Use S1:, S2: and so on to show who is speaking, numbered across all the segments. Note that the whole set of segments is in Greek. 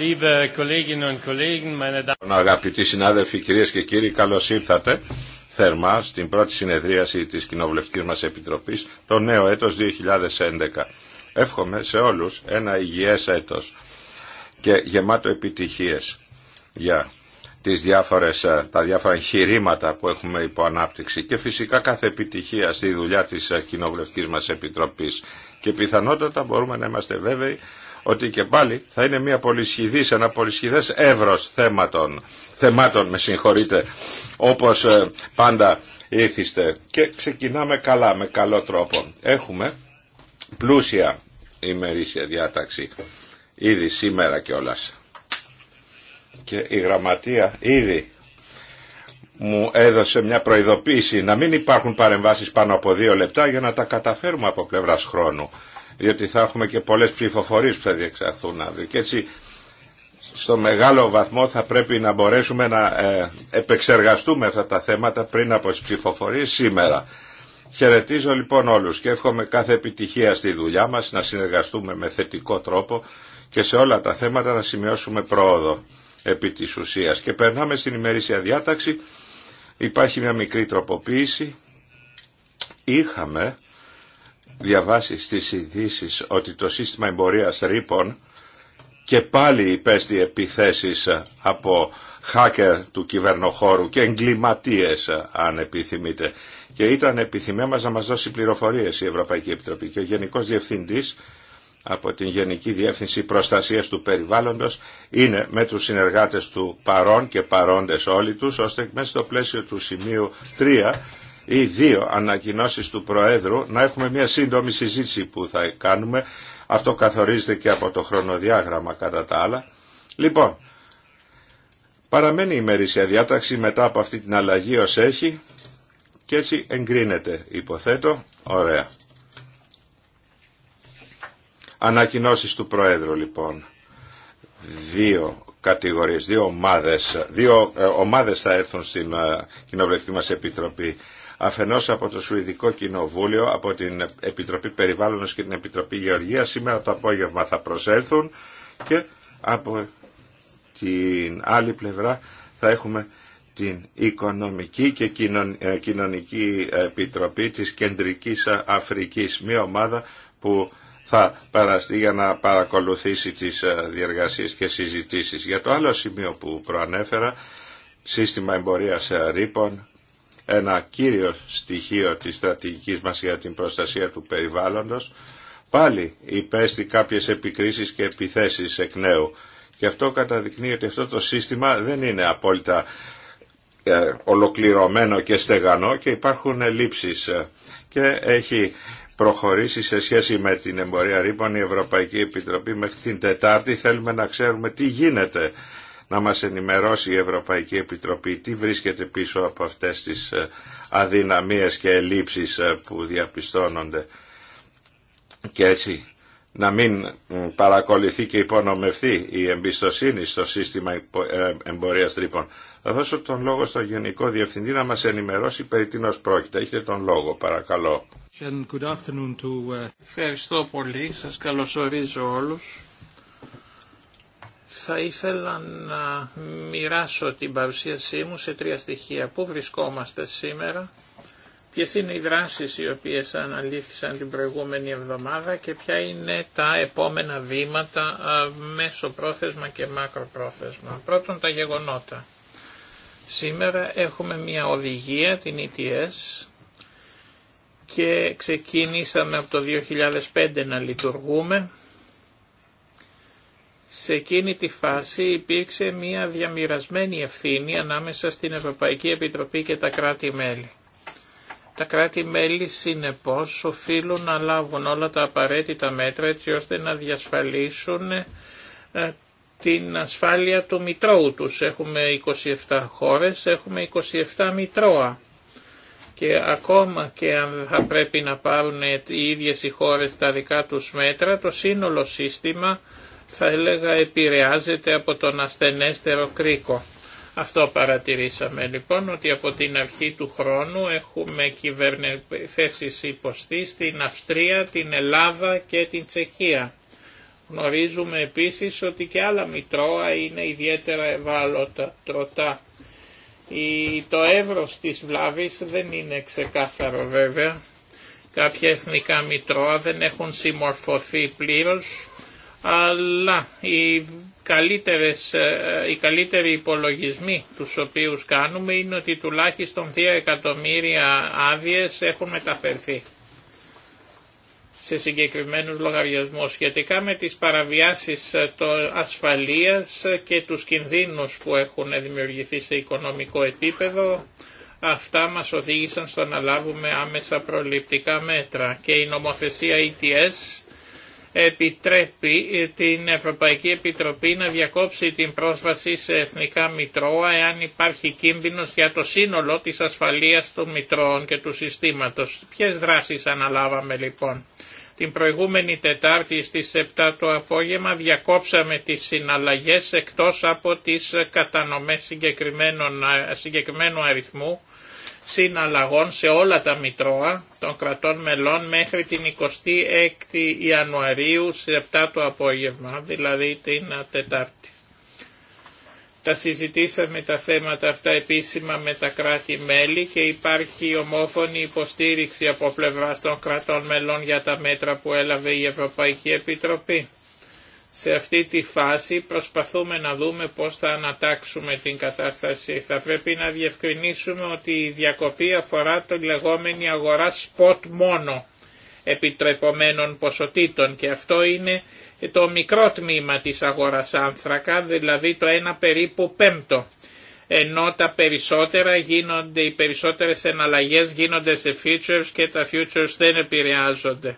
S1: Λοιπόν,
S2: αγαπητοί συνάδελφοι, κυρίες και κύριοι, καλώς ήρθατε θερμά στην πρώτη συνεδρίαση της Κοινοβουλευτικής μας Επιτροπής το νέο έτος 2011. Εύχομαι σε όλους ένα υγιές έτος και γεμάτο επιτυχίες για τις διάφορες, ε, τα διάφορα εγχειρήματα που έχουμε υπό ανάπτυξη και φυσικά κάθε επιτυχία στη δουλειά της ε, Κοινοβουλευτικής μας Επιτροπής. Και πιθανότατα μπορούμε να είμαστε βέβαιοι ότι και πάλι θα είναι μια πολυσχηδής, ένα πολυσχηδές εύρος θέματων, θεμάτων, με συγχωρείτε, όπως ε, πάντα ήθιστε. Και ξεκινάμε καλά, με καλό τρόπο. Έχουμε πλούσια ημερήσια διάταξη, ήδη σήμερα κιόλας. Και η γραμματεία ήδη μου έδωσε μια προειδοποίηση να μην υπάρχουν παρεμβάσεις πάνω από δύο λεπτά για να τα καταφέρουμε από πλευράς χρόνου διότι θα έχουμε και πολλές ψηφοφορίες που θα διεξαχθούν αύριο. Και έτσι στο μεγάλο βαθμό θα πρέπει να μπορέσουμε να ε, επεξεργαστούμε αυτά τα θέματα πριν από τις ψηφοφορίες σήμερα. Χαιρετίζω λοιπόν όλους και εύχομαι κάθε επιτυχία στη δουλειά μας να συνεργαστούμε με θετικό τρόπο και σε όλα τα θέματα να σημειώσουμε πρόοδο επί της ουσίας. Και περνάμε στην ημερήσια διάταξη. Υπάρχει μια μικρή τροποποίηση. Είχαμε διαβάσει στις ειδήσει ότι το σύστημα εμπορίας ρήπων και πάλι υπέστη επιθέσεις από hacker του κυβερνοχώρου και εγκληματίες αν επιθυμείτε. Και ήταν επιθυμία μας να μας δώσει πληροφορίες η Ευρωπαϊκή Επιτροπή και ο Γενικό Διευθυντής από την Γενική Διεύθυνση Προστασίας του Περιβάλλοντος είναι με τους συνεργάτες του παρόν και παρόντες όλοι τους ώστε μέσα στο πλαίσιο του σημείου 3 ή δύο ανακοινώσεις του Προέδρου να έχουμε μια σύντομη συζήτηση που θα κάνουμε. Αυτό καθορίζεται και από το χρονοδιάγραμμα κατά τα άλλα. Λοιπόν, παραμένει η ημερήσια διάταξη μετά από αυτή την αλλαγή ως έχει και έτσι εγκρίνεται υποθέτω. Ωραία. Ανακοινώσεις του Προέδρου λοιπόν. Δύο κατηγορίες, δύο ομάδες. Δύο ε, ομάδες θα έρθουν στην ε, Κοινοβουλευτική μας Επιτροπή αφενός από το Σουηδικό Κοινοβούλιο, από την Επιτροπή Περιβάλλοντος και την Επιτροπή Γεωργίας. Σήμερα το απόγευμα θα προσέλθουν και από την άλλη πλευρά θα έχουμε την Οικονομική και ε, Κοινωνική Επιτροπή της Κεντρικής Αφρικής, μια ομάδα που θα παραστεί για να παρακολουθήσει τις ε, διεργασίες και συζητήσεις. Για το άλλο σημείο που προανέφερα, σύστημα εμπορίας ε, ρήπων, ένα κύριο στοιχείο της στρατηγικής μας για την προστασία του περιβάλλοντος, πάλι υπέστη κάποιες επικρίσεις και επιθέσεις εκ νέου. Και αυτό καταδεικνύει ότι αυτό το σύστημα δεν είναι απόλυτα ε, ολοκληρωμένο και στεγανό και υπάρχουν ελλείψεις και έχει προχωρήσει σε σχέση με την εμπορία ρήπων η Ευρωπαϊκή Επιτροπή μέχρι την Τετάρτη θέλουμε να ξέρουμε τι γίνεται να μας ενημερώσει η Ευρωπαϊκή Επιτροπή τι βρίσκεται πίσω από αυτές τις ε, αδυναμίες και ελλείψεις ε, που διαπιστώνονται και έτσι να μην παρακολουθεί και υπονομευθεί η εμπιστοσύνη στο σύστημα ε, εμπορίας τρύπων. Θα δώσω τον λόγο στο Γενικό Διευθυντή να μας ενημερώσει περί τίνος πρόκειται. Έχετε τον λόγο, παρακαλώ.
S3: Ευχαριστώ πολύ. Σας καλωσορίζω όλους θα ήθελα να μοιράσω την παρουσίασή μου σε τρία στοιχεία. Πού βρισκόμαστε σήμερα, ποιες είναι οι δράσεις οι οποίες αναλήφθησαν την προηγούμενη εβδομάδα και ποια είναι τα επόμενα βήματα μέσω πρόθεσμα και μακροπρόθεσμα. Πρώτον τα γεγονότα. Σήμερα έχουμε μια οδηγία, την ETS, και ξεκίνησαμε από το 2005 να λειτουργούμε σε εκείνη τη φάση υπήρξε μια διαμοιρασμένη ευθύνη ανάμεσα στην Ευρωπαϊκή Επιτροπή και τα κράτη-μέλη. Τα κράτη-μέλη συνεπώς οφείλουν να λάβουν όλα τα απαραίτητα μέτρα έτσι ώστε να διασφαλίσουν ε, την ασφάλεια του μητρώου τους. Έχουμε 27 χώρες, έχουμε 27 μητρώα και ακόμα και αν θα πρέπει να πάρουν οι ίδιες οι χώρες τα δικά τους μέτρα, το σύνολο σύστημα θα έλεγα επηρεάζεται από τον ασθενέστερο κρίκο. Αυτό παρατηρήσαμε λοιπόν ότι από την αρχή του χρόνου έχουμε κυβέρνε... θέσεις υποστή στην Αυστρία, την Ελλάδα και την Τσεχία. Γνωρίζουμε επίσης ότι και άλλα μητρώα είναι ιδιαίτερα ευάλωτα τροτά. Η... Το εύρος της βλάβης δεν είναι ξεκάθαρο βέβαια. Κάποια εθνικά μητρώα δεν έχουν συμμορφωθεί πλήρως αλλά οι, καλύτερες, ε, οι καλύτεροι υπολογισμοί τους οποίους κάνουμε είναι ότι τουλάχιστον 2 εκατομμύρια άδειες έχουν μεταφερθεί σε συγκεκριμένους λογαριασμούς σχετικά με τις παραβιάσεις ε, το ασφαλείας και τους κινδύνους που έχουν δημιουργηθεί σε οικονομικό επίπεδο. Αυτά μας οδήγησαν στο να λάβουμε άμεσα προληπτικά μέτρα και η νομοθεσία ETS επιτρέπει ε, την Ευρωπαϊκή Επιτροπή να διακόψει την πρόσβαση σε εθνικά μητρώα εάν υπάρχει κίνδυνος για το σύνολο της ασφαλείας των μητρώων και του συστήματος. Ποιες δράσεις αναλάβαμε λοιπόν. Την προηγούμενη Τετάρτη στις 7 το απόγευμα διακόψαμε τις συναλλαγές εκτός από τις κατανομές ε, συγκεκριμένου αριθμού συναλλαγών σε όλα τα Μητρώα των κρατών μελών μέχρι την 26η Ιανουαρίου στις 7 το απόγευμα, δηλαδή την Τετάρτη. Τα συζητήσαμε τα θέματα αυτά επίσημα με τα κράτη-μέλη και υπάρχει ομόφωνη υποστήριξη από πλευράς των κρατών μελών για τα μέτρα που έλαβε η Ευρωπαϊκή Επιτροπή. Σε αυτή τη φάση προσπαθούμε να δούμε πώς θα ανατάξουμε την κατάσταση. Θα πρέπει να διευκρινίσουμε ότι η διακοπή αφορά τον λεγόμενη αγορά spot μόνο επιτρεπομένων ποσοτήτων και αυτό είναι το μικρό τμήμα της αγοράς άνθρακα, δηλαδή το ένα περίπου πέμπτο ενώ τα περισσότερα γίνονται, οι περισσότερες εναλλαγές γίνονται σε futures και τα futures δεν επηρεάζονται.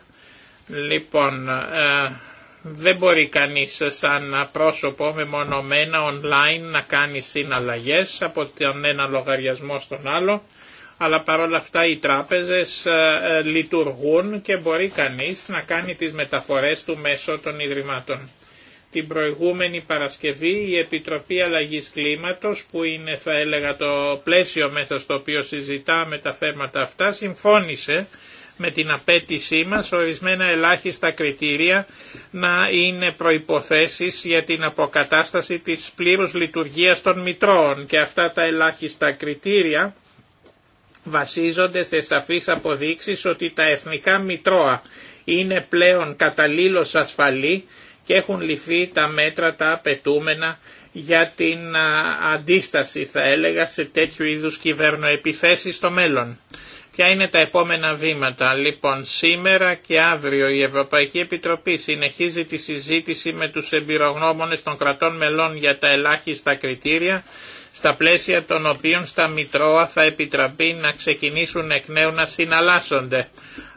S3: Λοιπόν, ε, δεν μπορεί κανείς σαν πρόσωπο μεμονωμένα online να κάνει συναλλαγές από τον ένα λογαριασμό στον άλλο, αλλά παρόλα αυτά οι τράπεζες ε, ε, λειτουργούν και μπορεί κανείς να κάνει τις μεταφορές του μέσω των Ιδρυμάτων. Την προηγούμενη Παρασκευή η Επιτροπή Αλλαγής Κλίματος που είναι θα έλεγα το πλαίσιο μέσα στο οποίο συζητάμε τα θέματα αυτά συμφώνησε με την απέτησή μας ορισμένα ελάχιστα κριτήρια να είναι προϋποθέσεις για την αποκατάσταση της πλήρους λειτουργίας των μητρώων και αυτά τα ελάχιστα κριτήρια βασίζονται σε σαφείς αποδείξεις ότι τα εθνικά μητρώα είναι πλέον καταλήλως ασφαλή και έχουν ληφθεί τα μέτρα τα απαιτούμενα για την αντίσταση θα έλεγα σε τέτοιου είδους κυβέρνοεπιθέσεις στο μέλλον. Ποια είναι τα επόμενα βήματα. Λοιπόν, σήμερα και αύριο η Ευρωπαϊκή Επιτροπή συνεχίζει τη συζήτηση με τους εμπειρογνώμονες των κρατών μελών για τα ελάχιστα κριτήρια, στα πλαίσια των οποίων στα Μητρώα θα επιτραπεί να ξεκινήσουν εκ νέου να συναλλάσσονται.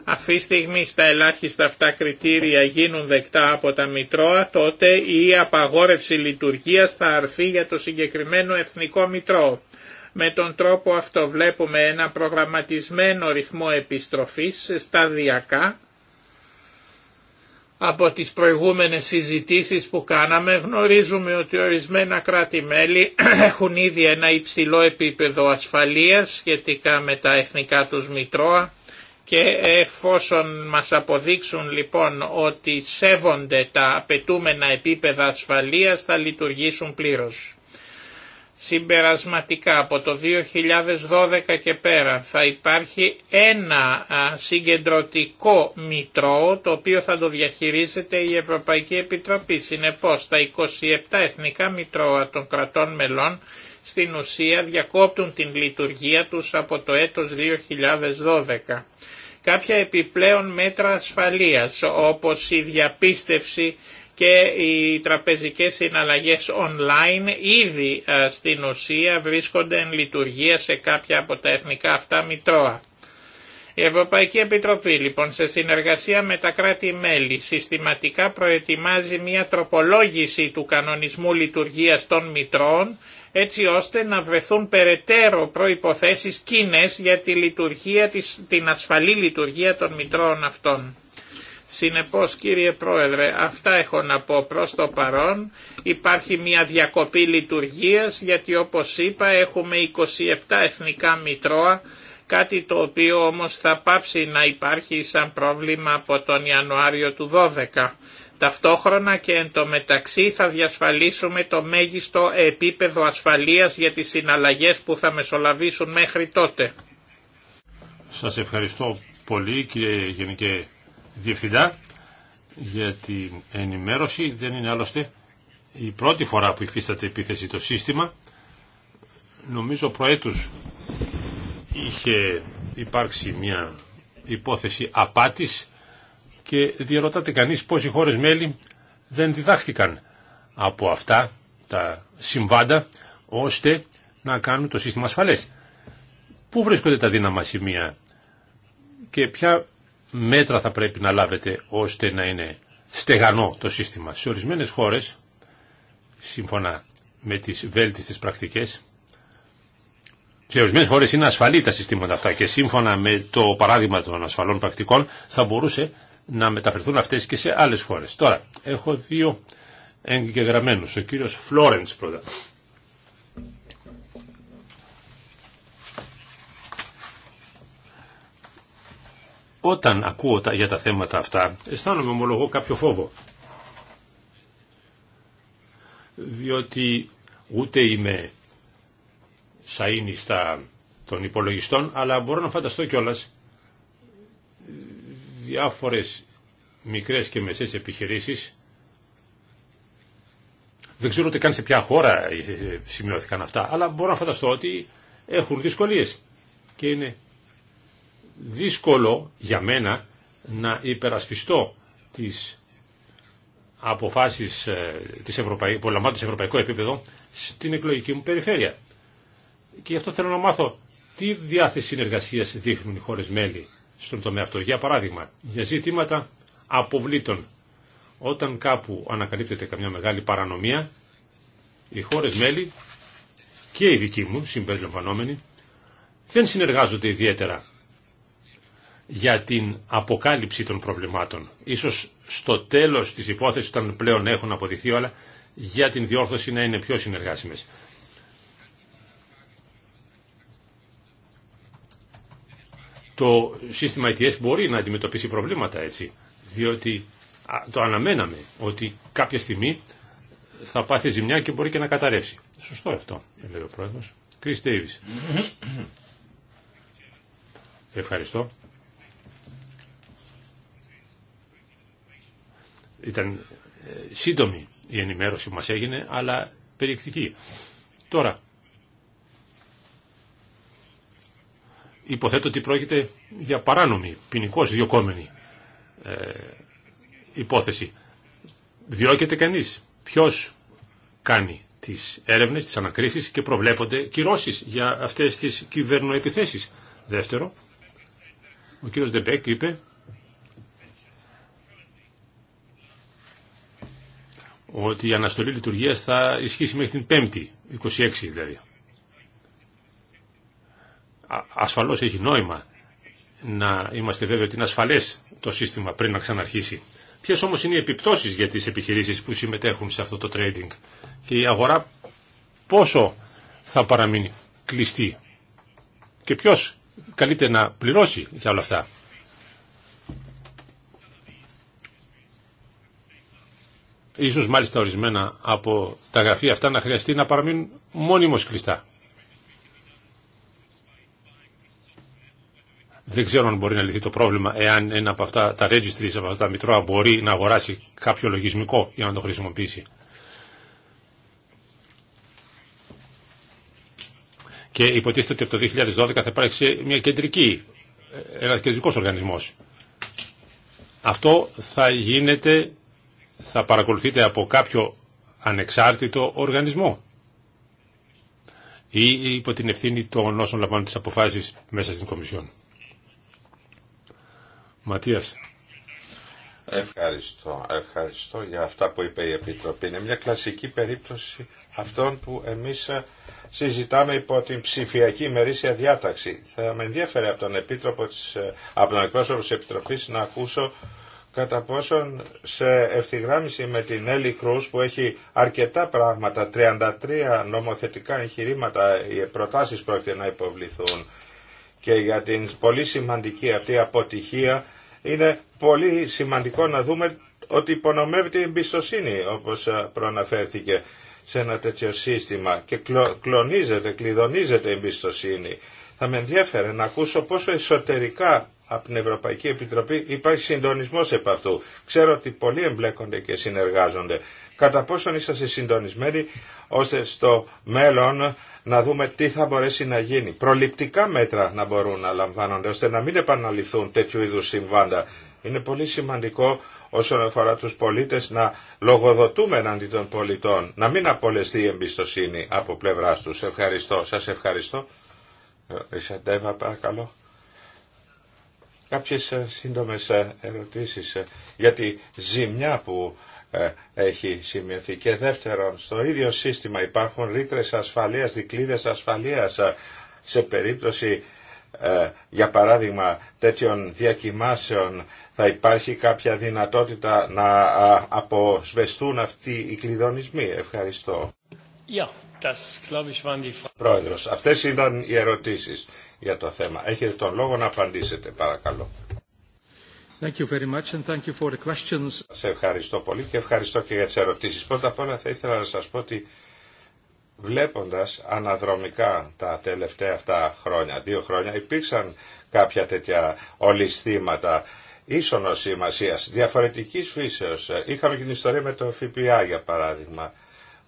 S3: Αυτή τη στιγμή στα ελάχιστα αυτά κριτήρια γίνουν δεκτά από τα Μητρώα, τότε η απαγόρευση λειτουργίας θα αρθεί για το συγκεκριμένο εθνικό Μητρώο. Με τον τρόπο αυτό βλέπουμε ένα προγραμματισμένο ρυθμό επιστροφής σταδιακά από τις προηγούμενες συζητήσεις που κάναμε γνωρίζουμε ότι ορισμένα κράτη-μέλη έχουν ήδη ένα υψηλό επίπεδο ασφαλείας σχετικά με τα εθνικά τους μητρώα και εφόσον μας αποδείξουν λοιπόν ότι σέβονται τα απαιτούμενα επίπεδα ασφαλείας θα λειτουργήσουν πλήρως συμπερασματικά από το 2012 και πέρα θα υπάρχει ένα συγκεντρωτικό μητρό το οποίο θα το διαχειρίζεται η Ευρωπαϊκή Επιτροπή. Συνεπώς τα 27 εθνικά μητρώα των κρατών μελών στην ουσία διακόπτουν την λειτουργία τους από το έτος 2012. Κάποια επιπλέον μέτρα ασφαλείας όπως η διαπίστευση και οι τραπεζικές συναλλαγές online ήδη ε, στην ουσία βρίσκονται εν λειτουργία σε κάποια από τα εθνικά αυτά μητρώα. Η Ευρωπαϊκή Επιτροπή λοιπόν σε συνεργασία με τα κράτη-μέλη συστηματικά προετοιμάζει μια τροπολόγηση του κανονισμού λειτουργίας των μητρώων έτσι ώστε να βρεθούν περαιτέρω προϋποθέσεις κοινές για τη την ασφαλή λειτουργία των μητρώων αυτών. Συνεπώς κύριε Πρόεδρε, αυτά έχω να πω προς το παρόν. Υπάρχει μια διακοπή λειτουργίας γιατί όπως είπα έχουμε 27 εθνικά μητρώα, κάτι το οποίο όμως θα πάψει να υπάρχει σαν πρόβλημα από τον Ιανουάριο του 12. Ταυτόχρονα και εν τω μεταξύ θα διασφαλίσουμε το μέγιστο επίπεδο ασφαλείας για τις συναλλαγές που θα μεσολαβήσουν μέχρι τότε.
S1: Σας ευχαριστώ πολύ κύριε Γενικέ Διευθυντά για την ενημέρωση. Δεν είναι άλλωστε η πρώτη φορά που υφίσταται επίθεση το σύστημα. Νομίζω προέτους είχε υπάρξει μια υπόθεση απάτης και διαρωτάται κανείς οι χώρες μέλη δεν διδάχθηκαν από αυτά τα συμβάντα ώστε να κάνουν το σύστημα ασφαλές. Πού βρίσκονται τα δύναμα σημεία και ποια μέτρα θα πρέπει να λάβετε ώστε να είναι στεγανό το σύστημα. Σε ορισμένες χώρες, σύμφωνα με τις βέλτιστες πρακτικές, σε ορισμένε χώρε είναι ασφαλή τα συστήματα αυτά και σύμφωνα με το παράδειγμα των ασφαλών πρακτικών θα μπορούσε να μεταφερθούν αυτές και σε άλλες χώρες. Τώρα, έχω δύο εγγεγραμμένους. Ο κύριος Φλόρεντς πρώτα. Όταν ακούω τα, για τα θέματα αυτά, αισθάνομαι ομολογώ κάποιο φόβο. Διότι ούτε είμαι σαΐνιστα των υπολογιστών, αλλά μπορώ να φανταστώ κιόλας διάφορες μικρές και μεσές επιχειρήσεις. Δεν ξέρω ούτε καν σε ποια χώρα ε, σημειώθηκαν αυτά, αλλά μπορώ να φανταστώ ότι έχουν δυσκολίες και είναι δύσκολο για μένα να υπερασπιστώ τις αποφάσεις ε, της Ευρωπαϊ... που λαμβάνονται σε ευρωπαϊκό επίπεδο στην εκλογική μου περιφέρεια. Και γι' αυτό θέλω να μάθω τι διάθεση συνεργασίας δείχνουν οι χώρες μέλη στον τομέα αυτό. Για παράδειγμα, για ζήτηματα αποβλήτων. Όταν κάπου ανακαλύπτεται καμιά μεγάλη παρανομία, οι χώρες μέλη και οι δικοί μου συμπεριλαμβανόμενοι δεν συνεργάζονται ιδιαίτερα για την αποκάλυψη των προβλημάτων. Ίσως στο τέλος της υπόθεσης, όταν πλέον έχουν αποδειχθεί όλα, για την διόρθωση να είναι πιο συνεργάσιμες. Το σύστημα ITS ε μπορεί να αντιμετωπίσει προβλήματα έτσι, διότι το αναμέναμε ότι κάποια στιγμή θα πάθει ζημιά και μπορεί και να καταρρεύσει. Σωστό αυτό, λέει ο πρόεδρος. Chris Ευχαριστώ. Ήταν ε, σύντομη η ενημέρωση που μας έγινε, αλλά περιεκτική. Τώρα, υποθέτω ότι πρόκειται για παράνομη, ποινικώς διοκόμενη ε, υπόθεση. Διώκεται κανείς. Ποιος κάνει τις έρευνες, τις ανακρίσεις και προβλέπονται κυρώσεις για αυτές τις κυβερνοεπιθέσεις. Δεύτερο, ο κύριος Ντεμπέκ είπε ότι η αναστολή λειτουργίας θα ισχύσει μέχρι την 5η, 26 δηλαδή. Ασφαλώς έχει νόημα να είμαστε βέβαιοι ότι είναι ασφαλές το σύστημα πριν να ξαναρχίσει. Ποιες όμως είναι οι επιπτώσεις για τις επιχειρήσεις που συμμετέχουν σε αυτό το trading και η αγορά πόσο θα παραμείνει κλειστή και ποιος καλείται να πληρώσει για όλα αυτά. Ίσως μάλιστα ορισμένα από τα γραφεία αυτά να χρειαστεί να παραμείνουν μόνιμως κλειστά. Δεν ξέρω αν μπορεί να λυθεί το πρόβλημα εάν ένα από αυτά τα registries, από αυτά τα μητρώα μπορεί να αγοράσει κάποιο λογισμικό για να το χρησιμοποιήσει. Και υποτίθεται ότι από το 2012 θα υπάρξει μια κεντρική, ένας κεντρικός οργανισμός. Αυτό θα γίνεται θα παρακολουθείτε από κάποιο ανεξάρτητο οργανισμό ή υπό την ευθύνη των όσων λαμβάνουν τις αποφάσεις μέσα στην Κομισιόν. Ματίας.
S2: Ευχαριστώ, ευχαριστώ για αυτά που είπε η Επιτροπή. Είναι μια κλασική περίπτωση αυτών που εμείς ε, συζητάμε υπό την ψηφιακή ημερήσια διάταξη. Θα με ενδιαφέρει από τον, Επίτροπο της, ε, από τον Επιτροπής να ακούσω κατά πόσον σε ευθυγράμμιση με την Έλλη Κρούς που έχει αρκετά πράγματα, 33 νομοθετικά εγχειρήματα, οι προτάσεις πρόκειται να υποβληθούν και για την πολύ σημαντική αυτή αποτυχία είναι πολύ σημαντικό να δούμε ότι υπονομεύεται η εμπιστοσύνη όπως ε, προαναφέρθηκε σε ένα τέτοιο σύστημα και κλονίζεται, κλειδονίζεται η εμπιστοσύνη. Θα με ενδιαφέρε να ακούσω πόσο εσωτερικά από την Ευρωπαϊκή Επιτροπή υπάρχει συντονισμός επ' αυτού. Ξέρω ότι πολλοί εμπλέκονται και συνεργάζονται. Κατά πόσον είσαστε συντονισμένοι ώστε στο μέλλον να δούμε τι θα μπορέσει να γίνει. Προληπτικά μέτρα να μπορούν να λαμβάνονται ώστε να μην επαναληφθούν τέτοιου είδους συμβάντα. Είναι πολύ σημαντικό όσον αφορά τους πολίτες να λογοδοτούμε εναντί των πολιτών, να μην απολεστεί η εμπιστοσύνη από πλευράς τους. Ευχαριστώ. Σας ευχαριστώ. Ε, παρακαλώ. Κάποιες ε, σύντομες ε, ερωτήσεις ε, για τη ζημιά που έχει σημειωθεί. Και δεύτερον, στο ίδιο σύστημα υπάρχουν ρήτρες ασφαλείας, δικλείδες ασφαλείας σε περίπτωση, για παράδειγμα, τέτοιων διακοιμάσεων θα υπάρχει κάποια δυνατότητα να αποσβεστούν αυτοί οι κλειδονισμοί. Ευχαριστώ.
S1: Yeah, das, ich,
S2: Πρόεδρος, αυτές ήταν οι ερωτήσεις για το θέμα. Έχετε τον λόγο να απαντήσετε, παρακαλώ. Thank you very much and thank you for the Σε ευχαριστώ πολύ και ευχαριστώ και για τις ερωτήσεις. Πρώτα απ' όλα θα ήθελα να σας πω ότι βλέποντας αναδρομικά τα τελευταία αυτά χρόνια, δύο χρόνια, υπήρξαν κάποια τέτοια ολισθήματα ίσονος σημασίας, διαφορετικής φύσεως. Είχαμε και την ιστορία με το ΦΠΑ για παράδειγμα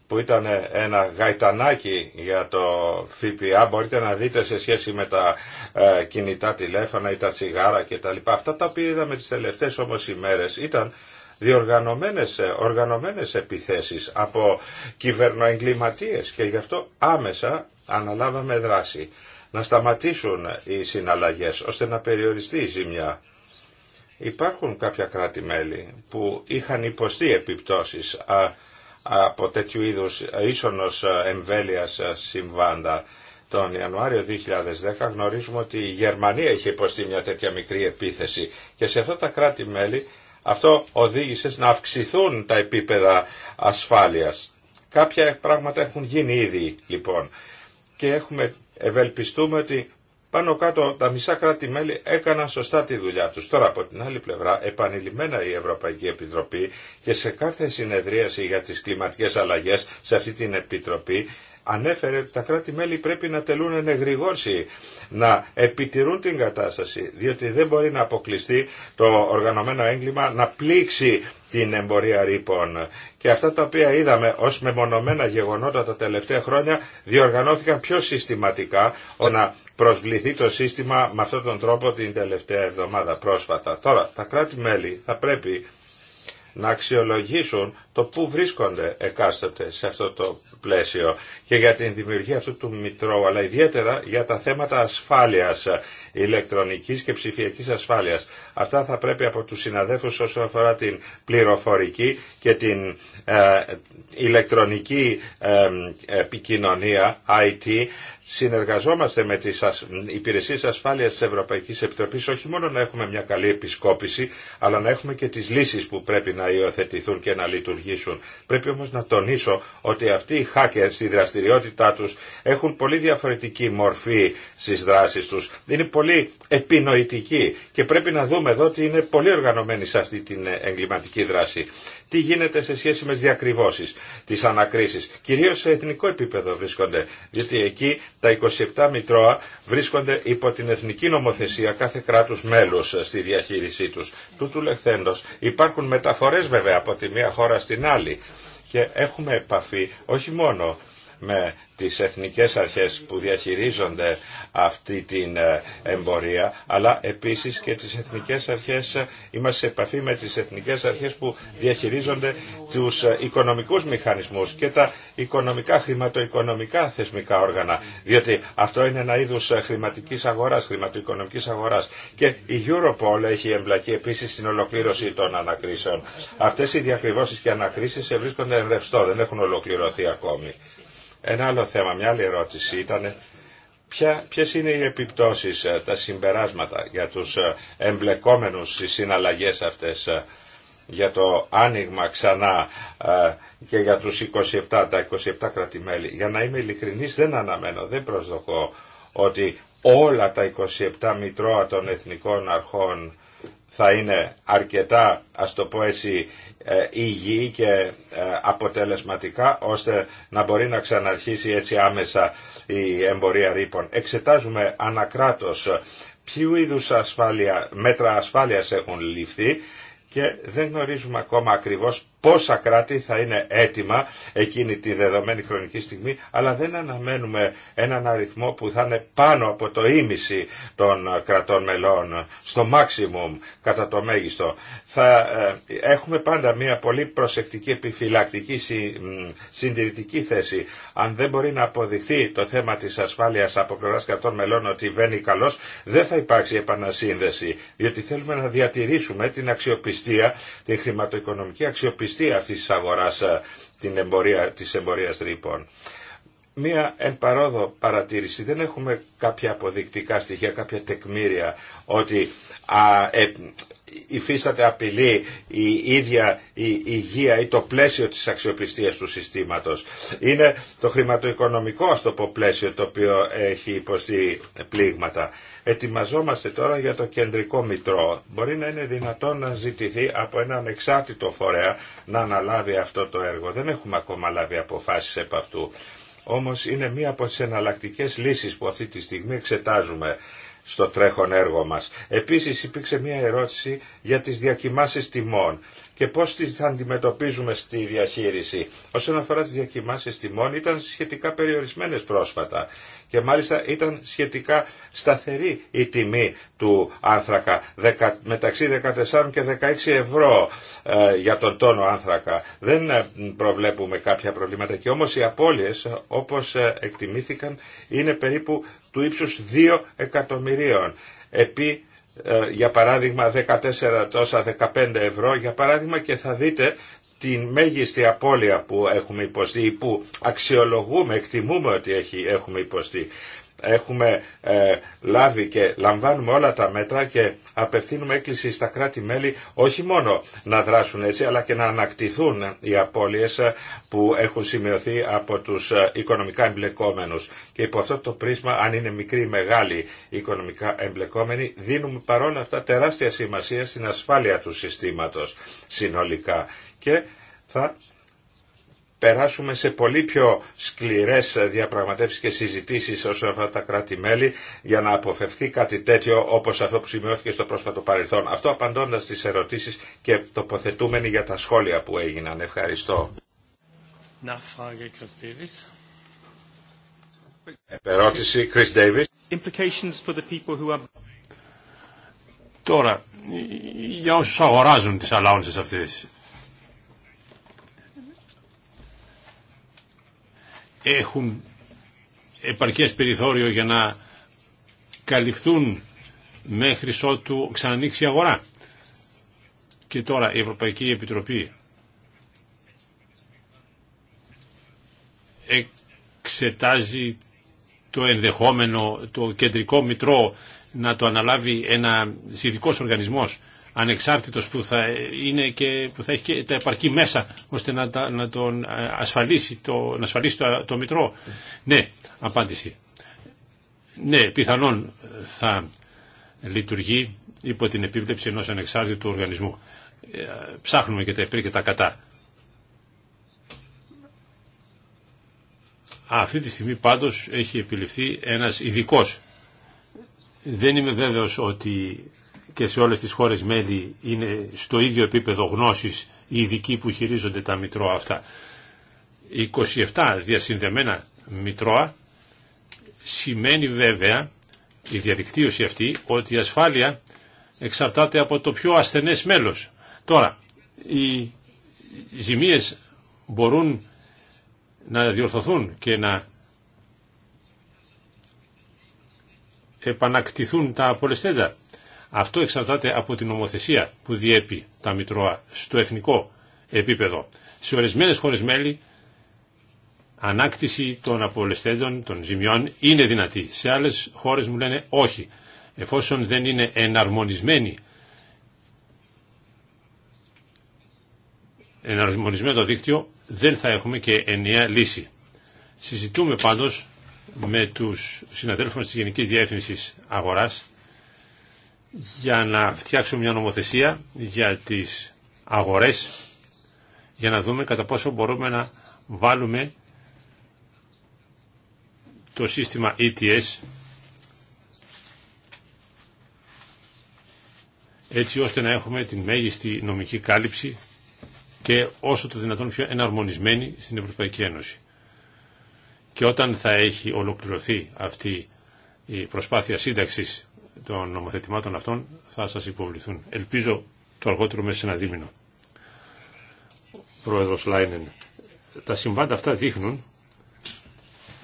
S2: που ήταν ένα γαϊτανάκι για το ΦΠΑ, μπορείτε να δείτε σε σχέση με τα ε, κινητά τηλέφωνα ή τα τσιγάρα κτλ. Αυτά τα οποία είδαμε τις τελευταίες όμως ημέρες ήταν διοργανωμένες ε, οργανωμένες επιθέσεις από κυβερνοεγκληματίες και γι' αυτό άμεσα αναλάβαμε δράση να σταματήσουν οι συναλλαγές ώστε να περιοριστεί η ζημιά. Υπάρχουν κάποια κράτη-μέλη που είχαν υποστεί επιπτώσεις α, από τέτοιου είδους ίσονος ε, εμβέλειας ε, συμβάντα. Τον Ιανουάριο 2010 γνωρίζουμε ότι η Γερμανία είχε υποστεί μια τέτοια μικρή επίθεση και σε αυτά τα κράτη-μέλη αυτό οδήγησε να αυξηθούν τα επίπεδα ασφάλειας. Κάποια πράγματα έχουν γίνει ήδη λοιπόν και έχουμε ευελπιστούμε ότι πάνω κάτω τα μισά κράτη-μέλη έκαναν σωστά τη δουλειά τους. Τώρα από την άλλη πλευρά επανειλημμένα η Ευρωπαϊκή Επιτροπή και σε κάθε συνεδρίαση για τις κλιματικές αλλαγές σε αυτή την Επιτροπή ανέφερε ότι τα κράτη-μέλη πρέπει να τελούν ενεγρηγόρση, να επιτηρούν την κατάσταση, διότι δεν μπορεί να αποκλειστεί το οργανωμένο έγκλημα να πλήξει την εμπορία ρήπων. Και αυτά τα οποία είδαμε ως μεμονωμένα γεγονότα τα τελευταία χρόνια διοργανώθηκαν πιο συστηματικά να προσβληθεί το σύστημα με αυτόν τον τρόπο την τελευταία εβδομάδα πρόσφατα. Τώρα, τα κράτη-μέλη θα πρέπει να αξιολογήσουν το πού βρίσκονται εκάστοτε σε αυτό το πλαίσιο και για την δημιουργία αυτού του Μητρώου, αλλά ιδιαίτερα για τα θέματα ασφάλειας ηλεκτρονικής και ψηφιακής ασφάλειας. Αυτά θα πρέπει από τους συναδέλφους όσον αφορά την πληροφορική και την ε, ηλεκτρονική ε, επικοινωνία, IT, συνεργαζόμαστε με τις υπηρεσίες ασφάλειας της Ευρωπαϊκής Επιτροπής όχι μόνο να έχουμε μια καλή επισκόπηση αλλά να έχουμε και τις λύσεις που πρέπει να υιοθετηθούν και να λειτουργήσουν. Πρέπει όμως να τονίσω ότι αυτοί οι hackers στη δραστηριότητά τους έχουν πολύ διαφορετική μορφή στις δράσεις τους. Είναι πολύ επινοητική και πρέπει να δούμε εδώ ότι είναι πολύ οργανωμένη σε αυτή την εγκληματική δράση. Τι γίνεται σε σχέση με τις διακριβώσεις, τις ανακρίσεις. Κυρίως σε εθνικό επίπεδο βρίσκονται, διότι εκεί τα 27 μητρώα βρίσκονται υπό την εθνική νομοθεσία κάθε κράτους μέλους στη διαχείρισή τους. Τούτου λεχθέντος υπάρχουν μεταφορές βέβαια από τη μία χώρα στην άλλη και έχουμε επαφή όχι μόνο με τις εθνικές αρχές που διαχειρίζονται αυτή την ε, εμπορία, αλλά επίσης και τις εθνικές αρχές, ε, είμαστε σε επαφή με τις εθνικές αρχές που διαχειρίζονται τους ε, οικονομικούς μηχανισμούς και τα οικονομικά, χρηματοοικονομικά θεσμικά όργανα, διότι αυτό είναι ένα είδους χρηματικής αγοράς, χρηματοοικονομικής αγοράς. Και η Europol έχει εμπλακεί επίσης στην ολοκλήρωση των ανακρίσεων. Αυτές οι διακριβώσεις και ανακρίσεις βρίσκονται ρευστό, δεν έχουν ολοκληρωθεί ακόμη. Ένα άλλο θέμα, μια άλλη ερώτηση ήταν ποια, ποιες είναι οι επιπτώσεις, ε, τα συμπεράσματα για τους ε, εμπλεκόμενους στις συναλλαγές αυτές ε, για το άνοιγμα ξανά και για τους 27, τα 27 κρατημέλη. Για να είμαι ειλικρινής δεν αναμένω, δεν προσδοκώ ότι όλα τα 27 μητρώα των εθνικών αρχών θα είναι αρκετά, ας το πω έτσι, ε, υγιή και ε, αποτελεσματικά ώστε να μπορεί να ξαναρχίσει έτσι άμεσα η εμπορία ρήπων. Εξετάζουμε ανακράτως ποιου είδους ασφάλεια, μέτρα ασφάλειας έχουν ληφθεί και δεν γνωρίζουμε ακόμα ακριβώς πόσα κράτη θα είναι έτοιμα εκείνη τη δεδομένη χρονική στιγμή, αλλά δεν αναμένουμε έναν αριθμό που θα είναι πάνω από το ίμιση των κρατών μελών, στο maximum κατά το μέγιστο. Θα ε, έχουμε πάντα μια πολύ προσεκτική επιφυλακτική συντηρητική θέση. Αν δεν μπορεί να αποδειχθεί το θέμα της ασφάλειας από πλευρά κρατών μελών ότι βαίνει καλός δεν θα υπάρξει επανασύνδεση, διότι θέλουμε να διατηρήσουμε την αξιοπιστία, την χρηματοοικονομική αξιοπιστία αξιοπιστία αυτής της αγοράς ε, την εμπορία, της εμπορίας ρήπων. Μία εν παρόδο παρατήρηση, δεν έχουμε κάποια αποδεικτικά στοιχεία, κάποια τεκμήρια ότι α, ε, υφίσταται απειλή η ίδια η υγεία ή το πλαίσιο της αξιοπιστίας του συστήματος. Είναι το χρηματοοικονομικό ας το πλαίσιο το οποίο έχει υποστεί πλήγματα. Ετοιμαζόμαστε τώρα για το κεντρικό μητρό. Μπορεί να είναι δυνατόν να ζητηθεί από έναν εξάρτητο φορέα να αναλάβει αυτό το έργο. Δεν έχουμε ακόμα λάβει αποφάσεις επ' αυτού. Όμως είναι μία από τις εναλλακτικές λύσεις που αυτή τη στιγμή εξετάζουμε στο τρέχον έργο μας. Επίσης υπήρξε μια ερώτηση για τις διακοιμάσεις τιμών και πώς τις αντιμετωπίζουμε στη διαχείριση. Όσον αφορά τις διακοιμάσεις τιμών ήταν σχετικά περιορισμένες πρόσφατα και μάλιστα ήταν σχετικά σταθερή η τιμή του άνθρακα μεταξύ 14 και 16 ευρώ ε, για τον τόνο άνθρακα. Δεν ε, προβλέπουμε κάποια προβλήματα και όμως οι απώλειες όπως ε, εκτιμήθηκαν είναι περίπου του ύψους 2 εκατομμυρίων επί ε, για παράδειγμα 14 τόσα 15 ευρώ για παράδειγμα και θα δείτε την μέγιστη απώλεια που έχουμε υποστεί ή που αξιολογούμε, εκτιμούμε ότι έχει, έχουμε υποστεί έχουμε ε, λάβει και λαμβάνουμε όλα τα μέτρα και απευθύνουμε έκκληση στα κράτη-μέλη όχι μόνο να δράσουν έτσι αλλά και να ανακτηθούν οι απώλειες ε, που έχουν σημειωθεί από τους ε, οικονομικά εμπλεκόμενους. Και υπό αυτό το πρίσμα αν είναι μικροί ή μεγάλη οικονομικά εμπλεκόμενοι δίνουμε παρόλα αυτά τεράστια σημασία στην ασφάλεια του συστήματος συνολικά. Και θα περάσουμε σε πολύ πιο σκληρές διαπραγματεύσεις και συζητήσεις όσον αφορά τα κράτη-μέλη για να αποφευθεί κάτι τέτοιο όπως αυτό που σημειώθηκε στο πρόσφατο παρελθόν. Αυτό απαντώντας στις ερωτήσεις και τοποθετούμενοι για τα σχόλια που έγιναν. Ευχαριστώ. Επερώτηση, Chris Davis. Implications for the people who are...
S1: Τώρα, για όσους αγοράζουν τις αλάουνσες αυτές, έχουν επαρκές περιθώριο για να καλυφθούν μέχρι ότου ξανανοίξει η αγορά. Και τώρα η Ευρωπαϊκή Επιτροπή εξετάζει το ενδεχόμενο, το κεντρικό μητρό να το αναλάβει ένα ειδικό οργανισμός ανεξάρτητος που θα, είναι και, που θα έχει και τα επαρκή μέσα ώστε να, να τον ε, ασφαλίσει, το, να ασφαλίσει το, το Μητρό. Ναι, απάντηση. Ναι, πιθανόν θα λειτουργεί υπό την επίβλεψη ενός ανεξάρτητου οργανισμού. Ε, ψάχνουμε και τα υπέρ και τα κατά. Αυτή τη στιγμή πάντως έχει επιληφθεί ένας ειδικό. Δεν είμαι βέβαιος ότι και σε όλες τις χώρες μέλη είναι στο ίδιο επίπεδο γνώσης οι ειδικοί που χειρίζονται τα μητρώα αυτά. 27 διασυνδεμένα μητρώα σημαίνει βέβαια η διαδικτύωση αυτή ότι η ασφάλεια εξαρτάται από το πιο ασθενές μέλος. Τώρα, οι ζημίες μπορούν να διορθωθούν και να επανακτηθούν τα απολεστέντα. Αυτό εξαρτάται από την νομοθεσία που διέπει τα Μητρώα στο εθνικό επίπεδο. Σε ορισμένες χώρες μέλη ανάκτηση των απολεσθέντων, των ζημιών είναι δυνατή. Σε άλλες χώρες μου λένε όχι. Εφόσον δεν είναι εναρμονισμένη εναρμονισμένο το δίκτυο δεν θα έχουμε και ενιαία λύση. Συζητούμε πάντως με τους συναδέλφους της Γενικής Διεύθυνσης Αγοράς για να φτιάξουμε μια νομοθεσία για τις αγορές για να δούμε κατά πόσο μπορούμε να βάλουμε το σύστημα ETS έτσι ώστε να έχουμε την μέγιστη νομική κάλυψη και όσο το δυνατόν πιο εναρμονισμένη στην Ευρωπαϊκή Ένωση. Και όταν θα έχει ολοκληρωθεί αυτή η προσπάθεια σύνταξης των νομοθετημάτων αυτών θα σας υποβληθούν. Ελπίζω το αργότερο μέσα σε ένα δίμηνο. Πρόεδρος Λάινεν, τα συμβάντα αυτά δείχνουν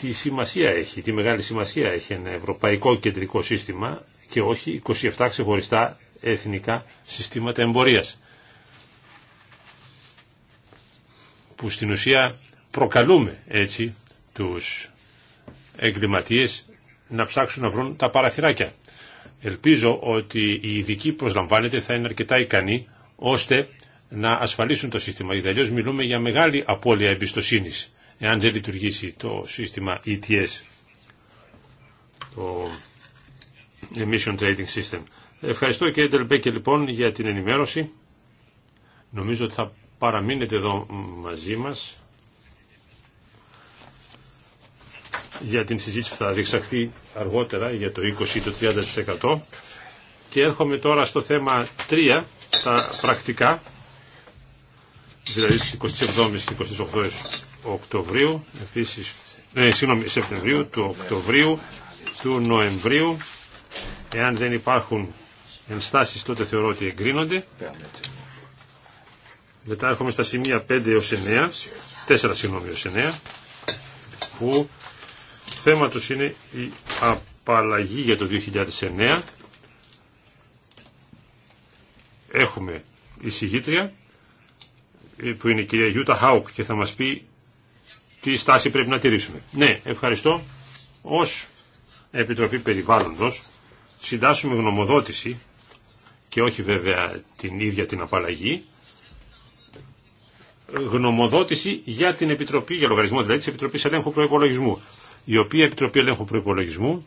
S1: τι σημασία έχει, τι μεγάλη σημασία έχει ένα ευρωπαϊκό κεντρικό σύστημα και όχι 27 ξεχωριστά εθνικά συστήματα εμπορίας που στην ουσία προκαλούμε έτσι τους εγκληματίες να ψάξουν να βρουν τα παραθυράκια. Ελπίζω ότι οι ειδικοί που προσλαμβάνετε θα είναι αρκετά ικανοί ώστε να ασφαλίσουν το σύστημα. Αλλιώ μιλούμε για μεγάλη απώλεια εμπιστοσύνη εάν δεν λειτουργήσει το σύστημα ETS, το Emission Trading System. Ευχαριστώ και Έντελμπέκε λοιπόν για την ενημέρωση. Νομίζω ότι θα παραμείνετε εδώ μαζί μας για την συζήτηση που θα διεξαχθεί αργότερα για το 20 ή το 30% και έρχομαι τώρα στο θέμα 3, τα πρακτικά, δηλαδή στις 27 και 28 Οκτωβρίου, επίσης, ε, συγγνώμη, Σεπτεμβρίου, του Οκτωβρίου, του Νοεμβρίου. Εάν δεν υπάρχουν ενστάσεις τότε θεωρώ ότι εγκρίνονται. Μετά έρχομαι στα σημεία 5 έως 9, 4 συγγνώμη έως 9, που θέμα είναι η απαλλαγή για το 2009. Έχουμε συγγήτρια ε, που είναι η κυρία Γιούτα Χάουκ και θα μας πει τι στάση πρέπει να τηρήσουμε. Ναι, ευχαριστώ. Ως Επιτροπή Περιβάλλοντος συντάσσουμε γνωμοδότηση και όχι βέβαια την ίδια την απαλλαγή γνωμοδότηση για την Επιτροπή, για λογαριασμό δηλαδή της Επιτροπής Ελέγχου Προϋπολογισμού η οποία Επιτροπή Ελέγχου Προϋπολογισμού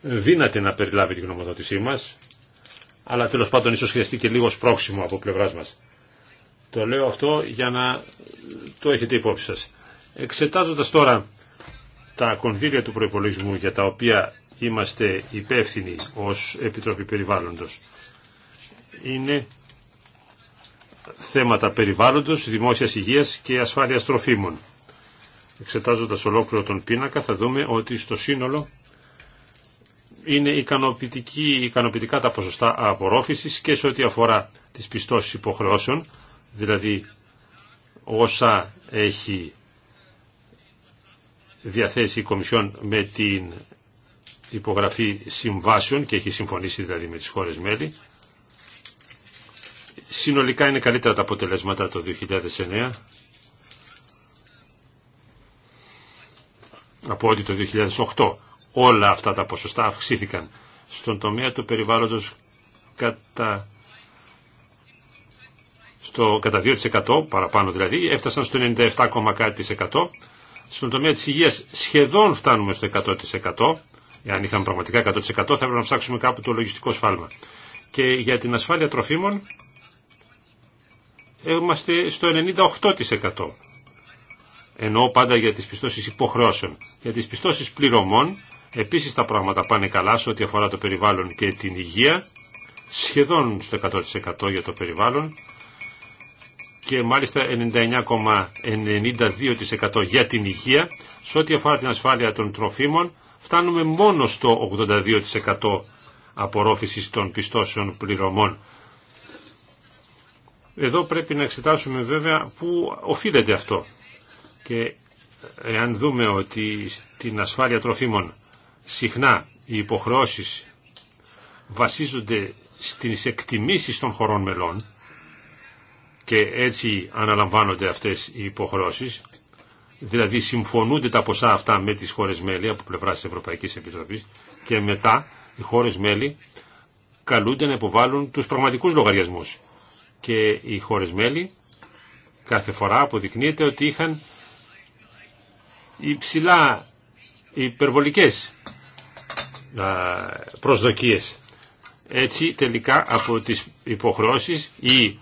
S1: δύναται να περιλάβει την γνωμοδότησή μας, αλλά τέλος πάντων ίσως χρειαστεί και λίγο σπρόξιμο από πλευράς μας. Το λέω αυτό για να το έχετε υπόψη σας. Εξετάζοντας τώρα τα κονδύλια του προϋπολογισμού για τα οποία είμαστε υπεύθυνοι ως Επιτροπή Περιβάλλοντος, είναι θέματα περιβάλλοντος, δημόσιας υγείας και ασφάλειας τροφίμων. Εξετάζοντας ολόκληρο τον πίνακα θα δούμε ότι στο σύνολο είναι ικανοποιητικά τα ποσοστά απορρόφησης και σε ό,τι αφορά τις πιστώσεις υποχρεώσεων, δηλαδή όσα έχει διαθέσει η Κομισιόν με την υπογραφή συμβάσεων και έχει συμφωνήσει δηλαδή με τις χώρες μέλη Συνολικά είναι καλύτερα τα αποτελέσματα το 2009 από ότι το 2008. Όλα αυτά τα ποσοστά αυξήθηκαν. Στον τομέα του περιβάλλοντος κατά, στο, κατά 2% παραπάνω δηλαδή, έφτασαν στο 97,1% Στον τομέα της υγείας σχεδόν φτάνουμε στο 100%. Εάν είχαμε πραγματικά 100% θα έπρεπε να ψάξουμε κάπου το λογιστικό σφάλμα. Και για την ασφάλεια τροφίμων είμαστε στο 98%. ενώ πάντα για τις πιστώσεις υποχρεώσεων. Για τις πιστώσεις πληρωμών, επίσης τα πράγματα πάνε καλά σε ό,τι αφορά το περιβάλλον και την υγεία, σχεδόν στο 100% για το περιβάλλον και μάλιστα 99,92% για την υγεία. Σε ό,τι αφορά την ασφάλεια των τροφίμων, φτάνουμε μόνο στο 82% απορρόφησης των πιστώσεων πληρωμών εδώ πρέπει να εξετάσουμε βέβαια πού οφείλεται αυτό. Και εάν δούμε ότι στην ασφάλεια τροφίμων συχνά οι υποχρεώσεις βασίζονται στις εκτιμήσεις των χωρών μελών και έτσι αναλαμβάνονται αυτές οι υποχρεώσεις, δηλαδή συμφωνούνται τα ποσά αυτά με τις χώρες μέλη από πλευρά της Ευρωπαϊκής Επιτροπής και μετά οι χώρες μέλη καλούνται να υποβάλουν τους πραγματικούς λογαριασμούς και οι χώρες μέλη κάθε φορά αποδεικνύεται ότι είχαν υψηλά υπερβολικές προσδοκίες. Έτσι τελικά από τις υποχρεώσεις οι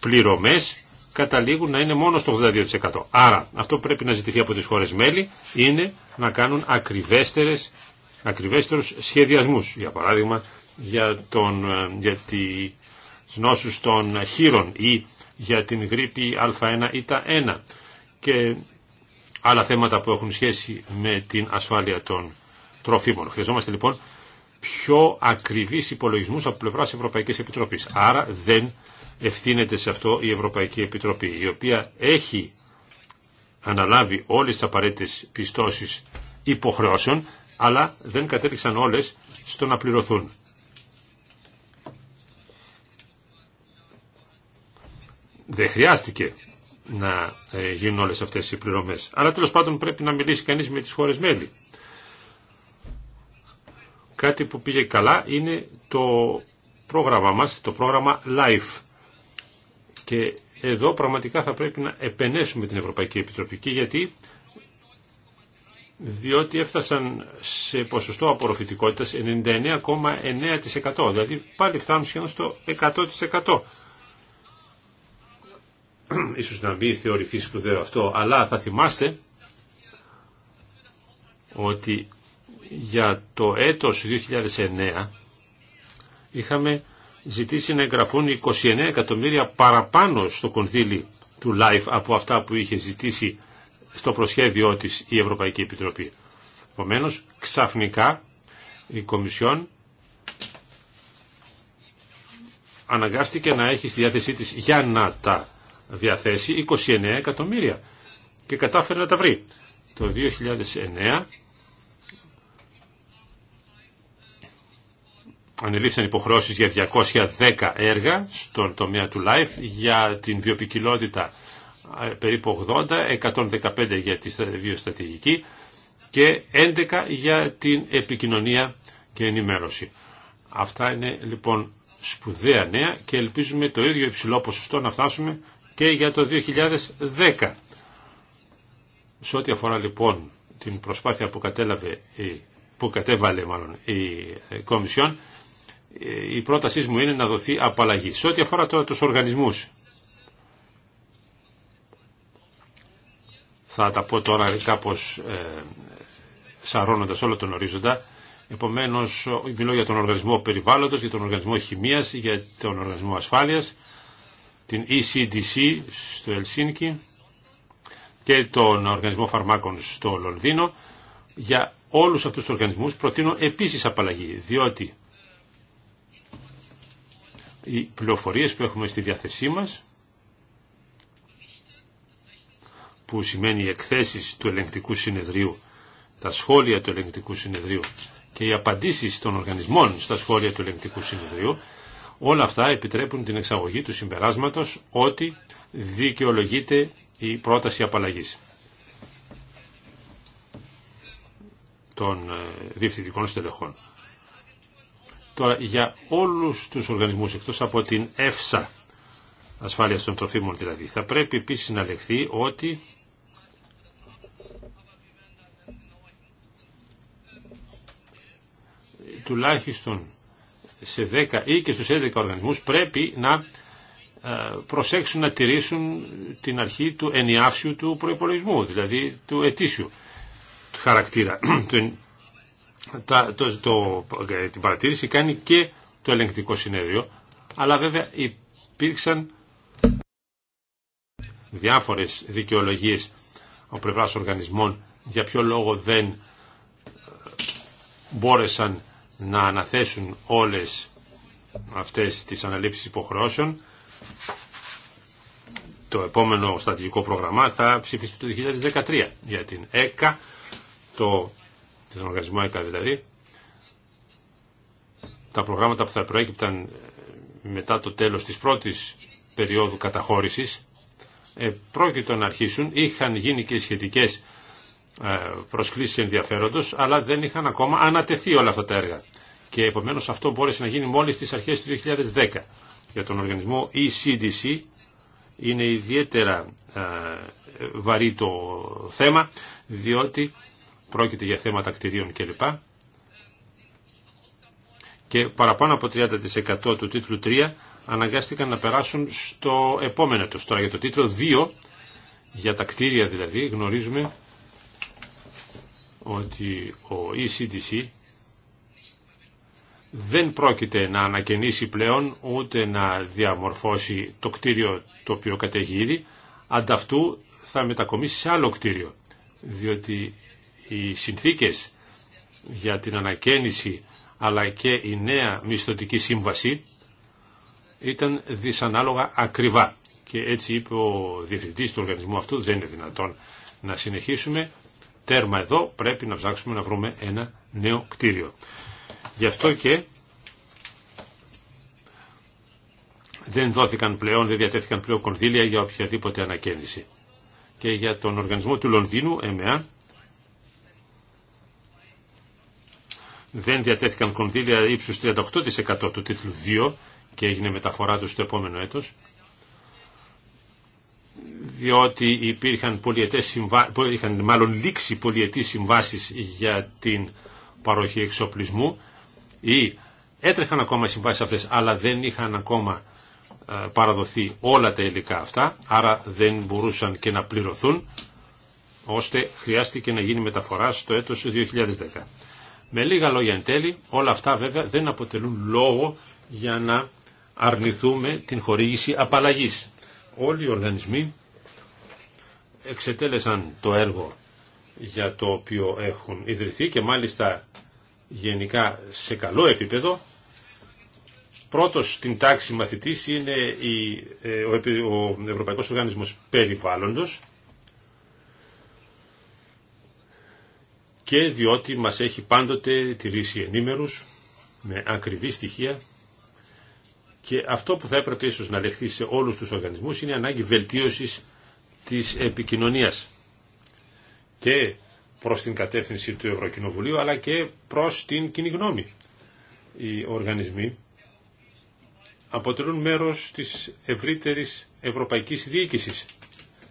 S1: πληρωμές καταλήγουν να είναι μόνο στο 82%. Άρα αυτό που πρέπει να ζητηθεί από τις χώρες μέλη είναι να κάνουν ακριβέστερες, ακριβέστερους σχεδιασμούς. Για παράδειγμα για, τον, ε, για τη νόσους των χείρων ή για την γρήπη α1 ή τα 1 και άλλα θέματα που έχουν σχέση με την ασφάλεια των τροφίμων. Χρειαζόμαστε λοιπόν πιο ακριβείς υπολογισμούς από πλευράς Ευρωπαϊκής Επιτροπής. Άρα δεν ευθύνεται σε αυτό η Ευρωπαϊκή Επιτροπή, η οποία έχει αναλάβει όλες τις απαραίτητες πιστώσεις υποχρεώσεων, αλλά δεν κατέληξαν όλες στο να πληρωθούν. δεν χρειάστηκε να ε, γίνουν όλες αυτές οι πληρωμές. Αλλά τέλος πάντων πρέπει να μιλήσει κανείς με τις χώρες μέλη. Κάτι που πήγε καλά είναι το πρόγραμμα μας, το πρόγραμμα LIFE. Και εδώ πραγματικά θα πρέπει να επενέσουμε την Ευρωπαϊκή Επιτροπή. γιατί, διότι έφτασαν σε ποσοστό απορροφητικότητας 99,9%. Δηλαδή πάλι φτάνουν σχεδόν στο 100%. ίσως να μην θεωρηθεί σπουδαίο αυτό, αλλά θα θυμάστε ότι για το έτος 2009 είχαμε ζητήσει να εγγραφούν 29 εκατομμύρια παραπάνω στο κονδύλι του LIFE από αυτά που είχε ζητήσει στο προσχέδιό της η Ευρωπαϊκή Επιτροπή. Επομένω, ξαφνικά η Κομισιόν αναγκάστηκε να έχει στη διάθεσή της για να τα διαθέσει 29 εκατομμύρια και κατάφερε να τα βρει. Το 2009 ανελήφθησαν υποχρώσεις για 210 έργα στον τομέα του LIFE για την βιοπικιλότητα ε, περίπου 80, 115 για τη βιοστατηγική και 11 για την επικοινωνία και ενημέρωση. Αυτά είναι λοιπόν σπουδαία νέα και ελπίζουμε το ίδιο υψηλό ποσοστό να φτάσουμε και για το 2010. Σε ό,τι αφορά λοιπόν την προσπάθεια που, κατέλαβε, που κατέβαλε μάλλον, η ε, Κομισιόν, ε, η πρότασή μου είναι να δοθεί απαλλαγή. Σε ό,τι αφορά τώρα τους οργανισμούς, θα τα πω τώρα κάπως ε, σαρώνοντας όλο τον ορίζοντα, επομένως μιλώ για τον οργανισμό περιβάλλοντος, για τον οργανισμό χημίας, για τον οργανισμό ασφάλειας, την ECDC στο Ελσίνκι και τον Οργανισμό Φαρμάκων στο Λονδίνο. Για όλους αυτούς τους οργανισμούς προτείνω επίσης απαλλαγή, διότι οι πληροφορίες που έχουμε στη διάθεσή μας, που σημαίνει οι εκθέσεις του ελεγκτικού συνεδρίου, τα σχόλια του ελεγκτικού συνεδρίου και οι απαντήσεις των οργανισμών στα σχόλια του ελεγκτικού συνεδρίου, Όλα αυτά επιτρέπουν την εξαγωγή του συμπεράσματος ότι δικαιολογείται η πρόταση απαλλαγής των ε, διευθυντικών στελεχών. Τώρα, για όλους τους οργανισμούς, εκτός από την ΕΦΣΑ, ασφάλεια των τροφίμων δηλαδή, θα πρέπει επίσης να λεχθεί ότι τουλάχιστον σε 10 ή και στους 11 οργανισμούς πρέπει να ε, προσέξουν να τηρήσουν την αρχή του ενιάυσιου του προϋπολογισμού, δηλαδή του ετήσιου του χαρακτήρα. το, το, ε, την παρατήρηση κάνει και το ελεγκτικό συνέδριο, αλλά βέβαια υπήρξαν διάφορες δικαιολογίες ο πλευράς οργανισμών για ποιο λόγο δεν ε, μπόρεσαν να αναθέσουν όλες αυτές τις αναλήψεις υποχρεώσεων. Το επόμενο στρατηγικό πρόγραμμα θα ψηφιστεί το 2013 για την ΕΚΑ, το, τον οργανισμό ΕΚΑ δηλαδή. Τα προγράμματα που θα προέκυπταν ε, μετά το τέλος της πρώτης περίοδου καταχώρησης ε, πρόκειτο να αρχίσουν. Είχαν γίνει και σχετικές ε, προσκλήσεις ενδιαφέροντος, αλλά δεν είχαν ακόμα ανατεθεί όλα αυτά τα έργα και επομένως αυτό μπόρεσε να γίνει μόλις στις αρχές του 2010. Για τον οργανισμό ECDC είναι ιδιαίτερα ε, βαρύ το θέμα διότι πρόκειται για θέματα κτηρίων κλπ. Και παραπάνω από 30% του τίτλου 3 αναγκάστηκαν να περάσουν στο επόμενο τους. Τώρα για το τίτλο 2, για τα κτίρια δηλαδή, γνωρίζουμε ότι ο ECDC δεν πρόκειται να ανακαινήσει πλέον ούτε να διαμορφώσει το κτίριο το οποίο κατέχει ήδη, ανταυτού θα μετακομίσει σε άλλο κτίριο, διότι οι συνθήκες για την ανακαίνιση αλλά και η νέα μισθωτική σύμβαση ήταν δυσανάλογα ακριβά. Και έτσι είπε ο διευθυντής του οργανισμού αυτού, δεν είναι δυνατόν να συνεχίσουμε. Τέρμα εδώ, πρέπει να ψάξουμε να βρούμε ένα νέο κτίριο. Γι' αυτό και δεν δόθηκαν πλέον, δεν διατέθηκαν πλέον κονδύλια για οποιαδήποτε ανακαίνιση. Και για τον οργανισμό του Λονδίνου, ΕΜΕΑ, δεν διατέθηκαν κονδύλια ύψους 38% του τίτλου 2 και έγινε μεταφορά του στο επόμενο έτος διότι υπήρχαν συμβα... είχαν μάλλον λήξει πολιετή συμβάσεις για την παροχή εξοπλισμού ή έτρεχαν ακόμα οι συμβάσει αυτέ, αλλά δεν είχαν ακόμα ε, παραδοθεί όλα τα υλικά αυτά άρα δεν μπορούσαν και να πληρωθούν ώστε χρειάστηκε να γίνει μεταφορά στο έτος 2010. Με λίγα λόγια εν τέλει, όλα αυτά βέβαια δεν αποτελούν λόγο για να αρνηθούμε την χορήγηση απαλλαγής. Όλοι οι οργανισμοί εξετέλεσαν το έργο για το οποίο έχουν ιδρυθεί και μάλιστα γενικά σε καλό επίπεδο. Πρώτος στην τάξη μαθητής είναι η, ε, ο Ευρωπαϊκός Οργανισμός Περιβάλλοντος και διότι μας έχει πάντοτε τηρήσει ενήμερους με ακριβή στοιχεία και αυτό που θα έπρεπε ίσως να λεχθεί σε όλους τους οργανισμούς είναι η ανάγκη βελτίωσης της επικοινωνίας. Και προς την κατεύθυνση του Ευρωκοινοβουλίου αλλά και προς την κοινή γνώμη. Οι οργανισμοί αποτελούν μέρος της ευρύτερης ευρωπαϊκής διοίκησης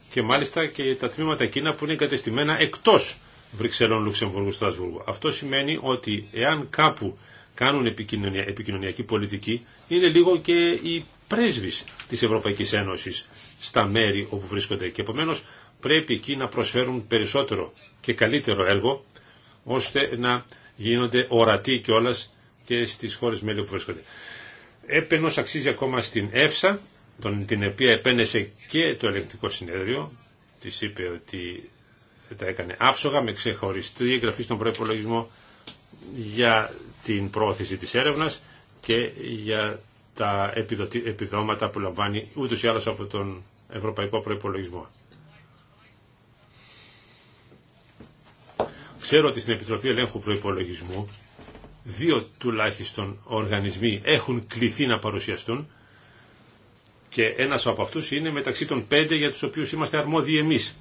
S1: και μάλιστα και τα τμήματα εκείνα που είναι εγκατεστημένα εκτός Βρυξελών, Λουξεμβούργου, Στρασβούργου. Αυτό σημαίνει ότι εάν κάπου κάνουν επικοινωνια, επικοινωνιακή πολιτική, είναι λίγο και οι πρέσβεις της Ευρωπαϊκής Ένωσης στα μέρη όπου βρίσκονται και επομένως πρέπει εκεί να προσφέρουν περισσότερο και καλύτερο έργο ώστε να γίνονται ορατοί κιόλα και στις χώρε μέλη που βρίσκονται. Έπαινο αξίζει ακόμα στην ΕΦΣΑ, τον, την οποία επένεσε και το ελεγκτικό συνέδριο, τη είπε ότι τα έκανε άψογα με ξεχωριστή εγγραφή στον προπολογισμό για την πρόθεση της έρευνας και για τα επιδόματα που λαμβάνει ούτως ή άλλως από τον ευρωπαϊκό προϋπολογισμό. Ξέρω ότι στην Επιτροπή Ελέγχου προπολογισμού, δύο τουλάχιστον οργανισμοί έχουν κληθεί να παρουσιαστούν και ένας από αυτούς είναι μεταξύ των πέντε για τους οποίους είμαστε αρμόδιοι εμείς.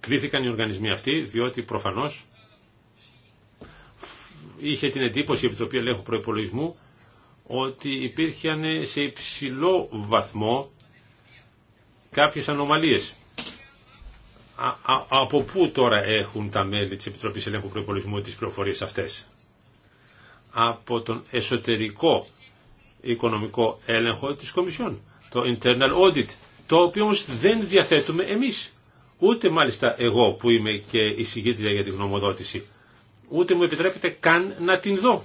S1: Κλήθηκαν οι οργανισμοί αυτοί διότι προφανώς είχε την εντύπωση η Επιτροπή Ελέγχου Προϋπολογισμού ότι υπήρχαν σε υψηλό βαθμό κάποιες ανομαλίες από πού τώρα έχουν τα μέλη της Επιτροπής Ελέγχου Προϋπολογισμού τις πληροφορίες αυτές. Από τον εσωτερικό οικονομικό έλεγχο της Κομισιόν, το internal audit, το οποίο όμως δεν διαθέτουμε εμείς. Ούτε μάλιστα εγώ που είμαι και η εισηγήτρια για την γνωμοδότηση, ούτε μου επιτρέπεται καν να την δω.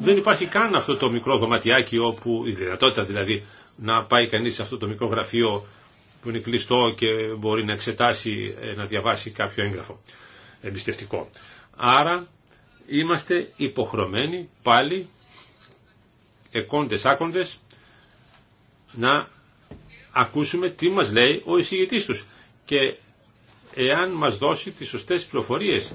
S1: Δεν υπάρχει καν αυτό το μικρό δωματιάκι όπου η δυνατότητα δηλαδή να πάει κανείς σε αυτό το μικρό γραφείο που είναι κλειστό και μπορεί να εξετάσει, ε, να διαβάσει κάποιο έγγραφο εμπιστευτικό. Άρα είμαστε υποχρεωμένοι πάλι εκόντες άκοντες να ακούσουμε τι μας λέει ο εισηγητής τους και εάν μας δώσει τις σωστές πληροφορίες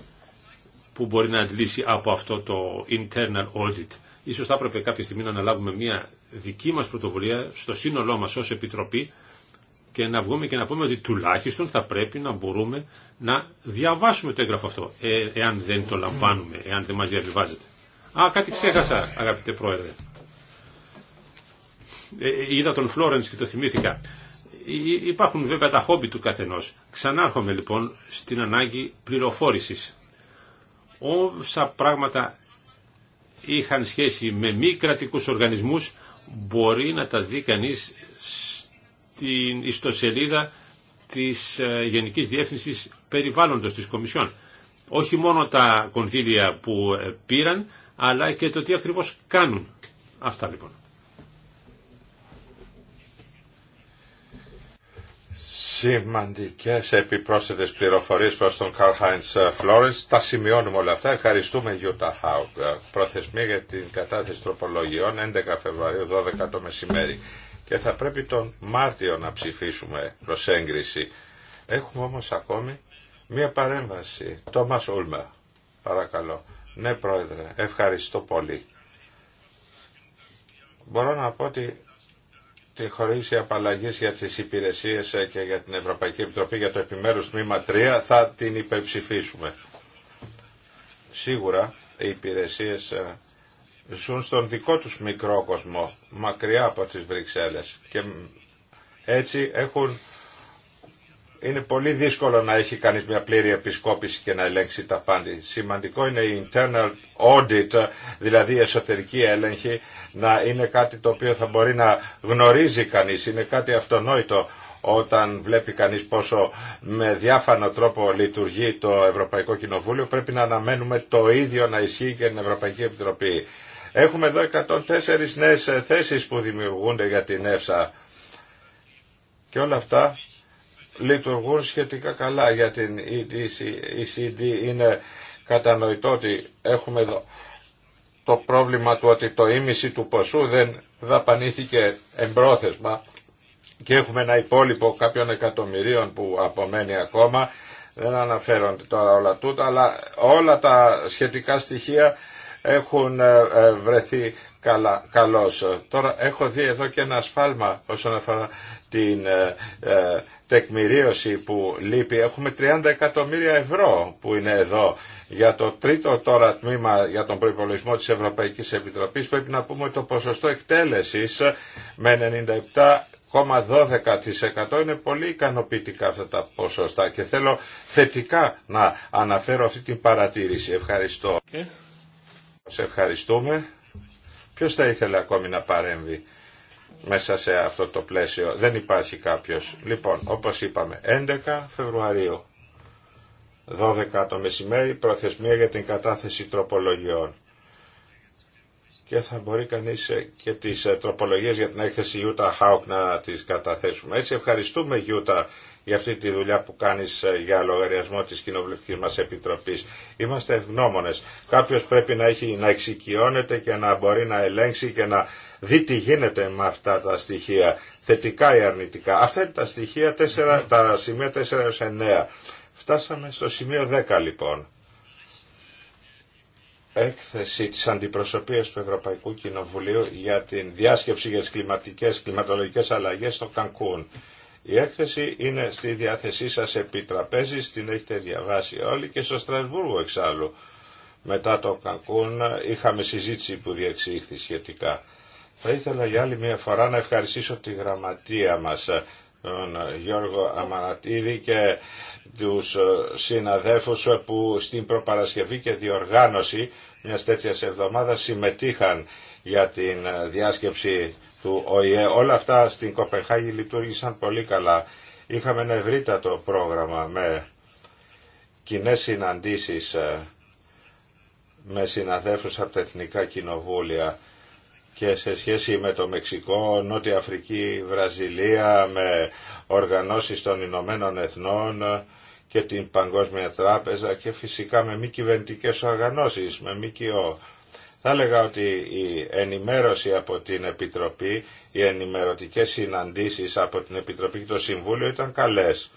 S1: που μπορεί να αντλήσει από αυτό το internal audit. Ίσως θα έπρεπε κάποια στιγμή να αναλάβουμε μια δική μας πρωτοβουλία στο σύνολό μας ως Επιτροπή και να βγούμε και να πούμε ότι τουλάχιστον θα πρέπει να μπορούμε να διαβάσουμε το έγγραφο αυτό, ε, εάν δεν το λαμβάνουμε, εάν δεν μας διαβιβάζεται.
S4: Α, κάτι ξέχασα,
S1: αγαπητέ Πρόεδρε. Ε, είδα τον Φλόρενς και το θυμήθηκα. Υπάρχουν βέβαια τα χόμπι του καθενός. Ξανάρχομαι λοιπόν στην ανάγκη πληροφόρησης. Όσα πράγματα είχαν σχέση με μη κρατικού οργανισμούς μπορεί να τα δει κανείς την ιστοσελίδα της ε, Γενικής Διεύθυνσης Περιβάλλοντος της Κομισιόν. Όχι μόνο τα κονδύλια που ε, πήραν, αλλά και το τι ακριβώς κάνουν. Αυτά λοιπόν.
S2: Σημαντικές επιπρόσθετες πληροφορίες προς τον Καρλ Χάιντς ε, Φλόρενς. Τα σημειώνουμε όλα αυτά. Ευχαριστούμε Γιούτα Χάουγκ. Προθεσμία για την κατάθεση τροπολογιών 11 Φεβρουαρίου 12 το μεσημέρι και θα πρέπει τον Μάρτιο να ψηφίσουμε προς έγκριση. Έχουμε όμως ακόμη μία παρέμβαση. Τόμας Ούλμα, παρακαλώ. Ναι, Πρόεδρε, ευχαριστώ πολύ. Μπορώ να πω ότι τη χορήγηση απαλλαγή για τι υπηρεσίε και για την Ευρωπαϊκή Επιτροπή για το επιμέρου τμήμα 3 θα την υπερψηφίσουμε. Σίγουρα οι υπηρεσίε ε, ζουν στον δικό τους μικρό κοσμό, μακριά από τις Βρυξέλλες και έτσι έχουν είναι πολύ δύσκολο να έχει κανείς μια πλήρη επισκόπηση και να ελέγξει τα πάντα. Σημαντικό είναι η internal audit, δηλαδή η εσωτερική έλεγχη, να είναι κάτι το οποίο θα μπορεί να γνωρίζει κανείς, είναι κάτι αυτονόητο όταν βλέπει κανείς πόσο με διάφανο τρόπο λειτουργεί το Ευρωπαϊκό Κοινοβούλιο, πρέπει να αναμένουμε το ίδιο να ισχύει και την Ευρωπαϊκή Επιτροπή. Έχουμε εδώ 104 νέες ε, θέσεις που δημιουργούνται για την ΕΦΣΑ. Και όλα αυτά λειτουργούν σχετικά καλά για την ECD. E Είναι κατανοητό ότι έχουμε εδώ το πρόβλημα του ότι το ίμιση του ποσού δεν δαπανήθηκε εμπρόθεσμα και έχουμε ένα υπόλοιπο κάποιων εκατομμυρίων που απομένει ακόμα. Δεν αναφέρονται τώρα όλα τούτα, αλλά όλα τα σχετικά στοιχεία έχουν ε, ε, βρεθεί καλά, καλώς. Τώρα έχω δει εδώ και ένα σφάλμα όσον αφορά την ε, τεκμηρίωση που λείπει. Έχουμε 30 εκατομμύρια ευρώ που είναι εδώ. Για το τρίτο τώρα τμήμα για τον προϋπολογισμό της Ευρωπαϊκής Επιτροπής πρέπει να πούμε ότι το ποσοστό εκτέλεσης με 97,12% είναι πολύ ικανοποιητικά αυτά τα ποσοστά και θέλω θετικά να αναφέρω αυτή την παρατήρηση. Ευχαριστώ. Σε ευχαριστούμε. Ποιος θα ήθελε ακόμη να παρέμβει μέσα σε αυτό το πλαίσιο. Δεν υπάρχει κάποιος. Λοιπόν, όπως είπαμε, 11 Φεβρουαρίου, 12 το μεσημέρι, προθεσμία για την κατάθεση τροπολογιών. Και θα μπορεί κανείς ε, και τις ε, τροπολογίες για την έκθεση Utah Hawk να τις καταθέσουμε. Έτσι ευχαριστούμε Utah για αυτή τη δουλειά που κάνεις ε, για λογαριασμό της Κοινοβουλευτικής μας Επιτροπής. Είμαστε ευγνώμονες. Κάποιος πρέπει να, έχει, να εξοικειώνεται και να μπορεί να ελέγξει και να δει τι γίνεται με αυτά τα στοιχεία, θετικά ή αρνητικά. Αυτά είναι τα, στοιχεία 4, τα σημεία 4 έως 9. Φτάσαμε στο σημείο 10 λοιπόν. Έκθεση της αντιπροσωπείας του Ευρωπαϊκού Κοινοβουλίου για την διάσκεψη για τις κλιματικές, κλιματολογικές αλλαγές στο Κανκούν. Η έκθεση είναι στη διάθεσή σας επί τραπέζης, την έχετε διαβάσει όλοι και στο Στρασβούργο εξάλλου. Μετά το Κανκούν είχαμε συζήτηση που διεξήχθη σχετικά. Θα ήθελα για άλλη μια φορά να ευχαριστήσω τη γραμματεία μας, τον Γιώργο Αμανατίδη και τους συναδέφους που στην προπαρασκευή και διοργάνωση μιας τέτοιας εβδομάδας συμμετείχαν για την διάσκεψη του ΟΗΕ. Όλα αυτά στην Κοπεχάγη λειτουργήσαν πολύ καλά. Είχαμε ένα ευρύτατο πρόγραμμα με κοινέ συναντήσεις ε, με συναδέλφου από τα Εθνικά Κοινοβούλια και σε σχέση με το Μεξικό, Νότια Αφρική, Βραζιλία, με οργανώσεις των Ηνωμένων Εθνών και την Παγκόσμια Τράπεζα και φυσικά με μη κυβερνητικέ οργανώσεις, με ΜΚΟ. Θα έλεγα ότι η ενημέρωση από την Επιτροπή, οι ενημερωτικές συναντήσεις από την Επιτροπή και το Συμβούλιο ήταν καλές.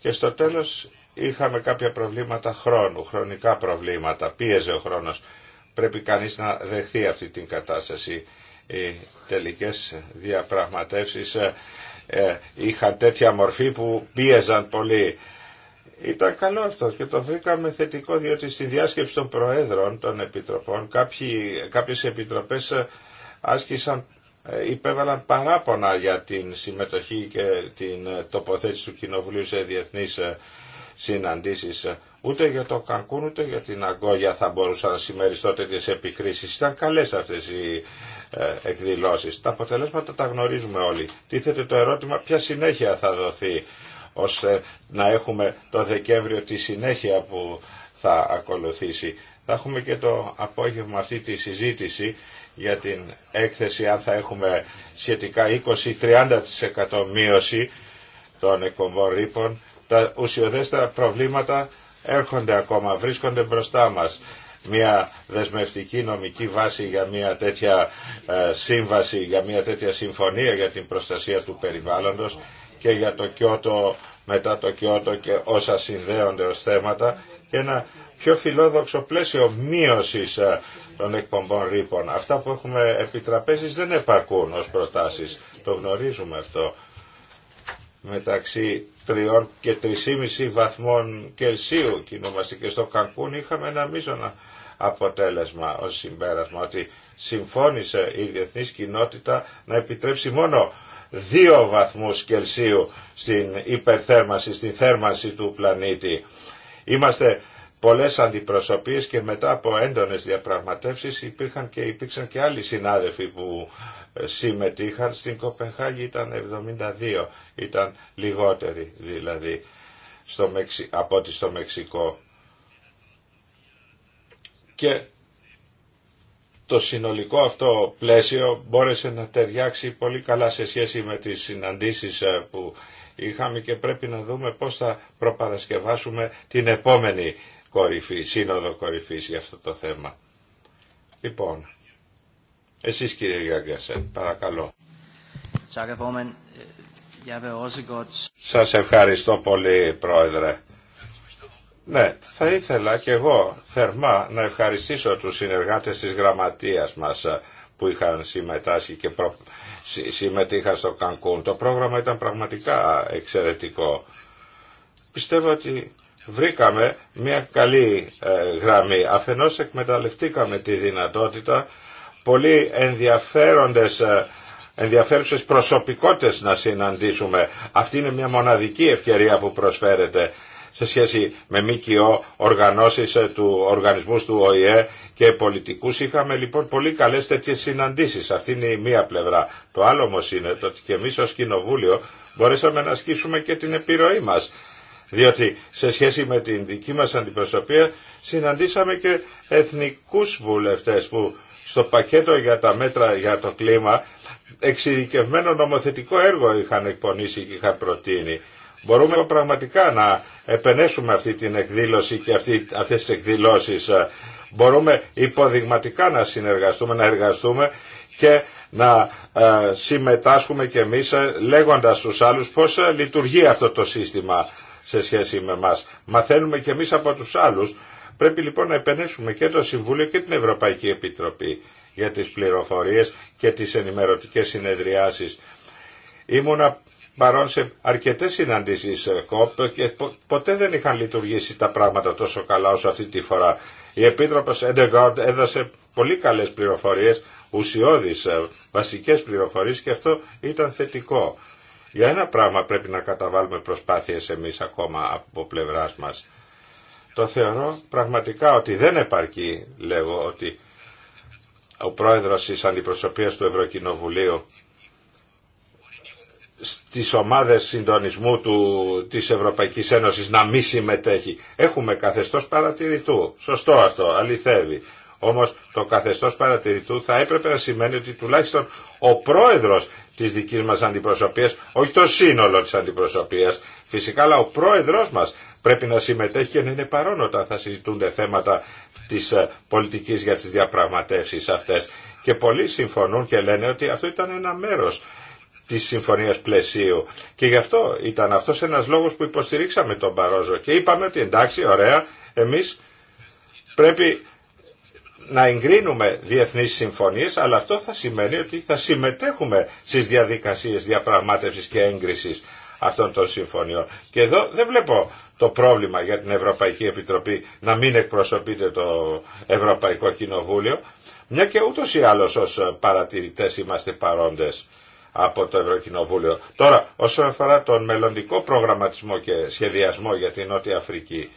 S2: Και στο τέλος είχαμε κάποια προβλήματα χρόνου, χρονικά προβλήματα, πίεζε ο χρόνος. Πρέπει κανείς να δεχθεί αυτή την κατάσταση. Οι τελικές διαπραγματεύσεις ε, ε, είχαν τέτοια μορφή που πίεζαν πολύ ήταν καλό αυτό και το βρήκαμε θετικό διότι στη διάσκεψη των προέδρων των επιτροπών κάποιοι, κάποιες επιτροπές ε, άσκησαν ε, υπέβαλαν παράπονα για την συμμετοχή και την ε, τοποθέτηση του Κοινοβουλίου σε διεθνείς συναντήσεις. Ούτε για το Κανκούν ούτε για την Αγκόγια θα μπορούσαν να συμμεριστώ τέτοιες επικρίσεις. Ήταν καλές αυτές οι εκδηλώσεις. Τα αποτελέσματα τα γνωρίζουμε όλοι. Τίθεται το ερώτημα ποια συνέχεια θα δοθεί ώστε να έχουμε το Δεκέμβριο τη συνέχεια που θα ακολουθήσει. Θα έχουμε και το απόγευμα αυτή τη συζήτηση για την έκθεση αν θα έχουμε σχετικά 20-30% μείωση των εκπομπών ρήπων. Τα ουσιοδέστερα προβλήματα έρχονται ακόμα, βρίσκονται μπροστά μας. Μια δεσμευτική νομική βάση για μια τέτοια ε, σύμβαση, για μια τέτοια συμφωνία για την προστασία του περιβάλλοντος και για το Κιώτο μετά το Κιώτο και όσα συνδέονται ως θέματα και ένα πιο φιλόδοξο πλαίσιο μείωσης ε, των εκπομπών ρήπων. Αυτά που έχουμε επιτραπέζεις δεν επαρκούν ως προτάσεις. Το γνωρίζουμε αυτό. Μεταξύ τριών και 3,5 βαθμών Κελσίου κινούμαστε και στο Κανκούν είχαμε ένα μείζωνα αποτέλεσμα ως συμπέρασμα ότι συμφώνησε η διεθνής κοινότητα να επιτρέψει μόνο 2 βαθμούς Κελσίου στην υπερθέρμανση, στην θέρμανση του πλανήτη. Είμαστε πολλές αντιπροσωπείες και μετά από έντονες διαπραγματεύσεις υπήρχαν και, υπήρξαν και άλλοι συνάδελφοι που ε, συμμετείχαν. Στην Κοπενχάγη ήταν 72, ήταν λιγότεροι δηλαδή στο Μεξι... από ό,τι στο Μεξικό. Και το συνολικό αυτό πλαίσιο μπόρεσε να ταιριάξει πολύ καλά σε σχέση με τις συναντήσεις ε, που είχαμε και πρέπει να δούμε πώς θα προπαρασκευάσουμε την επόμενη κορυφή, σύνοδο κορυφής για αυτό το θέμα. Λοιπόν, εσείς κύριε Γιάνγκιασεν, παρακαλώ.
S3: Äh,
S2: Σας ευχαριστώ πολύ πρόεδρε. Ναι, θα ήθελα και εγώ θερμά να ευχαριστήσω τους συνεργάτες της γραμματείας μας ε, που είχαν συμμετάσχει και συμμετείχαν στο Κανκούν. Το πρόγραμμα ήταν πραγματικά εξαιρετικό. Πιστεύω ότι βρήκαμε μια καλή ε, γραμμή. Αφενός εκμεταλλευτήκαμε τη δυνατότητα πολύ ενδιαφέροντες ε, ενδιαφέρουσες προσωπικότητες να συναντήσουμε. Αυτή είναι μια μοναδική ευκαιρία που προσφέρεται σε σχέση με ΜΚΟ, οργανώσεις ε, του οργανισμού του ΟΗΕ και πολιτικούς. Είχαμε λοιπόν πολύ καλές τέτοιες συναντήσεις. Αυτή είναι η μία πλευρά. Το άλλο όμω είναι το ότι και εμείς ως Κοινοβούλιο μπορέσαμε να ασκήσουμε και την επιρροή μας. Διότι σε σχέση με την δική μας αντιπροσωπεία συναντήσαμε και εθνικούς βουλευτές που στο πακέτο για τα μέτρα για το κλίμα εξειδικευμένο νομοθετικό έργο είχαν εκπονήσει και είχαν προτείνει. Μπορούμε πραγματικά να επενέσουμε αυτή την εκδήλωση και αυτή, αυτές τις εκδηλώσεις. Ε, μπορούμε υποδειγματικά να συνεργαστούμε, να εργαστούμε και να ε, συμμετάσχουμε και εμείς ε, λέγοντας στους άλλους πώς λειτουργεί αυτό το σύστημα σε σχέση με μας. Μαθαίνουμε και εμείς από τους άλλους. Πρέπει λοιπόν να επενέσουμε και το Συμβούλιο και την Ευρωπαϊκή Επιτροπή για τις πληροφορίες και τις ενημερωτικές συνεδριάσεις παρόν σε αρκετέ συναντήσει ε, ΚΟΠ και ποτέ δεν είχαν λειτουργήσει τα πράγματα τόσο καλά όσο αυτή τη φορά. Η Επίτροπος Εντεγκόντ έδωσε πολύ καλές πληροφορίες, ουσιώδεις ε, βασικές πληροφορίες και αυτό ήταν θετικό. Για ένα πράγμα πρέπει να καταβάλουμε προσπάθειες εμείς ακόμα από πλευράς μας. Το θεωρώ πραγματικά ότι δεν επαρκεί, λέγω, ότι ο πρόεδρος της αντιπροσωπείας του Ευρωκοινοβουλίου στις ομάδες συντονισμού του, της Ευρωπαϊκής Ένωσης να μη συμμετέχει. Έχουμε καθεστώς παρατηρητού. Σωστό αυτό, αληθεύει. Όμως το καθεστώς παρατηρητού θα έπρεπε να σημαίνει ότι τουλάχιστον ο πρόεδρος της δικής μας αντιπροσωπείας, όχι το σύνολο της αντιπροσωπείας, φυσικά αλλά ο πρόεδρος μας πρέπει να συμμετέχει και να είναι παρόν όταν θα συζητούνται θέματα της ε, πολιτικής για τις διαπραγματεύσεις αυτές. Και πολλοί συμφωνούν και λένε ότι αυτό ήταν ένα μέρος Τη συμφωνίας πλαισίου. Και γι' αυτό ήταν αυτός ένας λόγος που υποστηρίξαμε τον Παρόζο και είπαμε ότι εντάξει, ωραία, εμείς πρέπει να εγκρίνουμε διεθνείς συμφωνίες, αλλά αυτό θα σημαίνει ότι θα συμμετέχουμε στις διαδικασίες διαπραγμάτευσης και έγκρισης αυτών των συμφωνιών. Και εδώ δεν βλέπω το πρόβλημα για την Ευρωπαϊκή Επιτροπή να μην εκπροσωπείται το Ευρωπαϊκό Κοινοβούλιο, μια και ούτως ή άλλως ως παρατηρητές είμαστε παρόντες από το Ευρωκοινοβούλιο. Τώρα, όσον αφορά τον μελλοντικό προγραμματισμό και σχεδιασμό για την Νότια Αφρική,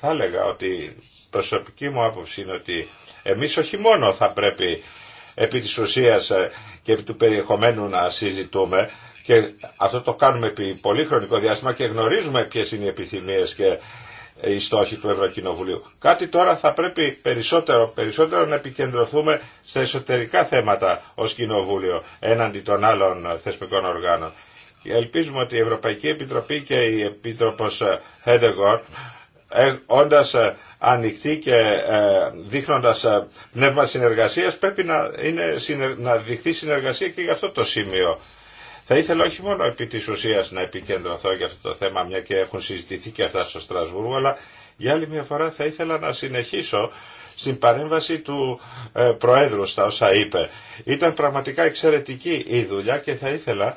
S2: θα έλεγα ότι προσωπική μου άποψη είναι ότι εμείς όχι μόνο θα πρέπει επί της ουσίας ε, και επί του περιεχομένου να συζητούμε και αυτό το κάνουμε επί πολύ χρονικό διάστημα και γνωρίζουμε ποιες είναι οι επιθυμίες και ε, οι στόχοι του Ευρωκοινοβουλίου. Κάτι τώρα θα πρέπει περισσότερο, περισσότερο να επικεντρωθούμε στα εσωτερικά θέματα ως Κοινοβούλιο έναντι των άλλων θεσμικών οργάνων. Ελπίζουμε ότι η Ευρωπαϊκή Επιτροπή και η Επίτροπος Χέντεγκορ ε, όντας ε, ανοιχτή και δείχνοντας πνεύμα συνεργασίας πρέπει να, είναι, να δειχθεί συνεργασία και γι' αυτό το σημείο θα ήθελα όχι μόνο επί της ουσίας να επικεντρωθώ για αυτό το θέμα, μια και έχουν συζητηθεί και αυτά στο Στρασβούργο, αλλά για άλλη μια φορά θα ήθελα να συνεχίσω στην παρέμβαση του ε, Προέδρου στα όσα είπε. Ήταν πραγματικά εξαιρετική η δουλειά και θα ήθελα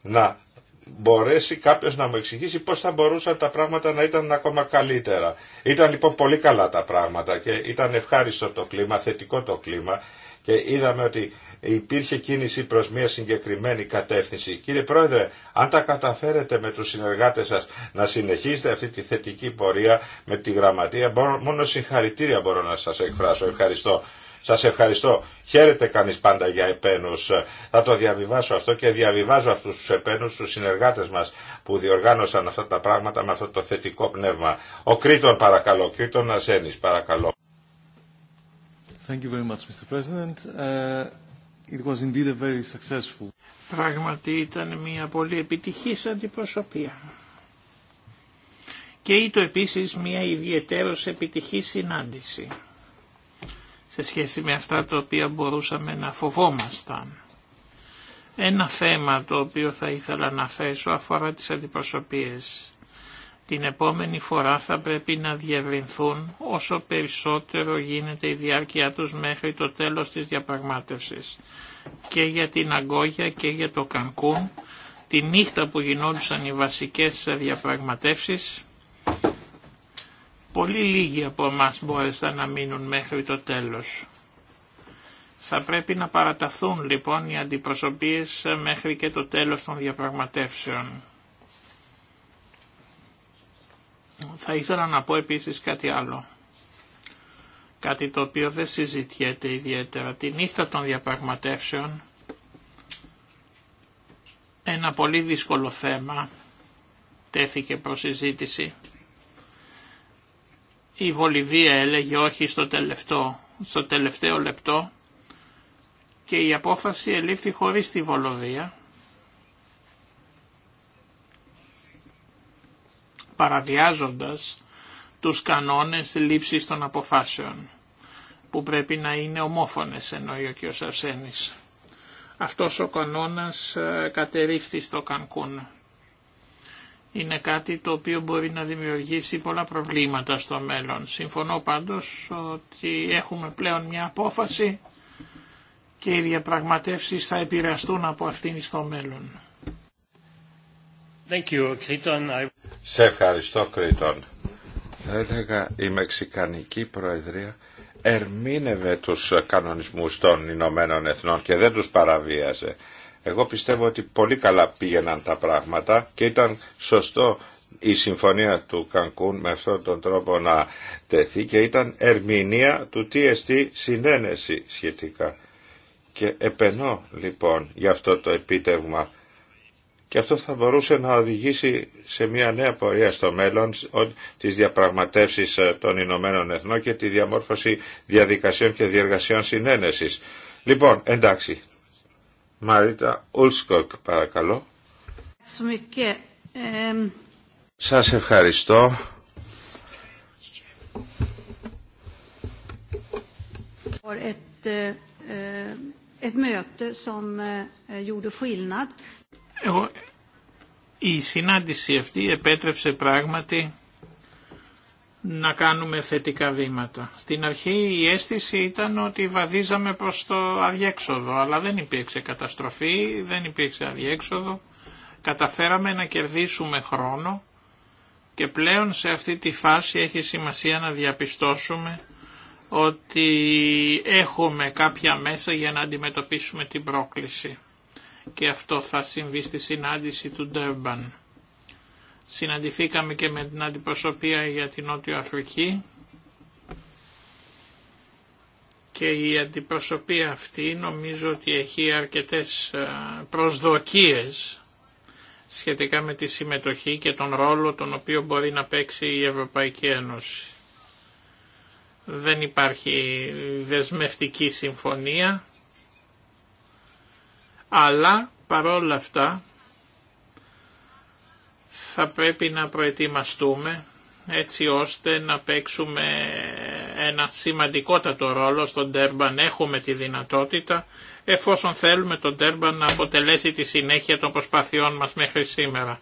S2: να μπορέσει κάποιος να μου εξηγήσει πώς θα μπορούσαν τα πράγματα να ήταν ακόμα καλύτερα. Ήταν λοιπόν πολύ καλά τα πράγματα και ήταν ευχάριστο το κλίμα, θετικό το κλίμα και είδαμε ότι υπήρχε κίνηση προς μια συγκεκριμένη κατεύθυνση. Κύριε Πρόεδρε, αν τα καταφέρετε με τους συνεργάτες σας να συνεχίσετε αυτή τη θετική πορεία με τη γραμματεία, μόνο συγχαρητήρια μπορώ να σας εκφράσω. Ευχαριστώ. Σας ευχαριστώ. Χαίρεται κανείς πάντα για επένους. Θα το διαβιβάσω αυτό και διαβιβάζω αυτούς τους επένους τους συνεργάτες μας που διοργάνωσαν αυτά τα πράγματα με αυτό το θετικό πνεύμα. Ο Κρήτον παρακαλώ, Κρήτον Ασένης
S3: παρακαλώ.
S5: Thank you very much, Mr. President. Uh... It was indeed a very successful.
S3: Πράγματι ήταν μια πολύ επιτυχής αντιπροσωπεία. Και ήταν επίσης μια ιδιαίτερος επιτυχής συνάντηση σε σχέση με αυτά τα οποία μπορούσαμε να φοβόμασταν. Ένα θέμα το οποίο θα ήθελα να θέσω αφορά τις αντιπροσωπείες. Την επόμενη φορά θα πρέπει να διευρυνθούν όσο περισσότερο γίνεται η διάρκεια τους μέχρι το τέλος της διαπραγμάτευσης. Και για την Αγκόγια και για το Κανκούν, τη νύχτα που γινόντουσαν οι βασικές διαπραγματεύσεις, πολύ λίγοι από εμά μπόρεσαν να μείνουν μέχρι το τέλος. Θα πρέπει να παραταθούν λοιπόν οι αντιπροσωπείες μέχρι και το τέλος των διαπραγματεύσεων. Θα ήθελα να πω επίσης κάτι άλλο. Κάτι το οποίο δεν συζητιέται ιδιαίτερα. Τη νύχτα των διαπραγματεύσεων ένα πολύ δύσκολο θέμα τέθηκε προς συζήτηση. Η Βολιβία έλεγε όχι στο τελευταίο, στο τελευταίο λεπτό και η απόφαση ελήφθη χωρίς τη Βολοβία παραβιάζοντας τους κανόνες λήψης των αποφάσεων, που πρέπει να είναι ομόφωνες εννοεί ο κ. Αρσένης. Αυτός ο κανόνας ε, κατερρίφθη στο Κανκούν. Είναι κάτι το οποίο μπορεί να δημιουργήσει πολλά προβλήματα στο μέλλον. Συμφωνώ πάντως ότι έχουμε πλέον μια απόφαση και οι διαπραγματεύσεις θα επηρεαστούν από αυτήν στο μέλλον. Thank
S2: you, σε ευχαριστώ Κρήτον. Θα έλεγα η Μεξικανική Προεδρία ερμήνευε τους κανονισμούς των Ηνωμένων Εθνών και δεν τους παραβίαζε. Εγώ πιστεύω ότι πολύ καλά πήγαιναν τα πράγματα και ήταν σωστό η συμφωνία του Κανκούν με αυτόν τον τρόπο να τεθεί και ήταν ερμηνεία του TST συνένεση σχετικά. Και επενώ λοιπόν για αυτό το επίτευγμα και αυτό θα μπορούσε να οδηγήσει σε μια νέα πορεία στο μέλλον της διαπραγματεύσεις ε, των Ηνωμένων Εθνών και τη διαμόρφωση διαδικασιών και διεργασιών συνένεσης. Λοιπόν, εντάξει. Μαρίτα Ουλσκοκ, παρακαλώ. Σας ευχαριστώ.
S3: Eh, eh, ett möte som eh, gjorde skillnad εγώ, η συνάντηση αυτή επέτρεψε πράγματι να κάνουμε θετικά βήματα. Στην αρχή η αίσθηση ήταν ότι βαδίζαμε προς το αδιέξοδο, αλλά δεν υπήρξε καταστροφή, δεν υπήρξε αδιέξοδο. Καταφέραμε να κερδίσουμε χρόνο και πλέον σε αυτή τη φάση έχει σημασία να διαπιστώσουμε ότι έχουμε κάποια μέσα για να αντιμετωπίσουμε την πρόκληση και αυτό θα συμβεί στη συνάντηση του Ντέρμπαν. Συναντηθήκαμε και με την αντιπροσωπεία για την Νότιο Αφρική και η αντιπροσωπεία αυτή νομίζω ότι έχει αρκετές ε, προσδοκίες σχετικά με τη συμμετοχή και τον ρόλο τον οποίο μπορεί να παίξει η Ευρωπαϊκή Ένωση. Δεν υπάρχει δεσμευτική συμφωνία αλλά παρόλα αυτά θα πρέπει να προετοιμαστούμε έτσι ώστε να παίξουμε ένα σημαντικότατο ρόλο στον Τέρμπαν. Έχουμε τη δυνατότητα εφόσον θέλουμε τον Τέρμπαν να αποτελέσει τη συνέχεια των προσπαθειών μας μέχρι σήμερα.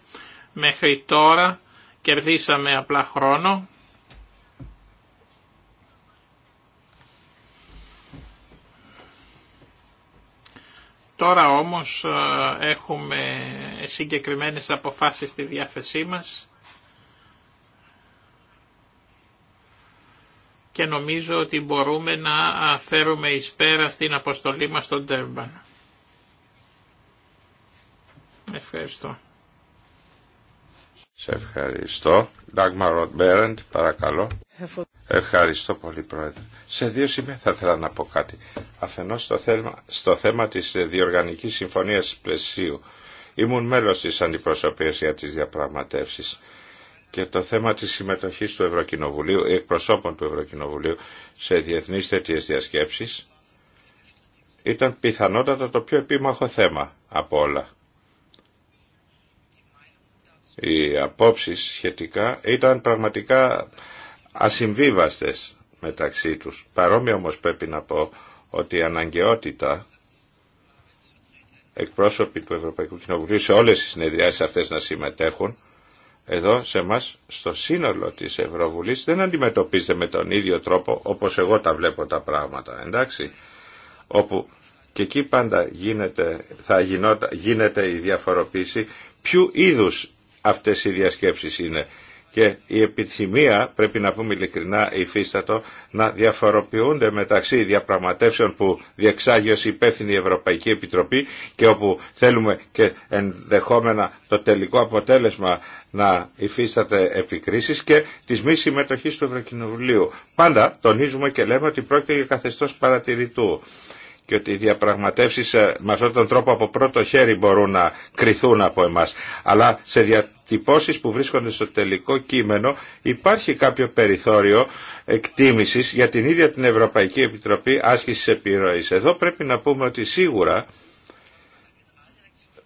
S3: Μέχρι τώρα κερδίσαμε απλά χρόνο Τώρα όμως ε, έχουμε συγκεκριμένες αποφάσεις στη διάθεσή μας και νομίζω ότι μπορούμε να φέρουμε εις πέρα στην αποστολή μας στον Τέρμπαν. Ευχαριστώ.
S2: Σε ευχαριστώ. παρακαλώ. Ευχαριστώ πολύ Πρόεδρε. Σε δύο σημεία θα ήθελα να πω κάτι. Αφενός στο θέμα, στο θέμα της διοργανικής συμφωνίας πλαισίου. Ήμουν μέλος της αντιπροσωπείας για τις διαπραγματεύσεις και το θέμα της συμμετοχής του Ευρωκοινοβουλίου, εκπροσώπων του Ευρωκοινοβουλίου σε διεθνείς τέτοιες διασκέψεις ήταν πιθανότατα το πιο επίμαχο θέμα από όλα. Οι απόψεις σχετικά ήταν πραγματικά ασυμβίβαστες μεταξύ τους. Παρόμοια όμως πρέπει να πω ότι η αναγκαιότητα εκπρόσωποι του Ευρωπαϊκού Κοινοβουλίου σε όλες τις συνεδριάσεις αυτές να συμμετέχουν εδώ σε μας στο σύνολο της Ευρωβουλής δεν αντιμετωπίζεται με τον ίδιο τρόπο όπως εγώ τα βλέπω τα πράγματα εντάξει όπου και εκεί πάντα γίνεται, θα γινότα, γίνεται η διαφοροποίηση ποιου είδους αυτές οι διασκέψεις είναι και η επιθυμία, πρέπει να πούμε ειλικρινά υφίστατο, να διαφοροποιούνται μεταξύ διαπραγματεύσεων που διεξάγει ως υπεύθυνη η Ευρωπαϊκή Επιτροπή και όπου θέλουμε και ενδεχόμενα το τελικό αποτέλεσμα να υφίσταται επικρίσεις και της μη συμμετοχής του Ευρωκοινοβουλίου. Πάντα τονίζουμε και λέμε ότι πρόκειται για καθεστώς παρατηρητού και ότι οι διαπραγματεύσει ε, με αυτόν τον τρόπο από πρώτο χέρι μπορούν να κριθούν από εμάς. Αλλά σε διατυπώσεις που βρίσκονται στο τελικό κείμενο υπάρχει κάποιο περιθώριο εκτίμησης για την ίδια την Ευρωπαϊκή Επιτροπή άσκησης επιρροή. Εδώ πρέπει να πούμε ότι σίγουρα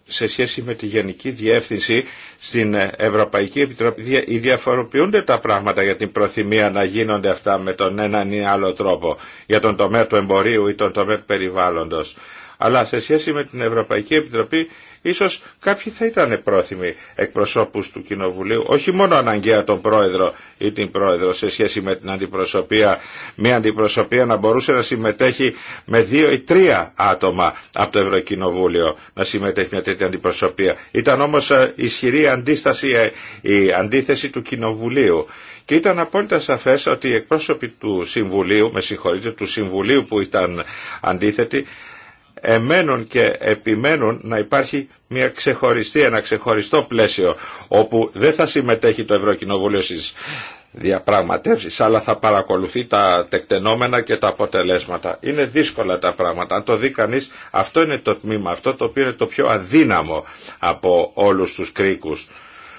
S2: σε σχέση με τη Γενική Διεύθυνση στην Ευρωπαϊκή Επιτροπή διαφοροποιούνται τα πράγματα για την προθυμία να γίνονται αυτά με τον έναν ή άλλο τρόπο για τον τομέα του εμπορίου ή τον τομέα του περιβάλλοντος. Αλλά σε σχέση με την Ευρωπαϊκή Επιτροπή Ίσως κάποιοι θα ήταν πρόθυμοι εκπροσώπους του Κοινοβουλίου, όχι μόνο αναγκαία τον πρόεδρο ή την πρόεδρο σε σχέση με την αντιπροσωπεία. Μια αντιπροσωπεία να μπορούσε να συμμετέχει με δύο ή τρία άτομα από το Ευρωκοινοβούλιο να συμμετέχει μια τέτοια αντιπροσωπεία. Ήταν όμως ε, ισχυρή αντίσταση, ε, η αντίθεση του Κοινοβουλίου. Και ήταν απόλυτα σαφές ότι οι εκπρόσωποι του Συμβουλίου, με συγχωρείτε, του Συμβουλίου που ήταν αντίθετοι, εμένουν και επιμένουν να υπάρχει μια ξεχωριστή, ένα ξεχωριστό πλαίσιο όπου δεν θα συμμετέχει το Ευρωκοινοβούλιο στις διαπραγματεύσεις αλλά θα παρακολουθεί τα τεκτενόμενα και τα αποτελέσματα. Είναι δύσκολα τα πράγματα. Αν το δει κανεί, αυτό είναι το τμήμα, αυτό το οποίο είναι το πιο αδύναμο από όλους τους κρίκους.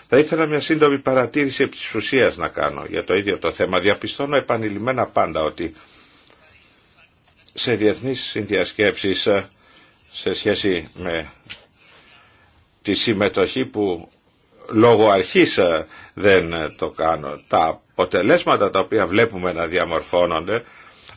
S2: Θα ήθελα μια σύντομη παρατήρηση επί της ουσίας να κάνω για το ίδιο το θέμα. Διαπιστώνω επανειλημμένα πάντα ότι σε διεθνείς συνδιασκέψεις σε σχέση με τη συμμετοχή που λόγω αρχής ε, δεν το κάνω. Τα αποτελέσματα τα οποία βλέπουμε να διαμορφώνονται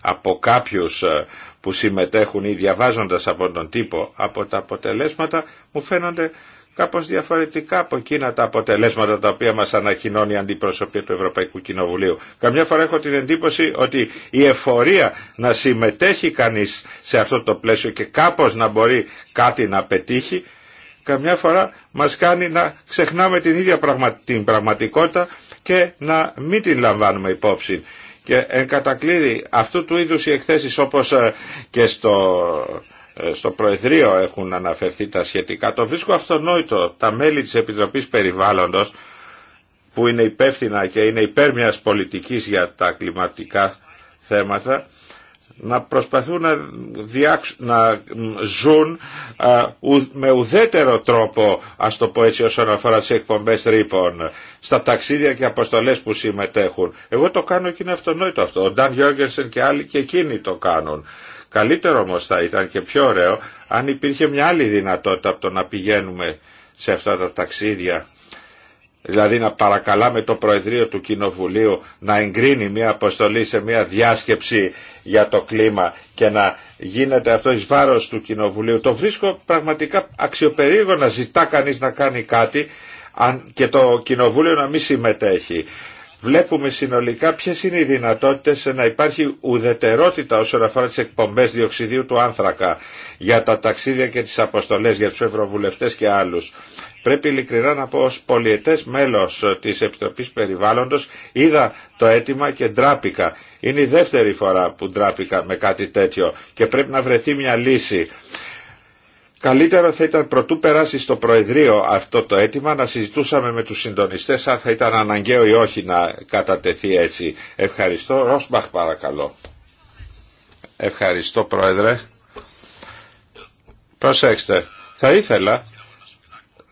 S2: από κάποιους ε, που συμμετέχουν ή διαβάζοντας από τον τύπο, από τα αποτελέσματα μου φαίνονται κάπως διαφορετικά από εκείνα τα αποτελέσματα τα οποία μας ανακοινώνει η αντιπροσωπεία του Ευρωπαϊκού Κοινοβουλίου. Καμιά φορά έχω την εντύπωση ότι η εφορία να συμμετέχει κανείς σε αυτό το πλαίσιο και κάπως να μπορεί κάτι να πετύχει, καμιά φορά μας κάνει να ξεχνάμε την ίδια την πραγματικότητα και να μην την λαμβάνουμε υπόψη. Και εν κατακλείδη αυτού του είδους οι εκθέσεις όπως ε, και στο ε, στο Προεδρείο έχουν αναφερθεί τα σχετικά. Το βρίσκω αυτονόητο. Τα μέλη της Επιτροπής Περιβάλλοντος που είναι υπεύθυνα και είναι υπέρ μιας πολιτικής για τα κλιματικά θέματα να προσπαθούν να, να ζουν με ουδέτερο τρόπο, ας το πω έτσι όσον αφορά τις εκπομπές ρήπων, στα ταξίδια και αποστολές που συμμετέχουν. Εγώ το κάνω και είναι αυτονόητο αυτό. Ο Νταν Γιώργενσεν και άλλοι και εκείνοι το κάνουν. Καλύτερο όμως θα ήταν και πιο ωραίο αν υπήρχε μια άλλη δυνατότητα από το να πηγαίνουμε σε αυτά τα ταξίδια δηλαδή να παρακαλάμε το Προεδρείο του Κοινοβουλίου να εγκρίνει μια αποστολή σε μια διάσκεψη για το κλίμα και να γίνεται αυτό εις βάρος του Κοινοβουλίου. Το βρίσκω πραγματικά αξιοπερίεργο να ζητά κανείς να κάνει κάτι και το Κοινοβούλιο να μην συμμετέχει βλέπουμε συνολικά ποιες είναι οι δυνατότητες να υπάρχει ουδετερότητα όσον αφορά τις εκπομπές διοξιδίου του άνθρακα για τα ταξίδια και τις αποστολές για τους ευρωβουλευτές και άλλους. Πρέπει ειλικρινά να πω ως πολιετές μέλος της Επιτροπής Περιβάλλοντος είδα το αίτημα και ντράπηκα. Είναι η δεύτερη φορά που ντράπηκα με κάτι τέτοιο και πρέπει να βρεθεί μια λύση. Καλύτερο θα ήταν πρωτού περάσει στο Προεδρείο αυτό το αίτημα να συζητούσαμε με τους συντονιστές αν θα ήταν αναγκαίο ή όχι να κατατεθεί έτσι. Ευχαριστώ. Ροσμπαχ παρακαλώ. Ευχαριστώ Πρόεδρε. Προσέξτε. Θα ήθελα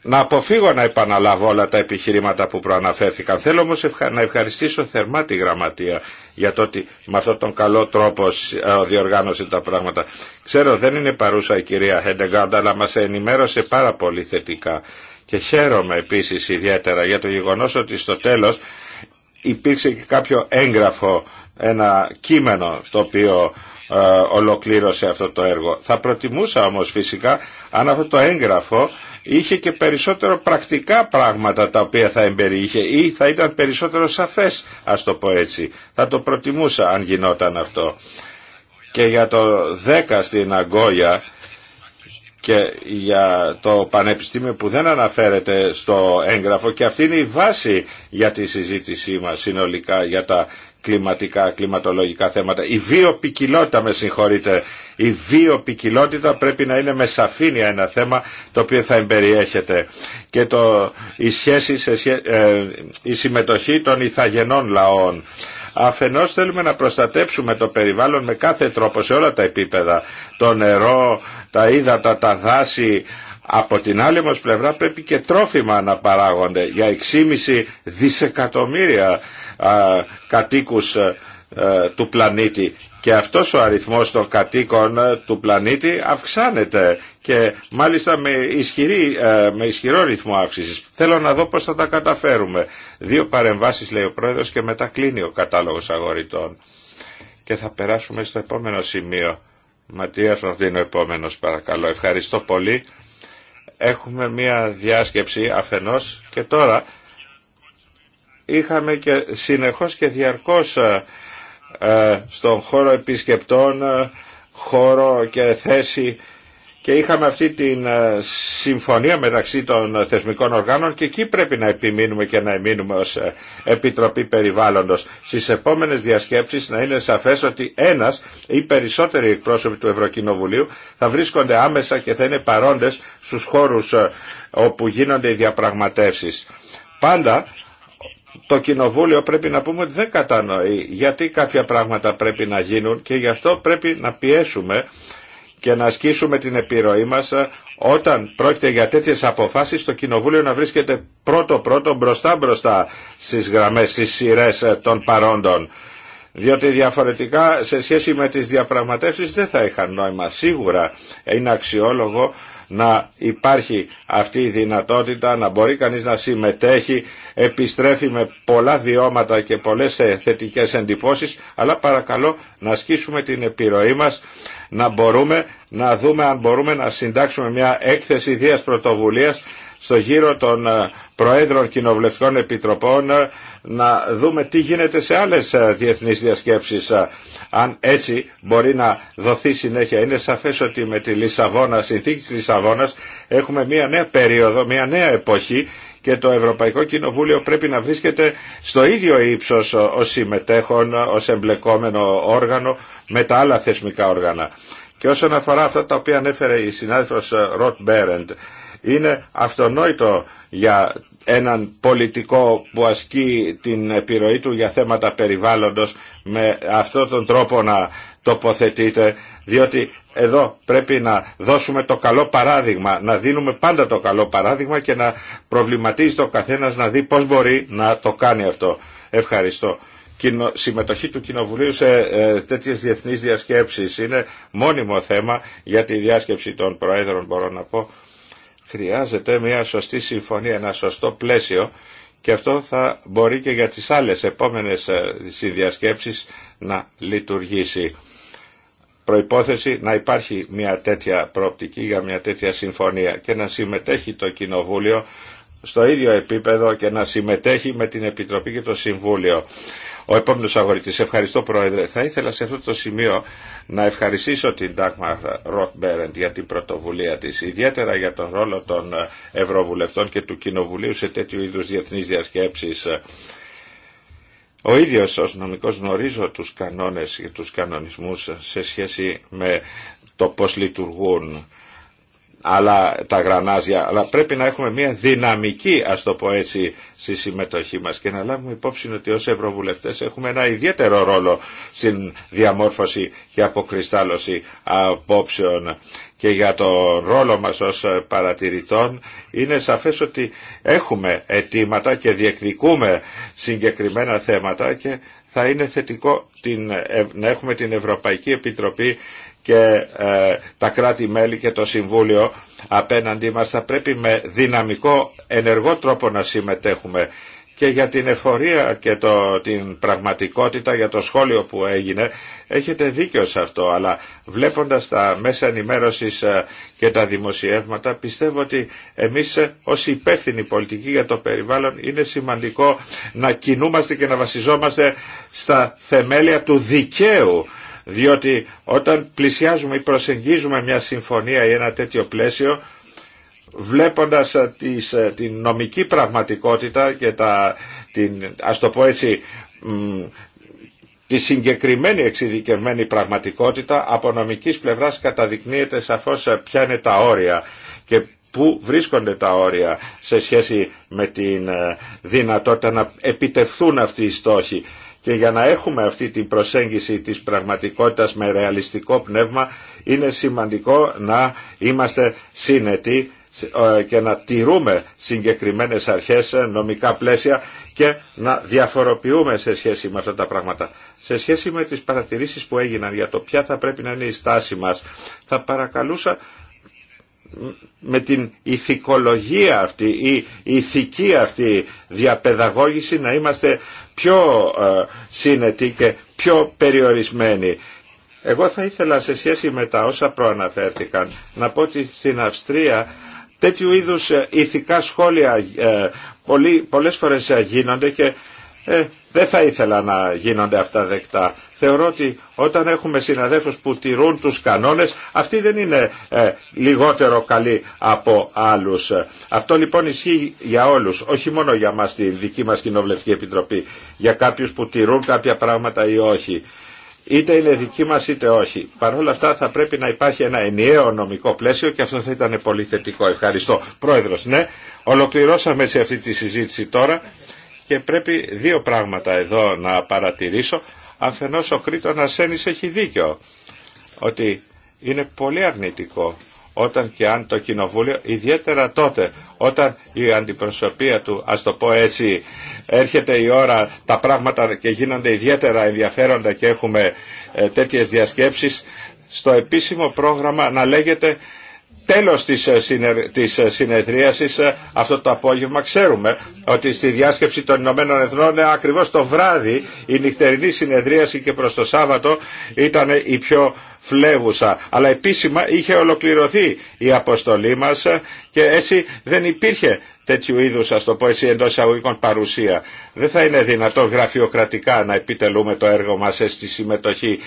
S2: να αποφύγω να επαναλάβω όλα τα επιχειρήματα που προαναφέρθηκαν. Θέλω όμως να ευχαριστήσω θερμά τη Γραμματεία για το ότι με αυτόν τον καλό τρόπο ε, διοργάνωσε τα πράγματα. Ξέρω δεν είναι παρούσα η κυρία Χέντεγκάρντ αλλά μας ενημέρωσε πάρα πολύ θετικά και χαίρομαι επίσης ιδιαίτερα για το γεγονός ότι στο τέλος υπήρξε και κάποιο έγγραφο, ένα κείμενο το οποίο ε, ολοκλήρωσε αυτό το έργο. Θα προτιμούσα όμως φυσικά αν αυτό το έγγραφο είχε και περισσότερο πρακτικά πράγματα τα οποία θα εμπεριείχε ή θα ήταν περισσότερο σαφές ας το πω έτσι. Θα το προτιμούσα αν γινόταν αυτό. Και για το 10 στην Αγκόγια και για το πανεπιστήμιο που δεν αναφέρεται στο έγγραφο και αυτή είναι η βάση για τη συζήτησή μας συνολικά για τα κλιματικά, κλιματολογικά θέματα. Η βιοπικιλότητα, με συγχωρείτε, η βιοπικιλότητα πρέπει να είναι με σαφήνεια ένα θέμα το οποίο θα εμπεριέχεται. Και το, η, σχέση σε, ε, η συμμετοχή των ηθαγενών λαών. Αφενός θέλουμε να προστατέψουμε το περιβάλλον με κάθε τρόπο σε όλα τα επίπεδα. Το νερό, τα ύδατα, τα δάση, από την άλλη όμως πλευρά πρέπει και τρόφιμα να παράγονται για 6,5 δισεκατομμύρια κατοίκους του πλανήτη. Και αυτός ο αριθμός των κατοίκων του πλανήτη αυξάνεται και μάλιστα με, ισχυρή, με ισχυρό ρυθμό αύξησης. Θέλω να δω πώς θα τα καταφέρουμε. Δύο παρεμβάσεις λέει ο πρόεδρος και μετά κλείνει ο κατάλογος αγορητών. Και θα περάσουμε στο επόμενο σημείο. Ματία Φροντίνο, επόμενος παρακαλώ. Ευχαριστώ πολύ. Έχουμε μία διάσκεψη αφενός και τώρα είχαμε και συνεχώς και διαρκώς ε, ε, στον χώρο επισκεπτών ε, χώρο και θέση και είχαμε αυτή την συμφωνία μεταξύ των θεσμικών οργάνων και εκεί πρέπει να επιμείνουμε και να εμείνουμε ως Επιτροπή Περιβάλλοντος. Στις επόμενες διασκέψεις να είναι σαφές ότι ένας ή περισσότεροι εκπρόσωποι του Ευρωκοινοβουλίου θα βρίσκονται άμεσα και θα είναι παρόντες στους χώρους όπου γίνονται οι διαπραγματεύσεις. Πάντα το Κοινοβούλιο πρέπει να πούμε ότι δεν κατανοεί γιατί κάποια πράγματα πρέπει να γίνουν και γι' αυτό πρέπει να πιέσουμε και να ασκήσουμε την επιρροή μας ε, όταν πρόκειται για τέτοιες αποφάσεις το Κοινοβούλιο να βρίσκεται πρώτο-πρώτο μπροστά-μπροστά στις γραμμές, στις σειρές ε, των παρόντων. Διότι διαφορετικά σε σχέση με τις διαπραγματεύσεις δεν θα είχαν νόημα. Σίγουρα είναι αξιόλογο να υπάρχει αυτή η δυνατότητα, να μπορεί κανείς να συμμετέχει, επιστρέφει με πολλά βιώματα και πολλές ε, θετικές εντυπώσεις, αλλά παρακαλώ να ασκήσουμε την επιρροή μας, να μπορούμε να δούμε αν μπορούμε να συντάξουμε μια έκθεση ιδίας πρωτοβουλίας στο γύρο των ε, Προέδρων Κοινοβουλευτικών Επιτροπών ε, να δούμε τι γίνεται σε άλλες ε, διεθνείς διασκέψεις ε. αν έτσι μπορεί να δοθεί συνέχεια. Είναι σαφές ότι με τη Λισαβόνα, συνθήκη της Λισαβόνας έχουμε μια νέα περίοδο, μια νέα εποχή και το Ευρωπαϊκό Κοινοβούλιο πρέπει να βρίσκεται στο ίδιο ύψος ε, ως συμμετέχον, ως εμπλεκόμενο όργανο με τα άλλα θεσμικά όργανα. Και όσον αφορά αυτά τα οποία ανέφερε η συνάδελφος Ροτ Μπέρεντ, είναι αυτονόητο για έναν πολιτικό που ασκεί την επιρροή του για θέματα περιβάλλοντος με αυτόν τον τρόπο να τοποθετείται διότι εδώ πρέπει να δώσουμε το καλό παράδειγμα, να δίνουμε πάντα το καλό παράδειγμα και να προβληματίζει το καθένας να δει πώς μπορεί να το κάνει αυτό. Ευχαριστώ. Συμμετοχή του Κοινοβουλίου σε ε, τέτοιες διεθνείς διασκέψεις είναι μόνιμο θέμα για τη διάσκεψη των Προέδρων μπορώ να πω Χρειάζεται μια σωστή συμφωνία, ένα σωστό πλαίσιο και αυτό θα μπορεί και για τις άλλες επόμενες ε, συνδιασκέψεις να λειτουργήσει. Προϋπόθεση να υπάρχει μια τέτοια προοπτική για μια τέτοια συμφωνία και να συμμετέχει το Κοινοβούλιο στο ίδιο επίπεδο και να συμμετέχει με την Επιτροπή και το Συμβούλιο. Ο επόμενος αγορητής. Ευχαριστώ Πρόεδρε. Θα ήθελα σε αυτό το σημείο να ευχαριστήσω την Dagmar Rothberend για την πρωτοβουλία της, ιδιαίτερα για τον ρόλο των Ευρωβουλευτών και του Κοινοβουλίου σε τέτοιου είδους διεθνείς διασκέψεις. Ο ίδιος ως νομικός γνωρίζω τους κανόνες και τους κανονισμούς σε σχέση με το πώς λειτουργούν αλλά τα γρανάζια, αλλά πρέπει να έχουμε μια δυναμική, ας το πω έτσι, στη συμμετοχή μας και να λάβουμε υπόψη ότι ως Ευρωβουλευτές έχουμε ένα ιδιαίτερο ρόλο στην διαμόρφωση και αποκριστάλλωση απόψεων και για το ρόλο μας ως παρατηρητών είναι σαφές ότι έχουμε αιτήματα και διεκδικούμε συγκεκριμένα θέματα και θα είναι θετικό την, να έχουμε την Ευρωπαϊκή Επιτροπή και ε, τα κράτη-μέλη και το Συμβούλιο απέναντί μας θα πρέπει με δυναμικό ενεργό τρόπο να συμμετέχουμε και για την εφορία και το, την πραγματικότητα για το σχόλιο που έγινε έχετε δίκιο σε αυτό αλλά βλέποντας τα μέσα ενημέρωσης ε, και τα δημοσιεύματα πιστεύω ότι εμείς ε, ως υπεύθυνοι πολιτικοί για το περιβάλλον είναι σημαντικό να κινούμαστε και να βασιζόμαστε στα θεμέλια του δικαίου διότι όταν πλησιάζουμε ή προσεγγίζουμε μια συμφωνία ή ένα τέτοιο πλαίσιο, βλέποντας ε, τις, ε, την νομική πραγματικότητα και τα, την, ας το πω έτσι, τη συγκεκριμένη εξειδικευμένη πραγματικότητα από νομικής πλευράς καταδεικνύεται σαφώς ε, ποια είναι τα όρια και πού βρίσκονται τα όρια σε σχέση με την δυνατότητα να επιτευχθούν αυτοί οι στόχοι. Και για να έχουμε αυτή την προσέγγιση της πραγματικότητας με ρεαλιστικό πνεύμα είναι σημαντικό να είμαστε σύνετοι ε, και να τηρούμε συγκεκριμένες αρχές, ε, νομικά πλαίσια και να διαφοροποιούμε σε σχέση με αυτά τα πράγματα. Σε σχέση με τις παρατηρήσεις που έγιναν για το ποια θα πρέπει να είναι η στάση μας, θα παρακαλούσα με την ηθικολογία αυτή, η ηθική αυτή διαπαιδαγώγηση να είμαστε πιο ε, σύνετοι και πιο περιορισμένοι. Εγώ θα ήθελα σε σχέση με τα όσα προαναφέρθηκαν να πω ότι στην Αυστρία τέτοιου είδους ε, ηθικά σχόλια ε, πολλές φορές γίνονται και δεν θα ήθελα να γίνονται αυτά δεκτά θεωρώ ότι όταν έχουμε συναδέλφους που τηρούν τους κανόνες, αυτοί δεν είναι ε, λιγότερο καλοί από άλλους. Αυτό λοιπόν ισχύει για όλους, όχι μόνο για μας τη δική μας Κοινοβουλευτική Επιτροπή, για κάποιους που τηρούν κάποια πράγματα ή όχι. Είτε είναι δική μας είτε όχι. Παρ' όλα αυτά θα πρέπει να υπάρχει ένα ενιαίο νομικό πλαίσιο και αυτό θα ήταν πολύ θετικό. Ευχαριστώ. Πρόεδρος, ναι, ολοκληρώσαμε σε αυτή τη συζήτηση τώρα και πρέπει δύο πράγματα εδώ να παρατηρήσω. Αφενός ο Κρήτον Αρσένης έχει δίκιο ότι είναι πολύ αρνητικό όταν και αν το κοινοβούλιο, ιδιαίτερα τότε, όταν η αντιπροσωπεία του, ας το πω έτσι, έρχεται η ώρα, τα πράγματα και γίνονται ιδιαίτερα ενδιαφέροντα και έχουμε ε, τέτοιες διασκέψεις, στο επίσημο πρόγραμμα να λέγεται τέλος της, ε, της ε, συνεδρίασης ε, αυτό το απόγευμα ξέρουμε ότι στη διάσκεψη των Ηνωμένων Εθνών ακριβώς το βράδυ η νυχτερινή συνεδρίαση και προς το Σάββατο ήταν η πιο φλέβουσα. Αλλά επίσημα είχε ολοκληρωθεί η αποστολή μας και έτσι δεν υπήρχε τέτοιου είδους, ας το πω έτσι, εντός εισαγωγικών παρουσία. Δεν θα είναι δυνατό γραφειοκρατικά να επιτελούμε το έργο μας στη συμμετοχή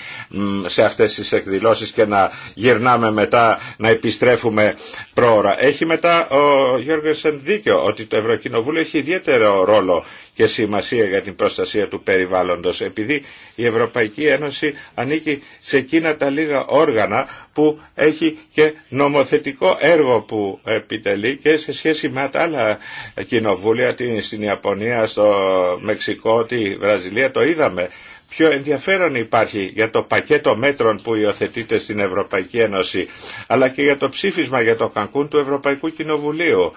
S2: σε αυτές τις εκδηλώσεις και να γυρνάμε μετά να επιστρέφουμε πρόωρα. Έχει μετά ο Γιώργος δίκιο ότι το Ευρωκοινοβούλιο έχει ιδιαίτερο ρόλο και σημασία για την προστασία του περιβάλλοντος επειδή η Ευρωπαϊκή Ένωση ανήκει σε εκείνα τα λίγα όργανα που έχει και νομοθετικό έργο που επιτελεί και σε σχέση με τα άλλα κοινοβούλια στην Ιαπωνία, στο Μεξικό, τη Βραζιλία, το είδαμε. Πιο ενδιαφέρον υπάρχει για το πακέτο μέτρων που υιοθετείται στην Ευρωπαϊκή Ένωση, αλλά και για το ψήφισμα για το Κανκούν του Ευρωπαϊκού Κοινοβουλίου.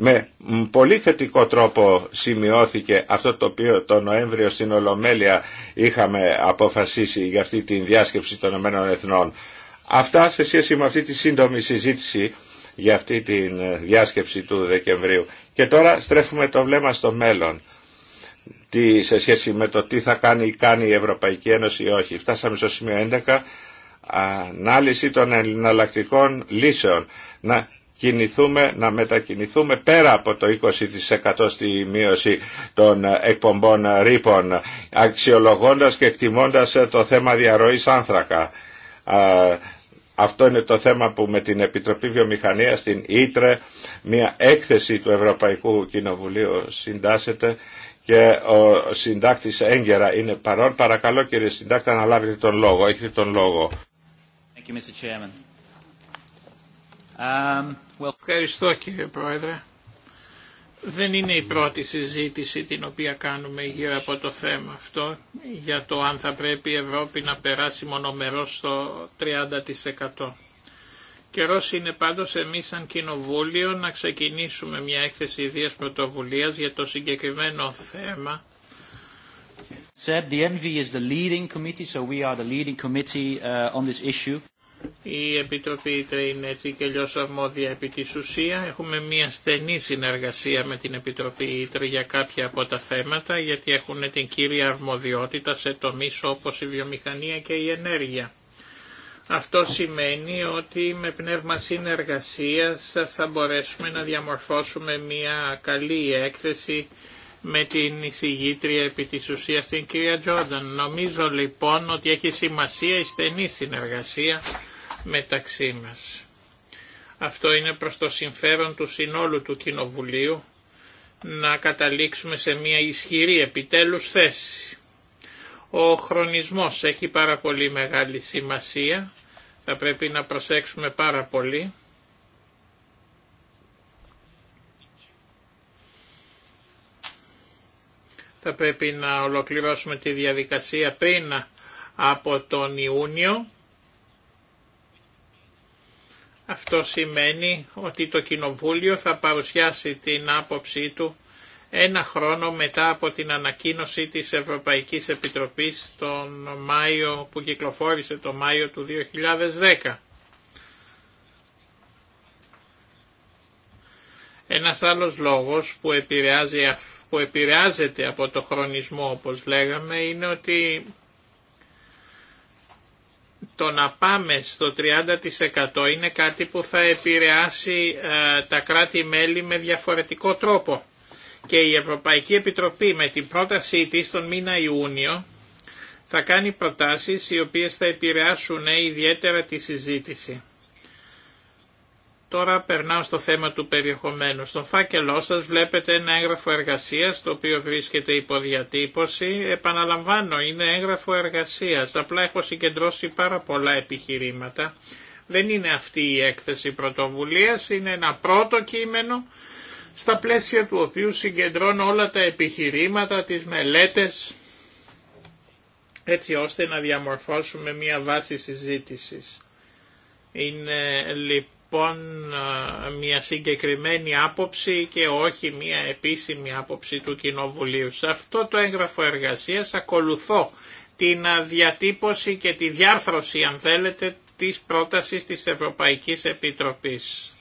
S2: Με πολύ θετικό τρόπο σημειώθηκε αυτό το οποίο το Νοέμβριο στην Ολομέλεια είχαμε αποφασίσει για αυτή τη διάσκεψη των Ηνωμένων Εθνών. Αυτά σε σχέση με αυτή τη σύντομη συζήτηση για αυτή τη ε, διάσκεψη του Δεκεμβρίου. Και τώρα στρέφουμε το βλέμμα στο μέλλον τι, σε σχέση με το τι θα κάνει η κάνει η Ευρωπαϊκή Ένωση ή όχι. Φτάσαμε στο σημείο 11, ανάλυση των εναλλακτικών λύσεων. Να κινηθούμε, να μετακινηθούμε πέρα από το 20% στη μείωση των εκπομπών ρήπων, αξιολογώντας και εκτιμώντας το θέμα διαρροής άνθρακα. Αυτό είναι το θέμα που με την Επιτροπή Βιομηχανίας, την Ήτρε, μια έκθεση του Ευρωπαϊκού Κοινοβουλίου συντάσσεται και ο συντάκτη έγκαιρα είναι παρόν. Παρακαλώ κύριε συντάκτη να λάβετε τον λόγο. Έχετε τον λόγο.
S4: Um,
S3: Ευχαριστώ κύριε Πρόεδρε. Δεν είναι η πρώτη συζήτηση την οποία κάνουμε γύρω από το θέμα αυτό για το αν θα πρέπει η Ευρώπη να περάσει μονομερό στο 30%. Καιρό είναι πάντω, εμεί σαν κοινοβούλιο να ξεκινήσουμε μια έκθεση ιδίας πρωτοβουλία για το συγκεκριμένο θέμα. Η Επιτροπή Ήτρε είναι έτσι και αλλιώ αρμόδια επί της ουσία. Έχουμε μια στενή συνεργασία με την Επιτροπή Ήτρε για κάποια από τα θέματα γιατί έχουν την κύρια αρμοδιότητα σε τομείς όπως η βιομηχανία και η ενέργεια. Αυτό σημαίνει ότι με πνεύμα συνεργασίας θα μπορέσουμε να διαμορφώσουμε μια καλή έκθεση με την εισηγήτρια επί της ουσίας την κυρία Τζόρνταν. Νομίζω λοιπόν ότι έχει σημασία η στενή συνεργασία μεταξύ μας. Αυτό είναι προς το συμφέρον του συνόλου του Κοινοβουλίου να καταλήξουμε σε μια ισχυρή επιτέλους θέση. Ο χρονισμός έχει πάρα πολύ μεγάλη σημασία, θα πρέπει να προσέξουμε πάρα πολύ. Θα πρέπει να ολοκληρώσουμε τη διαδικασία πριν από τον Ιούνιο. Αυτό σημαίνει ότι το Κοινοβούλιο θα παρουσιάσει την άποψή του ένα χρόνο μετά από την ανακοίνωση της Ευρωπαϊκής Επιτροπής τον Μάιο, που κυκλοφόρησε το Μάιο του 2010. Ένας άλλος λόγος που, επηρεάζει, που επηρεάζεται από το χρονισμό όπως λέγαμε είναι ότι το να πάμε στο 30% είναι κάτι που θα επηρεάσει ε, τα κράτη-μέλη με διαφορετικό τρόπο και η Ευρωπαϊκή Επιτροπή με την πρότασή της τον μήνα Ιούνιο θα κάνει προτάσεις οι οποίες θα επηρεάσουν ε, ιδιαίτερα τη συζήτηση. Τώρα περνάω στο θέμα του περιεχομένου. Στον φάκελό σας βλέπετε ένα έγγραφο εργασίας το οποίο βρίσκεται υπό διατύπωση. Επαναλαμβάνω, είναι έγγραφο εργασίας. Απλά έχω συγκεντρώσει πάρα πολλά επιχειρήματα. Δεν είναι αυτή η έκθεση πρωτοβουλίας, είναι ένα πρώτο κείμενο στα πλαίσια του οποίου συγκεντρώνω όλα τα επιχειρήματα, τις μελέτες, έτσι ώστε να διαμορφώσουμε μία βάση συζήτησης. Είναι λοιπόν μία συγκεκριμένη άποψη και όχι μία επίσημη άποψη του Κοινοβουλίου. Σε αυτό το έγγραφο εργασίας ακολουθώ την διατύπωση και τη διάρθρωση, αν θέλετε, της πρότασης της Ευρωπαϊκής Επιτροπής.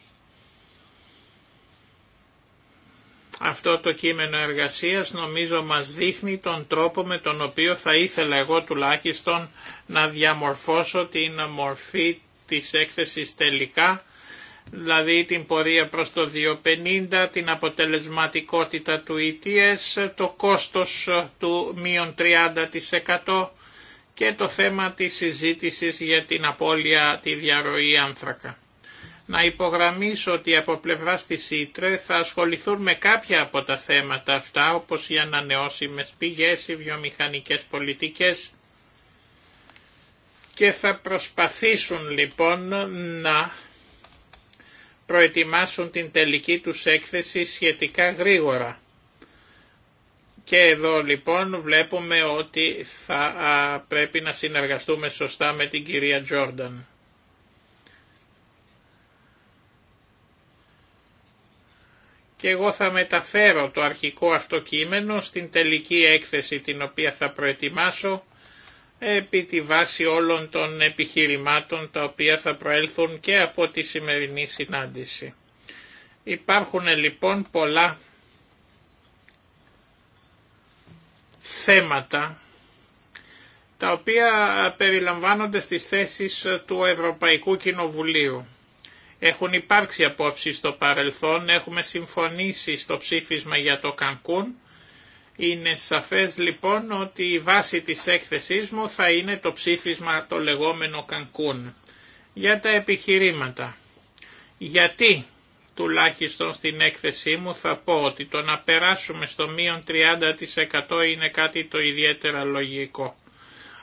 S3: αυτό το κείμενο εργασίας νομίζω μας δείχνει τον τρόπο με τον οποίο θα ήθελα εγώ τουλάχιστον να διαμορφώσω την μορφή της έκθεσης τελικά, δηλαδή την πορεία προς το 250, την αποτελεσματικότητα του ETS, το κόστος του μείον 30% και το θέμα της συζήτησης για την απώλεια τη διαρροή άνθρακα να υπογραμμίσω ότι από πλευρά τη ΣΥΤΡΕ θα ασχοληθούν με κάποια από τα θέματα αυτά, όπως οι ανανεώσιμες πηγές, οι βιομηχανικές πολιτικές και θα προσπαθήσουν λοιπόν να προετοιμάσουν την τελική τους έκθεση σχετικά γρήγορα. Και εδώ λοιπόν βλέπουμε ότι θα πρέπει να συνεργαστούμε σωστά με την κυρία Τζόρνταν. και εγώ θα μεταφέρω το αρχικό αυτό κείμενο στην τελική έκθεση την οποία θα προετοιμάσω επί τη βάση όλων των επιχειρημάτων τα οποία θα προέλθουν και από τη σημερινή συνάντηση. Υπάρχουν λοιπόν πολλά θέματα τα οποία περιλαμβάνονται στις θέσεις του Ευρωπαϊκού Κοινοβουλίου. Έχουν υπάρξει απόψεις στο παρελθόν, έχουμε συμφωνήσει στο ψήφισμα για το Κανκούν. Είναι σαφές λοιπόν ότι η βάση της έκθεσής μου θα είναι το ψήφισμα το λεγόμενο Κανκούν. Για τα επιχειρήματα. Γιατί τουλάχιστον στην έκθεσή μου θα πω ότι το να περάσουμε στο μείον 30% είναι κάτι το ιδιαίτερα λογικό.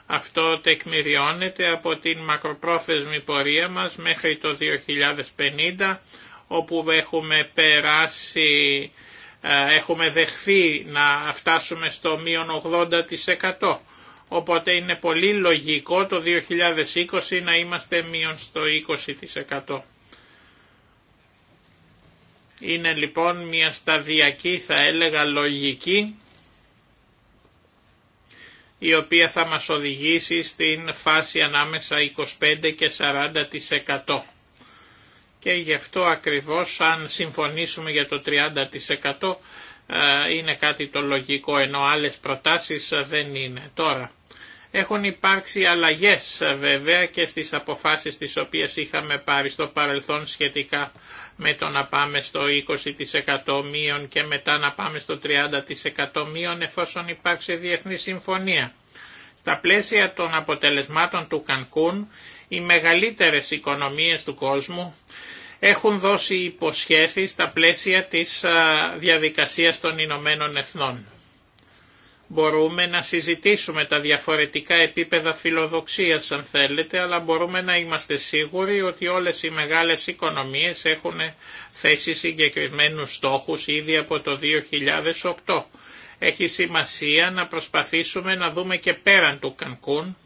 S3: Αυτό τεκμηριώνεται από την μακροπρόθεσμη πορεία μας μέχρι το 2050 όπου έχουμε περάσει, ε, έχουμε δεχθεί να φτάσουμε στο μείον 80%. Οπότε είναι πολύ λογικό το 2020 να είμαστε μείον στο 20%. Είναι λοιπόν μια σταδιακή θα έλεγα λογική η οποία θα μας οδηγήσει στην φάση ανάμεσα 25 και 40%. Και γι' αυτό ακριβώς αν συμφωνήσουμε για το 30% ε, είναι κάτι το λογικό, ενώ άλλες προτάσεις ε, δεν είναι. Τώρα, έχουν υπάρξει αλλαγές ε, βέβαια και στις αποφάσεις τις οποίες είχαμε πάρει στο παρελθόν σχετικά με το να πάμε στο 20% μείον και μετά να πάμε στο 30% μείον εφόσον υπάρξει διεθνή συμφωνία. Στα πλαίσια των αποτελεσμάτων του Κανκούν, οι μεγαλύτερες οικονομίες του κόσμου έχουν δώσει υποσχέθη στα πλαίσια της διαδικασίας των Ηνωμένων Εθνών. Μπορούμε να συζητήσουμε τα διαφορετικά επίπεδα φιλοδοξίας αν θέλετε, αλλά μπορούμε να είμαστε σίγουροι ότι όλες οι μεγάλες οικονομίες έχουν θέσει συγκεκριμένους στόχους ήδη από το 2008. Έχει σημασία να προσπαθήσουμε να δούμε και πέραν του Κανκούν,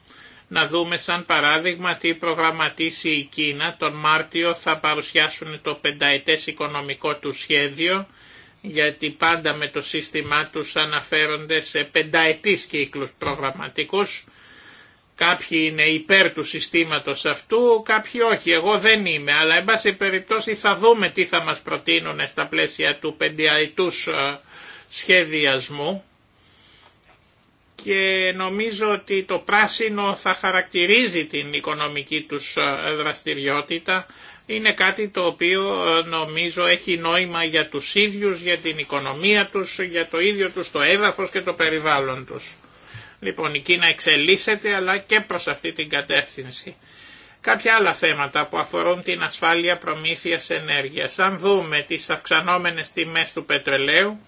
S3: να δούμε σαν παράδειγμα τι προγραμματίσει η Κίνα τον Μάρτιο θα παρουσιάσουν το πενταετές οικονομικό του σχέδιο γιατί πάντα με το σύστημά τους αναφέρονται σε πενταετής κύκλους προγραμματικούς. Κάποιοι είναι υπέρ του συστήματος αυτού, κάποιοι όχι. Εγώ δεν είμαι, αλλά εν πάση περιπτώσει θα δούμε τι θα μας προτείνουν στα πλαίσια του πενταετούς ε, σχεδιασμού και νομίζω ότι το πράσινο θα χαρακτηρίζει την οικονομική τους ε, δραστηριότητα είναι κάτι το οποίο ε, νομίζω έχει νόημα για τους ίδιους, για την οικονομία τους, για το ίδιο τους το έδαφος και το περιβάλλον τους. Λοιπόν, η Κίνα εξελίσσεται αλλά και προς αυτή την κατεύθυνση. Κάποια άλλα θέματα που αφορούν την ασφάλεια προμήθειας ενέργειας. Αν δούμε τις αυξανόμενες τιμές του πετρελαίου,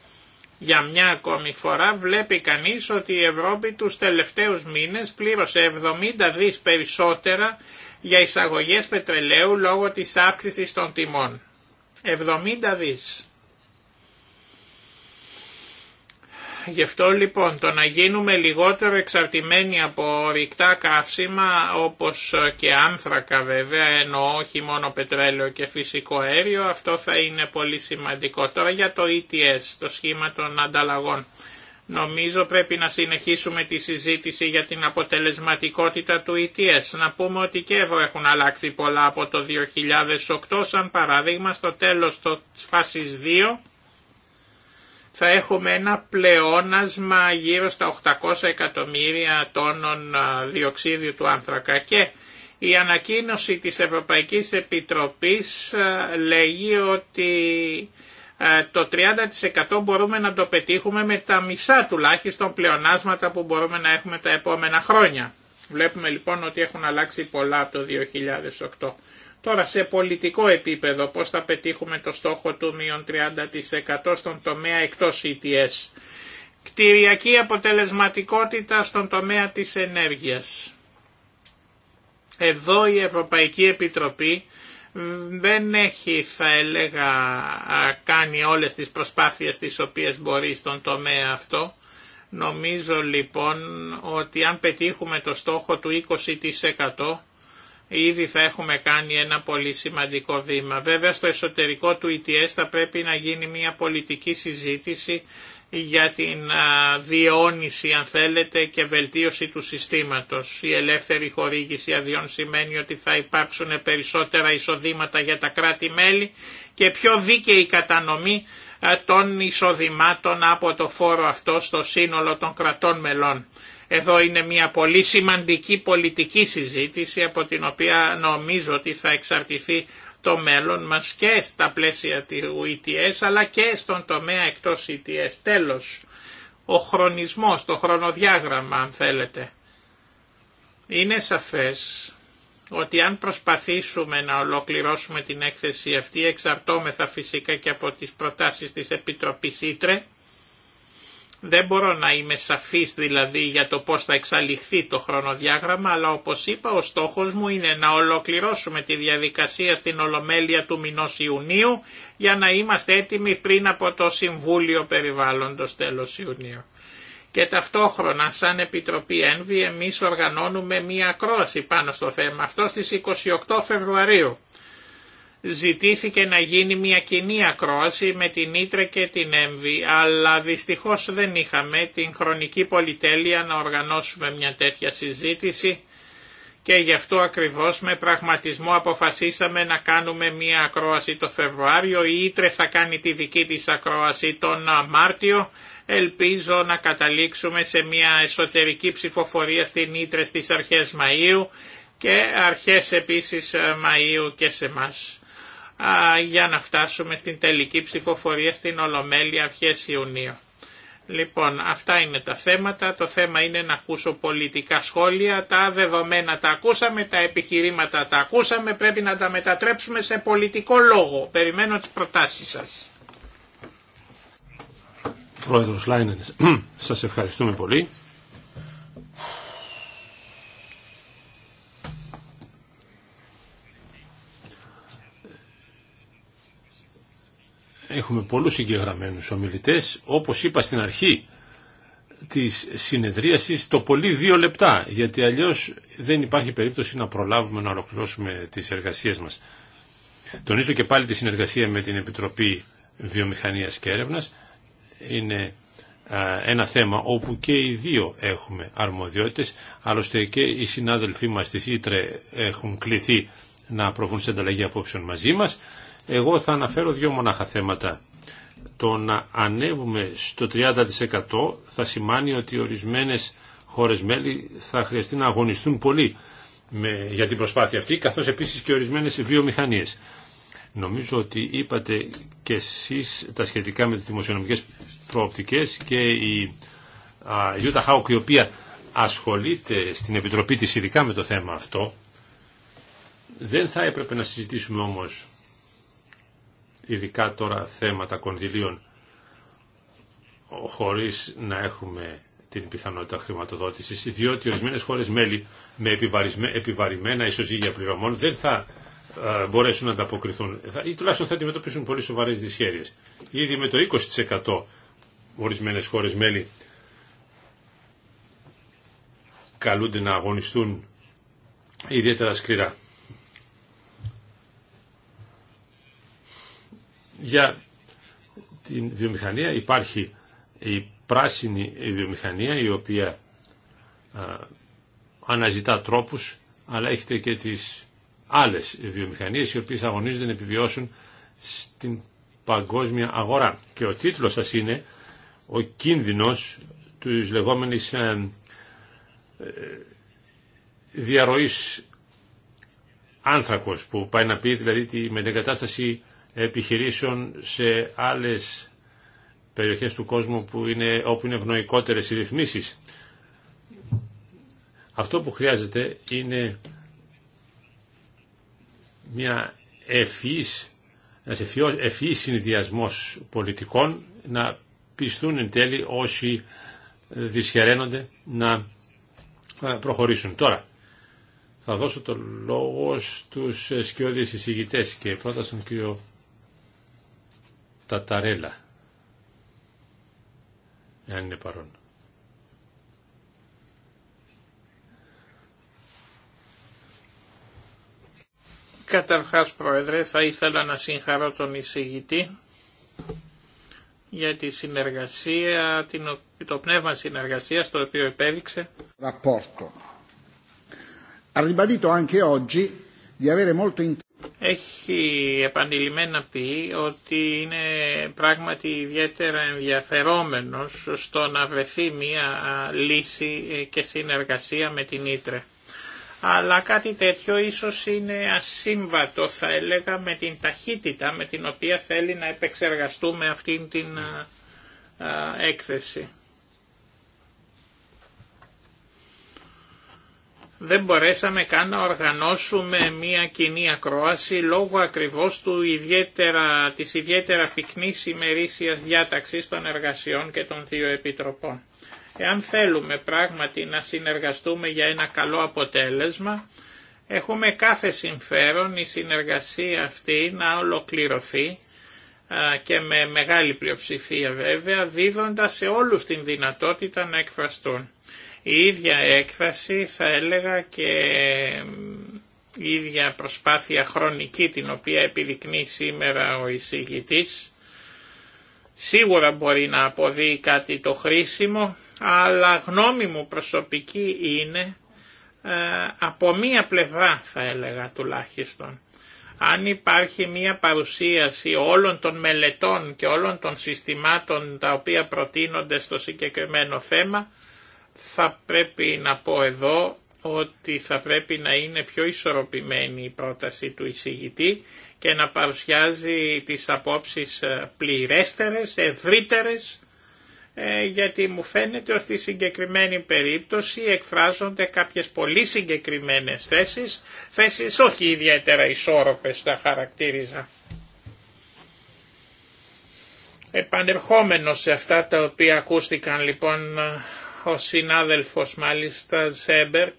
S3: για μια ακόμη φορά βλέπει κανείς ότι η Ευρώπη τους τελευταίους μήνες πλήρωσε 70 δις περισσότερα για εισαγωγές πετρελαίου λόγω της αύξησης των τιμών. 70 δις. Γι' αυτό λοιπόν το να γίνουμε λιγότερο εξαρτημένοι από ρηκτά καύσιμα όπως και άνθρακα βέβαια ενώ όχι μόνο πετρέλαιο και φυσικό αέριο αυτό θα είναι πολύ σημαντικό. Τώρα για το ETS, το σχήμα των ανταλλαγών. Νομίζω πρέπει να συνεχίσουμε τη συζήτηση για την αποτελεσματικότητα του ETS. Να πούμε ότι και εδώ έχουν αλλάξει πολλά από το 2008, σαν παραδείγμα στο τέλος της φάσης 2 θα έχουμε ένα πλεόνασμα γύρω στα 800 εκατομμύρια τόνων διοξίδιου του άνθρακα και η ανακοίνωση της Ευρωπαϊκής Επιτροπής λέγει ότι ε, το 30% μπορούμε να το πετύχουμε με τα μισά τουλάχιστον πλεονάσματα που μπορούμε να έχουμε τα επόμενα χρόνια. Βλέπουμε λοιπόν ότι έχουν αλλάξει πολλά από το 2008. Τώρα σε πολιτικό επίπεδο πώς θα πετύχουμε το στόχο του μείον 30% στον τομέα εκτός ETS. Κτηριακή αποτελεσματικότητα στον τομέα της ενέργειας. Εδώ η Ευρωπαϊκή Επιτροπή δεν έχει θα έλεγα κάνει όλες τις προσπάθειες τις οποίες μπορεί στον τομέα αυτό. Νομίζω λοιπόν ότι αν πετύχουμε το στόχο του 20% ήδη θα έχουμε κάνει ένα πολύ σημαντικό βήμα. Βέβαια στο εσωτερικό του ETS θα πρέπει να γίνει μια πολιτική συζήτηση για την διαιώνιση αν θέλετε και βελτίωση του συστήματος. Η ελεύθερη χορήγηση αδειών σημαίνει ότι θα υπάρξουν περισσότερα εισοδήματα για τα κράτη-μέλη και πιο δίκαιη κατανομή των εισοδημάτων από το φόρο αυτό στο σύνολο των κρατών μελών. Εδώ είναι μια πολύ σημαντική πολιτική συζήτηση από την οποία νομίζω ότι θα εξαρτηθεί το μέλλον μας και στα πλαίσια του ETS αλλά και στον τομέα εκτός ETS. Τέλος, ο χρονισμός, το χρονοδιάγραμμα αν θέλετε. Είναι σαφές ότι αν προσπαθήσουμε να ολοκληρώσουμε την έκθεση αυτή εξαρτώμεθα φυσικά και από τις προτάσεις της Επιτροπής Ήτρε δεν μπορώ να είμαι σαφής δηλαδή για το πώς θα εξαλειχθεί το χρονοδιάγραμμα, αλλά όπως είπα ο στόχος μου είναι να ολοκληρώσουμε τη διαδικασία στην Ολομέλεια του μηνός Ιουνίου για να είμαστε έτοιμοι πριν από το Συμβούλιο Περιβάλλοντος τέλος Ιουνίου. Και ταυτόχρονα σαν Επιτροπή ΕΝΒΗ εμείς οργανώνουμε μία ακρόαση πάνω στο θέμα αυτό στις 28 Φεβρουαρίου ζητήθηκε να γίνει μια κοινή ακρόαση με την Ήτρε και την Έμβη, αλλά δυστυχώς δεν είχαμε την χρονική πολυτέλεια να οργανώσουμε μια τέτοια συζήτηση και γι' αυτό ακριβώς με πραγματισμό αποφασίσαμε να κάνουμε μια ακρόαση το Φεβρουάριο, η Ήτρε θα κάνει τη δική της ακρόαση τον Μάρτιο, ελπίζω να καταλήξουμε σε μια εσωτερική ψηφοφορία στην Ήτρε στις αρχές Μαΐου και αρχές επίσης Μαΐου και σε μας για να φτάσουμε στην τελική ψηφοφορία στην Ολομέλεια αρχές Ιουνίου. Λοιπόν, αυτά είναι τα θέματα. Το θέμα είναι να ακούσω πολιτικά σχόλια. Τα δεδομένα τα ακούσαμε, τα επιχειρήματα τα ακούσαμε. Πρέπει να τα μετατρέψουμε σε πολιτικό λόγο. Περιμένω τις προτάσεις σας.
S1: Πρόεδρος Λάινενς, σας ευχαριστούμε πολύ. Έχουμε πολλούς συγκεγραμμένους ομιλητές. Όπως είπα στην αρχή της συνεδρίασης, το πολύ δύο λεπτά, γιατί αλλιώς δεν υπάρχει περίπτωση να προλάβουμε να ολοκληρώσουμε τις εργασίες μας. Τονίζω και πάλι τη συνεργασία με την Επιτροπή Βιομηχανίας και Έρευνας. Είναι ένα θέμα όπου και οι δύο έχουμε αρμοδιότητες, άλλωστε και οι συνάδελφοί μας στη Ήτρε έχουν κληθεί να προβούν σε ανταλλαγή απόψεων μαζί μας. Εγώ θα αναφέρω δύο μονάχα θέματα. Το να ανέβουμε στο 30% θα σημάνει ότι ορισμένες χώρες μέλη θα χρειαστεί να αγωνιστούν πολύ για την προσπάθεια αυτή, καθώς επίσης και ορισμένες βιομηχανίες. Νομίζω ότι είπατε και εσείς τα σχετικά με τις δημοσιονομικές προοπτικές και η Ιούτα Χάουκ η οποία ασχολείται στην Επιτροπή της ειδικά με το θέμα αυτό δεν θα έπρεπε να συζητήσουμε όμως ειδικά τώρα θέματα κονδυλίων χωρίς να έχουμε την πιθανότητα χρηματοδότησης, διότι ορισμένε χώρες μέλη με επιβαρημένα ισοζύγια πληρωμών δεν θα ε, μπορέσουν να ανταποκριθούν ή τουλάχιστον θα αντιμετωπίσουν πολύ σοβαρές δυσχέρειες. Ήδη με το 20% ορισμένε χώρες μέλη καλούνται να αγωνιστούν ιδιαίτερα σκληρά. Για την βιομηχανία υπάρχει η πράσινη βιομηχανία η οποία αναζητά τρόπους αλλά έχετε και τις άλλες βιομηχανίες οι οποίες αγωνίζονται να επιβιώσουν στην παγκόσμια αγορά. Και ο τίτλος σας είναι «Ο κίνδυνος της λεγόμενης ε, ε, διαρροής άνθρακος» που πάει να πει δηλαδή τη μετεγκατάσταση επιχειρήσεων σε άλλες περιοχές του κόσμου που είναι, όπου είναι ευνοϊκότερες οι ρυθμίσεις. Αυτό που χρειάζεται είναι μια ευφυής, ένας συνδυασμός πολιτικών να πιστούν εν τέλει όσοι δυσχεραίνονται να ε, προχωρήσουν. Τώρα, θα δώσω το λόγο στους σκιώδεις εισηγητές και πρώτα στον κύριο Ταταρέλα. Εάν είναι παρόν.
S3: Καταρχάς, Πρόεδρε, θα ήθελα να συγχαρώ τον εισηγητή για τη συνεργασία, την το πνεύμα συνεργασίας το οποίο επέδειξε.
S2: Ραπόρτο. Ha ribadito
S4: anche oggi di avere molto
S3: έχει επανειλημμένα πει ότι είναι πράγματι ιδιαίτερα ενδιαφερόμενος στο να βρεθεί μία λύση ε, και συνεργασία με την Ήτρε. Αλλά κάτι τέτοιο ίσως είναι ασύμβατο θα έλεγα με την ταχύτητα με την οποία θέλει να επεξεργαστούμε αυτήν την έκθεση. δεν μπορέσαμε καν να οργανώσουμε μία κοινή ακρόαση λόγω ακριβώς του ιδιαίτερα, της ιδιαίτερα πυκνής ημερήσιας διάταξης των εργασιών και των δύο επιτροπών. Εάν θέλουμε πράγματι να συνεργαστούμε για ένα καλό αποτέλεσμα, έχουμε κάθε συμφέρον η συνεργασία αυτή να ολοκληρωθεί και με μεγάλη πλειοψηφία βέβαια, δίδοντας σε όλους την δυνατότητα να εκφραστούν. Η ίδια έκφραση θα έλεγα και η ίδια προσπάθεια χρονική την οποία επιδεικνύει σήμερα ο εισηγητής σίγουρα μπορεί να αποδεί κάτι το χρήσιμο αλλά γνώμη μου προσωπική είναι ε, από μία πλευρά θα έλεγα τουλάχιστον. Αν υπάρχει μία παρουσίαση όλων των μελετών και όλων των συστημάτων τα οποία προτείνονται στο συγκεκριμένο θέμα θα πρέπει να πω εδώ ότι θα πρέπει να είναι πιο ισορροπημένη η πρόταση του εισηγητή και να παρουσιάζει τις απόψεις ε, πληρέστερες, ευρύτερες, ε, γιατί μου φαίνεται ότι στη συγκεκριμένη περίπτωση εκφράζονται κάποιες πολύ συγκεκριμένες θέσεις, θέσεις όχι ιδιαίτερα ισόρροπες τα χαρακτήριζα. Επανερχόμενο σε αυτά τα οποία ακούστηκαν λοιπόν ο συνάδελφος μάλιστα Ζέμπερ,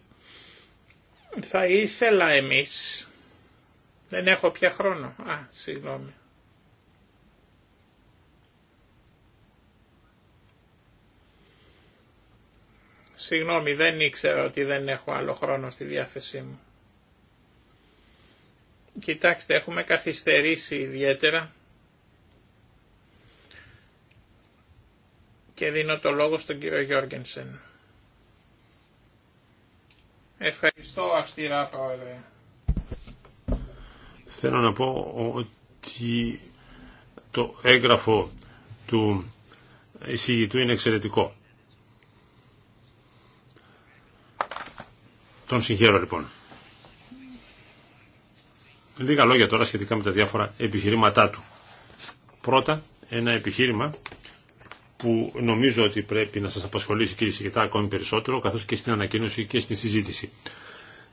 S3: θα ήθελα εμείς, δεν έχω πια χρόνο, α, συγγνώμη. Συγγνώμη, δεν ήξερα ότι δεν έχω άλλο χρόνο στη διάθεσή μου. Κοιτάξτε, έχουμε καθυστερήσει ιδιαίτερα. και δίνω το λόγο στον κύριο Γιώργενσεν. Ευχαριστώ αυστηρά πρόεδρε.
S1: Θέλω να πω ότι το έγγραφο του εισηγητού είναι εξαιρετικό. Τον συγχαίρω λοιπόν. Λίγα λόγια τώρα σχετικά με τα διάφορα επιχειρήματά του. Πρώτα, ένα επιχείρημα που νομίζω ότι πρέπει να σας απασχολήσει κύριε Σιγητά ακόμη περισσότερο, καθώς και στην ανακοίνωση και στη συζήτηση.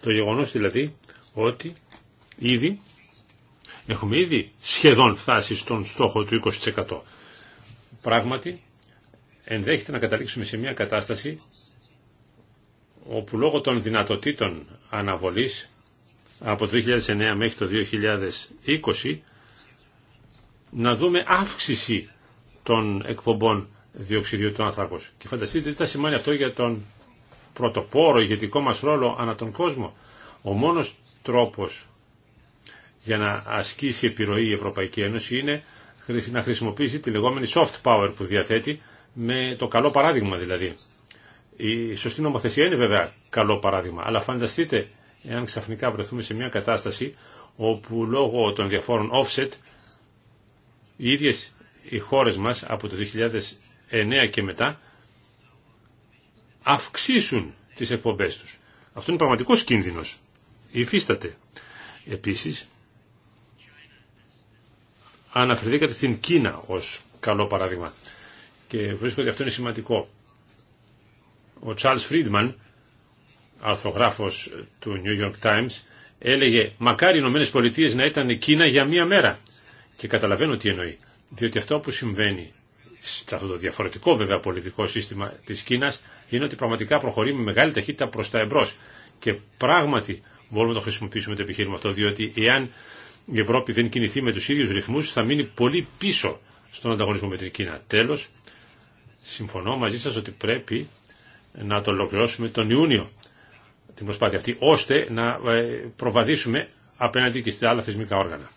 S1: Το γεγονός δηλαδή ότι ήδη έχουμε ήδη σχεδόν φτάσει στον στόχο του 20%. Πράγματι, ενδέχεται να καταλήξουμε σε μια κατάσταση όπου λόγω των δυνατοτήτων αναβολής από το 2009 μέχρι το 2020 να δούμε αύξηση των εκπομπών διοξιδίου του ανθρώπου Και φανταστείτε τι θα σημαίνει αυτό για τον πρωτοπόρο ηγετικό μας ρόλο ανά τον κόσμο. Ο μόνος τρόπος για να ασκήσει επιρροή η Ευρωπαϊκή Ένωση είναι να χρησιμοποιήσει τη λεγόμενη soft power που διαθέτει με το καλό παράδειγμα δηλαδή. Η σωστή νομοθεσία είναι βέβαια καλό παράδειγμα, αλλά φανταστείτε εάν ξαφνικά βρεθούμε σε μια κατάσταση όπου λόγω των διαφόρων offset οι ίδιες οι χώρες μας από το 9 και μετά αυξήσουν τις εκπομπές τους. Αυτό είναι πραγματικός κίνδυνος. Υφίσταται. Επίσης, αναφερθήκατε στην Κίνα ως καλό παράδειγμα. Και βρίσκω ότι αυτό είναι σημαντικό. Ο Charles Friedman, αρθρογράφος του New York Times, έλεγε «Μακάρι οι Ηνωμένες Πολιτείες να ήταν Κίνα για μία μέρα». Και καταλαβαίνω τι εννοεί. Διότι αυτό που συμβαίνει σε αυτό το διαφορετικό βέβαια πολιτικό σύστημα τη Κίνα, είναι ότι πραγματικά προχωρεί με μεγάλη ταχύτητα προ τα εμπρό. και πράγματι μπορούμε να το χρησιμοποιήσουμε το επιχείρημα αυτό διότι εάν η Ευρώπη δεν κινηθεί με του ίδιου ρυθμού, θα μείνει πολύ πίσω στον ανταγωνισμό με την Κίνα. Τέλο, συμφωνώ μαζί σα ότι πρέπει να το ολοκληρώσουμε τον Ιούνιο την προσπάθεια αυτή ώστε να ε, προβαδίσουμε απέναντι και στα άλλα θεσμικά όργανα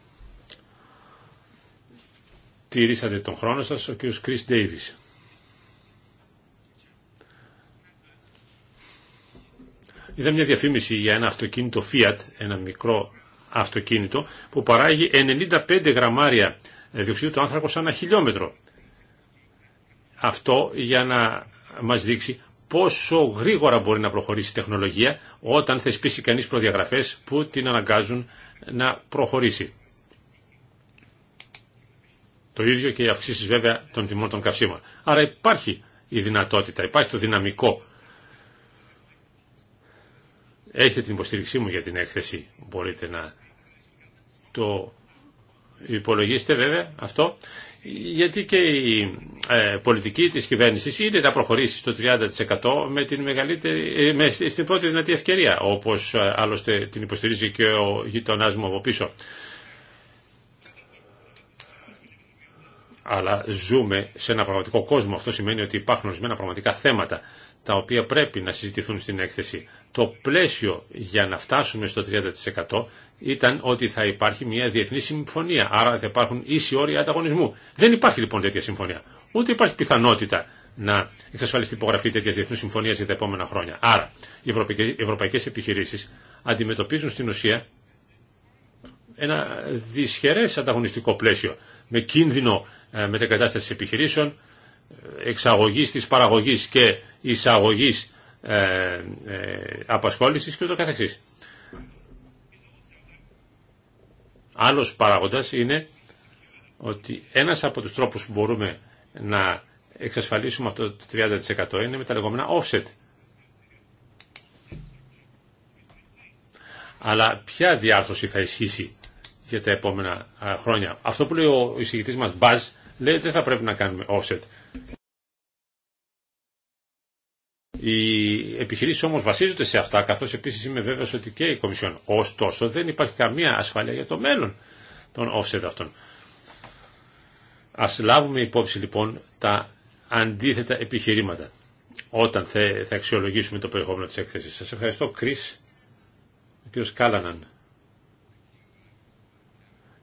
S1: τηρήσατε τον χρόνο σας, ο κύριος Κρίς Ντέιβις. Είδα μια διαφήμιση για ένα αυτοκίνητο Fiat, ένα μικρό αυτοκίνητο, που παράγει 95 γραμμάρια διοξείδιο του άνθρακος ανά χιλιόμετρο. Αυτό για να μας δείξει πόσο γρήγορα μπορεί να προχωρήσει η τεχνολογία όταν θεσπίσει κανείς προδιαγραφές που την αναγκάζουν να προχωρήσει. Το ίδιο και οι αυξήσει βέβαια των τιμών των καυσίμων. Άρα υπάρχει η δυνατότητα, υπάρχει το δυναμικό. Έχετε την υποστήριξή μου για την έκθεση. Μπορείτε να το υπολογίσετε βέβαια αυτό. Γιατί και η ε, πολιτική της κυβέρνησης είναι να προχωρήσει στο 30% με την μεγαλύτερη, ε, με, στην πρώτη δυνατή ευκαιρία, όπως ε, άλλωστε την υποστηρίζει και ο γειτονάς μου από πίσω. αλλά ζούμε σε ένα πραγματικό κόσμο. Αυτό σημαίνει ότι υπάρχουν ορισμένα πραγματικά θέματα τα οποία πρέπει να συζητηθούν στην έκθεση. Το πλαίσιο για να φτάσουμε στο 30% ήταν ότι θα υπάρχει μια διεθνή συμφωνία, άρα θα υπάρχουν ίσοι όροι ανταγωνισμού. Δεν υπάρχει λοιπόν τέτοια συμφωνία. Ούτε υπάρχει πιθανότητα να εξασφαλιστεί υπογραφή τέτοια διεθνού συμφωνία για τα επόμενα χρόνια. Άρα, οι ευρωπαϊκέ επιχειρήσει αντιμετωπίζουν στην ουσία ένα δυσχερέ ανταγωνιστικό πλαίσιο με κίνδυνο ε, με κατάσταση επιχειρήσεων, ε, εξαγωγής της παραγωγής και εισαγωγής ε, ε, απασχόλησης και ούτω καθεξής. Άλλος παράγοντας είναι ότι ένας από τους τρόπους που μπορούμε να εξασφαλίσουμε αυτό το 30% είναι με τα λεγόμενα offset. Αλλά ποια διάρθρωση θα ισχύσει για τα επόμενα χρόνια. Αυτό που λέει ο εισηγητής μας Μπάζ λέει ότι δεν θα πρέπει να κάνουμε offset. Οι επιχειρήσει όμω βασίζονται σε αυτά, καθώς επίση είμαι βέβαιος ότι και η Κομισιόν. Ωστόσο, δεν υπάρχει καμία ασφάλεια για το μέλλον των offset αυτών. Α λάβουμε υπόψη λοιπόν τα αντίθετα επιχειρήματα όταν θα αξιολογήσουμε το περιεχόμενο τη έκθεση. Σα ευχαριστώ, Κρι, ο κ. Κάλαναν.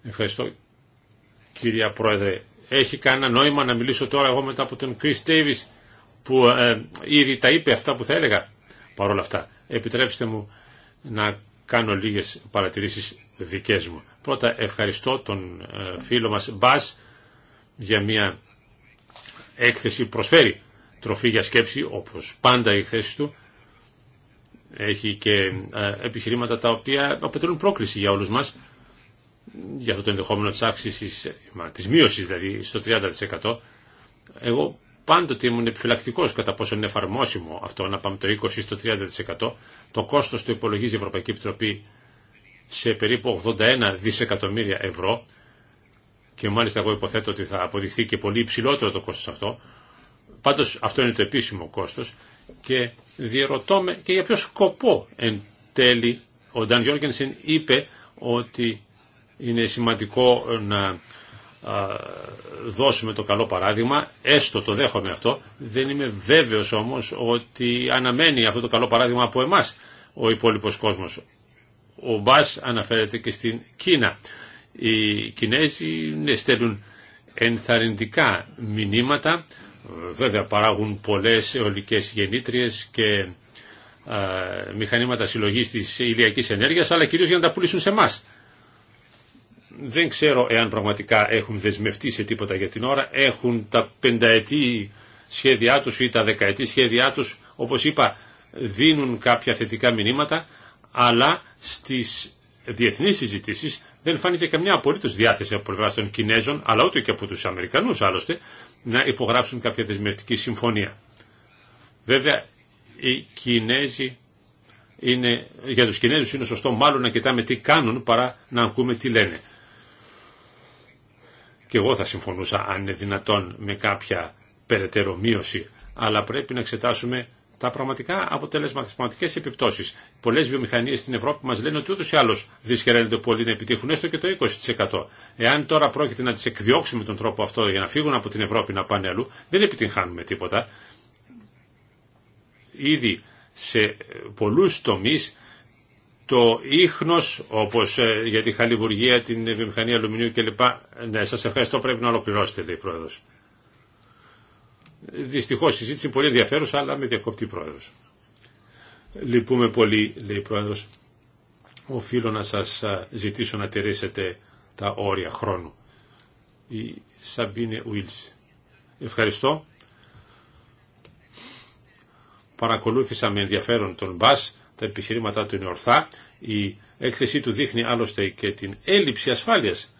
S1: Ευχαριστώ κυρία Πρόεδρε. Έχει κανένα νόημα να μιλήσω τώρα εγώ μετά από τον Chris Davis που ε, ήδη τα είπε αυτά που θα έλεγα. Παρ' όλα αυτά, επιτρέψτε μου να κάνω λίγες παρατηρήσεις δικές μου. Πρώτα ευχαριστώ τον ε, φίλο μας Μπάς για μια έκθεση που προσφέρει τροφή για σκέψη όπως πάντα η εκθέση του έχει και ε, επιχειρήματα τα οποία αποτελούν πρόκληση για όλους μας για το ενδεχόμενο της αύξησης, της μείωσης δηλαδή στο 30%, εγώ πάντοτε ήμουν επιφυλακτικός κατά πόσο είναι εφαρμόσιμο αυτό να πάμε το 20% στο 30%. Το κόστος το υπολογίζει η Ευρωπαϊκή Επιτροπή σε περίπου 81 δισεκατομμύρια ευρώ και μάλιστα εγώ υποθέτω ότι θα αποδειχθεί και πολύ υψηλότερο το κόστος αυτό. Πάντως αυτό είναι το επίσημο κόστος και διερωτώ με και για ποιο σκοπό εν τέλει ο Νταν Γιόργενσεν είπε ότι είναι σημαντικό να δώσουμε το καλό παράδειγμα, έστω το δέχομαι αυτό, δεν είμαι βέβαιος όμως ότι αναμένει αυτό το καλό παράδειγμα από εμάς ο υπόλοιπος κόσμος. Ο Μπάς αναφέρεται και στην Κίνα. Οι Κινέζοι ναι, στέλνουν ενθαρρυντικά μηνύματα, βέβαια παράγουν πολλές αιωλικές γεννήτριες και μηχανήματα συλλογής της ηλιακής ενέργειας, αλλά κυρίως για να τα πουλήσουν σε εμάς δεν ξέρω εάν πραγματικά έχουν δεσμευτεί σε τίποτα για την ώρα. Έχουν τα πενταετή σχέδιά τους ή τα δεκαετή σχέδιά τους, όπως είπα, δίνουν κάποια θετικά μηνύματα, αλλά στις διεθνείς συζητήσεις δεν φάνηκε καμιά απολύτως διάθεση από πλευρά των Κινέζων, αλλά ούτε και από τους Αμερικανούς άλλωστε, να υπογράψουν κάποια δεσμευτική συμφωνία. Βέβαια, οι Κινέζοι είναι, για τους Κινέζους είναι σωστό μάλλον να κοιτάμε τι κάνουν παρά να ακούμε τι λένε και εγώ θα συμφωνούσα αν είναι δυνατόν με κάποια περαιτέρω μείωση, αλλά πρέπει να εξετάσουμε τα πραγματικά αποτελέσματα, τι πραγματικέ επιπτώσει. Πολλέ βιομηχανίε στην Ευρώπη μα λένε ότι ούτω ή άλλω δυσχεραίνονται πολύ να επιτύχουν έστω και το 20%. Εάν τώρα πρόκειται να τι εκδιώξουμε τον τρόπο αυτό για να φύγουν από την Ευρώπη να πάνε αλλού, δεν επιτυγχάνουμε τίποτα. Ήδη σε πολλού τομεί το ίχνος, όπως ε, για τη χαλιβουργία, την βιομηχανία αλουμινίου κλπ. Ναι, σας ευχαριστώ, πρέπει να ολοκληρώσετε, λέει η Πρόεδρος. Δυστυχώς συζήτηση πολύ ενδιαφέρουσα, αλλά με διακοπτή Πρόεδρος. Λυπούμε πολύ, λέει η Πρόεδρος. Οφείλω να σας ζητήσω να τηρήσετε τα όρια χρόνου. Η Σαμπίνε Ουίλς. Ευχαριστώ. Παρακολούθησα με ενδιαφέρον τον Μπάς τα επιχειρήματά του είναι ορθά. Η έκθεσή του δείχνει άλλωστε και την έλλειψη ασφάλειας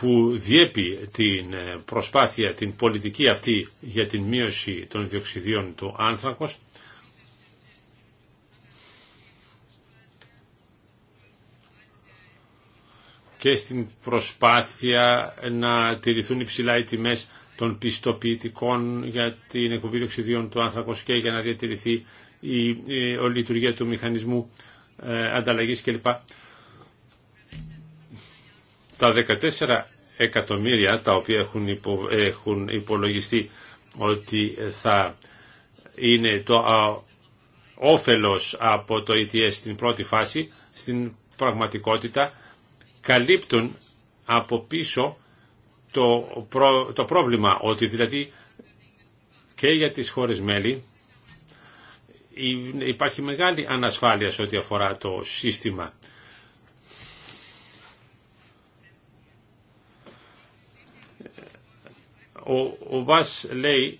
S1: που διέπει την ε, προσπάθεια, την πολιτική αυτή για την μείωση των διοξιδίων του άνθρακος. και στην προσπάθεια να τηρηθούν υψηλά οι τιμές των πιστοποιητικών για την εκπομπή διοξιδίων του άνθρακος και για να διατηρηθεί η, λειτουργία του μηχανισμού ε, ανταλλαγής κλπ. Τα 14 εκατομμύρια τα οποία έχουν, έχουν υπολογιστεί ότι θα είναι το όφελος από το ETS στην πρώτη φάση, στην πραγματικότητα καλύπτουν από πίσω το, το πρόβλημα ότι δηλαδή και για τις χώρες μέλη υπάρχει μεγάλη ανασφάλεια σε ό,τι αφορά το σύστημα. Ο, ο Βάς λέει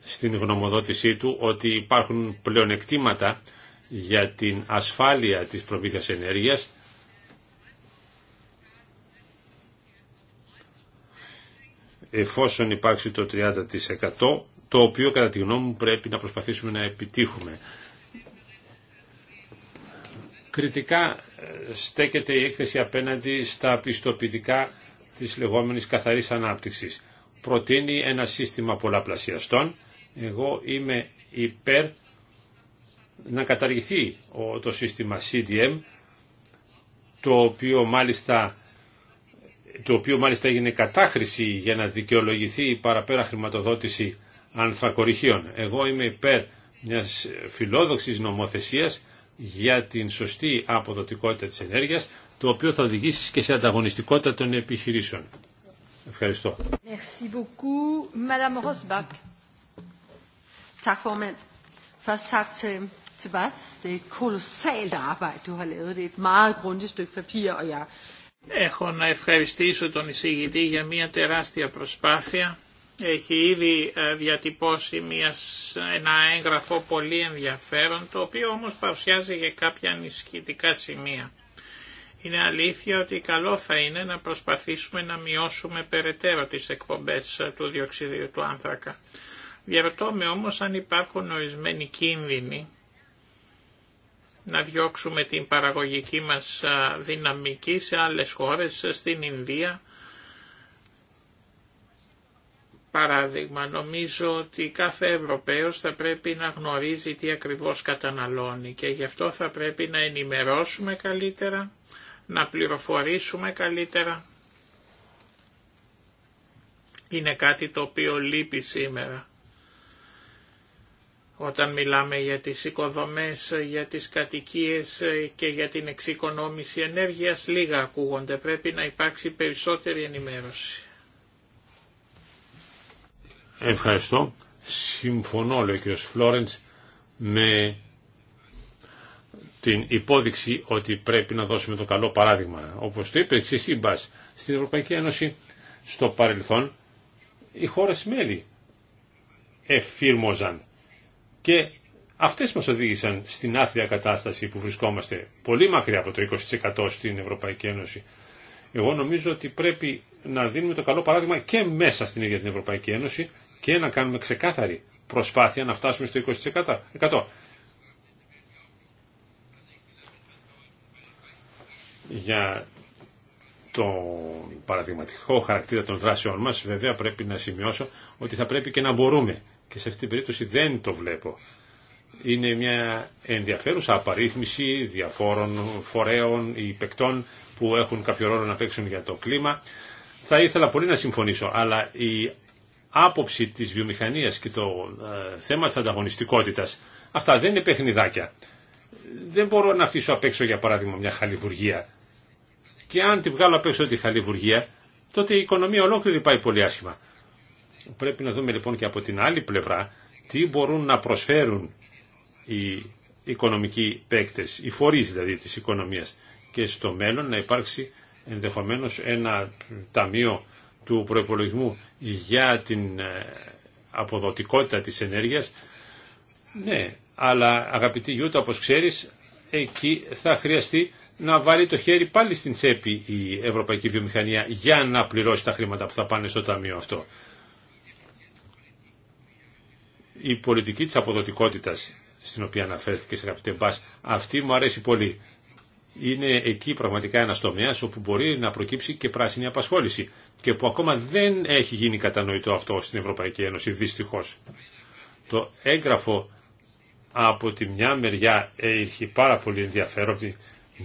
S1: στην γνωμοδότησή του ότι υπάρχουν πλεονεκτήματα για την ασφάλεια της προμήθειας ενέργειας εφόσον υπάρξει το 30% το οποίο κατά τη γνώμη μου πρέπει να προσπαθήσουμε να επιτύχουμε. Κριτικά ε, στέκεται η έκθεση απέναντι στα πιστοποιητικά της λεγόμενης καθαρής ανάπτυξης. Προτείνει ένα σύστημα πολλαπλασιαστών. Εγώ είμαι υπέρ να καταργηθεί το σύστημα CDM, το οποίο μάλιστα το οποίο μάλιστα έγινε κατάχρηση για να δικαιολογηθεί η παραπέρα χρηματοδότηση ανθρακοριχείων. Εγώ είμαι υπέρ μιας φιλόδοξης νομοθεσίας για την σωστή αποδοτικότητα της ενέργειας, το οποίο θα οδηγήσει και σε ανταγωνιστικότητα των επιχειρήσεων. Ευχαριστώ.
S5: Merci beaucoup, Madame Rosbach. Tak, formand. Først tak til, til Bas. Det er et
S2: kolossalt arbejde, du har lavet. Det er et meget grundigt stykke papir, og jeg...
S3: Έχω να ευχαριστήσω τον εισηγητή για μια τεράστια προσπάθεια έχει ήδη ε, διατυπώσει μια, ένα έγγραφο πολύ ενδιαφέρον, το οποίο όμως παρουσιάζει και κάποια ανισχυτικά σημεία. Είναι αλήθεια ότι καλό θα είναι να προσπαθήσουμε να μειώσουμε περαιτέρω τις εκπομπές ε, του διοξιδίου του άνθρακα. Διαρωτώ όμως αν υπάρχουν ορισμένοι κίνδυνοι να διώξουμε την παραγωγική μας ε, δυναμική σε άλλες χώρες, στην Ινδία, παράδειγμα, νομίζω ότι κάθε Ευρωπαίος θα πρέπει να γνωρίζει τι ακριβώς καταναλώνει και γι' αυτό θα πρέπει να ενημερώσουμε καλύτερα, να πληροφορήσουμε καλύτερα. Είναι κάτι το οποίο λείπει σήμερα. Όταν μιλάμε για τις οικοδομές, για τις κατοικίες και για την εξοικονόμηση ενέργειας, λίγα ακούγονται. Πρέπει να υπάρξει περισσότερη ενημέρωση.
S1: Ευχαριστώ. Συμφωνώ, λέει ο κ. Φλόρεντς, με την υπόδειξη ότι πρέπει να δώσουμε το καλό παράδειγμα. Όπως το είπε εξής η στην Ευρωπαϊκή Ένωση στο παρελθόν οι χώρες μέλη εφήρμοζαν και αυτές μας οδήγησαν στην άθλια κατάσταση που βρισκόμαστε πολύ μακριά από το 20% στην Ευρωπαϊκή Ένωση. Εγώ νομίζω ότι πρέπει να δίνουμε το καλό παράδειγμα και μέσα στην ίδια την Ευρωπαϊκή Ένωση και να κάνουμε ξεκάθαρη προσπάθεια να φτάσουμε στο 20%. Για τον παραδειγματικό χαρακτήρα των δράσεών μας βέβαια πρέπει να σημειώσω ότι θα πρέπει και να μπορούμε και σε αυτή την περίπτωση δεν το βλέπω. Είναι μια ενδιαφέρουσα απαρίθμηση διαφόρων φορέων ή παικτών που έχουν κάποιο ρόλο να παίξουν για το κλίμα. Θα ήθελα πολύ να συμφωνήσω, αλλά η άποψη της βιομηχανίας και το ε, θέμα της ανταγωνιστικότητας. Αυτά δεν είναι παιχνιδάκια. Δεν μπορώ να αφήσω απ' έξω για παράδειγμα μια χαλιβουργία. Και αν τη βγάλω απ' έξω τη χαλιβουργία, τότε η οικονομία ολόκληρη πάει πολύ άσχημα. Πρέπει να δούμε λοιπόν και από την άλλη πλευρά τι μπορούν να προσφέρουν οι οικονομικοί παίκτες, οι φορείς δηλαδή της οικονομίας και στο μέλλον να υπάρξει ενδεχομένως ένα ταμείο του προπολογισμού για την ε, αποδοτικότητα της ενέργειας. Ναι, αλλά αγαπητή Γιούτα, όπως ξέρεις, εκεί θα χρειαστεί να βάλει το χέρι πάλι στην τσέπη η Ευρωπαϊκή Βιομηχανία για να πληρώσει τα χρήματα που θα πάνε στο Ταμείο αυτό. Η πολιτική της αποδοτικότητας στην οποία αναφέρθηκες αγαπητέ Μπάς, αυτή μου αρέσει πολύ είναι εκεί πραγματικά ένας τομέα όπου μπορεί να προκύψει και πράσινη απασχόληση και που ακόμα δεν έχει γίνει κατανοητό αυτό στην Ευρωπαϊκή Ένωση, Δυστυχώ. Το έγγραφο από τη μια μεριά έχει πάρα πολύ ενδιαφέρον,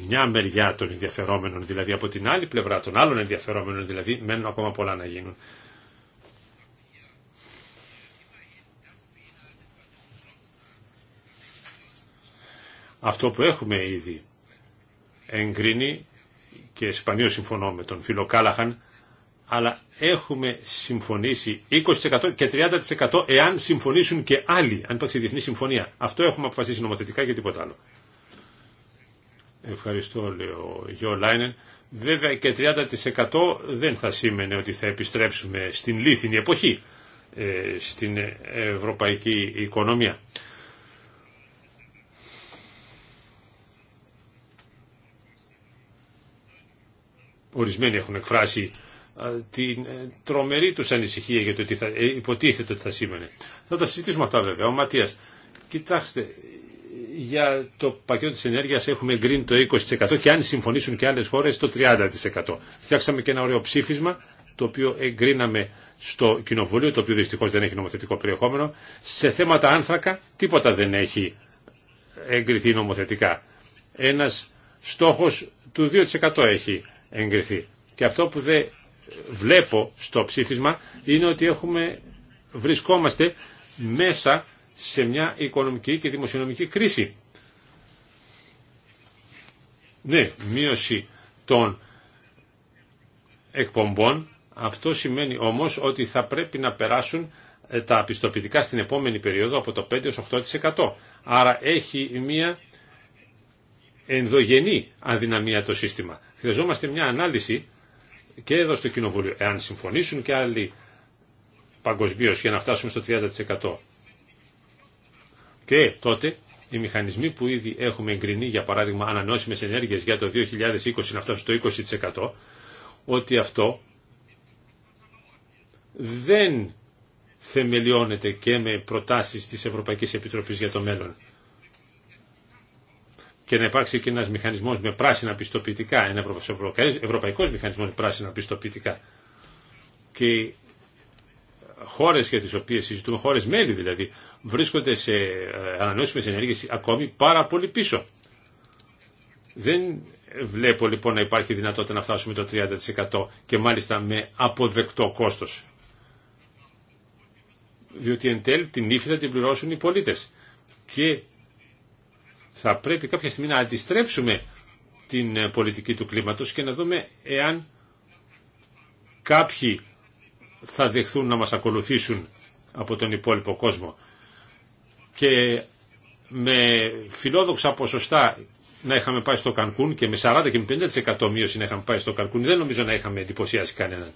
S1: μια μεριά των ενδιαφερόμενων, δηλαδή από την άλλη πλευρά των άλλων ενδιαφερόμενων, δηλαδή μένουν ακόμα πολλά να γίνουν. Αυτό που έχουμε ήδη εγκρίνει και σπανίως συμφωνώ με τον φίλο Κάλαχαν αλλά έχουμε συμφωνήσει 20% και 30% εάν συμφωνήσουν και άλλοι, αν υπάρξει διεθνή συμφωνία. Αυτό έχουμε αποφασίσει νομοθετικά και τίποτα άλλο. Ευχαριστώ, λέει ο Γιώ Λάινεν. Βέβαια και 30% δεν θα σήμαινε ότι θα επιστρέψουμε στην λίθινη εποχή, ε, στην ευρωπαϊκή οικονομία. Ορισμένοι έχουν εκφράσει την ε, τρομερή τους ανησυχία για το ότι θα, ε, υποτίθεται ότι θα σήμαινε. Θα τα συζητήσουμε αυτά βέβαια. Ο Ματίας, κοιτάξτε, για το πακέτο της ενέργειας έχουμε γκριν το 20% και αν συμφωνήσουν και άλλες χώρες το 30%. Φτιάξαμε και ένα ωραίο ψήφισμα το οποίο εγκρίναμε στο Κοινοβούλιο, το οποίο δυστυχώς δεν έχει νομοθετικό περιεχόμενο. Σε θέματα άνθρακα τίποτα δεν έχει εγκριθεί νομοθετικά. Ένας στόχος του 2% έχει εγκριθεί. Και αυτό που δεν βλέπω στο ψήφισμα είναι ότι έχουμε, βρισκόμαστε μέσα σε μια οικονομική και δημοσιονομική κρίση. Ναι, μείωση των εκπομπών. Αυτό σημαίνει όμως ότι θα πρέπει να περάσουν ε, τα πιστοποιητικά στην επόμενη περίοδο από το 5% 8%. Άρα έχει μια ενδογενή αδυναμία το σύστημα. Χρειαζόμαστε μια ανάλυση και εδώ στο Κοινοβούλιο, εάν συμφωνήσουν και άλλοι παγκοσμίω για να φτάσουμε στο 30%. Και τότε οι μηχανισμοί που ήδη έχουμε εγκρινεί, για παράδειγμα ανανεώσιμες ενέργειες για το 2020 να φτάσουν στο 20%, ότι αυτό δεν θεμελιώνεται και με προτάσεις της Ευρωπαϊκής Επιτροπής για το μέλλον και να υπάρξει και ένας μηχανισμός με πράσινα πιστοποιητικά, ένα ευρωπαϊκός μηχανισμός με πράσινα πιστοποιητικά. Και χώρες για τις οποίες συζητούμε, χώρες μέλη δηλαδή, βρίσκονται σε ε, ανανεώσιμε ενέργειε ακόμη πάρα πολύ πίσω. Δεν βλέπω λοιπόν να υπάρχει δυνατότητα να φτάσουμε το 30% και μάλιστα με αποδεκτό κόστος. Διότι εν τέλει την ύφη θα την πληρώσουν οι πολίτες. Και θα πρέπει κάποια στιγμή να αντιστρέψουμε την ε, πολιτική του κλίματος και να δούμε εάν κάποιοι θα δεχθούν να μας ακολουθήσουν από τον υπόλοιπο κόσμο και με φιλόδοξα ποσοστά να είχαμε πάει στο Κανκούν και με 40 και με 50% μείωση να είχαμε πάει στο Κανκούν δεν νομίζω να είχαμε εντυπωσιάσει κανέναν.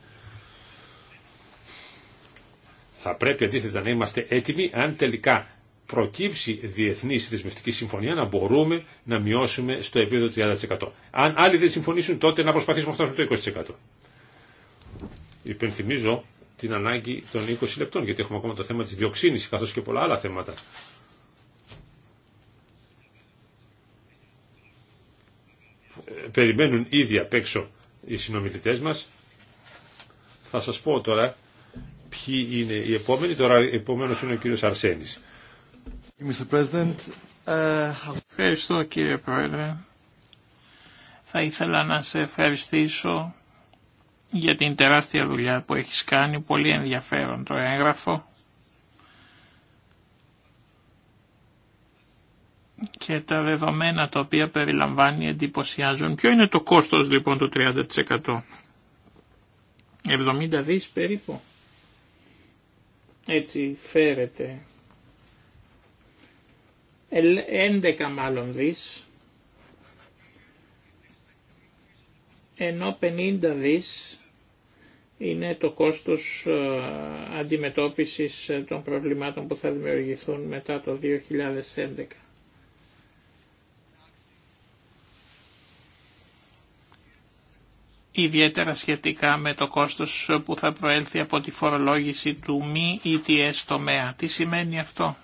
S1: Θα πρέπει αντίθετα να είμαστε έτοιμοι αν τελικά προκύψει διεθνή δεσμευτική συμφωνία να μπορούμε να μειώσουμε στο επίπεδο 30%. Αν άλλοι δεν συμφωνήσουν τότε να προσπαθήσουμε να φτάσουμε το 20%. Υπενθυμίζω την ανάγκη των 20 λεπτών γιατί έχουμε ακόμα το θέμα της διοξίνης καθώ και πολλά άλλα θέματα. Περιμένουν ήδη απ' έξω οι συνομιλητές μας. Θα σας πω τώρα ποιοι είναι οι επόμενοι. Τώρα επόμενος είναι ο κύριος Αρσένης.
S5: Uh,
S3: Ευχαριστώ κύριε Πρόεδρε. Θα ήθελα να σε ευχαριστήσω για την τεράστια δουλειά που έχεις κάνει, πολύ ενδιαφέρον το έγγραφο και τα δεδομένα τα οποία περιλαμβάνει εντυπωσιάζουν. Ποιο είναι το κόστος λοιπόν του 30%? 70 δις περίπου. Έτσι φέρεται 11 μάλλον δις, ενώ 50 δις είναι το κόστος ε, αντιμετώπισης ε, των προβλημάτων που θα δημιουργηθούν μετά το 2011. ιδιαίτερα σχετικά με το κόστος που θα προέλθει από τη φορολόγηση του μη ETS τομέα. Τι σημαίνει αυτό.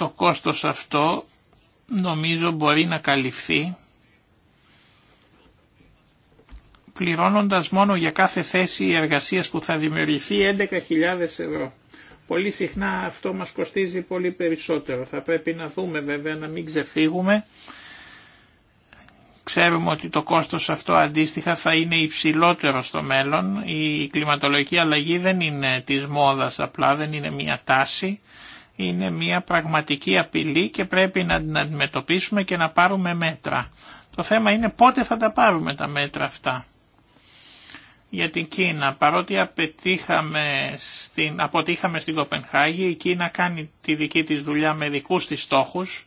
S3: Το κόστος αυτό νομίζω μπορεί να καλυφθεί πληρώνοντας μόνο για κάθε θέση εργασίας που θα δημιουργηθεί 11.000 ευρώ. Πολύ συχνά αυτό μας κοστίζει πολύ περισσότερο. Θα πρέπει να δούμε βέβαια να μην ξεφύγουμε. Ξέρουμε ότι το κόστος αυτό αντίστοιχα θα είναι υψηλότερο στο μέλλον. Η κλιματολογική αλλαγή δεν είναι της μόδας απλά, δεν είναι μια τάση είναι μια πραγματική απειλή και πρέπει να την αντιμετωπίσουμε και να πάρουμε μέτρα. Το θέμα είναι πότε θα τα πάρουμε τα μέτρα αυτά. Για την Κίνα, παρότι αποτύχαμε στην, αποτύχαμε στην Κοπενχάγη, η Κίνα κάνει τη δική της δουλειά με δικούς της στόχους,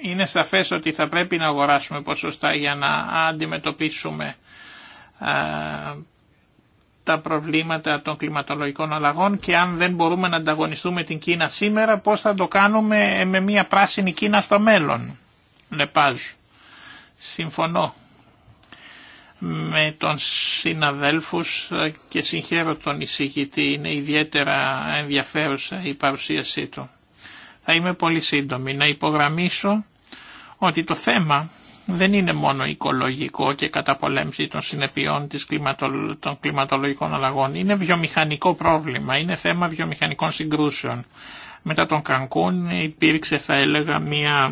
S3: είναι σαφές ότι θα πρέπει να αγοράσουμε ποσοστά για να αντιμετωπίσουμε τα προβλήματα των κλιματολογικών αλλαγών και αν δεν μπορούμε να ανταγωνιστούμε την Κίνα σήμερα, πώς θα το κάνουμε με μια πράσινη Κίνα στο μέλλον. Λεπάζ. Συμφωνώ με τον συναδέλφους και συγχαίρω τον εισηγητή. Είναι ιδιαίτερα ενδιαφέρουσα η παρουσίασή του. Θα είμαι πολύ σύντομη να υπογραμμίσω ότι το θέμα δεν είναι μόνο οικολογικό και καταπολέμηση των συνεπειών της των κλιματολογικών αλλαγών. Είναι βιομηχανικό πρόβλημα, είναι θέμα βιομηχανικών συγκρούσεων. Μετά τον Κανκούν υπήρξε θα έλεγα μια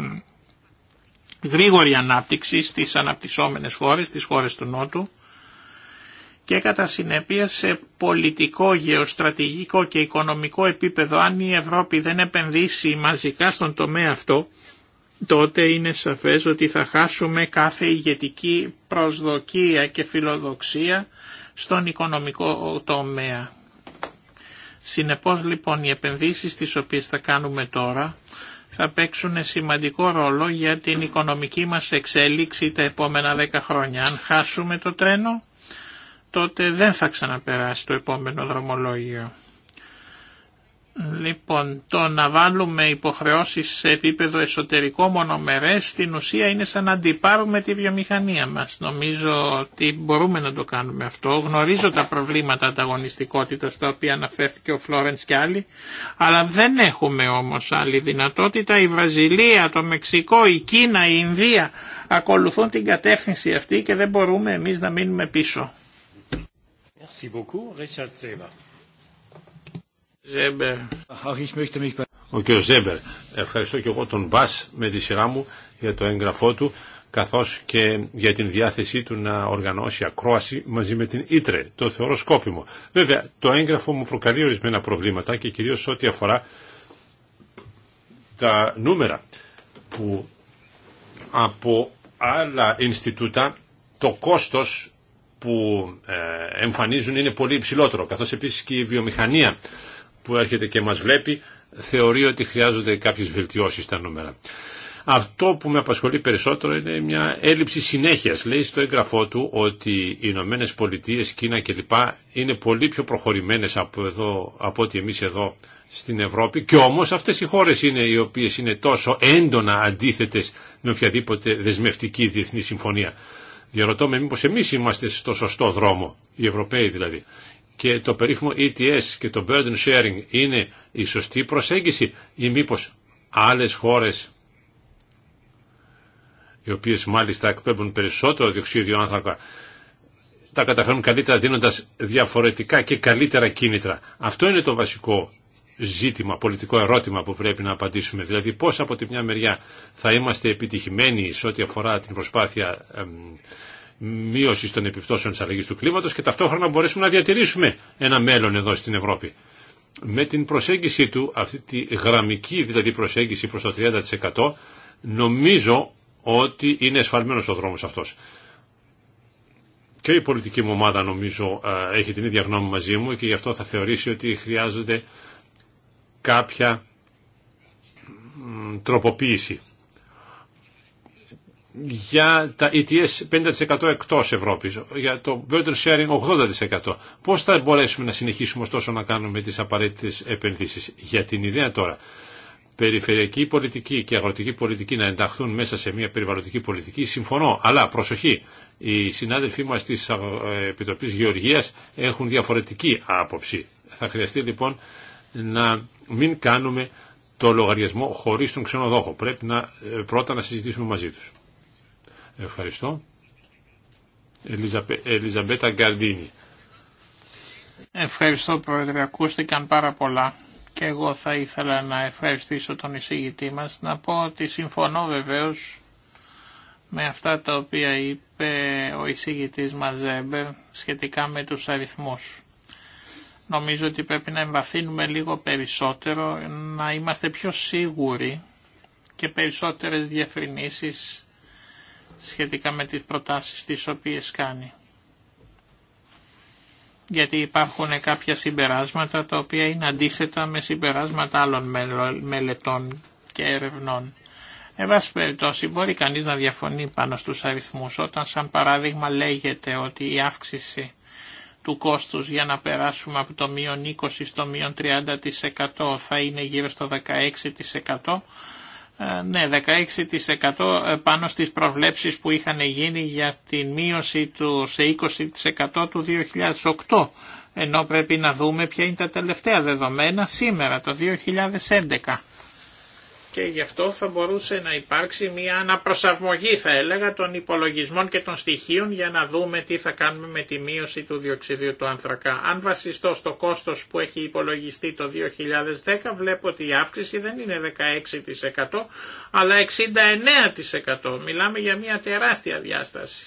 S3: γρήγορη ανάπτυξη στις αναπτυσσόμενες χώρες, στις χώρες του Νότου και κατά συνέπεια σε πολιτικό, γεωστρατηγικό και οικονομικό επίπεδο αν η Ευρώπη δεν επενδύσει μαζικά στον τομέα αυτό τότε είναι σαφές ότι θα χάσουμε κάθε ηγετική προσδοκία και φιλοδοξία στον οικονομικό τομέα. Συνεπώς λοιπόν οι επενδύσεις τις οποίες θα κάνουμε τώρα θα παίξουν σημαντικό ρόλο για την οικονομική μας εξέλιξη τα επόμενα δέκα χρόνια. Αν χάσουμε το τρένο τότε δεν θα ξαναπεράσει το επόμενο δρομολόγιο. Λοιπόν, το να βάλουμε υποχρεώσεις σε επίπεδο εσωτερικό μονομερές στην ουσία είναι σαν να αντιπάρουμε τη βιομηχανία μας. Νομίζω ότι μπορούμε να το κάνουμε αυτό. Γνωρίζω τα προβλήματα ανταγωνιστικότητας τα οποία αναφέρθηκε ο Φλόρενς και άλλοι, αλλά δεν έχουμε όμως άλλη δυνατότητα. Η Βραζιλία, το Μεξικό, η Κίνα, η Ινδία ακολουθούν την κατεύθυνση αυτή και δεν μπορούμε εμείς να μείνουμε πίσω. Merci beaucoup,
S1: ο κ. Ζέμπερ, ευχαριστώ και εγώ τον Μπάς με τη σειρά μου για το έγγραφό του καθώς και για την διάθεσή του να οργανώσει ακρόαση μαζί με την Ήτρε. Το θεωρώ σκόπιμο. Βέβαια, το έγγραφο μου προκαλεί ορισμένα προβλήματα και κυρίως ό,τι αφορά τα νούμερα που από άλλα Ινστιτούτα το κόστος που ε, εμφανίζουν είναι πολύ υψηλότερο, καθώς επίσης και η βιομηχανία που έρχεται και μας βλέπει θεωρεί ότι χρειάζονται κάποιες βελτιώσεις στα νούμερα. Αυτό που με απασχολεί περισσότερο είναι μια έλλειψη συνέχειας. Λέει στο έγγραφό του ότι οι Ηνωμένε Πολιτείε, Κίνα κλπ. είναι πολύ πιο προχωρημένες από, εδώ, από ότι εμείς εδώ στην Ευρώπη και όμως αυτές οι χώρες είναι οι οποίες είναι τόσο έντονα αντίθετες με οποιαδήποτε δεσμευτική διεθνή συμφωνία. Διαρωτώ με μήπως εμείς είμαστε στο σωστό δρόμο, οι Ευρωπαίοι δηλαδή και το περίφημο ETS και το burden sharing είναι η σωστή προσέγγιση ή μήπως άλλες χώρες οι οποίες μάλιστα εκπέμπουν περισσότερο διοξίδιο άνθρακα τα καταφέρουν καλύτερα δίνοντας διαφορετικά και καλύτερα κίνητρα. Αυτό είναι το βασικό ζήτημα, πολιτικό ερώτημα που πρέπει να απαντήσουμε. Δηλαδή πώς από τη μια μεριά θα είμαστε επιτυχημένοι σε ό,τι αφορά την προσπάθεια μείωση των επιπτώσεων της αλλαγής του κλίματος και ταυτόχρονα μπορέσουμε να διατηρήσουμε ένα μέλλον εδώ στην Ευρώπη. Με την προσέγγιση του, αυτή τη γραμμική δηλαδή προσέγγιση προς το 30% νομίζω ότι είναι εσφαλμένος ο δρόμος αυτός. Και η πολιτική μου ομάδα νομίζω έχει την ίδια γνώμη μαζί μου και γι' αυτό θα θεωρήσει ότι χρειάζονται κάποια τροποποίηση για τα ETS 50% εκτός Ευρώπης, για το burden sharing 80%. Πώς θα μπορέσουμε να συνεχίσουμε ωστόσο να κάνουμε τις απαραίτητες επενδύσεις. Για την ιδέα τώρα, περιφερειακή πολιτική και αγροτική πολιτική να ενταχθούν μέσα σε μια περιβαλλοντική πολιτική, συμφωνώ. Αλλά προσοχή, οι συνάδελφοί μας της ε, Επιτροπής Γεωργίας έχουν διαφορετική άποψη. Θα χρειαστεί λοιπόν να μην κάνουμε το λογαριασμό χωρίς τον ξενοδόχο. Πρέπει να, ε, πρώτα να συζητήσουμε μαζί τους. Ευχαριστώ. Ελιζαμπέτα Γκαρντίνη.
S3: Ευχαριστώ Πρόεδρε. Ακούστηκαν πάρα πολλά και εγώ θα ήθελα να ευχαριστήσω τον εισηγητή μας να πω ότι συμφωνώ βεβαίως με αυτά τα οποία είπε ο εισηγητής Μαζέμπερ σχετικά με τους αριθμούς. Νομίζω ότι πρέπει να εμβαθύνουμε λίγο περισσότερο, να είμαστε πιο σίγουροι και περισσότερες διαφρυνήσεις σχετικά με τις προτάσεις τις οποίες κάνει. Γιατί υπάρχουν κάποια συμπεράσματα τα οποία είναι αντίθετα με συμπεράσματα άλλων μελετών και ερευνών. Εν πάση περιπτώσει μπορεί κανείς να διαφωνεί πάνω στους αριθμούς όταν σαν παράδειγμα λέγεται ότι η αύξηση του κόστους για να περάσουμε από το μείον 20% στο μείον 30% θα είναι γύρω στο 16% ε, ναι, 16% ε, πάνω στις προβλέψεις που είχαν γίνει για τη μείωση του σε 20% του 2008, ενώ πρέπει να δούμε ποια είναι τα τελευταία δεδομένα σήμερα, το 2011 και γι' αυτό θα μπορούσε να υπάρξει μια αναπροσαρμογή θα έλεγα των υπολογισμών και των στοιχείων για να δούμε τι θα κάνουμε με τη μείωση του διοξιδίου του άνθρακα. Αν βασιστώ στο κόστος που έχει υπολογιστεί το 2010 βλέπω ότι η αύξηση δεν είναι 16% αλλά 69%. Μιλάμε για μια τεράστια διάσταση.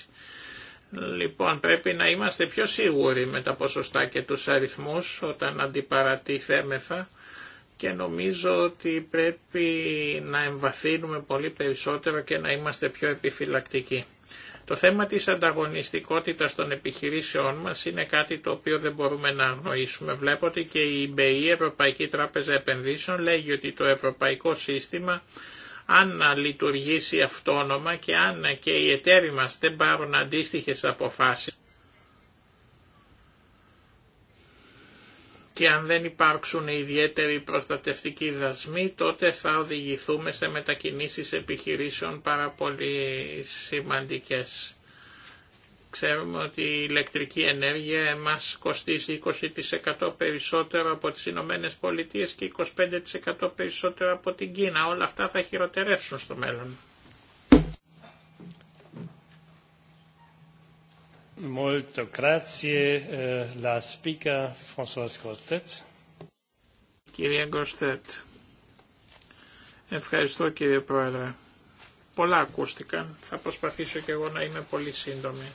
S3: Λοιπόν, πρέπει να είμαστε πιο σίγουροι με τα ποσοστά και τους αριθμούς όταν αντιπαρατήθεμεθα και νομίζω ότι πρέπει να εμβαθύνουμε πολύ περισσότερο και να είμαστε πιο επιφυλακτικοί. Το θέμα της ανταγωνιστικότητας των επιχειρήσεών μας είναι κάτι το οποίο δεν μπορούμε να αγνοήσουμε. Βλέπω ότι και η ΕΕ, Ευρωπαϊκή Τράπεζα Επενδύσεων, λέγει ότι το ευρωπαϊκό σύστημα αν λειτουργήσει αυτόνομα και αν και οι εταίροι μας δεν πάρουν αντίστοιχες αποφάσεις και αν δεν υπάρξουν ιδιαίτεροι προστατευτικοί δασμοί τότε θα οδηγηθούμε σε μετακινήσεις επιχειρήσεων πάρα πολύ σημαντικές. Ξέρουμε ότι η ηλεκτρική ενέργεια μας κοστίζει 20% περισσότερο από τις Ηνωμένε Πολιτείες και 25% περισσότερο από την Κίνα. Όλα αυτά θα χειροτερεύσουν στο μέλλον. Eh, Κυρία Γκοστέτ, ευχαριστώ κύριε Πρόεδρε. Πολλά ακούστηκαν, θα προσπαθήσω και εγώ να είμαι πολύ σύντομη.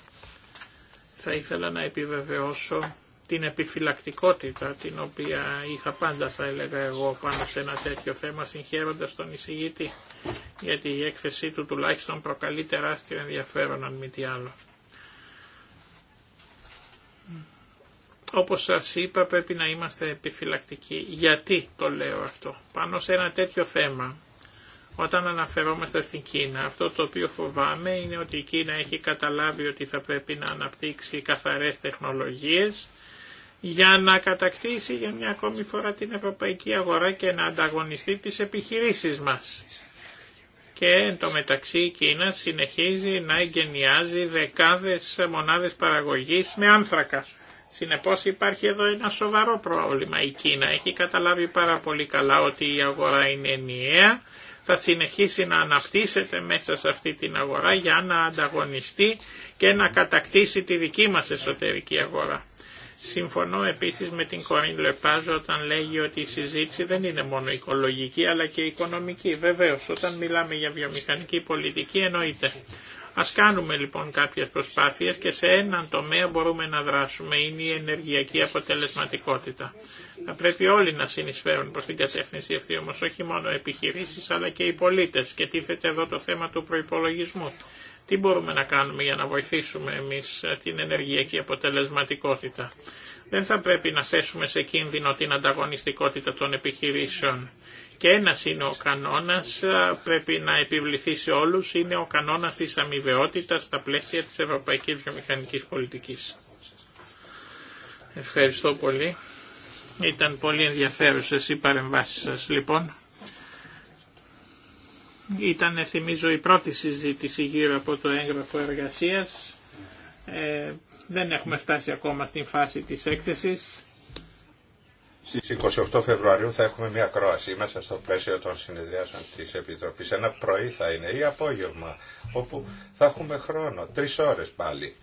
S3: Θα ήθελα να επιβεβαιώσω την επιφυλακτικότητα την οποία είχα πάντα θα έλεγα εγώ πάνω σε ένα τέτοιο θέμα συγχαίροντας τον εισηγήτη γιατί η έκθεσή του τουλάχιστον προκαλεί τεράστιο ενδιαφέρον αν μη τι άλλο. Όπως σας είπα πρέπει να είμαστε επιφυλακτικοί. Γιατί το λέω αυτό. Πάνω σε ένα τέτοιο θέμα, όταν αναφερόμαστε στην Κίνα, αυτό το οποίο φοβάμαι είναι ότι η Κίνα έχει καταλάβει ότι θα πρέπει να αναπτύξει καθαρές τεχνολογίες για να κατακτήσει για μια ακόμη φορά την ευρωπαϊκή αγορά και να ανταγωνιστεί τις επιχειρήσεις μας. Και εν τω μεταξύ η Κίνα συνεχίζει να εγκαινιάζει δεκάδες μονάδες παραγωγής με άνθρακα. Συνεπώς υπάρχει εδώ ένα σοβαρό πρόβλημα. Η Κίνα έχει καταλάβει πάρα πολύ καλά ότι η αγορά είναι ενιαία, θα συνεχίσει να αναπτύσσεται μέσα σε αυτή την αγορά για να ανταγωνιστεί και να κατακτήσει τη δική μας εσωτερική αγορά. Συμφωνώ επίσης με την Κορίν Λεπάζο όταν λέγει ότι η συζήτηση δεν είναι μόνο οικολογική αλλά και οικονομική. Βεβαίως όταν μιλάμε για βιομηχανική πολιτική εννοείται Ας κάνουμε λοιπόν κάποιες προσπάθειες και σε έναν τομέα μπορούμε να δράσουμε, είναι η ενεργειακή αποτελεσματικότητα. Θα πρέπει όλοι να συνεισφέρουν προς την κατεύθυνση αυτή όμως, όχι μόνο οι επιχειρήσεις αλλά και οι πολίτες και τίθεται εδώ το θέμα του προϋπολογισμού. Τι μπορούμε να κάνουμε για να βοηθήσουμε εμείς την ενεργειακή αποτελεσματικότητα. Δεν θα πρέπει να θέσουμε σε κίνδυνο την ανταγωνιστικότητα των επιχειρήσεων και ένας είναι ο κανόνας, πρέπει να επιβληθεί σε όλους, είναι ο κανόνας της αμοιβαιότητας στα πλαίσια της Ευρωπαϊκής Βιομηχανικής Πολιτικής. Ευχαριστώ πολύ. Ήταν πολύ ενδιαφέρουσες οι παρεμβάσεις σας λοιπόν. Ήταν, θυμίζω, η πρώτη συζήτηση γύρω από το έγγραφο εργασίας. Ε, δεν έχουμε φτάσει ακόμα στην φάση της έκθεσης.
S2: Στι 28 Φεβρουαρίου θα έχουμε μια κρόαση μέσα στο πλαίσιο των συνεδριάσεων της Επιτροπής. Ένα πρωί θα είναι ή απόγευμα, όπου θα έχουμε χρόνο, τρει ώρες πάλι,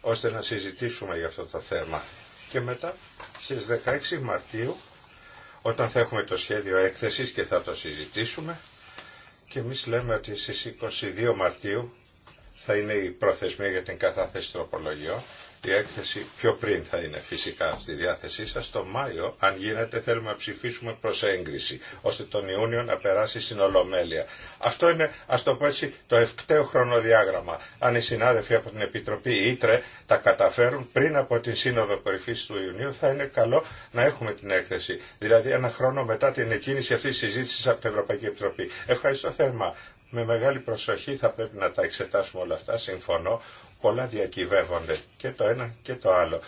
S2: ώστε να συζητήσουμε για αυτό το θέμα. Και μετά στις 16 Μαρτίου, όταν θα έχουμε το σχέδιο έκθεσης και θα το συζητήσουμε, και εμεί λέμε ότι στις 22 Μαρτίου θα είναι η προθεσμία για την κατάθεση τροπολογιών η έκθεση πιο πριν θα είναι φυσικά στη διάθεσή σας. Το Μάιο, αν γίνεται, θέλουμε να ψηφίσουμε προς έγκριση, ώστε τον Ιούνιο να περάσει στην Ολομέλεια. Αυτό είναι, ας το πω έτσι, το ευκταίο χρονοδιάγραμμα. Αν οι συνάδελφοι από την Επιτροπή Ήτρε τα καταφέρουν πριν από την Σύνοδο Κορυφής του Ιουνίου, θα είναι καλό να έχουμε την έκθεση. Δηλαδή ένα χρόνο μετά την εκκίνηση αυτής της συζήτησης από την Ευρωπαϊκή Επιτροπή. Ευχαριστώ θερμά με μεγάλη προσοχή θα πρέπει να τα εξετάσουμε όλα αυτά, συμφωνώ, πολλά διακυβεύονται και το ένα και το άλλο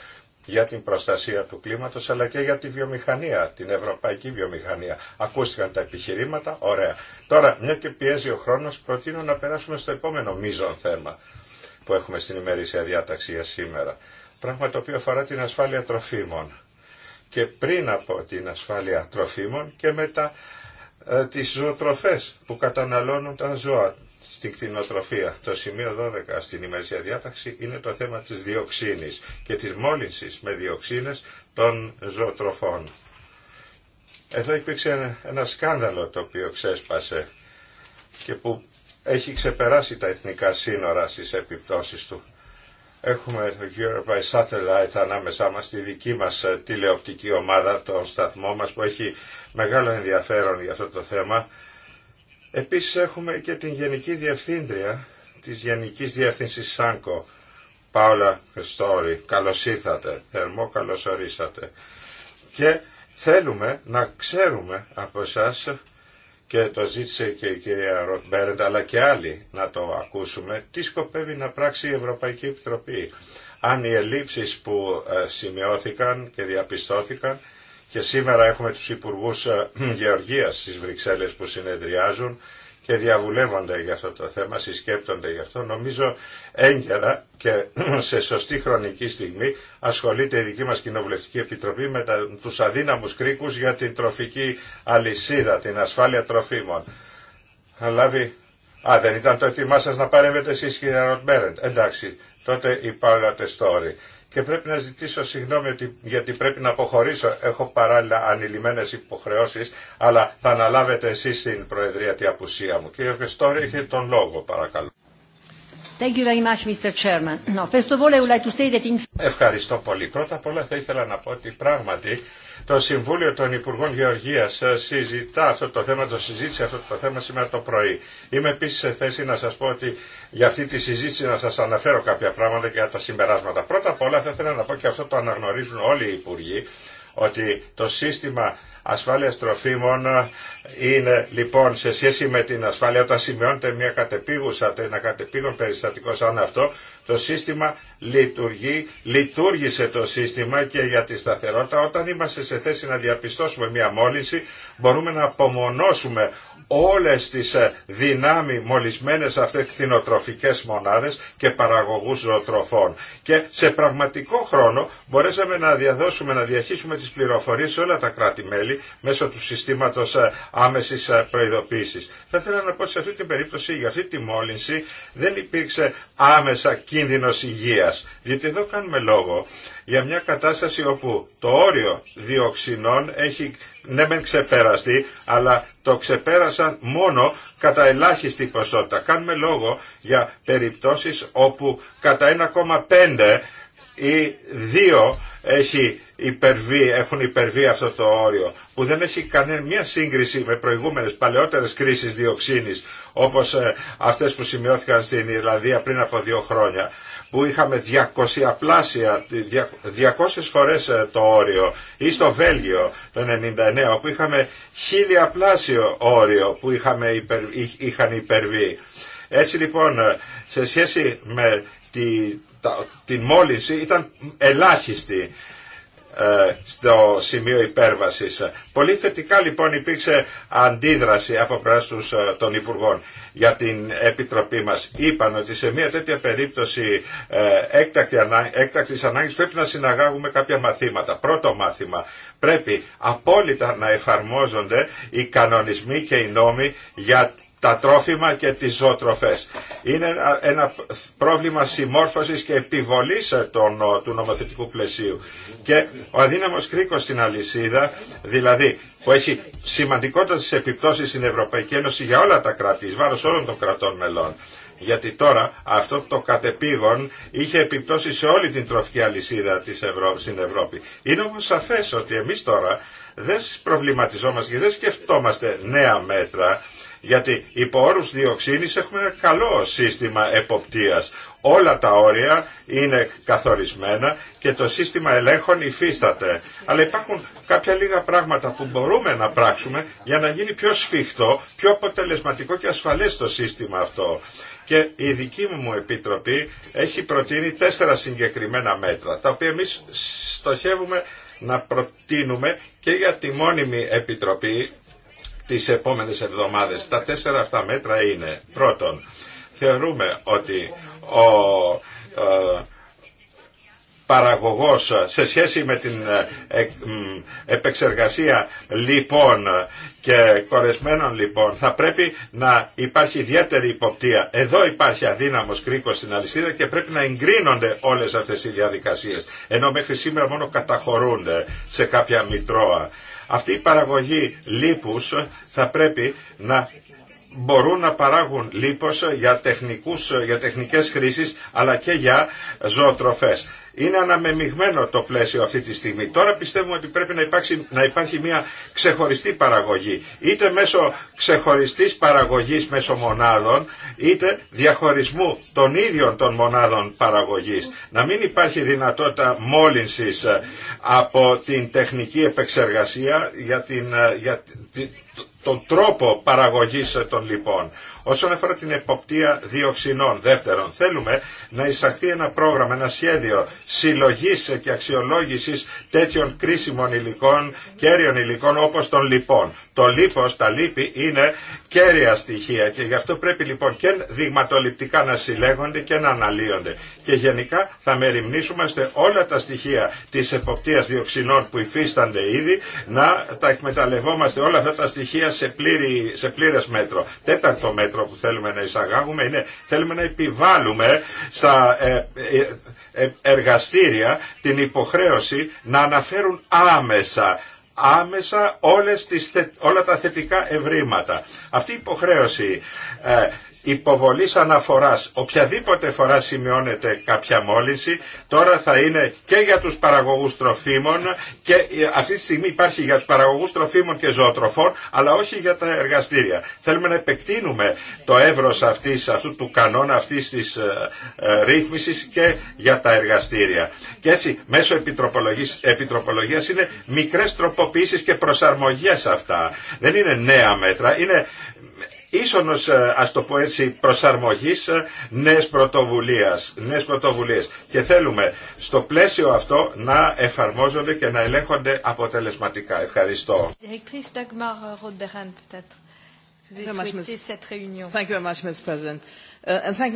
S2: για την προστασία του κλίματος αλλά και για τη βιομηχανία, την ευρωπαϊκή βιομηχανία. Ακούστηκαν τα επιχειρήματα, ωραία. Τώρα, μια και πιέζει ο χρόνος, προτείνω να περάσουμε στο επόμενο μείζον θέμα που έχουμε στην ημερήσια διάταξη για σήμερα. Πράγμα το οποίο αφορά την ασφάλεια τροφίμων. Και πριν από την ασφάλεια τροφίμων και μετά ε, τις ζωοτροφές που καταναλώνουν τα ζώα στην κτηνοτροφία. Το σημείο 12 στην ημερησία διάταξη είναι το θέμα της διοξίνης και της μόλυνσης με διοξίνες των ζωοτροφών. Εδώ υπήρξε ένα σκάνδαλο το οποίο ξέσπασε και που έχει ξεπεράσει τα εθνικά σύνορα στις επιπτώσεις του. Έχουμε το Europe by Satellite ανάμεσά μας, τη δική μας τηλεοπτική ομάδα, τον σταθμό μας που έχει μεγάλο ενδιαφέρον για αυτό το θέμα Επίσης έχουμε και την Γενική Διευθύντρια της Γενικής Διεύθυνσης ΣΑΝΚΟ, Πάολα Χριστόρη. Καλώς ήρθατε, θερμό καλώς ορίσατε. Και θέλουμε να ξέρουμε από εσά και το ζήτησε και η κυρία Ροτ αλλά και άλλοι να το ακούσουμε, τι σκοπεύει να πράξει η Ευρωπαϊκή Επιτροπή. Αν οι ελλείψεις που ε, σημειώθηκαν και διαπιστώθηκαν και σήμερα έχουμε τους Υπουργούς ε, Γεωργίας στις Βρυξέλλες που συνεδριάζουν και διαβουλεύονται για αυτό το θέμα, συσκέπτονται γι' αυτό. Νομίζω έγκαιρα και σε σωστή χρονική στιγμή ασχολείται η δική μας Κοινοβουλευτική Επιτροπή με τους αδύναμους κρίκους για την τροφική αλυσίδα, την ασφάλεια τροφίμων. λάβει... Α, δεν ήταν το έτοιμά σας να παρέμβετε εσείς κύριε Εντάξει, τότε η τα και πρέπει να ζητήσω συγγνώμη γιατί πρέπει να αποχωρήσω. Έχω παράλληλα ανηλυμένες υποχρεώσεις, αλλά θα αναλάβετε εσείς την Προεδρία τη απουσία μου. Κύριε Βεστόρη, έχει τον λόγο παρακαλώ. Ευχαριστώ πολύ. Πρώτα απ' όλα θα ήθελα να πω ότι πράγματι το Συμβούλιο των Υπουργών Γεωργίας ε, συζητά αυτό το θέμα, το συζήτησε αυτό το θέμα σήμερα το πρωί. Είμαι επίσης σε θέση να σας πω ότι για αυτή τη συζήτηση να σας αναφέρω κάποια πράγματα και τα συμπεράσματα. Πρώτα απ' όλα θα ήθελα να πω και αυτό το αναγνωρίζουν όλοι οι Υπουργοί, ότι το σύστημα ασφάλειας τροφίμων είναι λοιπόν σε σχέση με την ασφάλεια όταν σημειώνεται μια κατεπίγουσα, ένα κατεπήγον περιστατικό σαν αυτό, το σύστημα λειτουργεί, λειτουργήσε το σύστημα και για τη σταθερότητα όταν είμαστε σε θέση να διαπιστώσουμε μια μόλυνση μπορούμε να απομονώσουμε όλες τις ε, δυνάμει μολυσμένες αυτές τις κτηνοτροφικές μονάδες και παραγωγούς ζωοτροφών. Και σε πραγματικό χρόνο μπορέσαμε να διαδώσουμε, να διαχύσουμε τις πληροφορίες σε όλα τα κράτη-μέλη μέσω του συστήματος ε, άμεσης ε, προειδοποίησης. Θα ήθελα να πω ότι σε αυτή την περίπτωση, για αυτή τη μόλυνση δεν υπήρξε άμεσα κίνδυνος υγείας. Γιατί εδώ κάνουμε λόγο για μια κατάσταση όπου το όριο διοξινών έχει ναι μεν ξεπεραστεί, αλλά το ξεπέρασαν μόνο κατά ελάχιστη ποσότητα. Κάνουμε λόγο για περιπτώσεις όπου κατά 1,5 ή 2 έχει υπερβεί, έχουν υπερβεί αυτό το όριο που δεν έχει κανένα σύγκριση με προηγούμενες παλαιότερες κρίσεις διοξίνης όπως ε, αυτές που σημειώθηκαν στην Ιρλανδία πριν από δύο χρόνια που είχαμε 200 πλάσια, 200 φορές ε, το όριο ή στο Βέλγιο το 99 που είχαμε χίλια πλάσιο όριο που είχαμε υπερ, είχαν υπερβεί. Έτσι λοιπόν ε, σε σχέση με τη, την μόλυνση ήταν ελάχιστη ε, στο σημείο υπέρβασης. Πολύ θετικά λοιπόν υπήρξε αντίδραση από πράσους ε, των Υπουργών για την Επιτροπή μας. Είπαν ότι σε μια τέτοια περίπτωση ε, έκτακτη ανά... έκτακτης ανάγκης πρέπει να συναγάγουμε κάποια μαθήματα. Πρώτο μάθημα, πρέπει απόλυτα να εφαρμόζονται οι κανονισμοί και οι νόμοι για τα τρόφιμα και τις ζωοτροφές. Είναι ένα πρόβλημα συμμόρφωσης και επιβολής ε, του νομοθετικού πλαισίου. Και ο αδύναμος κρίκος στην αλυσίδα, δηλαδή που έχει σημαντικότατες επιπτώσεις στην Ευρωπαϊκή Ένωση για όλα τα κράτη, εις βάρος όλων των κρατών μελών. Γιατί τώρα αυτό το κατεπήγον είχε επιπτώσει σε όλη την τροφική αλυσίδα της στην Ευρώπη. Είναι όμως σαφές ότι εμείς τώρα δεν προβληματιζόμαστε και δεν σκεφτόμαστε νέα μέτρα γιατί υπό όρους διοξίνης έχουμε ένα καλό σύστημα εποπτείας. Όλα τα όρια είναι καθορισμένα και το σύστημα ελέγχων υφίσταται. Αλλά υπάρχουν κάποια λίγα πράγματα που μπορούμε να πράξουμε για να γίνει πιο σφιχτό, πιο αποτελεσματικό και ασφαλές το σύστημα αυτό. Και η δική μου επιτροπή έχει προτείνει τέσσερα συγκεκριμένα μέτρα, τα οποία εμείς στοχεύουμε να προτείνουμε και για τη μόνιμη επιτροπή τις επόμενες εβδομάδες. Τα τέσσερα αυτά μέτρα είναι πρώτον, θεωρούμε ότι ο ε, παραγωγός σε σχέση με την ε, ε, επεξεργασία λοιπόν και κορεσμένων λοιπόν θα πρέπει να υπάρχει ιδιαίτερη υποπτία. Εδώ υπάρχει αδύναμος κρίκος στην αλυσίδα και πρέπει να εγκρίνονται όλες αυτές οι διαδικασίες. Ενώ μέχρι σήμερα μόνο καταχωρούν σε κάποια μητρώα. Αυτή η παραγωγή λίπους θα πρέπει να μπορούν να παράγουν λίπος για, τεχνικούς, για τεχνικές χρήσεις αλλά και για ζωοτροφές. Είναι αναμεμειγμένο το πλαίσιο αυτή τη στιγμή. Τώρα πιστεύουμε ότι πρέπει να, να υπάρχει μια ξεχωριστή παραγωγή. Είτε μέσω ξεχωριστής παραγωγής μέσω μονάδων, είτε διαχωρισμού των ίδιων των μονάδων παραγωγής. Να μην υπάρχει δυνατότητα μόλυνσης ε, από την τεχνική επεξεργασία για, την, ε, για τον τρόπο παραγωγής ε, των λοιπών. Όσον αφορά την εποπτεία διοξινών, δεύτερον, θέλουμε να εισαχθεί ένα πρόγραμμα, ένα σχέδιο συλλογή και αξιολόγηση τέτοιων κρίσιμων υλικών, κέριων υλικών όπω των λοιπών. Το λίπο, τα λίπη είναι κέρια στοιχεία και γι' αυτό πρέπει λοιπόν και δειγματοληπτικά να συλλέγονται και να αναλύονται. Και γενικά θα μεριμνήσουμε όλα τα στοιχεία τη εποπτεία διοξινών που υφίστανται ήδη να τα εκμεταλλευόμαστε όλα αυτά τα στοιχεία σε, πλήρη, σε πλήρες μέτρο. Τέταρτο μέτρο που θέλουμε να εισαγάγουμε είναι θέλουμε να επιβάλλουμε στα ε, ε, ε, εργαστήρια την υποχρέωση να αναφέρουν άμεσα άμεσα όλες τις, όλα τα θετικά ευρήματα. Αυτή η υποχρέωση υποβολής αναφοράς. Οποιαδήποτε φορά σημειώνεται κάποια μόλυνση, τώρα θα είναι και για τους παραγωγούς τροφίμων και ε, αυτή τη στιγμή υπάρχει για τους παραγωγούς τροφίμων και ζωοτροφών, αλλά όχι για τα εργαστήρια. Θέλουμε να επεκτείνουμε το εύρος αυτής, αυτού του κανόνα, αυτής της ε, ε ρύθμισης και για τα εργαστήρια. Και έτσι μέσω επιτροπολογίας είναι μικρές τροποποιήσεις και προσαρμογές αυτά. Δεν είναι νέα μέτρα, είναι ίσονος, ε, ας το πω έτσι, προσαρμογής ε, νέες, πρωτοβουλίας, νέες πρωτοβουλίες. Και θέλουμε στο πλαίσιο αυτό να εφαρμόζονται και να ελέγχονται αποτελεσματικά. Ευχαριστώ. Uh,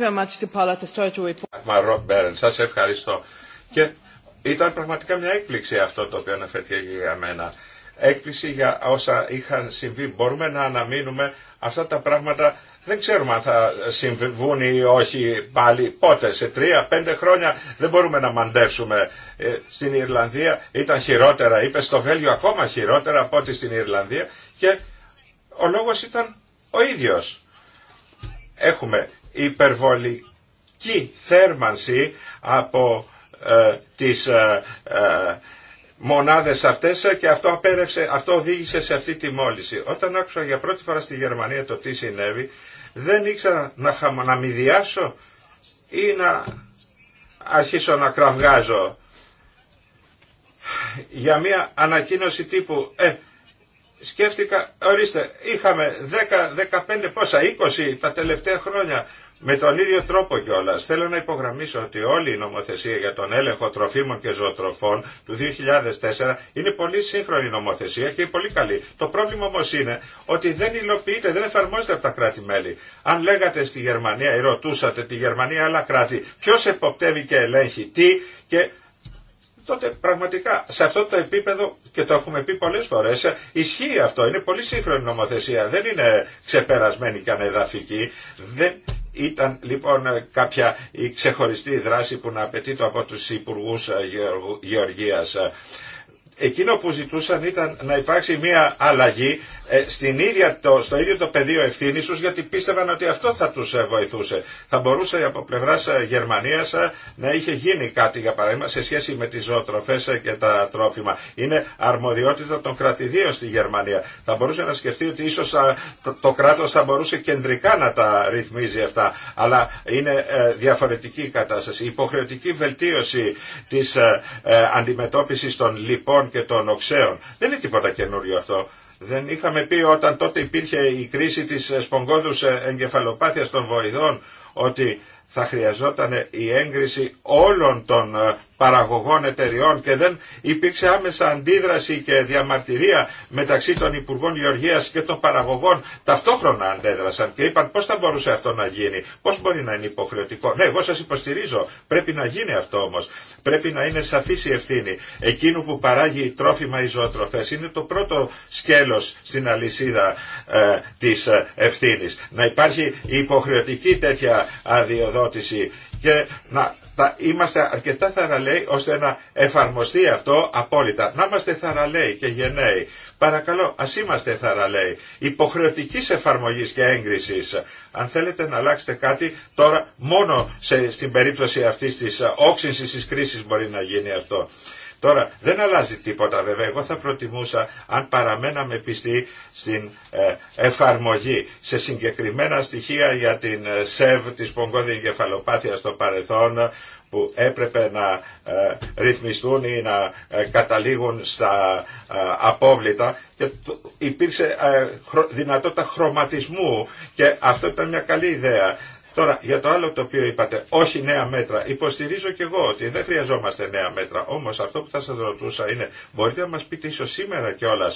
S2: σας ευχαριστώ. Και ήταν πραγματικά μια έκπληξη αυτό το οποίο αναφέρθηκε για μένα. Έκπληξη για όσα είχαν συμβεί. Μπορούμε να αναμείνουμε Αυτά τα πράγματα δεν ξέρουμε αν θα συμβούν ή όχι πάλι πότε. Σε τρία, πέντε χρόνια δεν μπορούμε να μαντεύσουμε. Ε, στην Ιρλανδία ήταν χειρότερα, είπε στο Βέλγιο ακόμα χειρότερα από ό,τι στην Ιρλανδία και ο λόγος ήταν ο ίδιος. Έχουμε υπερβολική θέρμανση από ε, τις ε, μονάδες αυτές και αυτό, απέρευσε, αυτό οδήγησε σε αυτή τη μόλυση. Όταν άκουσα για πρώτη φορά στη Γερμανία το τι συνέβη, δεν ήξερα να, χαμα, να ή να αρχίσω να κραυγάζω για μια ανακοίνωση τύπου ε, σκέφτηκα, ορίστε, είχαμε 10, 15, πόσα, 20 τα τελευταία χρόνια με τον ίδιο τρόπο κιόλα, θέλω να υπογραμμίσω ότι όλη η νομοθεσία για τον έλεγχο τροφίμων και ζωοτροφών του 2004 είναι πολύ σύγχρονη νομοθεσία και πολύ καλή. Το πρόβλημα όμω είναι ότι δεν υλοποιείται, δεν εφαρμόζεται από τα κράτη-μέλη. Αν λέγατε στη Γερμανία ή ρωτούσατε τη Γερμανία άλλα κράτη, ποιο εποπτεύει και ελέγχει τι και τότε πραγματικά σε αυτό το επίπεδο, και το έχουμε πει πολλές φορές, ισχύει αυτό. Είναι πολύ σύγχρονη νομοθεσία. Δεν είναι ξεπερασμένη και ανεδαφική. Δεν ήταν λοιπόν κάποια ξεχωριστή δράση που να απαιτείται από τους Υπουργούς ε, Γεωργίας εκείνο που ζητούσαν ήταν να υπάρξει μια αλλαγή ε, στην ίδια το, στο ίδιο το πεδίο ευθύνη του γιατί πίστευαν ότι αυτό θα του ε, βοηθούσε. Θα μπορούσε από πλευρά ε, Γερμανία να είχε γίνει κάτι για παράδειγμα σε σχέση με τι ζωοτροφέ και τα τρόφιμα. Είναι αρμοδιότητα των κρατηδίων στη Γερμανία. Θα μπορούσε να σκεφτεί ότι ίσω το κράτο θα μπορούσε κεντρικά να τα ρυθμίζει αυτά. Αλλά είναι διαφορετική η κατάσταση. Η υποχρεωτική βελτίωση τη αντιμετώπιση των λοιπών και των οξέων. Δεν είναι τίποτα καινούριο αυτό. Δεν είχαμε πει όταν τότε υπήρχε η κρίση της σπογγόδους εγκεφαλοπάθειας των βοηδών ότι θα χρειαζόταν η έγκριση όλων των ε, παραγωγών εταιριών και δεν υπήρξε άμεσα αντίδραση και διαμαρτυρία μεταξύ των Υπουργών Γεωργίας και των παραγωγών ταυτόχρονα αντέδρασαν και είπαν πώς θα μπορούσε αυτό να γίνει, πώς μπορεί να είναι υποχρεωτικό. Ναι, εγώ σας υποστηρίζω, πρέπει να γίνει αυτό όμως. Πρέπει να είναι σαφής η ευθύνη εκείνο που παράγει τρόφιμα ζωοτροφές Είναι το πρώτο σκέλος στην αλυσίδα ε, της ε, ευθύνης. Να υπάρχει υποχρεωτική τέτοια αδειοδότηση και να θα είμαστε αρκετά θαραλέοι ώστε να εφαρμοστεί αυτό απόλυτα. Να είμαστε θαραλέοι και γενναίοι. Παρακαλώ, α είμαστε θαραλέοι. Υποχρεωτική εφαρμογή και έγκριση. Αν θέλετε να αλλάξετε κάτι, τώρα μόνο σε, στην περίπτωση αυτή τη ε, όξυνση τη κρίση μπορεί να γίνει αυτό. Τώρα δεν αλλάζει τίποτα βέβαια. Εγώ θα προτιμούσα αν παραμέναμε πιστοί στην ε, εφαρμογή σε συγκεκριμένα στοιχεία για την ε, ΣΕΒ της πογκώδη εγκεφαλοπάθειας στο παρελθόν που έπρεπε να ε, ρυθμιστούν ή να καταλήγουν στα απόβλητα και υπήρξε δυνατότητα χρωματισμού και αυτό ήταν μια καλή ιδέα Τώρα, για το άλλο το οποίο είπατε, όχι νέα μέτρα. Υποστηρίζω και εγώ ότι δεν χρειαζόμαστε νέα μέτρα. Όμω αυτό που θα σα ρωτούσα είναι, μπορείτε να μα πείτε ίσω σήμερα κιόλα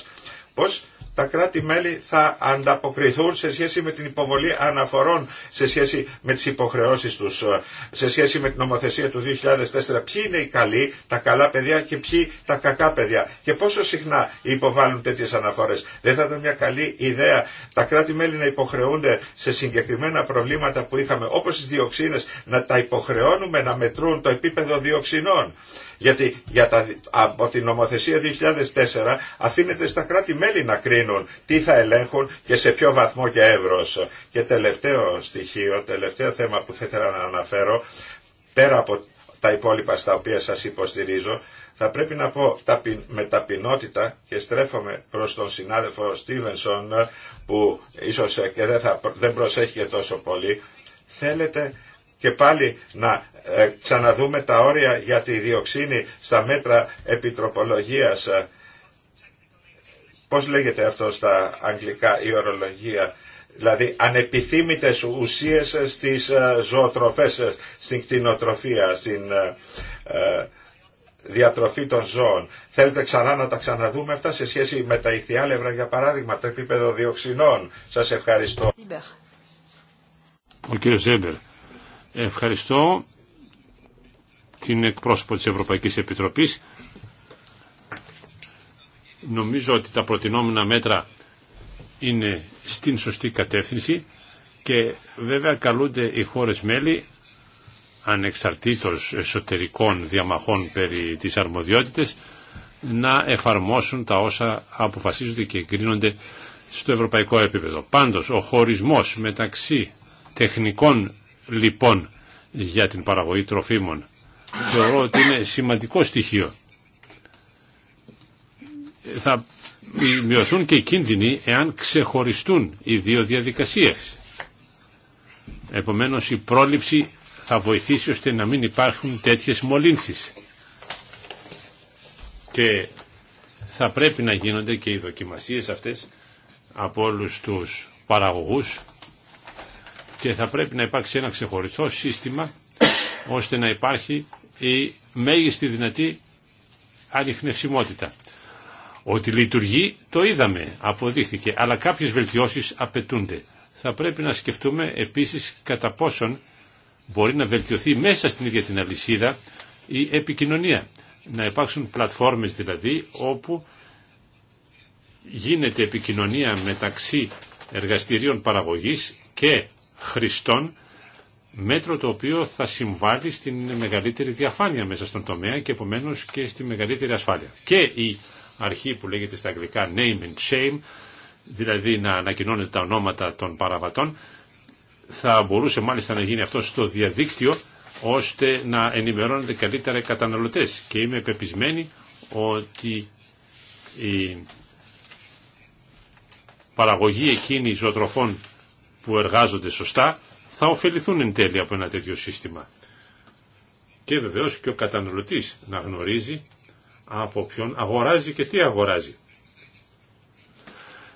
S2: πώς τα κράτη-μέλη θα ανταποκριθούν σε σχέση με την υποβολή αναφορών, σε σχέση με τις υποχρεώσεις τους, ε, σε σχέση με την νομοθεσία του 2004. Ποιοι είναι οι καλοί, τα καλά παιδιά και ποιοι τα κακά παιδιά. Και πόσο συχνά υποβάλλουν τέτοιες αναφορές. Δεν θα ήταν μια καλή ιδέα τα κράτη-μέλη να υποχρεούνται σε συγκεκριμένα προβλήματα που είχαμε, όπως τις διοξίνες, να τα υποχρεώνουμε να μετρούν το επίπεδο διοξινών γιατί για τα, από την νομοθεσία 2004 αφήνεται στα κράτη-μέλη να κρίνουν τι θα ελέγχουν και σε ποιο βαθμό και εύρος. Και τελευταίο στοιχείο, τελευταίο θέμα που θα ήθελα να αναφέρω, πέρα από τα υπόλοιπα στα οποία σας υποστηρίζω, θα πρέπει να πω με ταπεινότητα και στρέφομαι προς τον συνάδελφο Στίβενσον που ίσως και δεν, θα, δεν προσέχει και τόσο πολύ. Θέλετε και πάλι να ε, ξαναδούμε τα όρια για τη διοξίνη στα μέτρα επιτροπολογίας. Ε, πώς λέγεται αυτό στα αγγλικά η ορολογία. Δηλαδή ανεπιθύμητες ουσίες στις ε, ζωοτροφές, στην κτηνοτροφία, στην διατροφή των ζώων. Θέλετε ξανά να τα ξαναδούμε αυτά σε σχέση με τα ηχθιάλευρα, για παράδειγμα, το επίπεδο διοξινών. Σας ευχαριστώ.
S1: Ευχαριστώ την εκπρόσωπο της Ευρωπαϊκής Επιτροπής. Νομίζω ότι τα προτινόμενα μέτρα είναι στην σωστή κατεύθυνση και βέβαια καλούνται οι χώρες μέλη ανεξαρτήτως εσωτερικών διαμαχών περί της αρμοδιότητες να εφαρμόσουν τα όσα αποφασίζονται και εγκρίνονται στο ευρωπαϊκό επίπεδο. Πάντως, ο χωρισμός μεταξύ τεχνικών λοιπόν για την παραγωγή τροφίμων. Θεωρώ ότι είναι σημαντικό στοιχείο. Θα μειωθούν και οι κίνδυνοι εάν ξεχωριστούν οι δύο διαδικασίες. Επομένως η πρόληψη θα βοηθήσει ώστε να μην υπάρχουν τέτοιες μολύνσεις. Και θα πρέπει να γίνονται και οι δοκιμασίες αυτές από όλους τους παραγωγούς και θα πρέπει να υπάρξει ένα ξεχωριστό σύστημα ώστε να υπάρχει η μέγιστη δυνατή ανιχνευσιμότητα. Ότι λειτουργεί το είδαμε, αποδείχθηκε, αλλά κάποιες βελτιώσεις απαιτούνται. Θα πρέπει να σκεφτούμε επίσης κατά πόσον μπορεί να βελτιωθεί μέσα στην ίδια την αλυσίδα η επικοινωνία. Να υπάρξουν πλατφόρμες δηλαδή όπου γίνεται επικοινωνία μεταξύ εργαστηρίων παραγωγής και χρηστών, μέτρο το οποίο θα συμβάλλει στην μεγαλύτερη διαφάνεια μέσα στον τομέα και επομένως και στη μεγαλύτερη ασφάλεια. Και η αρχή που λέγεται στα αγγλικά name and shame, δηλαδή να ανακοινώνεται τα ονόματα των παραβατών, θα μπορούσε μάλιστα να γίνει αυτό στο διαδίκτυο ώστε να ενημερώνονται καλύτερα οι καταναλωτές και είμαι πεπισμένη ότι η παραγωγή εκείνη ζωοτροφών που εργάζονται σωστά θα ωφεληθούν εν τέλει από ένα τέτοιο σύστημα. Και βεβαίως και ο καταναλωτής να γνωρίζει από ποιον αγοράζει και τι αγοράζει.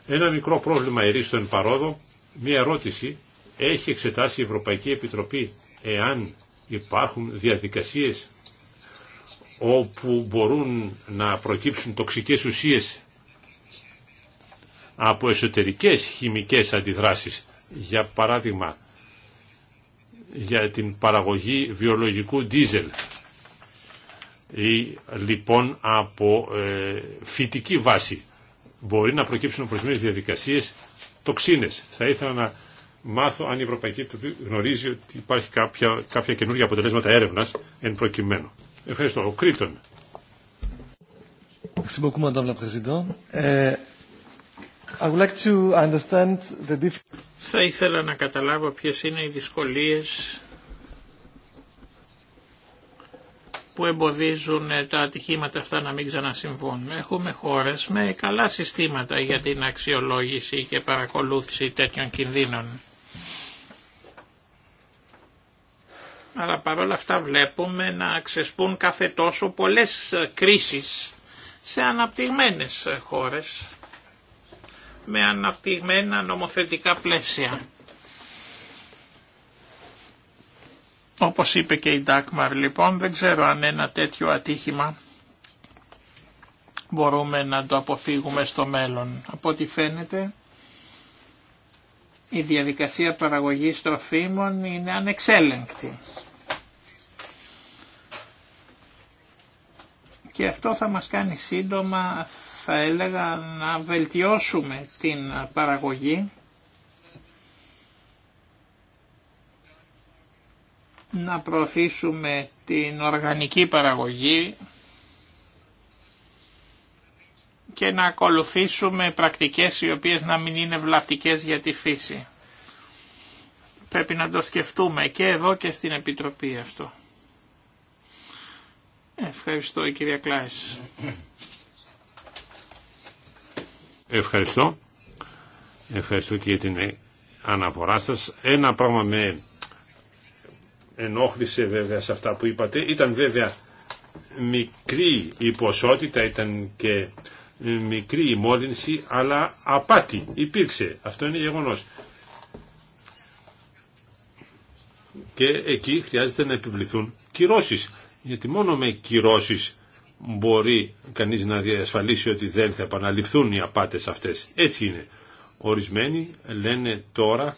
S1: Ένα μικρό πρόβλημα ερίστον παρόδο, μία ερώτηση, έχει εξετάσει η Ευρωπαϊκή Επιτροπή εάν υπάρχουν διαδικασίες όπου μπορούν να προκύψουν τοξικές ουσίες από εσωτερικές χημικές αντιδράσεις για παράδειγμα για την παραγωγή βιολογικού ντίζελ ή λοιπόν από ε, φυτική βάση μπορεί να προκύψουν προσμένες διαδικασίες τοξίνες. Θα ήθελα να μάθω αν η Ευρωπαϊκή Επιτροπή γνωρίζει ότι υπάρχει κάποια, κάποια καινούργια αποτελέσματα έρευνας εν προκειμένου. Ευχαριστώ. Ο Κρήτον.
S3: Θα ήθελα να καταλάβω ποιες είναι οι δυσκολίες που εμποδίζουν ε, τα ατυχήματα αυτά να μην ξανασυμβούν. Έχουμε χώρες με καλά συστήματα για την αξιολόγηση και παρακολούθηση τέτοιων κινδύνων. Αλλά παρόλα αυτά βλέπουμε να ξεσπούν κάθε τόσο πολλές ε, κρίσεις σε αναπτυγμένες ε, χώρες με αναπτυγμένα νομοθετικά πλαίσια. Όπως είπε και η Ντάκμαρ λοιπόν, δεν ξέρω αν ένα τέτοιο ατύχημα μπορούμε να το αποφύγουμε στο μέλλον. Από ό,τι φαίνεται, η διαδικασία παραγωγής τροφίμων είναι ανεξέλεγκτη. Και αυτό θα μας κάνει σύντομα θα έλεγα να βελτιώσουμε την παραγωγή, να προωθήσουμε την οργανική παραγωγή και να ακολουθήσουμε πρακτικές οι οποίες να μην είναι βλαπτικές για τη φύση. Πρέπει να το σκεφτούμε και εδώ και στην Επιτροπή αυτό. Ευχαριστώ η κυρία Κλάης.
S1: Ευχαριστώ. Ευχαριστώ και για την αναφορά σας. Ένα πράγμα με ενόχλησε βέβαια σε αυτά που είπατε. Ήταν βέβαια μικρή η ποσότητα, ήταν και μικρή η μόλυνση, αλλά απάτη υπήρξε. Αυτό είναι γεγονός. Και εκεί χρειάζεται να επιβληθούν κυρώσεις. Γιατί μόνο με κυρώσεις μπορεί κανείς να διασφαλίσει ότι δεν θα επαναληφθούν οι απάτες αυτές. Έτσι είναι. Ορισμένοι λένε τώρα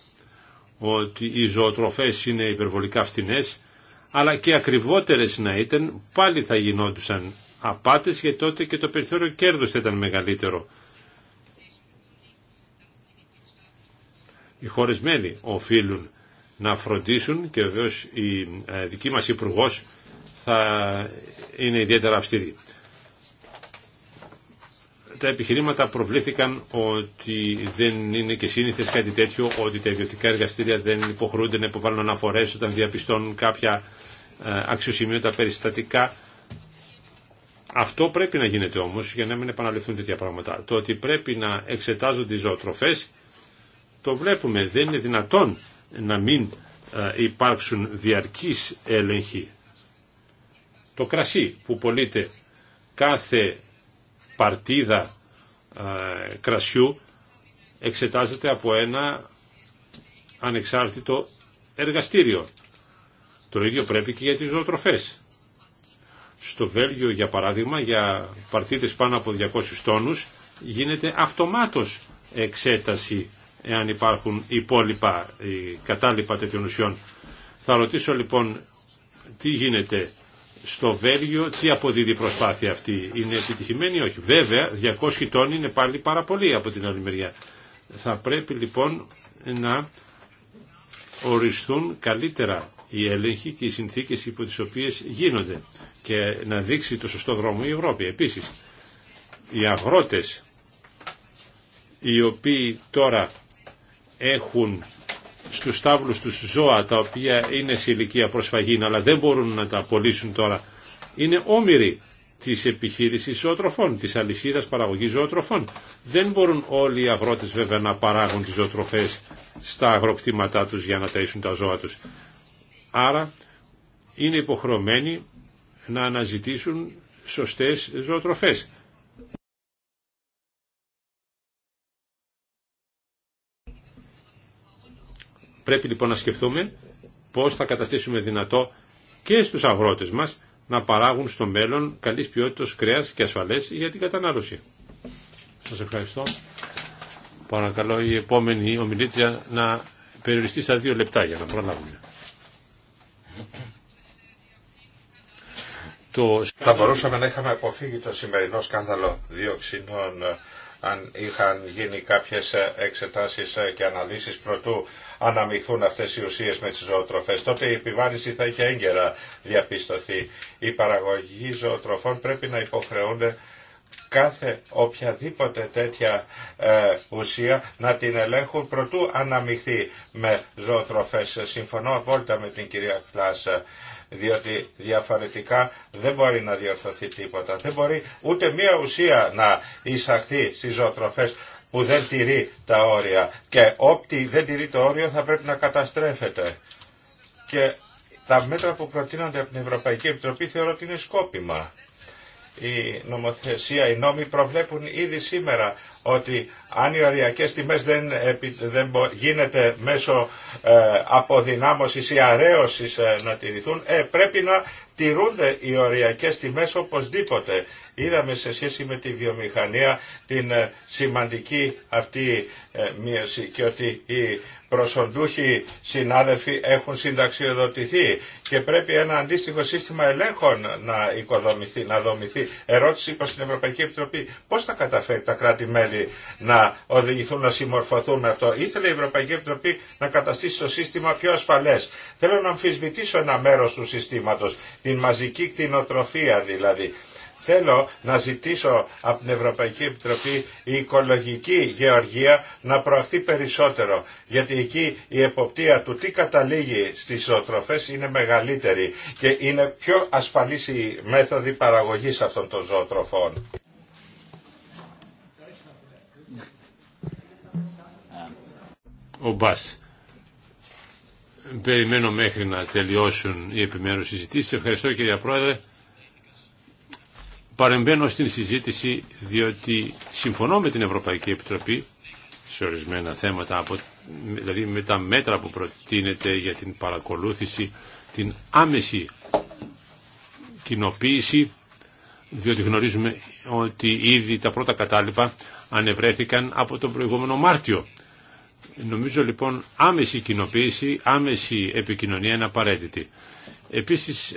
S1: ότι οι ζωοτροφές είναι υπερβολικά φτηνές, αλλά και ακριβότερες να ήταν, πάλι θα γινόντουσαν απάτες, γιατί τότε και το περιθώριο κέρδους θα ήταν μεγαλύτερο. Οι χωρισμένοι μέλη οφείλουν να φροντίσουν και βεβαίω η ε, δική μας υπουργό θα είναι ιδιαίτερα αυστηρή. Τα επιχειρήματα προβλήθηκαν ότι δεν είναι και σύνηθες κάτι τέτοιο, ότι τα ιδιωτικά εργαστήρια δεν υποχρεούνται να υποβάλουν αναφορές όταν διαπιστώνουν κάποια ε, αξιοσημείωτα περιστατικά. Αυτό πρέπει να γίνεται όμως για να μην επαναληφθούν τέτοια πράγματα. Το ότι πρέπει να εξετάζονται οι ζωοτροφές το βλέπουμε. Δεν είναι δυνατόν να μην ε, υπάρξουν διαρκείς έλεγχοι το κρασί που πωλείται κάθε παρτίδα ε, κρασιού εξετάζεται από ένα ανεξάρτητο εργαστήριο. Το ίδιο πρέπει και για τις ζωοτροφές. Στο Βέλγιο, για παράδειγμα, για παρτίδες πάνω από 200 τόνους, γίνεται αυτομάτως εξέταση εάν υπάρχουν υπόλοιπα ε, κατάλοιπα τέτοιων ουσιών. Θα ρωτήσω λοιπόν τι γίνεται στο Βέλγιο τι αποδίδει η προσπάθεια αυτή. Είναι επιτυχημένη ή όχι. Βέβαια 200 τόνοι είναι πάλι πάρα πολύ από την άλλη μεριά. Θα πρέπει λοιπόν να οριστούν καλύτερα οι έλεγχοι και οι συνθήκες υπό τις οποίες γίνονται και να δείξει το σωστό δρόμο η Ευρώπη. Επίσης, οι αγρότες οι οποίοι τώρα έχουν στους τάβλους τους ζώα τα οποία είναι σε ηλικία προσφαγή αλλά δεν μπορούν να τα απολύσουν τώρα είναι όμοιροι της επιχείρησης ζωοτροφών, της αλυσίδας παραγωγής ζωοτροφών. Δεν μπορούν όλοι οι αγρότες βέβαια να παράγουν τις ζωοτροφές στα αγροκτήματά τους για να ταΐσουν τα ζώα τους. Άρα είναι υποχρεωμένοι να αναζητήσουν σωστές ζωοτροφές. Πρέπει λοιπόν να σκεφτούμε πώς θα καταστήσουμε δυνατό και στους αγρότες μας να παράγουν στο μέλλον καλής ποιότητας κρέας και ασφαλές για την κατανάλωση. Σας ευχαριστώ. Παρακαλώ η επόμενη ομιλήτρια να περιοριστεί στα δύο λεπτά για να προλάβουμε. Το... Θα μπορούσαμε να
S2: είχαμε αποφύγει το σημερινό σκάνδαλο διοξινών αν είχαν γίνει κάποιες ε, εξετάσεις ε, και αναλύσεις προτού αναμειχθούν αυτές οι ουσίες με τις ζωοτροφές. Τότε η επιβάρηση θα είχε έγκαιρα διαπιστωθεί. Η παραγωγή ζωοτροφών πρέπει να υποχρεούνται κάθε οποιαδήποτε τέτοια ε, ουσία να την ελέγχουν προτού αναμειχθεί με ζωοτροφές. Συμφωνώ απόλυτα με την κυρία Κλάσσα διότι διαφορετικά δεν μπορεί να διορθωθεί τίποτα. Δεν μπορεί ούτε μία ουσία να εισαχθεί στις ζωοτροφές που δεν τηρεί τα όρια και όποιοι δεν τηρεί το όριο θα πρέπει να καταστρέφεται. Και τα μέτρα που προτείνονται από την Ευρωπαϊκή Επιτροπή θεωρώ ότι είναι σκόπιμα η νομοθεσία, οι νόμοι προβλέπουν ήδη σήμερα ότι αν οι οριακές τιμές δεν, δεν γίνεται μέσω ε, αποδυνάμωσης ή αρέωσης ε, να τηρηθούν, ε, πρέπει να τηρούνται οι οριακές τιμές οπωσδήποτε. Είδαμε σε σχέση με τη βιομηχανία την ε, σημαντική αυτή μείωση και ότι η προσοντούχοι συνάδελφοι έχουν συνταξιοδοτηθεί και πρέπει ένα αντίστοιχο σύστημα ελέγχων να οικοδομηθεί, να δομηθεί. Ερώτηση προς την Ευρωπαϊκή Επιτροπή. Πώς θα καταφέρει τα κράτη-μέλη να οδηγηθούν να συμμορφωθούν με αυτό. Ήθελε η Ευρωπαϊκή Επιτροπή να καταστήσει το σύστημα πιο ασφαλές. Θέλω να αμφισβητήσω ένα μέρος του συστήματος, την μαζική κτηνοτροφία δηλαδή θέλω να ζητήσω από την Ευρωπαϊκή Επιτροπή η οικολογική γεωργία να προαχθεί περισσότερο. Γιατί εκεί η εποπτεία του τι καταλήγει στις ζωοτροφές είναι μεγαλύτερη και είναι πιο ασφαλής η μέθοδη παραγωγής αυτών των ζωοτροφών.
S1: Ο Μπάς. Περιμένω μέχρι να τελειώσουν οι επιμέρους συζητήσεις. Ευχαριστώ κύριε Πρόεδρε. Παρεμβαίνω στην συζήτηση διότι συμφωνώ με την Ευρωπαϊκή Επιτροπή σε ορισμένα θέματα, δηλαδή με τα μέτρα που προτείνεται για την παρακολούθηση, την άμεση κοινοποίηση, διότι γνωρίζουμε ότι ήδη τα πρώτα κατάλοιπα ανεβρέθηκαν από τον προηγούμενο Μάρτιο. Νομίζω λοιπόν άμεση κοινοποίηση, άμεση επικοινωνία είναι απαραίτητη. Επίσης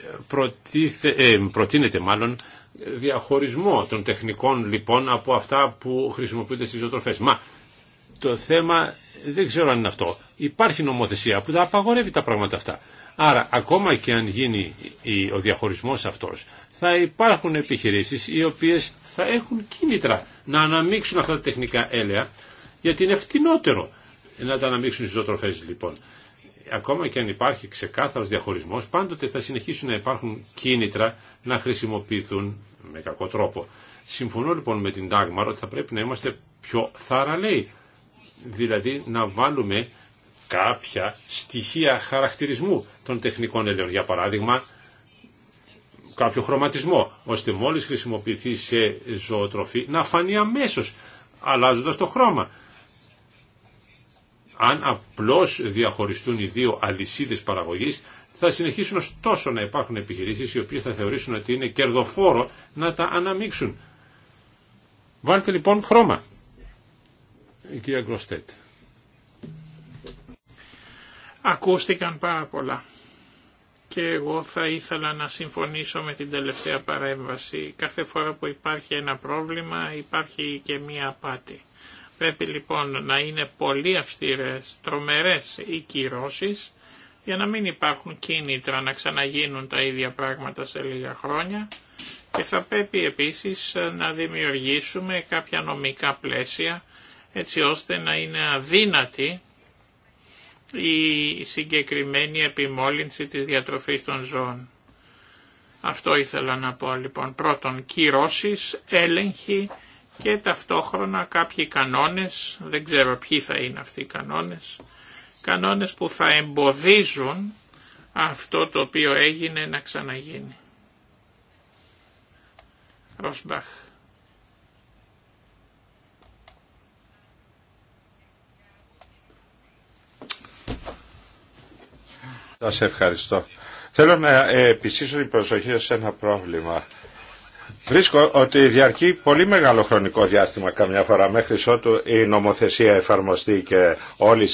S1: ε, προτείνεται μάλλον διαχωρισμό των τεχνικών λοιπόν από αυτά που χρησιμοποιούνται στις ζωοτροφές. Μα το θέμα δεν ξέρω αν είναι αυτό. Υπάρχει νομοθεσία που τα απαγορεύει τα πράγματα αυτά. Άρα ακόμα και αν γίνει ο διαχωρισμός αυτός θα υπάρχουν επιχειρήσεις οι οποίες θα έχουν κίνητρα να αναμίξουν αυτά τα τεχνικά έλαια γιατί είναι φτηνότερο να τα αναμίξουν στις ζωοτροφές λοιπόν ακόμα και αν υπάρχει ξεκάθαρος διαχωρισμός, πάντοτε θα συνεχίσουν να υπάρχουν κίνητρα να χρησιμοποιηθούν με κακό τρόπο. Συμφωνώ λοιπόν με την Ντάγμαρ ότι θα πρέπει να είμαστε πιο θαραλέοι, δηλαδή να βάλουμε κάποια στοιχεία χαρακτηρισμού των τεχνικών ελαιών. Για παράδειγμα, κάποιο χρωματισμό, ώστε μόλις χρησιμοποιηθεί σε ζωοτροφή να φανεί αμέσως, αλλάζοντας το χρώμα. Αν απλώς διαχωριστούν οι δύο αλυσίδες παραγωγής, θα συνεχίσουν ωστόσο να υπάρχουν επιχειρήσεις οι οποίες θα θεωρήσουν ότι είναι κερδοφόρο να τα αναμίξουν. Βάλτε λοιπόν χρώμα. κυρία Γκροστέτ.
S3: Ακούστηκαν πάρα πολλά και εγώ θα ήθελα να συμφωνήσω με την τελευταία παρέμβαση. Κάθε φορά που υπάρχει ένα πρόβλημα υπάρχει και μία απάτη. Πρέπει λοιπόν να είναι πολύ αυστηρές, τρομερές οι κυρώσεις για να μην υπάρχουν κίνητρα να ξαναγίνουν τα ίδια πράγματα σε λίγα χρόνια και θα πρέπει επίσης να δημιουργήσουμε κάποια νομικά πλαίσια έτσι ώστε να είναι αδύνατη η συγκεκριμένη επιμόλυνση της διατροφής των ζώων. Αυτό ήθελα να πω λοιπόν. Πρώτον, κυρώσεις, έλεγχη και ταυτόχρονα κάποιοι κανόνες, δεν ξέρω ποιοι θα είναι αυτοί οι κανόνες, κανόνες που θα εμποδίζουν αυτό το οποίο έγινε να ξαναγίνει. Ροσμπαχ.
S2: Σας ευχαριστώ. Θέλω να ε, επισύσω την προσοχή σε ένα πρόβλημα Βρίσκω ότι διαρκεί πολύ μεγάλο χρονικό διάστημα καμιά φορά μέχρι ότου η νομοθεσία εφαρμοστεί και όλοι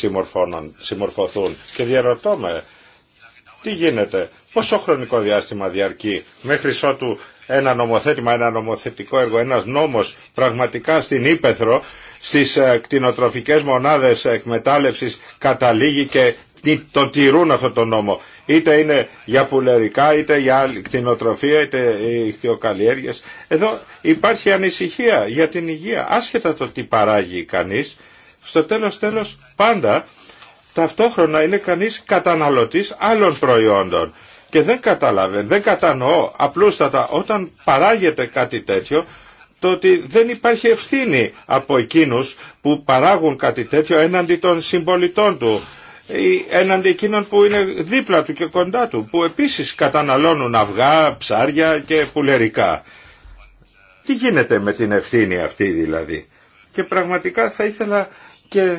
S2: συμμορφωθούν. Και διαρωτώ με, τι γίνεται, πόσο χρονικό διάστημα διαρκεί μέχρι ότου ένα νομοθέτημα, ένα νομοθετικό έργο, ένας νόμος πραγματικά στην Ήπεθρο στις ε, κτηνοτροφικές μονάδες εκμετάλλευσης καταλήγει και τον τηρούν αυτό τον νόμο. Είτε είναι για πουλερικά, είτε για κτηνοτροφία, είτε ηχθειοκαλλιέργειες. Εδώ υπάρχει ανησυχία για την υγεία, άσχετα το τι παράγει κανείς. Στο τέλος τέλος πάντα ταυτόχρονα είναι κανείς καταναλωτής άλλων προϊόντων. Και δεν καταλαβαίνω, δεν κατανοώ απλούστατα όταν παράγεται κάτι τέτοιο το ότι δεν υπάρχει ευθύνη από εκείνους που παράγουν κάτι τέτοιο έναντι των συμπολιτών του έναντι εκείνων που είναι δίπλα του και κοντά του, που επίσης καταναλώνουν αυγά, ψάρια και πουλερικά. Τι γίνεται με την ευθύνη αυτή δηλαδή. Και πραγματικά θα ήθελα και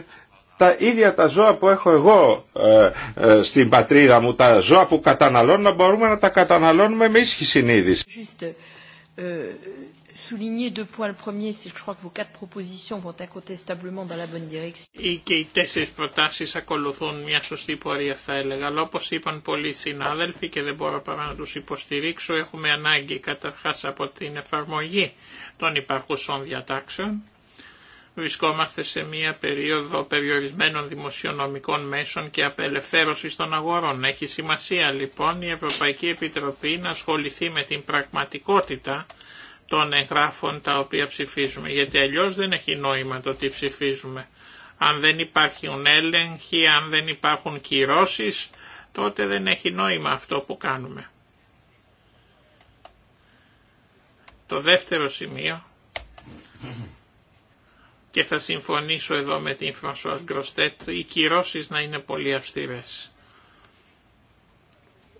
S2: τα ίδια τα ζώα που έχω εγώ ε, ε, στην πατρίδα μου, τα ζώα που καταναλώνω, να μπορούμε να τα καταναλώνουμε με ίσχυ συνείδηση.
S3: Ε, souligner deux points. Le premier, c'est que je crois que vos quatre propositions vont incontestablement dans la bonne direction. οι τέσσερις προτάσει ακολουθούν μια σωστή πορεία θα έλεγα. Αλλά είπαν πολλοί συνάδελφοι και δεν μπορώ παρά να του υποστηρίξω, έχουμε ανάγκη καταρχά από την εφαρμογή των υπαρχουσών διατάξεων. Βρισκόμαστε σε μια περίοδο περιορισμένων δημοσιονομικών μέσων και απελευθέρωση των αγορών. Έχει σημασία λοιπόν η Ευρωπαϊκή Επιτροπή να ασχοληθεί με την πραγματικότητα των εγγράφων τα οποία ψηφίζουμε, γιατί αλλιώς δεν έχει νόημα το τι ψηφίζουμε. Αν δεν υπάρχουν έλεγχοι, αν δεν υπάρχουν κυρώσεις, τότε δεν έχει νόημα αυτό που κάνουμε. Το δεύτερο σημείο, και θα συμφωνήσω εδώ με την Φρανσουάς Γκροστέτ, οι κυρώσεις να είναι πολύ αυστηρές.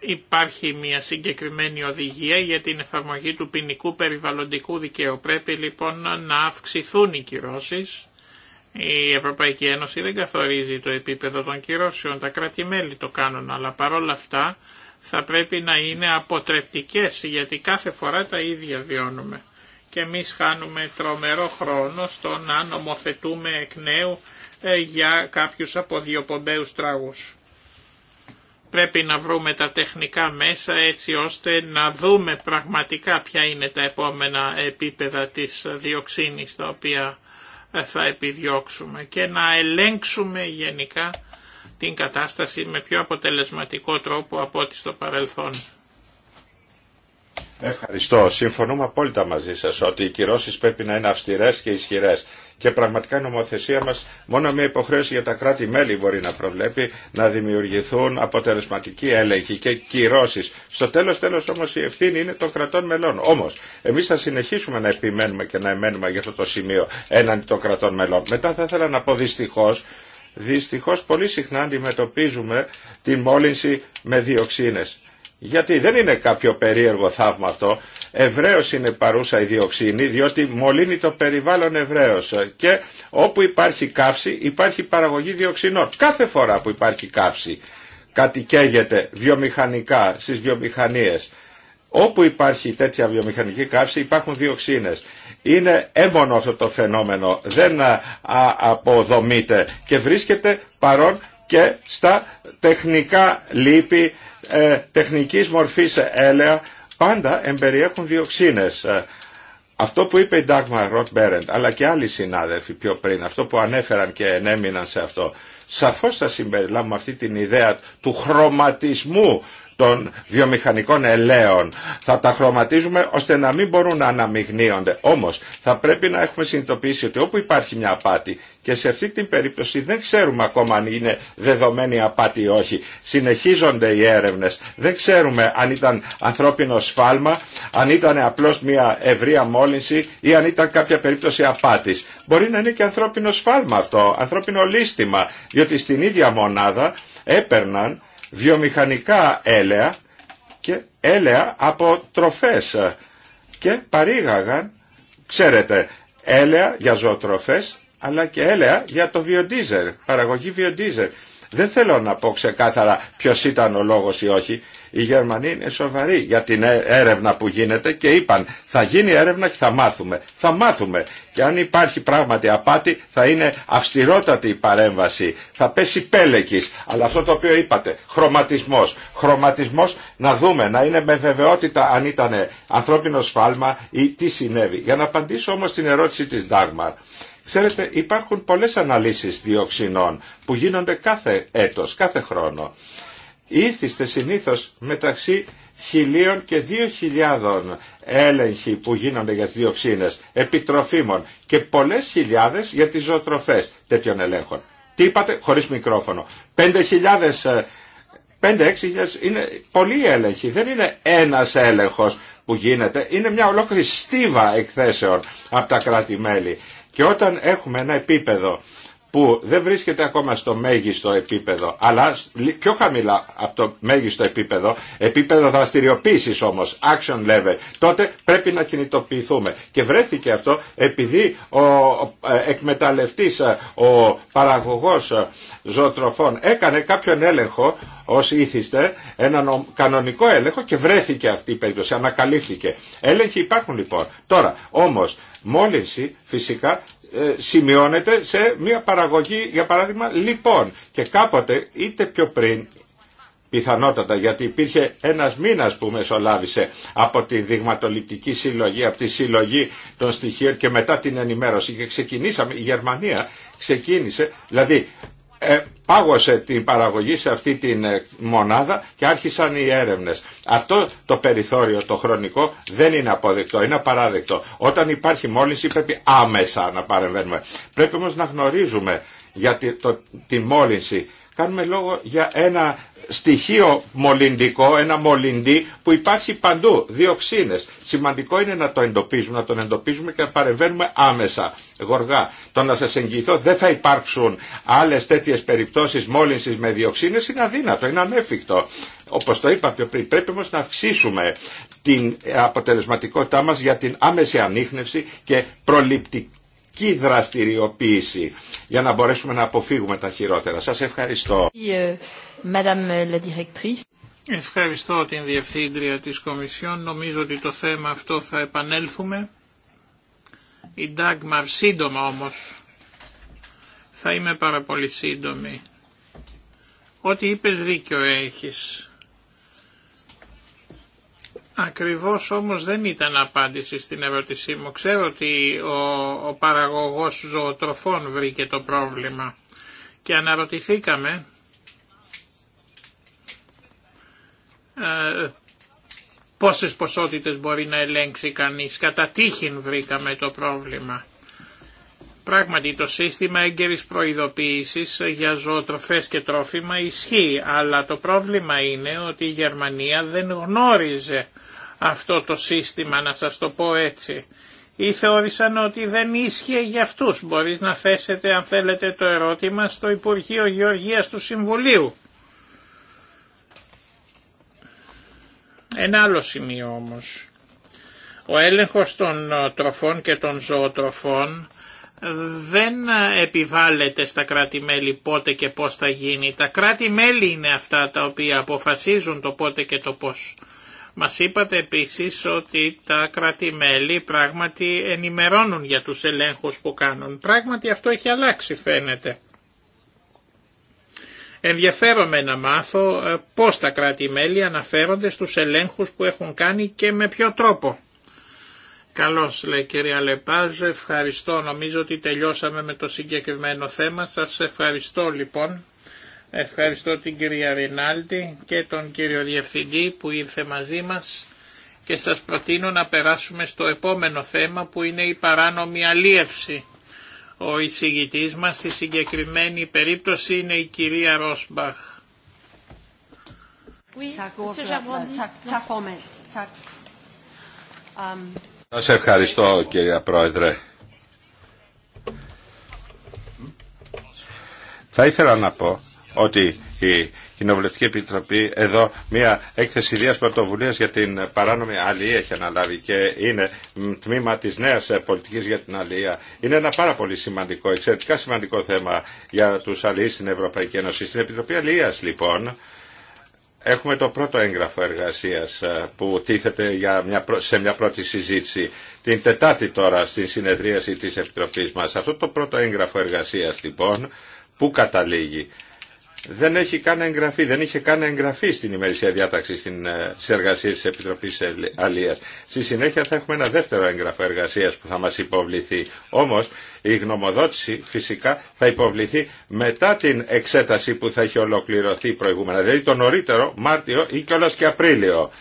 S3: Υπάρχει μια συγκεκριμένη οδηγία για την εφαρμογή του ποινικού περιβαλλοντικού δικαίου. Πρέπει λοιπόν να αυξηθούν οι κυρώσεις. Η Ευρωπαϊκή Ένωση δεν καθορίζει το επίπεδο των κυρώσεων, τα κράτη-μέλη το κάνουν, αλλά παρόλα αυτά θα πρέπει να είναι αποτρεπτικές γιατί κάθε φορά τα ίδια βιώνουμε. Και εμείς χάνουμε τρομερό χρόνο στο να νομοθετούμε εκ νέου ε, για κάποιους αποδιοπομπαίους τράγους πρέπει να βρούμε τα τεχνικά μέσα έτσι ώστε να δούμε πραγματικά ποια είναι τα επόμενα επίπεδα της διοξίνης τα οποία ε, θα επιδιώξουμε και να ελέγξουμε γενικά την κατάσταση με πιο αποτελεσματικό τρόπο από ό,τι στο παρελθόν.
S2: Ευχαριστώ. Συμφωνούμε απόλυτα μαζί σας ότι οι κυρώσεις πρέπει να είναι αυστηρές και ισχυρές. Και πραγματικά η νομοθεσία μας μόνο μια υποχρέωση για τα κράτη-μέλη μπορεί να προβλέπει να δημιουργηθούν αποτελεσματικοί έλεγχοι και κυρώσεις. Στο τέλος τέλος όμως η ευθύνη είναι των κρατών μελών. Όμως εμείς θα συνεχίσουμε να επιμένουμε και να εμένουμε για αυτό το σημείο έναντι των κρατών μελών. Μετά θα ήθελα να πω δυστυχώ δυστυχώς πολύ συχνά αντιμετωπίζουμε την μόλυνση με διοξίνες. Γιατί δεν είναι κάποιο περίεργο θαύμα αυτό. Ευρέως είναι παρούσα η διοξίνη διότι μολύνει το περιβάλλον ευρέως και όπου υπάρχει καύση υπάρχει παραγωγή διοξινών. Κάθε φορά που υπάρχει καύση κατοικέγεται βιομηχανικά στις βιομηχανίες. Όπου υπάρχει τέτοια βιομηχανική καύση υπάρχουν διοξίνες. Είναι έμονο αυτό το φαινόμενο, δεν αποδομείται και βρίσκεται παρόν και στα τεχνικά λύπη ε, τεχνικής μορφής έλεα πάντα εμπεριέχουν διοξίνες. Ε, αυτό που είπε η Ντάγμα Ροτ Μπέρεντ, αλλά και άλλοι συνάδελφοι πιο πριν, αυτό που ανέφεραν και ενέμειναν σε αυτό, σαφώς θα συμπεριλάμβουμε αυτή την ιδέα του χρωματισμού των βιομηχανικών ελαίων. Θα τα χρωματίζουμε ώστε να μην μπορούν να αναμειγνύονται. Όμως θα πρέπει να έχουμε συνειδητοποιήσει ότι όπου υπάρχει μια απάτη και σε αυτή την περίπτωση δεν ξέρουμε ακόμα αν είναι δεδομένη απάτη ή όχι. Συνεχίζονται οι έρευνες. Δεν ξέρουμε αν ήταν ανθρώπινο σφάλμα, αν ήταν απλώς μια ευρεία μόλυνση ή αν ήταν κάποια περίπτωση απάτης. Μπορεί να είναι και ανθρώπινο σφάλμα αυτό, ανθρώπινο λύστημα, διότι στην ίδια μονάδα έπαιρναν βιομηχανικά έλαια και έλαια από τροφές και παρήγαγαν, ξέρετε, έλαια για ζωοτροφές αλλά και έλαια για το βιοντίζερ, παραγωγή βιοντίζερ. Δεν θέλω να πω ξεκάθαρα ποιος ήταν ο λόγος ή όχι. Οι Γερμανοί είναι σοβαροί για την έρευνα που γίνεται και είπαν θα γίνει έρευνα και θα μάθουμε. Θα μάθουμε και αν υπάρχει πράγματι απάτη θα είναι αυστηρότατη η παρέμβαση. Θα πέσει πέλεκης. Αλλά αυτό το οποίο είπατε, χρωματισμός. Χρωματισμός να δούμε, να είναι με βεβαιότητα αν ήταν ανθρώπινο σφάλμα ή τι συνέβη. Για να απαντήσω όμως την ερώτηση της Ντάγμαρ. Ξέρετε, υπάρχουν πολλές αναλύσεις διοξινών που γίνονται κάθε έτος, κάθε χρόνο ήθιστε συνήθως μεταξύ χιλίων και δύο χιλιάδων έλεγχοι που γίνονται για τις διοξίνες, επιτροφίμων και πολλές χιλιάδες για τις ζωοτροφές τέτοιων ελέγχων. Τι είπατε, χωρίς μικρόφωνο. Πέντε χιλιάδες, ε, πέντε είναι πολλοί έλεγχοι, δεν είναι ένας έλεγχος που γίνεται, είναι μια ολόκληρη στίβα εκθέσεων από τα κράτη-μέλη. Και όταν έχουμε ένα επίπεδο που δεν βρίσκεται ακόμα στο μέγιστο επίπεδο, αλλά πιο χαμηλά από το μέγιστο επίπεδο, επίπεδο δραστηριοποίηση όμως, action level, τότε πρέπει να κινητοποιηθούμε. Και βρέθηκε αυτό επειδή ο ε, εκμεταλλευτής, ε, ο παραγωγός ε, ζωοτροφών έκανε κάποιον έλεγχο ως ήθιστε, έναν κανονικό έλεγχο και βρέθηκε αυτή η περίπτωση, ανακαλύφθηκε. Έλεγχοι υπάρχουν λοιπόν. Τώρα, όμως, Μόλυνση φυσικά ε, σημειώνεται σε μια παραγωγή, για παράδειγμα, λοιπόν. Και κάποτε, είτε πιο πριν, πιθανότατα, γιατί υπήρχε ένας μήνας που μεσολάβησε από τη δειγματοληπτική συλλογή, από τη συλλογή των στοιχείων και μετά την ενημέρωση. Και ξεκινήσαμε, η Γερμανία ξεκίνησε, δηλαδή ε, πάγωσε την παραγωγή σε αυτή την ε, μονάδα και άρχισαν οι έρευνες. Αυτό το περιθώριο, το χρονικό δεν είναι αποδεκτό, είναι απαράδεκτο. Όταν υπάρχει μόλυνση πρέπει άμεσα να παρεμβαίνουμε. Πρέπει όμως να γνωρίζουμε για τη, το, τη μόλυνση Κάνουμε λόγο για ένα στοιχείο μολυντικό, ένα μολυντή που υπάρχει παντού, διοξίνες. Σημαντικό είναι να το εντοπίζουμε, να τον εντοπίζουμε και να παρεμβαίνουμε άμεσα, γοργά. Το να σας εγγυηθώ δεν θα υπάρξουν άλλες τέτοιες περιπτώσεις μόλυνσης με διοξίνες είναι αδύνατο, είναι ανέφικτο. Όπως το είπα πιο πριν, πρέπει όμως να αυξήσουμε την αποτελεσματικότητά μας για την άμεση ανείχνευση και προληπτική και δραστηριοποίηση για να μπορέσουμε να αποφύγουμε τα χειρότερα. Σας ευχαριστώ.
S5: Ε,
S3: ευχαριστώ την Διευθύντρια της Κομισιόν. Νομίζω ότι το θέμα αυτό θα επανέλθουμε. Η Ντάγμαρ σύντομα όμως. Θα είμαι πάρα πολύ σύντομη. Ό,τι είπες δίκιο έχεις. Ακριβώς όμως δεν ήταν απάντηση στην ερώτησή μου. Ξέρω ότι ο, ο παραγωγός ζωοτροφών βρήκε το πρόβλημα και αναρωτηθήκαμε ε, πόσες ποσότητες μπορεί να ελέγξει κανείς. Κατά τύχην βρήκαμε το πρόβλημα. Πράγματι το σύστημα έγκαιρης προειδοποίησης για ζωοτροφές και τρόφιμα ισχύει, αλλά το πρόβλημα είναι ότι η Γερμανία δεν γνώριζε αυτό το σύστημα, να σας το πω έτσι. Ή θεώρησαν ότι δεν ίσχυε για αυτούς. Μπορείς να θέσετε, αν θέλετε, το ερώτημα στο Υπουργείο Γεωργίας του Συμβουλίου. Ένα άλλο σημείο όμως. Ο έλεγχος των ε, τροφών και των ζωοτροφών ε, δεν ε, επιβάλλεται στα κράτη-μέλη πότε και πώς θα γίνει. Τα κράτη-μέλη είναι αυτά τα οποία αποφασίζουν το πότε και το πώς μα είπατε επίσης ότι τα κράτη-μέλη πράγματι ενημερώνουν για τους ελέγχους που κάνουν. Πράγματι αυτό έχει αλλάξει φαίνεται. Ενδιαφέρομαι να μάθω ε, πώς τα κράτη-μέλη αναφέρονται στους ελέγχους που έχουν κάνει και με ποιο τρόπο. Καλώς λέει κυρία Λεπάζ, ευχαριστώ. Νομίζω ότι τελειώσαμε με το συγκεκριμένο θέμα. Σας ευχαριστώ λοιπόν Ευχαριστώ την κυρία Ρινάλτη και τον κύριο Διευθυντή που ήρθε μαζί μας και σας προτείνω να περάσουμε στο επόμενο θέμα που είναι η παράνομη αλίευση. Ο εισηγητής μας στη συγκεκριμένη περίπτωση είναι η κυρία Ρόσμπαχ.
S5: Um,
S2: σας ευχαριστώ κυρία Πρόεδρε. Θα ήθελα να πω ότι η Κοινοβουλευτική Επιτροπή εδώ μια έκθεση ιδίας πρωτοβουλίας για την παράνομη αλληλεία έχει αναλάβει και είναι τμήμα της νέας πολιτικής για την αλληλεία. Είναι ένα πάρα πολύ σημαντικό, εξαιρετικά σημαντικό θέμα για τους αλληλείς στην Ευρωπαϊκή Ένωση. Στην Επιτροπή Αλληλείας λοιπόν έχουμε το πρώτο έγγραφο εργασίας ε, που τίθεται για μια, σε μια πρώτη συζήτηση την Τετάτη τώρα στην συνεδρίαση της Επιτροπής μας. Αυτό το πρώτο έγγραφο εργασίας λοιπόν που καταλήγει δεν έχει καν εγγραφή, δεν είχε καν εγγραφή στην ημερησία διάταξη στην ε, εργασία τη επιτροπή Αλίας. Στη συνέχεια θα έχουμε ένα δεύτερο έγγραφο εργασία που θα μας υποβληθεί. Όμως η γνωμοδότηση φυσικά θα υποβληθεί μετά την εξέταση που θα έχει ολοκληρωθεί προηγούμενα, δηλαδή το νωρίτερο Μάρτιο ή κιόλα και Απρίλιο.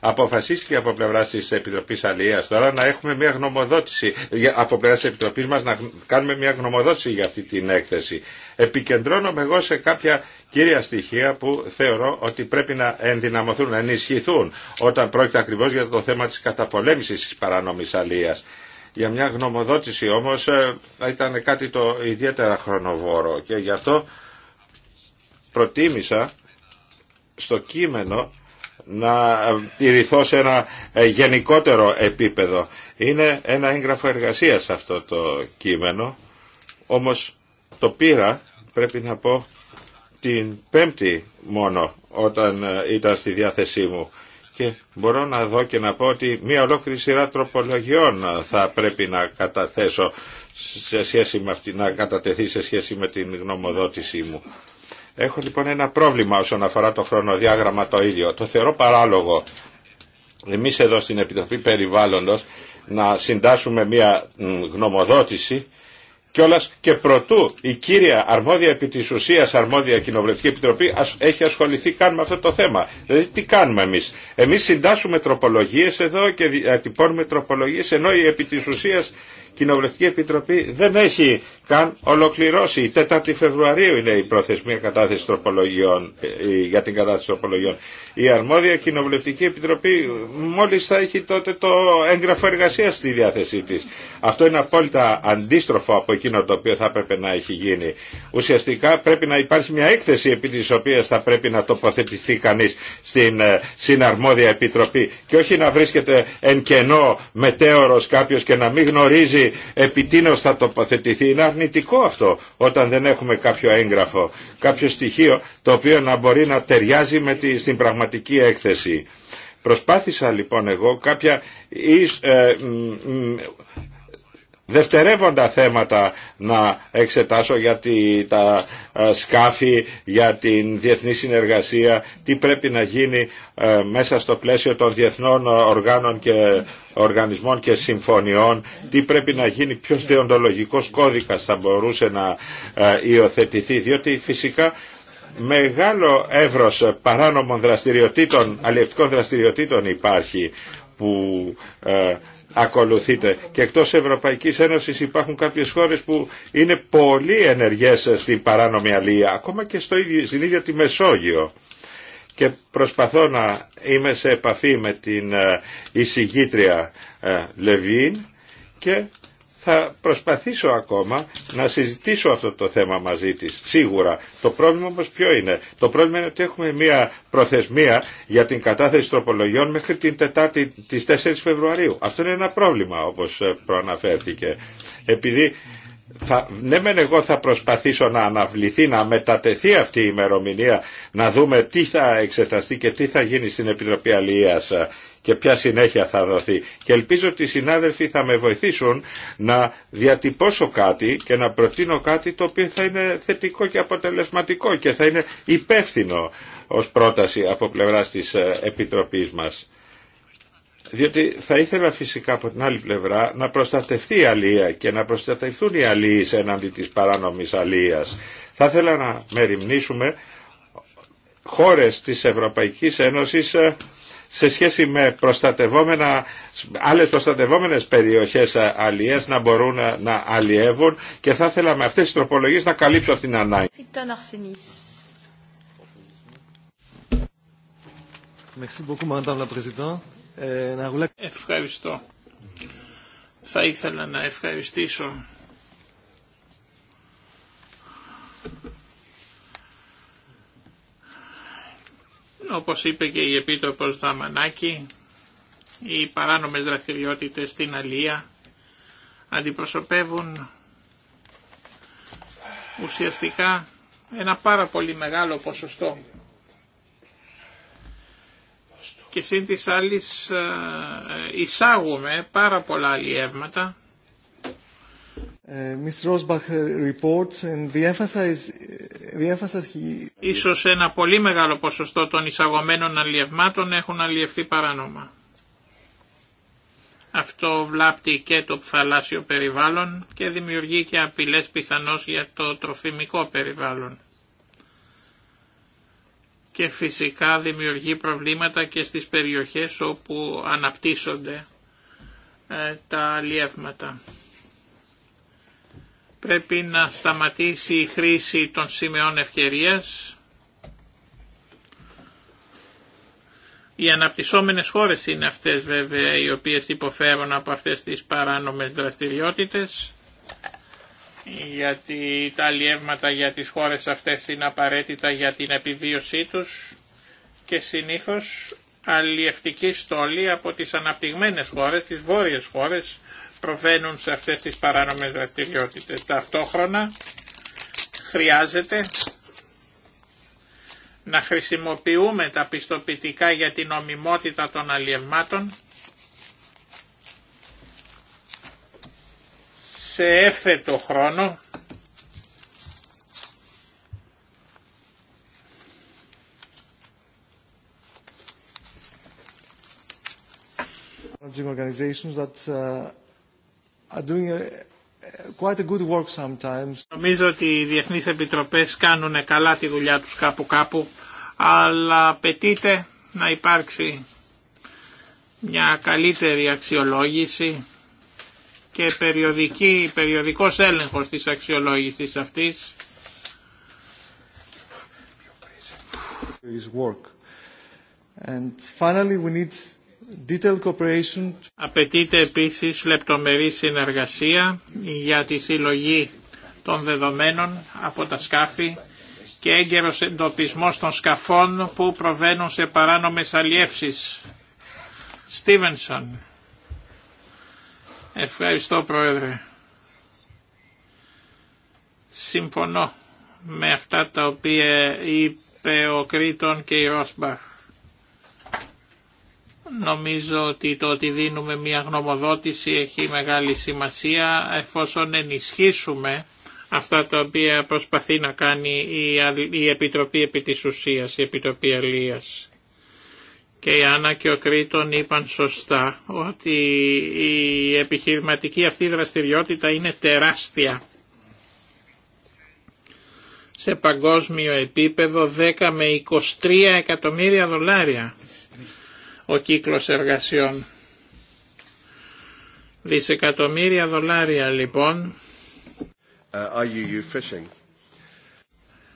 S2: Αποφασίστηκε από πλευρά τη Επιτροπή Αλία τώρα να έχουμε μια γνωμοδότηση, από πλευρά τη Επιτροπή μα να κάνουμε μια γνωμοδότηση για αυτή την έκθεση. Επικεντρώνομαι εγώ σε κάποια κύρια στοιχεία που θεωρώ ότι πρέπει να ενδυναμωθούν, να ενισχυθούν όταν πρόκειται ακριβώ για το θέμα τη καταπολέμηση τη παράνομη αλία. Για μια γνωμοδότηση όμως ε, ήταν κάτι το ιδιαίτερα χρονοβόρο και γι' αυτό προτίμησα στο κείμενο να ε, τηρηθώ σε ένα ε, γενικότερο επίπεδο. Είναι ένα έγγραφο εργασίας αυτό το κείμενο, όμως το πήρα, πρέπει να πω, την πέμπτη μόνο όταν ε, ήταν στη διάθεσή μου. Και μπορώ να δω και να πω ότι μία ολόκληρη σειρά τροπολογιών θα πρέπει να καταθέσω σε σχέση με αυτή, να κατατεθεί σε σχέση με την γνωμοδότησή μου. Έχω λοιπόν ένα πρόβλημα όσον αφορά το χρονοδιάγραμμα το ίδιο. Το θεωρώ παράλογο εμείς εδώ στην Επιτροπή Περιβάλλοντος να συντάσσουμε μια γνωμοδότηση κιόλας και προτού η κύρια αρμόδια επί της ουσίας αρμόδια κοινοβουλευτική επιτροπή έχει ασχοληθεί καν με αυτό το θέμα. Δηλαδή τι κάνουμε εμείς. Εμείς συντάσσουμε τροπολογίες εδώ και διατυπώνουμε ε, τροπολογίες ενώ η επί της ουσίας κοινοβουλευτική επιτροπή δεν έχει καν ολοκληρώσει. 4η Η Φεβρουαρίου είναι η προθεσμία κατάθεση τροπολογιών, ε, για την κατάθεση τροπολογιών. Η αρμόδια κοινοβουλευτική επιτροπή μόλις θα έχει τότε το έγγραφο εργασία στη διάθεσή της. Αυτό είναι απόλυτα αντίστροφο από εκείνο το οποίο θα έπρεπε να έχει γίνει. Ουσιαστικά πρέπει να υπάρχει μια έκθεση επί της οποίας θα πρέπει να τοποθετηθεί κανείς στην ε, συναρμόδια επιτροπή και όχι να βρίσκεται εν κενό μετέωρος κάποιος και να μην γνωρίζει επί θα τοποθετηθεί. Είναι αρνητικό αυτό όταν δεν έχουμε κάποιο έγγραφο, κάποιο στοιχείο το οποίο να μπορεί να ταιριάζει με τη, στην πραγματική έκθεση. Προσπάθησα λοιπόν εγώ κάποια ε, δευτερεύοντα θέματα να εξετάσω για τα ε, σκάφη, για την διεθνή συνεργασία, τι πρέπει να γίνει ε, μέσα στο πλαίσιο των διεθνών οργάνων και οργανισμών και συμφωνιών, τι πρέπει να γίνει, ποιος διοντολογικός κώδικας θα μπορούσε να ε, υιοθετηθεί, διότι φυσικά μεγάλο εύρος παράνομων δραστηριοτήτων, αλλιευτικών δραστηριοτήτων υπάρχει που ακολουθείτε. Και εκτός Ευρωπαϊκής Ένωσης υπάρχουν κάποιες χώρες που είναι πολύ ενεργές στην παράνομη αλία, ακόμα και στο ίδιο, στην ίδια τη Μεσόγειο. Και προσπαθώ να είμαι σε επαφή με την ε, εισηγήτρια ε, Λεβίν και θα προσπαθήσω ακόμα να συζητήσω αυτό το θέμα μαζί της, σίγουρα. Το πρόβλημα όμως ποιο είναι. Το πρόβλημα είναι ότι έχουμε μια προθεσμία για την κατάθεση τροπολογιών μέχρι την Τετάρτη της 4 Φεβρουαρίου. Αυτό είναι ένα πρόβλημα όπως ε, προαναφέρθηκε. Επειδή θα, ναι μεν εγώ θα προσπαθήσω να αναβληθεί, να μετατεθεί αυτή η ημερομηνία, να δούμε τι θα εξεταστεί και τι θα γίνει στην Επιτροπή Αλληλείας και ποια συνέχεια θα δοθεί. Και ελπίζω ότι οι συνάδελφοι θα με βοηθήσουν να διατυπώσω κάτι και να προτείνω κάτι το οποίο θα είναι θετικό και αποτελεσματικό και θα είναι υπεύθυνο ως πρόταση από πλευράς της ε, Επιτροπής μας διότι θα ήθελα φυσικά από την άλλη πλευρά να προστατευτεί η αλία και να προστατευτούν οι αλίες έναντι της παράνομης αλίας. Θα ήθελα να μεριμνήσουμε χώρες της Ευρωπαϊκής Ένωσης ε, σε σχέση με προστατευόμενα, άλλες προστατευόμενες περιοχές ε, αλιές να μπορούν ε, να αλλιεύουν και θα ήθελα με αυτές τις τροπολογίες να καλύψω αυτήν την ανάγκη.
S5: Ε,
S3: Ευχαριστώ. Θα ήθελα να ευχαριστήσω όπως είπε και η Επίτροπος Δαμανάκη, οι παράνομες δραστηριότητες στην Αλία αντιπροσωπεύουν ουσιαστικά ένα πάρα πολύ μεγάλο ποσοστό και σύν της άλλης ε, ε, εισάγουμε πάρα πολλά αλλιεύματα. Ίσως ένα πολύ μεγάλο ποσοστό των εισαγωμένων αλλιευμάτων έχουν αλλιευθεί παράνομα. Αυτό βλάπτει και το θαλάσσιο περιβάλλον και δημιουργεί και απειλές πιθανώς για το τροφιμικό περιβάλλον και φυσικά δημιουργεί προβλήματα και στις περιοχές όπου αναπτύσσονται ε, τα αλλιεύματα. Πρέπει να σταματήσει η χρήση των σημεών ευκαιρίας. Οι αναπτυσσόμενες χώρες είναι αυτές βέβαια οι οποίες υποφέρουν από αυτές τις παράνομες δραστηριότητες γιατί τα αλλιεύματα για τις χώρες αυτές είναι απαραίτητα για την επιβίωσή τους και συνήθως αλλιευτικοί στόλοι από τις αναπτυγμένες χώρες, τις βόρειες χώρες, προβαίνουν σε αυτές τις παράνομες δραστηριότητες. Ταυτόχρονα χρειάζεται να χρησιμοποιούμε τα πιστοποιητικά για την ομιμότητα των αλλιευμάτων σε έφετο χρόνο Νομίζω ότι οι διεθνείς επιτροπές κάνουν καλά τη δουλειά τους κάπου κάπου, αλλά απαιτείται να υπάρξει μια καλύτερη αξιολόγηση και περιοδική, περιοδικός έλεγχος της αξιολόγησης αυτής. Απαιτείται επίσης λεπτομερή συνεργασία για τη συλλογή των δεδομένων από τα σκάφη και έγκαιρος εντοπισμός των σκαφών που προβαίνουν σε παράνομες αλλιεύσεις. Στίβενσον. Ευχαριστώ Πρόεδρε. Συμφωνώ με αυτά τα οποία είπε ο Κρήτον και η Ρόσμπαχ. Νομίζω ότι το ότι δίνουμε μια γνωμοδότηση έχει μεγάλη σημασία εφόσον ενισχύσουμε αυτά τα οποία προσπαθεί να κάνει η Επιτροπή επί η Επιτροπή Αλίας και η Άννα και ο Κρήτον είπαν σωστά ότι η επιχειρηματική αυτή δραστηριότητα είναι τεράστια. Σε παγκόσμιο επίπεδο 10 με 23 εκατομμύρια δολάρια ο κύκλος εργασιών. Δισεκατομμύρια δολάρια λοιπόν.
S2: Uh, are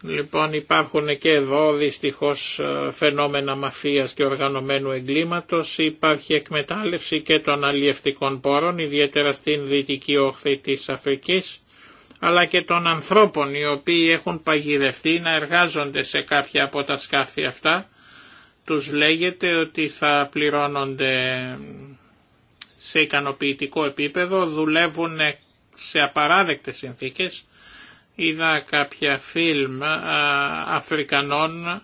S3: Λοιπόν υπάρχουν και εδώ δυστυχώς ε, φαινόμενα μαφίας και οργανωμένου εγκλήματος, υπάρχει εκμετάλλευση και των αλλιευτικών πόρων, ιδιαίτερα στην δυτική όχθη της Αφρικής, αλλά και των ανθρώπων οι οποίοι έχουν παγιδευτεί να εργάζονται σε κάποια από τα σκάφη αυτά. Τους λέγεται ότι θα πληρώνονται σε ικανοποιητικό επίπεδο, δουλεύουν σε απαράδεκτες συνθήκες, είδα κάποια φιλμ Αφρικανών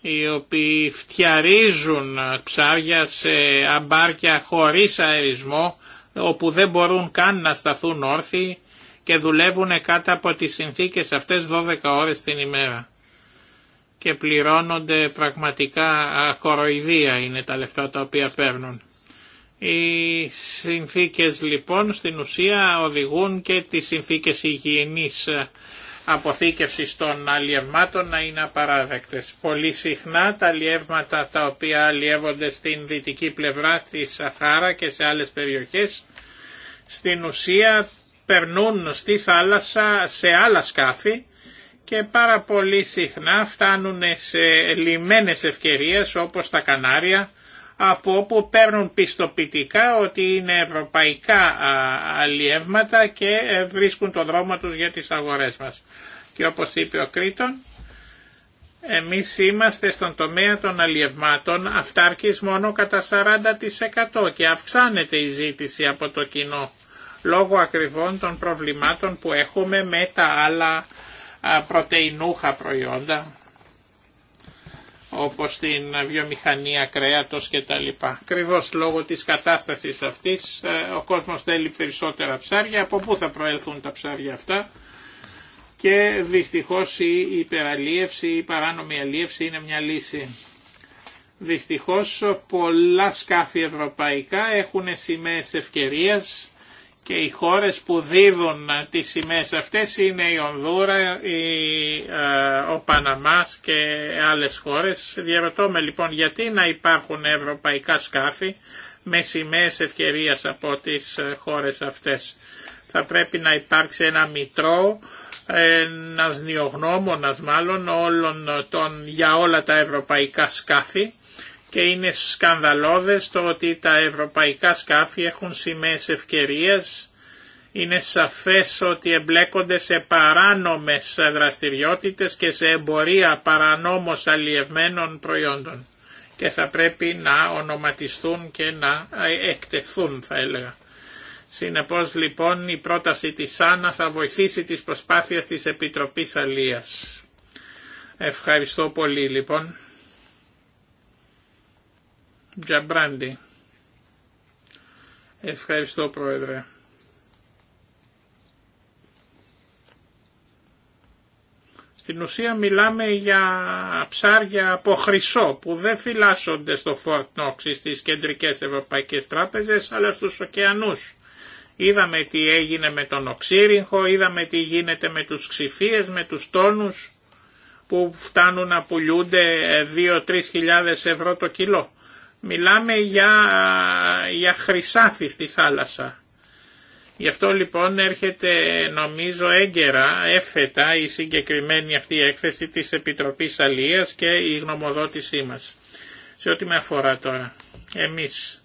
S3: οι οποίοι φτιαρίζουν ψάρια σε αμπάρκια χωρίς αερισμό όπου δεν μπορούν καν να σταθούν όρθιοι και δουλεύουν κάτω από τις συνθήκες αυτές 12 ώρες την ημέρα. Και πληρώνονται πραγματικά χοροϊδία είναι τα λεφτά τα οποία παίρνουν. Οι συνθήκες λοιπόν στην ουσία οδηγούν και τις συνθήκες υγιεινής αποθήκευσης των αλλιευμάτων να είναι απαράδεκτες. Πολύ συχνά τα αλλιεύματα τα οποία αλλιεύονται στην δυτική πλευρά της Σαχάρα και σε άλλες περιοχές στην ουσία περνούν στη θάλασσα σε άλλα σκάφη και πάρα πολύ συχνά φτάνουν σε λιμένες ευκαιρίες όπως τα Κανάρια από όπου παίρνουν πιστοποιητικά ότι είναι ευρωπαϊκά αλλιεύματα και ε, βρίσκουν τον δρόμο τους για τις αγορές μας. Και όπως είπε ο Κρήτον, εμείς είμαστε στον τομέα των αλλιευμάτων αυτάρκης μόνο κατά 40% και αυξάνεται η ζήτηση από το κοινό λόγω ακριβών των προβλημάτων που έχουμε με τα άλλα πρωτεϊνούχα προϊόντα όπως την βιομηχανία κρέατος λοιπά. Ακριβώς λόγω της κατάστασης αυτής ε, ο κόσμος θέλει περισσότερα ψάρια. Από πού θα προέλθουν τα ψάρια αυτά και δυστυχώς η υπεραλίευση, η παράνομη αλίευση είναι μια λύση. Δυστυχώς πολλά σκάφη ευρωπαϊκά έχουν σημαίες ευκαιρίας και οι χώρες που δίδουν τις σημαίες αυτές είναι η Ονδούρα, η, ε, ο Παναμάς και άλλες χώρες. Διαρωτώμε λοιπόν γιατί να υπάρχουν ευρωπαϊκά σκάφη με σημαίες ευκαιρίας από τις ε, χώρες αυτές. Θα πρέπει να υπάρξει ένα μητρό, ε, ένα νιογνώμονας μάλλον όλων των, για όλα τα ευρωπαϊκά σκάφη και είναι σκανδαλώδες το ότι τα ευρωπαϊκά σκάφη έχουν σημαίες ευκαιρίες. Είναι σαφές ότι εμπλέκονται σε παράνομες δραστηριότητες και σε εμπορία παρανόμως αλλιευμένων προϊόντων και θα πρέπει να ονοματιστούν και να εκτεθούν θα έλεγα. Συνεπώς λοιπόν η πρόταση της ΣΑΝΑ θα βοηθήσει τις προσπάθειες της Επιτροπής Αλίας. Ευχαριστώ πολύ λοιπόν. Τζαμπράντι. Ευχαριστώ Πρόεδρε. Στην ουσία μιλάμε για ψάρια από χρυσό που δεν φυλάσσονται στο Fort Knox στις κεντρικές ευρωπαϊκές τράπεζες αλλά στους ωκεανούς. Είδαμε τι έγινε με τον οξύριγχο, είδαμε τι γίνεται με τους ξυφίες, με τους τόνους που φτάνουν να πουλιουνται 2 2-3 χιλιάδες ευρώ το κιλό. Μιλάμε για, για χρυσάφι στη θάλασσα. Γι' αυτό λοιπόν έρχεται νομίζω έγκαιρα, έφετα η συγκεκριμένη αυτή έκθεση της Επιτροπής Αλίας και η γνωμοδότησή μας. Σε ό,τι με αφορά τώρα, εμείς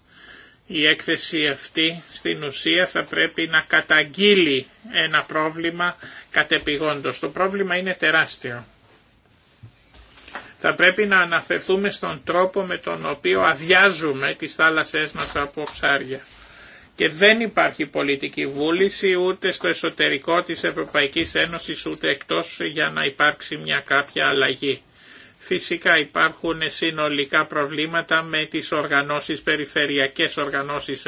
S3: η έκθεση αυτή στην ουσία θα πρέπει να καταγγείλει ένα πρόβλημα κατεπηγόντως. Το πρόβλημα είναι τεράστιο. Θα πρέπει να αναφερθούμε στον τρόπο με τον οποίο αδειάζουμε τις θάλασσές μας από ψάρια. Και δεν υπάρχει πολιτική βούληση ούτε στο εσωτερικό της Ευρωπαϊκής Ένωσης ούτε εκτός για να υπάρξει μια κάποια αλλαγή. Φυσικά υπάρχουν συνολικά προβλήματα με τις οργανώσεις, περιφερειακές οργανώσεις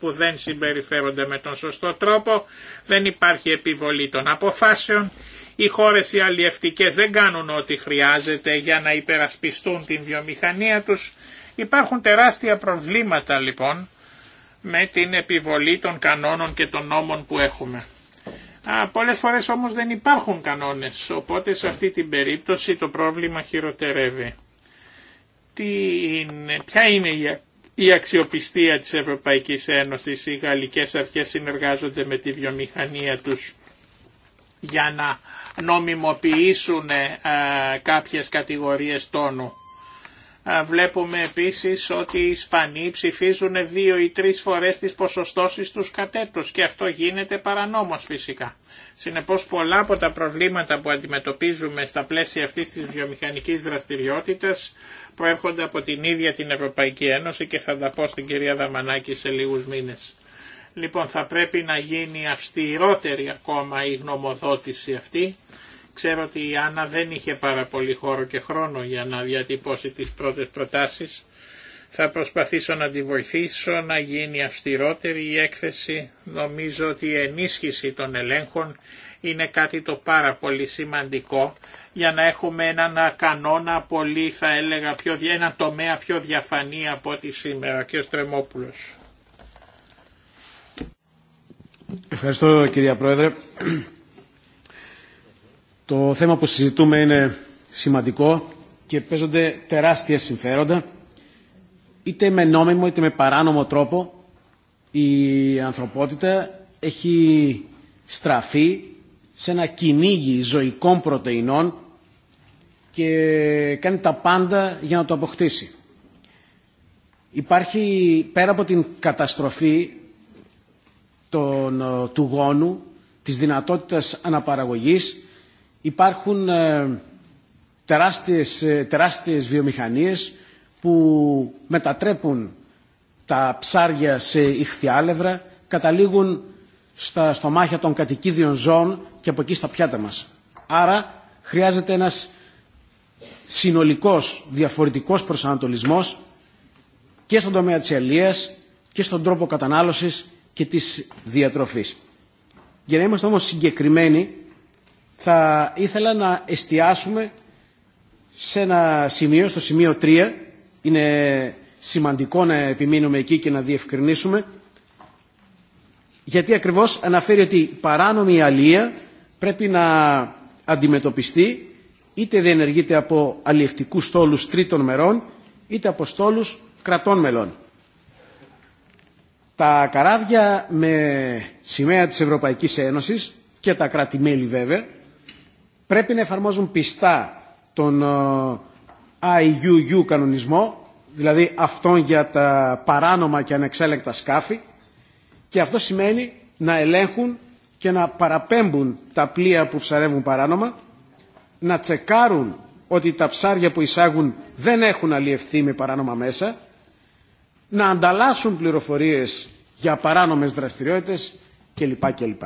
S3: που δεν συμπεριφέρονται με τον σωστό τρόπο, δεν υπάρχει επιβολή των αποφάσεων οι χώρες οι αλλιευτικές δεν κάνουν ό,τι χρειάζεται για να υπερασπιστούν την βιομηχανία τους. Υπάρχουν τεράστια προβλήματα λοιπόν με την επιβολή των κανόνων και των νόμων που έχουμε. Α, πολλές φορές όμως δεν υπάρχουν κανόνες, οπότε σε αυτή την περίπτωση το πρόβλημα χειροτερεύει. Τι είναι, ποια είναι η αξιοπιστία της Ευρωπαϊκής Ένωσης, οι γαλλικές αρχές συνεργάζονται με τη βιομηχανία τους για να νομιμοποιήσουν ε, κάποιες κατηγορίες τόνου. Ε, βλέπουμε επίσης ότι οι Ισπανοί ψηφίζουν δύο ή τρεις φορές τις ποσοστώσεις τους κατέτους και αυτό γίνεται παρανόμως φυσικά. Συνεπώς πολλά από τα προβλήματα που αντιμετωπίζουμε στα πλαίσια αυτής της βιομηχανικής δραστηριότητας προέρχονται από την ίδια την Ευρωπαϊκή Ένωση και θα τα πω στην κυρία Δαμανάκη σε λίγους μήνες. Λοιπόν θα πρέπει να γίνει αυστηρότερη ακόμα η γνωμοδότηση αυτή. Ξέρω ότι η Άννα δεν είχε πάρα πολύ χώρο και χρόνο για να διατυπώσει τις πρώτες προτάσεις. Θα προσπαθήσω να τη βοηθήσω να γίνει αυστηρότερη η έκθεση. Νομίζω ότι η ενίσχυση των ελέγχων είναι κάτι το πάρα πολύ σημαντικό για να έχουμε έναν κανόνα πολύ θα έλεγα πιο, ένα τομέα πιο διαφανή από ό,τι σήμερα και ο Στρεμόπουλος.
S4: Ευχαριστώ κυρία Πρόεδρε. Το θέμα που συζητούμε είναι σημαντικό και παίζονται τεράστια συμφέροντα είτε με νόμιμο είτε με παράνομο τρόπο η ανθρωπότητα έχει στραφεί σε ένα κυνήγι ζωικών πρωτεϊνών και κάνει τα πάντα για να το αποκτήσει. Υπάρχει πέρα από την καταστροφή ε, του γόνου, της δυνατότητας αναπαραγωγής. Υπάρχουν ε, τεράστιες, ε, τεράστιες βιομηχανίες που μετατρέπουν τα ψάρια σε ηχθιάλευρα, καταλήγουν στα στομάχια των κατοικίδιων ζώων και από εκεί στα πιάτα μας. Άρα χρειάζεται ένας συνολικός διαφορετικός προσανατολισμός και στον τομέα της αλίας και στον τρόπο κατανάλωσης και της διατροφής. Για να είμαστε όμως συγκεκριμένοι, θα ήθελα να εστιάσουμε σε ένα σημείο, στο σημείο 3, είναι σημαντικό να επιμείνουμε εκεί και να διευκρινίσουμε, γιατί ακριβώς αναφέρει ότι παράνομη αλία πρέπει να αντιμετωπιστεί είτε διενεργείται από αλλιευτικούς στόλους τρίτων μερών, είτε από στόλους κρατών μελών. Τα καράβια με σημαία της Ευρωπαϊκής Ένωσης και τα κράτη-μέλη βέβαια πρέπει να εφαρμόζουν πιστά τον IUU ε, κανονισμό, δηλαδή αυτόν για τα παράνομα και ανεξέλεγκτα σκάφη και αυτό σημαίνει να ελέγχουν και να παραπέμπουν τα πλοία που ψαρεύουν παράνομα, να τσεκάρουν ότι τα ψάρια που εισάγουν δεν έχουν αλλιευθεί με παράνομα μέσα να ανταλλάσσουν πληροφορίες για παράνομες δραστηριότητες κλπ. κλπ.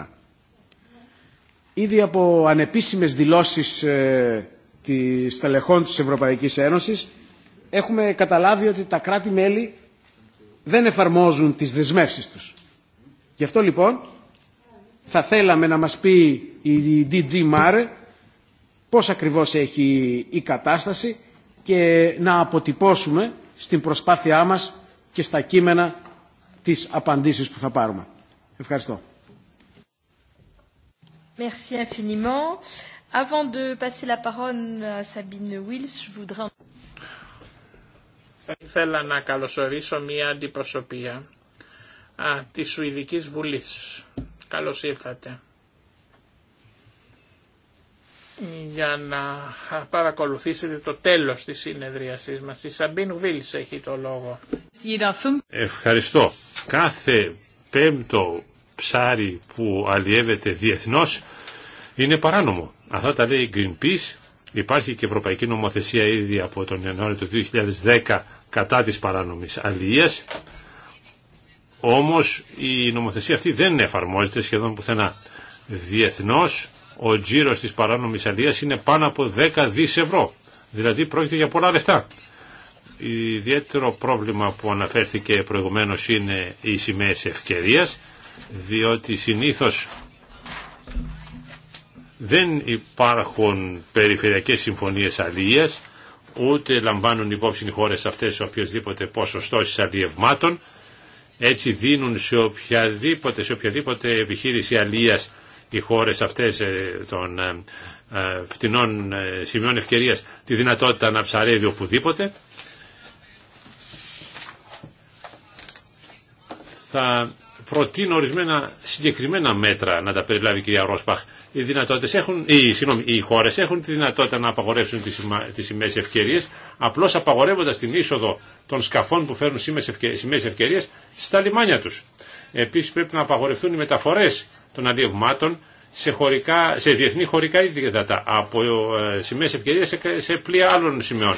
S4: Ήδη από ανεπίσημες δηλώσεις ε, της τελεχών της Ευρωπαϊκής Ένωσης έχουμε καταλάβει ότι τα κράτη-μέλη δεν εφαρμόζουν τις δεσμεύσεις τους. Γι' αυτό λοιπόν θα θέλαμε να μας πει η DG Mare πώς ακριβώς έχει η κατάσταση και να αποτυπώσουμε στην προσπάθειά μας και στα κείμενα τις απαντήσεις που θα πάρουμε. Ευχαριστώ.
S5: Merci infiniment.
S3: Avant de passer la parole à Sabine Wills, je voudrais... Θα ήθελα να καλωσορίσω μια αντιπροσωπεία α, της Σουηδικής Βουλής. Καλώς ήρθατε για να παρακολουθήσετε το τέλος της συνεδρίασής μας. Η Σαμπίν Βίλς έχει το λόγο.
S1: Ευχαριστώ. Κάθε πέμπτο ψάρι που αλλιεύεται διεθνώς είναι παράνομο. Αυτά τα λέει η Greenpeace. Υπάρχει και ευρωπαϊκή νομοθεσία ήδη από τον Ιανουάριο του 2010 κατά της παράνομης αλλιείας. Όμως η νομοθεσία αυτή δεν εφαρμόζεται σχεδόν πουθενά. Διεθνώς ο τζίρος της παράνομης αλίας είναι πάνω από 10 δις ευρώ. Δηλαδή πρόκειται για πολλά λεφτά. Ιδιαίτερο πρόβλημα που αναφέρθηκε προηγουμένως είναι οι σημαίες ευκαιρίας, διότι συνήθως δεν υπάρχουν περιφερειακές συμφωνίες αλίας, ούτε λαμβάνουν υπόψη οι χώρες αυτές οποιασδήποτε ποσοστώσεις αλληλευμάτων... έτσι δίνουν σε οποιαδήποτε, οποιαδήποτε επιχείρηση αλίας οι χώρες αυτές ε, των ε, ε, φτηνών σημειών ευκαιρίας τη δυνατότητα να ψαρεύει οπουδήποτε. Θα προτείνω ορισμένα συγκεκριμένα μέτρα να τα περιλάβει η κυρία Ρόσπαχ. Οι, δυνατότητες έχουν, οι, οι χώρες έχουν τη δυνατότητα να απαγορεύσουν τις, τις σημαίες ευκαιρίες, απλώς απαγορεύοντας την είσοδο των σκαφών που φέρνουν σημαίες ευκαιρίες στα λιμάνια τους. Επίσης πρέπει να απαγορευτούν οι μεταφορές των αντιευμάτων σε, χωρικά, σε διεθνή χωρικά ίδια από ε, σημαίες ευκαιρία σε πλοία άλλων σημείων.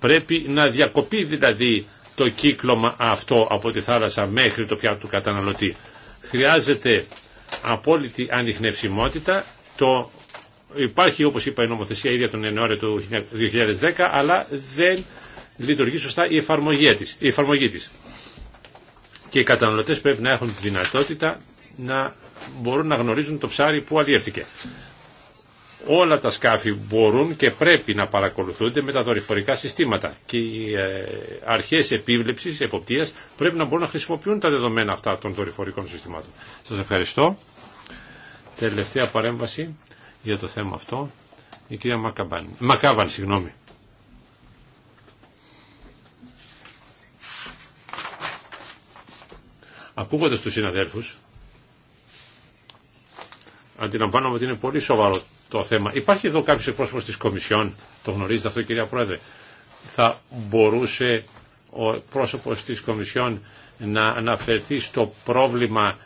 S1: Πρέπει να διακοπεί δηλαδή το κύκλωμα αυτό από τη θάλασσα μέχρι το πιάτο του καταναλωτή. Χρειάζεται απόλυτη ανιχνευσιμότητα. Το υπάρχει όπως είπα η νομοθεσία ίδια τον Ιανουάριο του 2010 αλλά δεν λειτουργεί σωστά η εφαρμογή της. Η εφαρμογή της και οι καταναλωτές πρέπει να έχουν τη δυνατότητα να μπορούν να γνωρίζουν το ψάρι που αλλιεύτηκε. Όλα τα σκάφη μπορούν και πρέπει να παρακολουθούνται με τα δορυφορικά συστήματα και οι ε, αρχές επίβλεψης, εποπτείας πρέπει να μπορούν να χρησιμοποιούν τα δεδομένα αυτά των δορυφορικών συστημάτων. Σας ευχαριστώ. Τελευταία παρέμβαση για το θέμα αυτό. Η κυρία Μακάβαν, συγγνώμη. ακούγοντα του συναδέλφους, αντιλαμβάνομαι ότι είναι πολύ σοβαρό το θέμα. Υπάρχει εδώ κάποιο εκπρόσωπος τη Κομισιόν, το γνωρίζετε αυτό κυρία Πρόεδρε, θα μπορούσε ο πρόσωπος της Κομισιόν να αναφερθεί στο πρόβλημα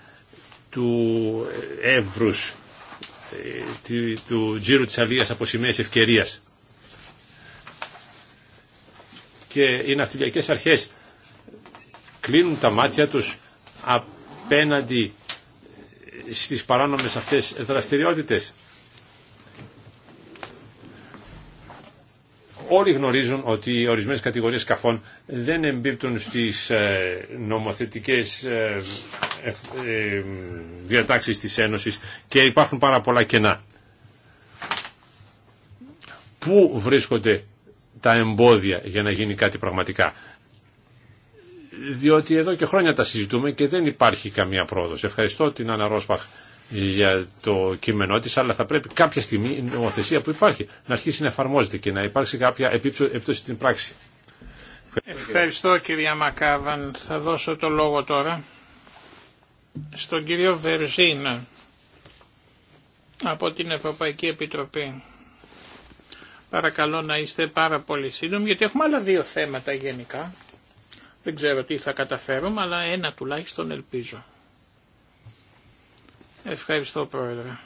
S1: του εύρου ε, του τζίρου της αλίας από σημαίες ευκαιρίας και οι ναυτιλιακές αρχές κλείνουν τα μάτια τους απέναντι στις παράνομες αυτές δραστηριότητες. Όλοι γνωρίζουν ότι οι ορισμένες κατηγορίες σκαφών δεν εμπίπτουν στις ε, νομοθετικές ε, ε, διατάξεις της Ένωσης και υπάρχουν πάρα πολλά κενά. Πού βρίσκονται τα εμπόδια για να γίνει κάτι πραγματικά διότι εδώ και χρόνια τα συζητούμε και δεν υπάρχει καμία πρόοδος. Ευχαριστώ την Άννα Ρόσπαχ για το κείμενό της, αλλά θα πρέπει κάποια στιγμή η νομοθεσία που υπάρχει να αρχίσει να εφαρμόζεται και να υπάρξει κάποια επίπτωση στην πράξη.
S3: Ευχαριστώ κυρία Μακάβαν. Θα δώσω το λόγο τώρα στον κύριο Βερζίνα από την Ευρωπαϊκή Επιτροπή. Παρακαλώ να είστε πάρα πολύ σύντομοι γιατί έχουμε άλλα δύο θέματα γενικά. Δεν ξέρω τι θα καταφέρουμε, αλλά ένα τουλάχιστον ελπίζω. Ευχαριστώ Πρόεδρε.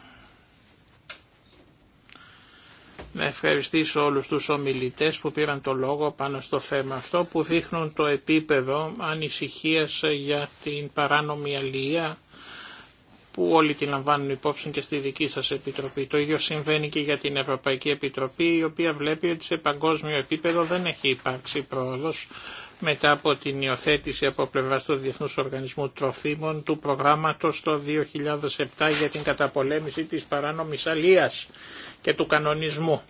S4: Να ευχαριστήσω
S3: όλους τους ομιλητές που πήραν το λόγο πάνω στο θέμα αυτό που δείχνουν το επίπεδο ανησυχίας για την παράνομη αλληλεία που όλοι την λαμβάνουν υπόψη και στη δική σας Επιτροπή. Το ίδιο συμβαίνει και για την Ευρωπαϊκή Επιτροπή η οποία βλέπει ότι σε παγκόσμιο επίπεδο δεν έχει υπάρξει πρόοδος μετά από την υιοθέτηση από πλευρά του Διεθνούς Οργανισμού Τροφίμων του προγράμματος το 2007 για την καταπολέμηση της παράνομης αλίας και του κανονισμού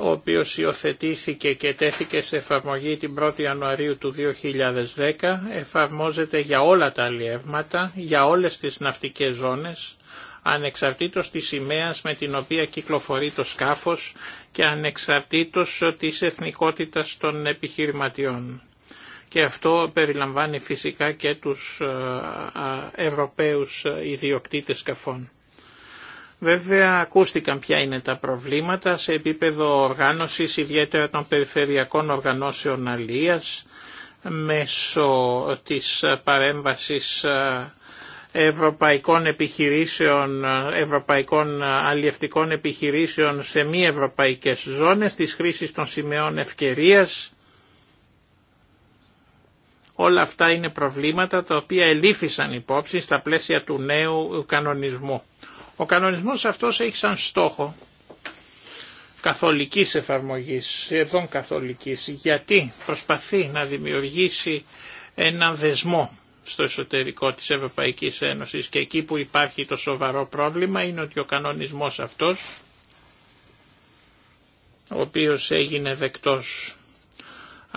S3: ο οποίος υιοθετήθηκε και τέθηκε σε εφαρμογή την 1η Ιανουαρίου του 2010, εφαρμόζεται για όλα τα αλλιεύματα, για όλες τις ναυτικές ζώνες, ανεξαρτήτως της σημαίας με την οποία κυκλοφορεί το σκάφος και ανεξαρτήτως της εθνικότητας των επιχειρηματιών και αυτό περιλαμβάνει φυσικά και τους ε, Ευρωπαίους ε, ιδιοκτήτες καφών. Βέβαια ακούστηκαν ποια είναι τα προβλήματα σε επίπεδο οργάνωσης ιδιαίτερα των περιφερειακών οργανώσεων αλίας μέσω της παρέμβασης ε, ευρωπαϊκών επιχειρήσεων, ευρωπαϊκών αλλιευτικών επιχειρήσεων σε μη ευρωπαϊκές ζώνες, της χρήσης των σημαίων ευκαιρίας Όλα αυτά είναι προβλήματα τα οποία ελήφθησαν υπόψη στα πλαίσια του νέου κανονισμού. Ο κανονισμός αυτός έχει σαν στόχο καθολικής εφαρμογής, σχεδόν καθολικής, γιατί προσπαθεί να δημιουργήσει ένα δεσμό στο εσωτερικό της Ευρωπαϊκής Ένωσης και εκεί που υπάρχει το σοβαρό πρόβλημα είναι ότι ο κανονισμός αυτός, ο οποίος έγινε δεκτός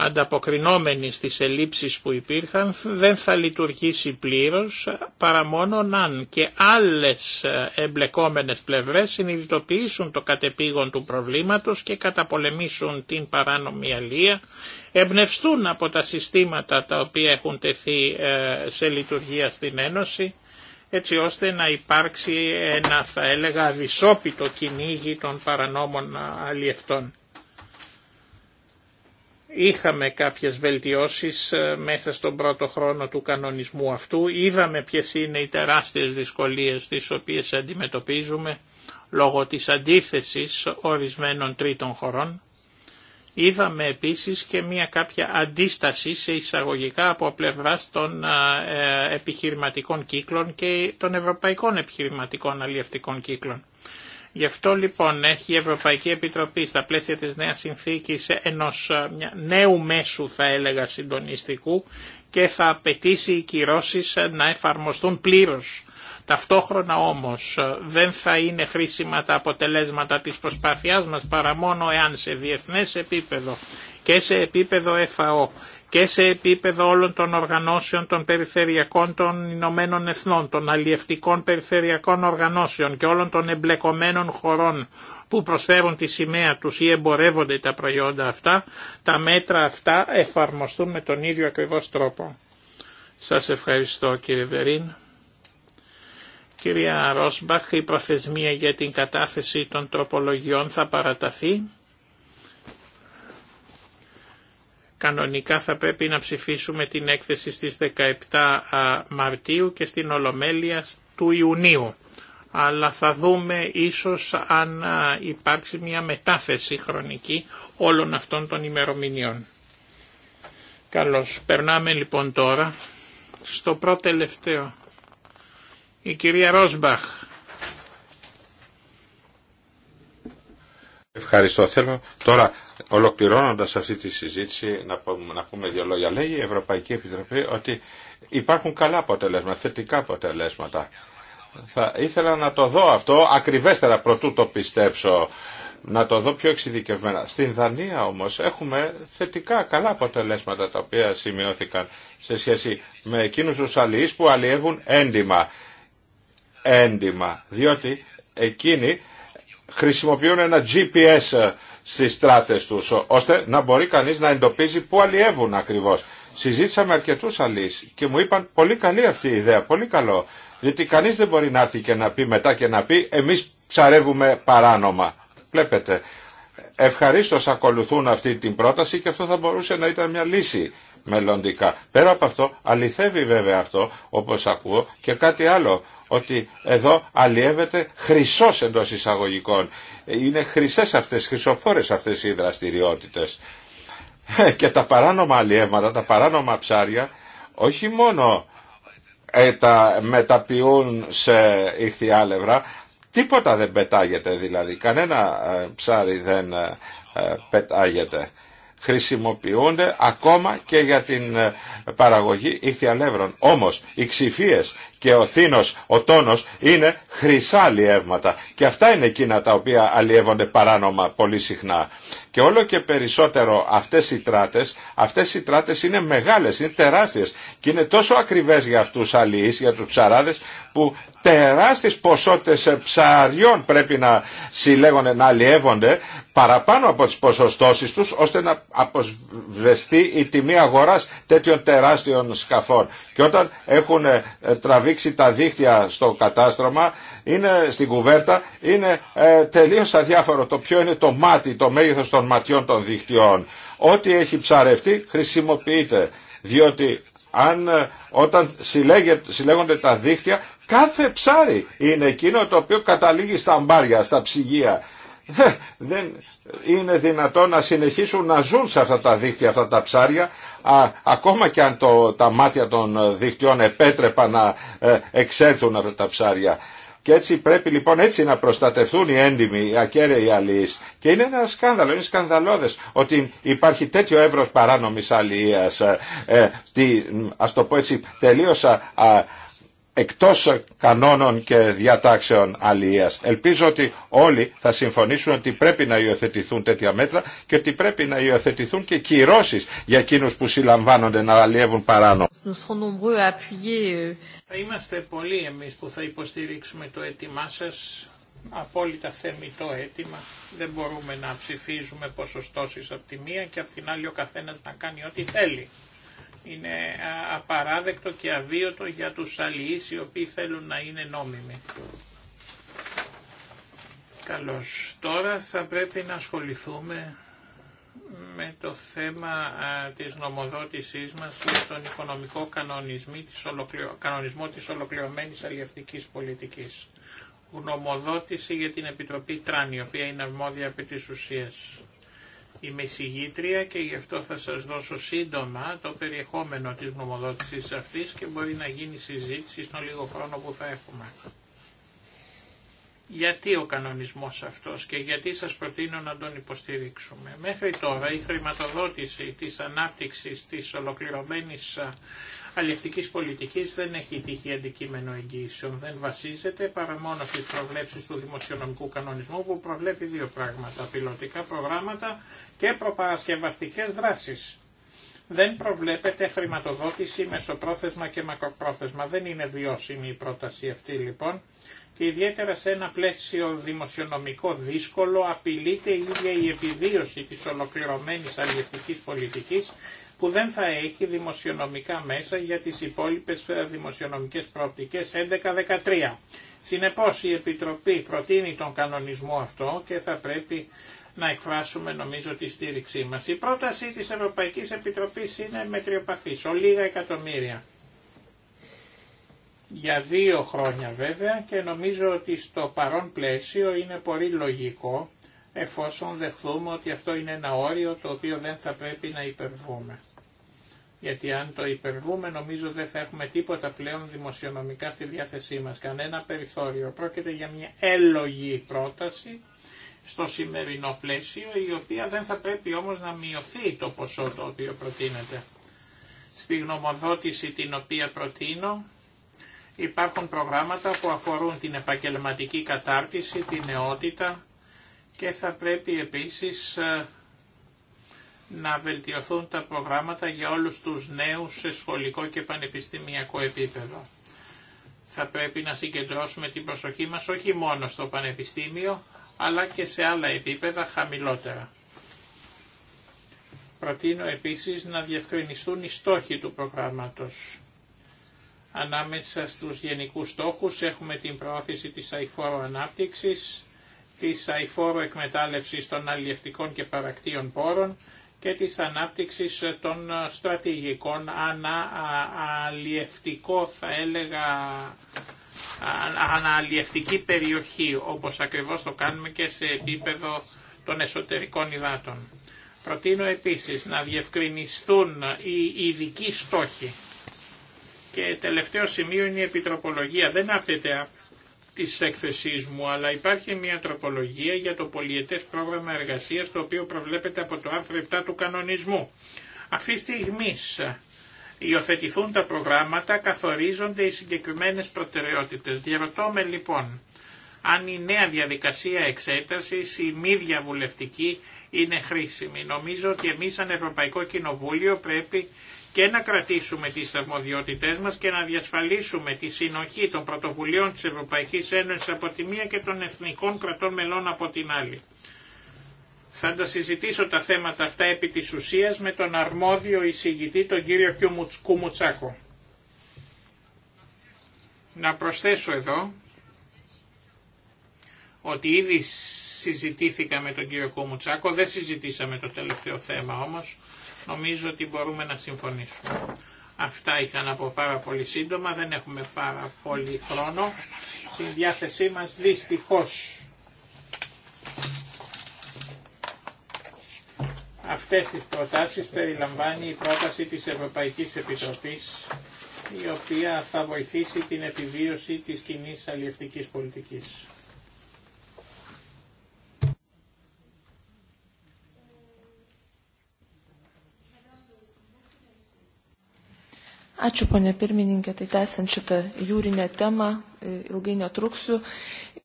S3: ανταποκρινόμενη στις ελλείψεις που υπήρχαν δεν θα λειτουργήσει πλήρως παρά μόνον αν και άλλες ε, εμπλεκόμενες πλευρές συνειδητοποιήσουν το κατεπήγον του προβλήματος και καταπολεμήσουν την παράνομη αλία, εμπνευστούν από τα συστήματα τα οποία έχουν τεθεί ε, σε λειτουργία στην Ένωση έτσι ώστε να υπάρξει ένα θα έλεγα δυσόπιτο κυνήγι των παρανόμων ε, αλλιευτών. Είχαμε κάποιες βελτιώσεις ε, μέσα στον πρώτο χρόνο του κανονισμού αυτού. Είδαμε ποιες είναι οι τεράστιες δυσκολίες τις οποίες αντιμετωπίζουμε λόγω της αντίθεσης ορισμένων τρίτων χωρών. Είδαμε επίσης και μια κάποια αντίσταση σε εισαγωγικά από πλευρά των ε, επιχειρηματικών κύκλων και των ευρωπαϊκών επιχειρηματικών αλλιευτικών κύκλων. Γι' αυτό λοιπόν έχει η Ευρωπαϊκή Επιτροπή στα πλαίσια της νέας συνθήκης ενός ε, νέου μέσου θα έλεγα συντονιστικού και θα απαιτήσει οι κυρώσεις ε, να εφαρμοστούν πλήρως. Ταυτόχρονα όμως ε, δεν θα είναι χρήσιμα τα αποτελέσματα της προσπάθειάς μας παρά μόνο εάν σε διεθνές επίπεδο και σε επίπεδο ΕΦΑΟ και σε επίπεδο όλων των οργανώσεων των περιφερειακών των Ηνωμένων Εθνών, των αλλιευτικών περιφερειακών οργανώσεων και όλων των εμπλεκομένων χωρών που προσφέρουν τη σημαία τους ή εμπορεύονται τα προϊόντα αυτά, τα μέτρα αυτά εφαρμοστούν με τον ίδιο ακριβώς τρόπο. Σας ευχαριστώ κύριε Βερίν. Κυρία Ρόσμπαχ, η προθεσμία για την κατάθεση των τροπολογιών θα παραταθεί. Κανονικά θα πρέπει να ψηφίσουμε την έκθεση στις 17 Μαρτίου και στην Ολομέλεια του Ιουνίου. Αλλά θα δούμε ίσως αν υπάρξει μια μετάθεση χρονική όλων αυτών των ημερομηνιών. Καλώς. Περνάμε λοιπόν τώρα στο πρώτο τελευταίο. Η κυρία Ρόσμπαχ.
S2: Ευχαριστώ. Θέλω τώρα ολοκληρώνοντας αυτή τη συζήτηση να πούμε, να δύο λόγια. Λέει η Ευρωπαϊκή Επιτροπή ότι υπάρχουν καλά αποτελέσματα, θετικά αποτελέσματα. Θα ήθελα να το δω αυτό ακριβέστερα προτού το πιστέψω. Να το δω πιο εξειδικευμένα. Στην Δανία όμως έχουμε θετικά καλά αποτελέσματα τα οποία σημειώθηκαν σε σχέση με εκείνους τους αλληλείς που αλλιεύουν έντιμα. Έντιμα. Διότι εκείνοι χρησιμοποιούν ένα GPS ε, στις στράτες τους, ώστε να μπορεί κανείς να εντοπίζει πού αλλιεύουν ακριβώς. Συζήτησα με αρκετούς αλείς και μου είπαν πολύ καλή αυτή η ιδέα, πολύ καλό. Διότι κανείς δεν μπορεί να έρθει και να πει μετά και να πει εμείς ψαρεύουμε παράνομα. Βλέπετε, ευχαρίστως ακολουθούν αυτή την πρόταση και αυτό θα μπορούσε να ήταν μια λύση μελλοντικά. Πέρα από αυτό, αληθεύει βέβαια αυτό, όπως ακούω, και κάτι άλλο, ότι εδώ αλλιεύεται χρυσός εντός εισαγωγικών. Είναι χρυσές αυτές, χρυσοφόρες αυτές οι δραστηριότητες. Και τα παράνομα αλλιεύματα, τα παράνομα ψάρια, όχι μόνο ε, τα μεταποιούν σε ηχθιάλευρα, τίποτα δεν πετάγεται δηλαδή, κανένα ε, ψάρι δεν ε, ε, πετάγεται χρησιμοποιούνται ακόμα και για την ε, παραγωγή ηχθιαλεύρων. Όμως οι ξηφίες και ο θήνος, ο τόνος είναι χρυσά αλλιεύματα και αυτά είναι εκείνα τα οποία αλλιεύονται παράνομα πολύ συχνά. Και όλο και περισσότερο αυτές οι τράτες, αυτές οι τράτες είναι μεγάλες, είναι τεράστιες και είναι τόσο ακριβές για αυτούς αλλιείς, για τους ψαράδες που τεράστιες ποσότητες ψαριών πρέπει να συλλέγονται, να αλλιεύονται παραπάνω από τις ποσοστώσεις τους ώστε να αποσβεστεί η τιμή αγοράς τέτοιων τεράστιων σκαφών. Και όταν έχουν ε, τραβήξει τα δίχτυα στο κατάστρωμα, είναι στην κουβέρτα, είναι ε, τελείως αδιάφορο το ποιο είναι το μάτι, το μέγεθος των ματιών των δίχτυων. Ό,τι έχει ψαρευτεί χρησιμοποιείται, διότι αν, ε, όταν συλλέγονται τα δίχτυα, κάθε ψάρι είναι εκείνο το οποίο καταλήγει στα μπάρια, στα ψυγεία. δεν είναι δυνατόν να συνεχίσουν να ζουν σε αυτά τα δίκτυα, αυτά τα ψάρια, α, ακόμα και αν το, τα μάτια των δικτυών επέτρεπαν να ε, εξέλθουν αυτά τα ψάρια. Και έτσι πρέπει λοιπόν έτσι να προστατευτούν οι έντιμοι, οι ακέραιοι αλληλείς. Και είναι ένα σκάνδαλο, είναι σκανδαλώδες ότι υπάρχει τέτοιο εύρος παράνομης αλληλείας. Ε, ε το πω έτσι, τελείωσα εκτός κανόνων και διατάξεων αλληλείας. Ελπίζω ότι όλοι θα συμφωνήσουν ότι πρέπει να υιοθετηθούν τέτοια μέτρα και ότι πρέπει να υιοθετηθούν και κυρώσεις για εκείνους που συλλαμβάνονται να αλλιεύουν παράνομο.
S3: Euh, είμαστε πολλοί εμείς που θα υποστηρίξουμε το αίτημά σας. Απόλυτα θεμητό αίτημα. Δεν μπορούμε να ψηφίζουμε ποσοστώσεις από τη μία και από την άλλη ο καθένας να κάνει ό,τι θέλει είναι απαράδεκτο και αβίωτο για τους αλληλείς οι οποίοι θέλουν να είναι νόμιμοι. Καλώς. Τώρα θα πρέπει να ασχοληθούμε με το θέμα της νομοδότησής μας για τον οικονομικό της κανονισμό της ολοκληρωμένης αλληλευτικής πολιτικής. Γνωμοδότηση για την Επιτροπή Τράνη, η οποία είναι αρμόδια επί της ουσίας. Είμαι συγγήτρια και γι' αυτό θα σας δώσω σύντομα το περιεχόμενο της νομοδότησης αυτής και μπορεί να γίνει συζήτηση στον λίγο χρόνο που θα έχουμε. Γιατί ο κανονισμός αυτός και γιατί σας προτείνω να τον υποστηρίξουμε. Μέχρι τώρα η χρηματοδότηση της ανάπτυξης της ολοκληρωμένης αλληλευτικής πολιτικής δεν έχει τύχει αντικείμενο εγγύησεων. Δεν βασίζεται παρά μόνο στις προβλέψεις του δημοσιονομικού κανονισμού που προβλέπει δύο πράγματα. Πιλωτικά προγράμματα και προπαρασκευαστικές δράσεις. Δεν προβλέπεται χρηματοδότηση μεσοπρόθεσμα και μακροπρόθεσμα. Δεν είναι βιώσιμη η πρόταση αυτή λοιπόν και ιδιαίτερα σε ένα πλαίσιο δημοσιονομικό δύσκολο απειλείται η ίδια η επιβίωση της ολοκληρωμένης αλληλευτικής πολιτικής που δεν θα έχει δημοσιονομικά μέσα για τις υπόλοιπες ε, δημοσιονομικές προοπτικές 11-13. Συνεπώς η Επιτροπή προτείνει τον κανονισμό αυτό και θα πρέπει να εκφράσουμε νομίζω τη στήριξή μας. Η πρόταση της Ευρωπαϊκής Επιτροπής είναι μετριοπαθής, ολίγα εκατομμύρια για δύο χρόνια βέβαια και νομίζω ότι στο παρόν πλαίσιο είναι πολύ λογικό εφόσον δεχθούμε ότι αυτό είναι ένα όριο το οποίο δεν θα πρέπει να υπερβούμε. Γιατί αν το υπερβούμε νομίζω δεν θα έχουμε τίποτα πλέον δημοσιονομικά στη διάθεσή μας, κανένα περιθώριο. Πρόκειται για μια έλογη πρόταση στο σημερινό πλαίσιο η οποία δεν θα πρέπει όμως να μειωθεί το ποσό το οποίο προτείνεται. Στη γνωμοδότηση την οποία προτείνω Υπάρχουν προγράμματα που αφορούν την επαγγελματική κατάρτιση, την νεότητα και θα πρέπει επίσης ε, να βελτιωθούν τα προγράμματα για όλους τους νέους σε σχολικό και πανεπιστημιακό επίπεδο. Θα πρέπει να συγκεντρώσουμε την προσοχή μας όχι μόνο στο πανεπιστήμιο, αλλά και σε άλλα επίπεδα χαμηλότερα. Προτείνω επίσης να διευκρινιστούν οι στόχοι του προγράμματος. Ανάμεσα στους γενικούς στόχους έχουμε την προώθηση της αηφόρου ανάπτυξης, της αηφόρου εκμετάλλευσης των αλλιευτικών και παρακτήων πόρων και της ανάπτυξης των στρατηγικών ανά θα έλεγα αναλιευτική περιοχή, όπως ακριβώς το κάνουμε και σε επίπεδο των εσωτερικών υδάτων. Προτείνω επίσης να διευκρινιστούν οι ειδικοί στόχοι και τελευταίο σημείο είναι η επιτροπολογία. Δεν άπτεται τη έκθεσή μου, αλλά υπάρχει μια τροπολογία για το πολιετές πρόγραμμα εργασία το οποίο προβλέπεται από το άρθρο 7 του κανονισμού. Αυτή τη στιγμή υιοθετηθούν τα προγράμματα, καθορίζονται οι συγκεκριμένες προτεραιότητες. Διαρωτώ λοιπόν, αν η νέα διαδικασία εξέτασης, η μη διαβουλευτική, είναι χρήσιμη. Νομίζω ότι εμείς σαν Ευρωπαϊκό Κοινοβούλιο πρέπει και να κρατήσουμε τις αρμοδιότητές μας και να διασφαλίσουμε τη συνοχή των πρωτοβουλίων της Ευρωπαϊκής Ένωσης από τη μία και των εθνικών κρατών μελών από την άλλη. Θα τα συζητήσω τα θέματα αυτά επί της ουσίας με τον αρμόδιο εισηγητή τον κύριο Κουμουτσάκο. Να προσθέσω εδώ ότι ήδη συζητήθηκα με τον κύριο Κουμουτσάκο, δεν συζητήσαμε το τελευταίο θέμα όμως, νομίζω ότι μπορούμε να συμφωνήσουμε. Αυτά είχα να πω πάρα πολύ σύντομα, δεν έχουμε πάρα πολύ χρόνο. Στην διάθεσή μας δυστυχώς. Αυτές τις προτάσεις περιλαμβάνει η πρόταση της Ευρωπαϊκής Επιτροπής η οποία θα βοηθήσει την επιβίωση της κοινή αλληλευτικής πολιτικής.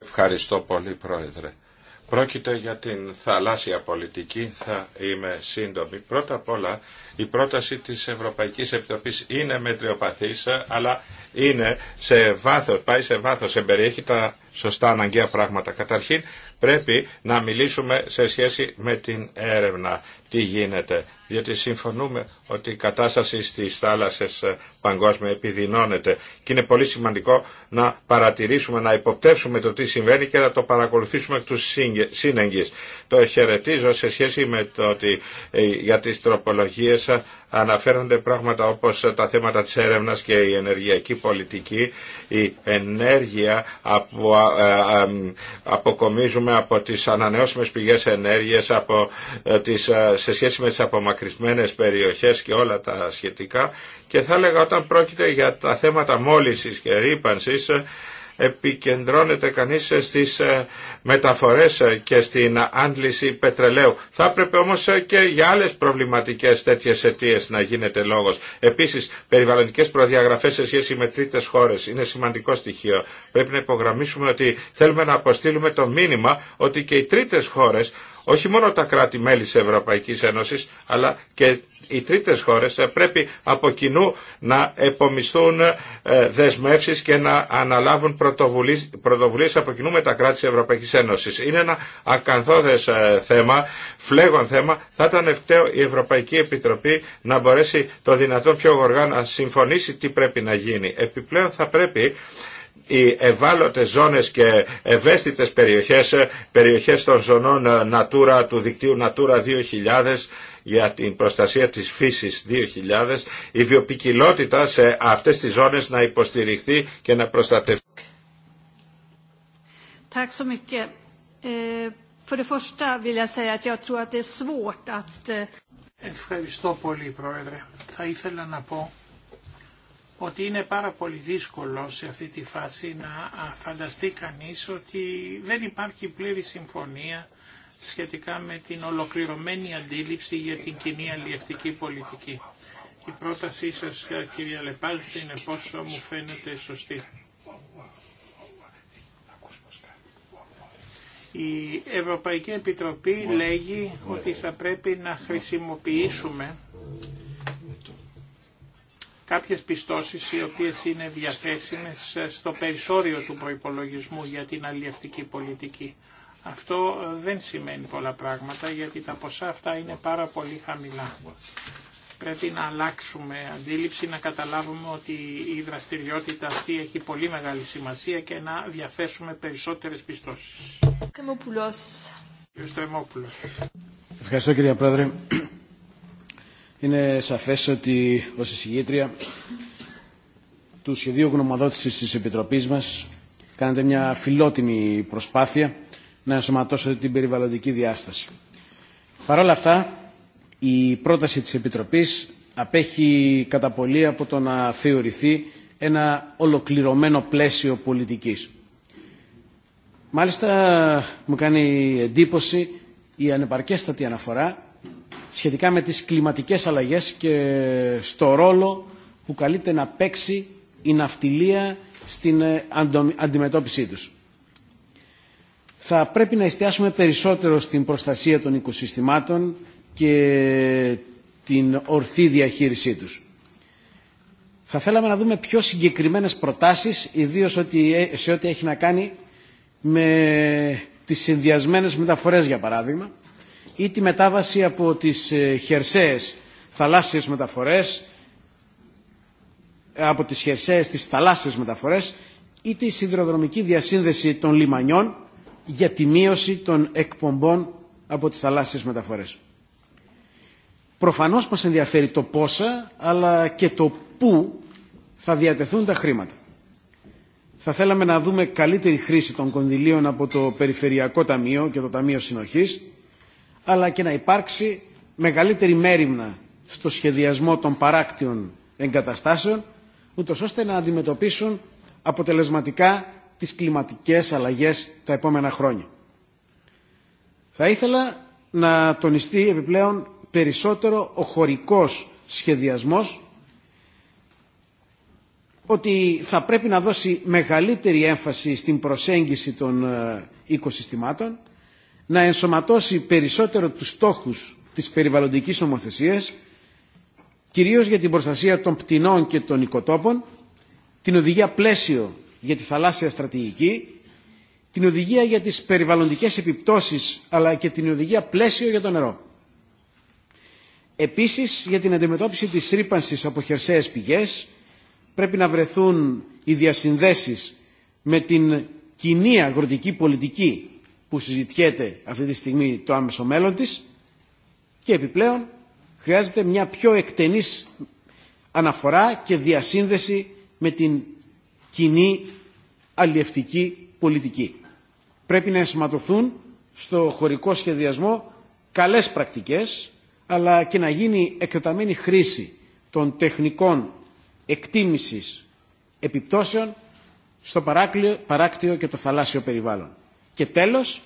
S2: Ευχαριστώ πολύ, Πρόεδρε. Πρόκειται για την θαλάσσια πολιτική, θα είμαι σύντομη. Πρώτα απ' όλα, η πρόταση της Ευρωπαϊκής Επιτροπής είναι μετριοπαθής, αλλά είναι σε βάθος, πάει σε βάθος, εμπεριέχει τα σωστά αναγκαία πράγματα. Καταρχήν, πρέπει να μιλήσουμε σε σχέση με την έρευνα, τι γίνεται. Διότι συμφωνούμε ότι η κατάσταση στις θάλασσες ε, παγκόσμια επιδεινώνεται και είναι πολύ σημαντικό να παρατηρήσουμε, να υποπτεύσουμε το τι συμβαίνει και να το παρακολουθήσουμε εκ του σύνεγγυς. Το χαιρετίζω σε σχέση με το ότι ε, για τις τροπολογίες ε, αναφέρονται πράγματα όπως τα θέματα της έρευνας και η ενεργειακή πολιτική, η ενέργεια που αποκομίζουμε από τις ανανεώσιμες πηγές ενέργειας, από σε σχέση με τις απομακρυσμένες περιοχές και όλα τα σχετικά και θα έλεγα όταν πρόκειται για τα θέματα μόλυνσης και ρήπανσης επικεντρώνεται κανείς στις ε, μεταφορές ε, και στην άντληση πετρελαίου. Θα έπρεπε όμως ε, και για άλλες προβληματικές τέτοιες αιτίες να γίνεται λόγος. Επίσης, περιβαλλοντικές προδιαγραφές σε σχέση με τρίτες χώρες είναι σημαντικό στοιχείο. Πρέπει να υπογραμμίσουμε ότι θέλουμε να αποστείλουμε το μήνυμα ότι και οι τρίτες χώρες όχι μόνο τα κράτη-μέλη της Ευρωπαϊκής Ένωσης, αλλά και οι τρίτες χώρες ε, πρέπει από κοινού να επομισθούν ε, δεσμεύσεις και να αναλάβουν πρωτοβουλίες, από κοινού με τα κράτη της Ευρωπαϊκής Ένωσης. Είναι ένα ακαθόδες ε, θέμα, φλέγον θέμα. Θα ήταν ευκταίο η Ευρωπαϊκή Επιτροπή να μπορέσει το δυνατόν πιο γοργά να συμφωνήσει τι πρέπει να γίνει. Επιπλέον θα πρέπει οι ευάλωτες ζώνες και ευαίσθητες περιοχές, περιοχές των ζωνών Natura, του δικτύου Natura 2000, για την προστασία της φύσης 2000 η βιοπικιλότητα σε αυτές τις ζώνες να υποστηριχθεί και να προστατευτεί.
S3: Ευχαριστώ πολύ, Πρόεδρε. Θα ήθελα να πω ότι είναι πάρα πολύ δύσκολο σε αυτή τη φάση να φανταστεί κανείς ότι δεν υπάρχει πλήρη συμφωνία σχετικά με την ολοκληρωμένη αντίληψη για την κοινή αλλιευτική πολιτική. Η πρότασή σας, ε, κυρία Λεπάλ, είναι πόσο μου φαίνεται σωστή. Η Ευρωπαϊκή Επιτροπή λέγει ότι θα πρέπει να χρησιμοποιήσουμε κάποιες πιστώσεις οι οποίες είναι διαθέσιμες στο περισσόριο του προϋπολογισμού για την αλλιευτική πολιτική. Αυτό ε, δεν σημαίνει πολλά πράγματα γιατί τα ποσά αυτά είναι πάρα πολύ χαμηλά. Πρέπει να αλλάξουμε αντίληψη, να καταλάβουμε ότι η δραστηριότητα αυτή έχει πολύ μεγάλη σημασία και να διαθέσουμε περισσότερες πιστώσεις.
S4: Ευχαριστώ κύριε Πρόεδρε. Είναι σαφές ότι ως εισηγήτρια του σχεδίου γνωμοδότησης της Επιτροπής μας κάνετε μια φιλότιμη προσπάθεια να ενσωματώσετε την περιβαλλοντική διάσταση. Παρ' όλα αυτά, η πρόταση της Επιτροπής απέχει κατά πολύ από το να θεωρηθεί ένα ολοκληρωμένο πλαίσιο πολιτικής. Μάλιστα, μου κάνει εντύπωση η ανεπαρκέστατη αναφορά σχετικά με τις κλιματικές αλλαγές και στο ρόλο που καλείται να παίξει η ναυτιλία στην αντιμετώπιση τους θα πρέπει να εστιάσουμε περισσότερο στην προστασία των οικοσυστημάτων και την ορθή διαχείρισή τους. Θα θέλαμε να δούμε πιο συγκεκριμένες προτάσεις, ιδίως ε, σε ό,τι έχει να κάνει με τις συνδυασμένες μεταφορές, για παράδειγμα, ή τη μετάβαση από τις ε, χερσαίες θαλάσσιες μεταφορές, ε, από τις χερσαίες τις θαλάσσιες μεταφορές ή τη σιδηροδρομική διασύνδεση των λιμανιών, για τη μείωση των εκπομπών από τις θαλάσσιες μεταφορές. Προφανώς μας ενδιαφέρει το πόσα, αλλά και το πού θα διατεθούν τα χρήματα. Θα θέλαμε να δούμε καλύτερη χρήση των κονδυλίων από το Περιφερειακό Ταμείο και το Ταμείο Συνοχής, αλλά και να υπάρξει μεγαλύτερη μέρημνα στο σχεδιασμό των παράκτιων εγκαταστάσεων, ούτως ώστε να αντιμετωπίσουν αποτελεσματικά τις κλιματικές αλλαγές τα επόμενα χρόνια. Θα ήθελα να τονιστεί επιπλέον περισσότερο ο χωρικός σχεδιασμός ότι θα πρέπει να δώσει μεγαλύτερη έμφαση στην προσέγγιση των ε, οικοσυστημάτων, να ενσωματώσει περισσότερο τους στόχους της περιβαλλοντικής ομοθεσίας κυρίως για την προστασία των πτηνών και των οικοτόπων, την οδηγία πλαίσιο για τη θαλάσσια στρατηγική, την οδηγία για τις περιβαλλοντικές επιπτώσεις, αλλά και την οδηγία πλαίσιο για το νερό. Επίσης, για την αντιμετώπιση της ρήπανσης από χερσαίες πηγές, πρέπει να βρεθούν οι διασυνδέσεις με την κοινή αγροτική πολιτική που συζητιέται αυτή τη στιγμή το άμεσο μέλλον της και επιπλέον χρειάζεται μια πιο εκτενής αναφορά και διασύνδεση με την κοινή αλλιευτική πολιτική. Πρέπει να ενσωματωθούν στο χωρικό σχεδιασμό καλές πρακτικές, αλλά και να γίνει εκτεταμένη χρήση των τεχνικών εκτίμησης επιπτώσεων στο παράκτιο και το θαλάσσιο περιβάλλον. Και τέλος,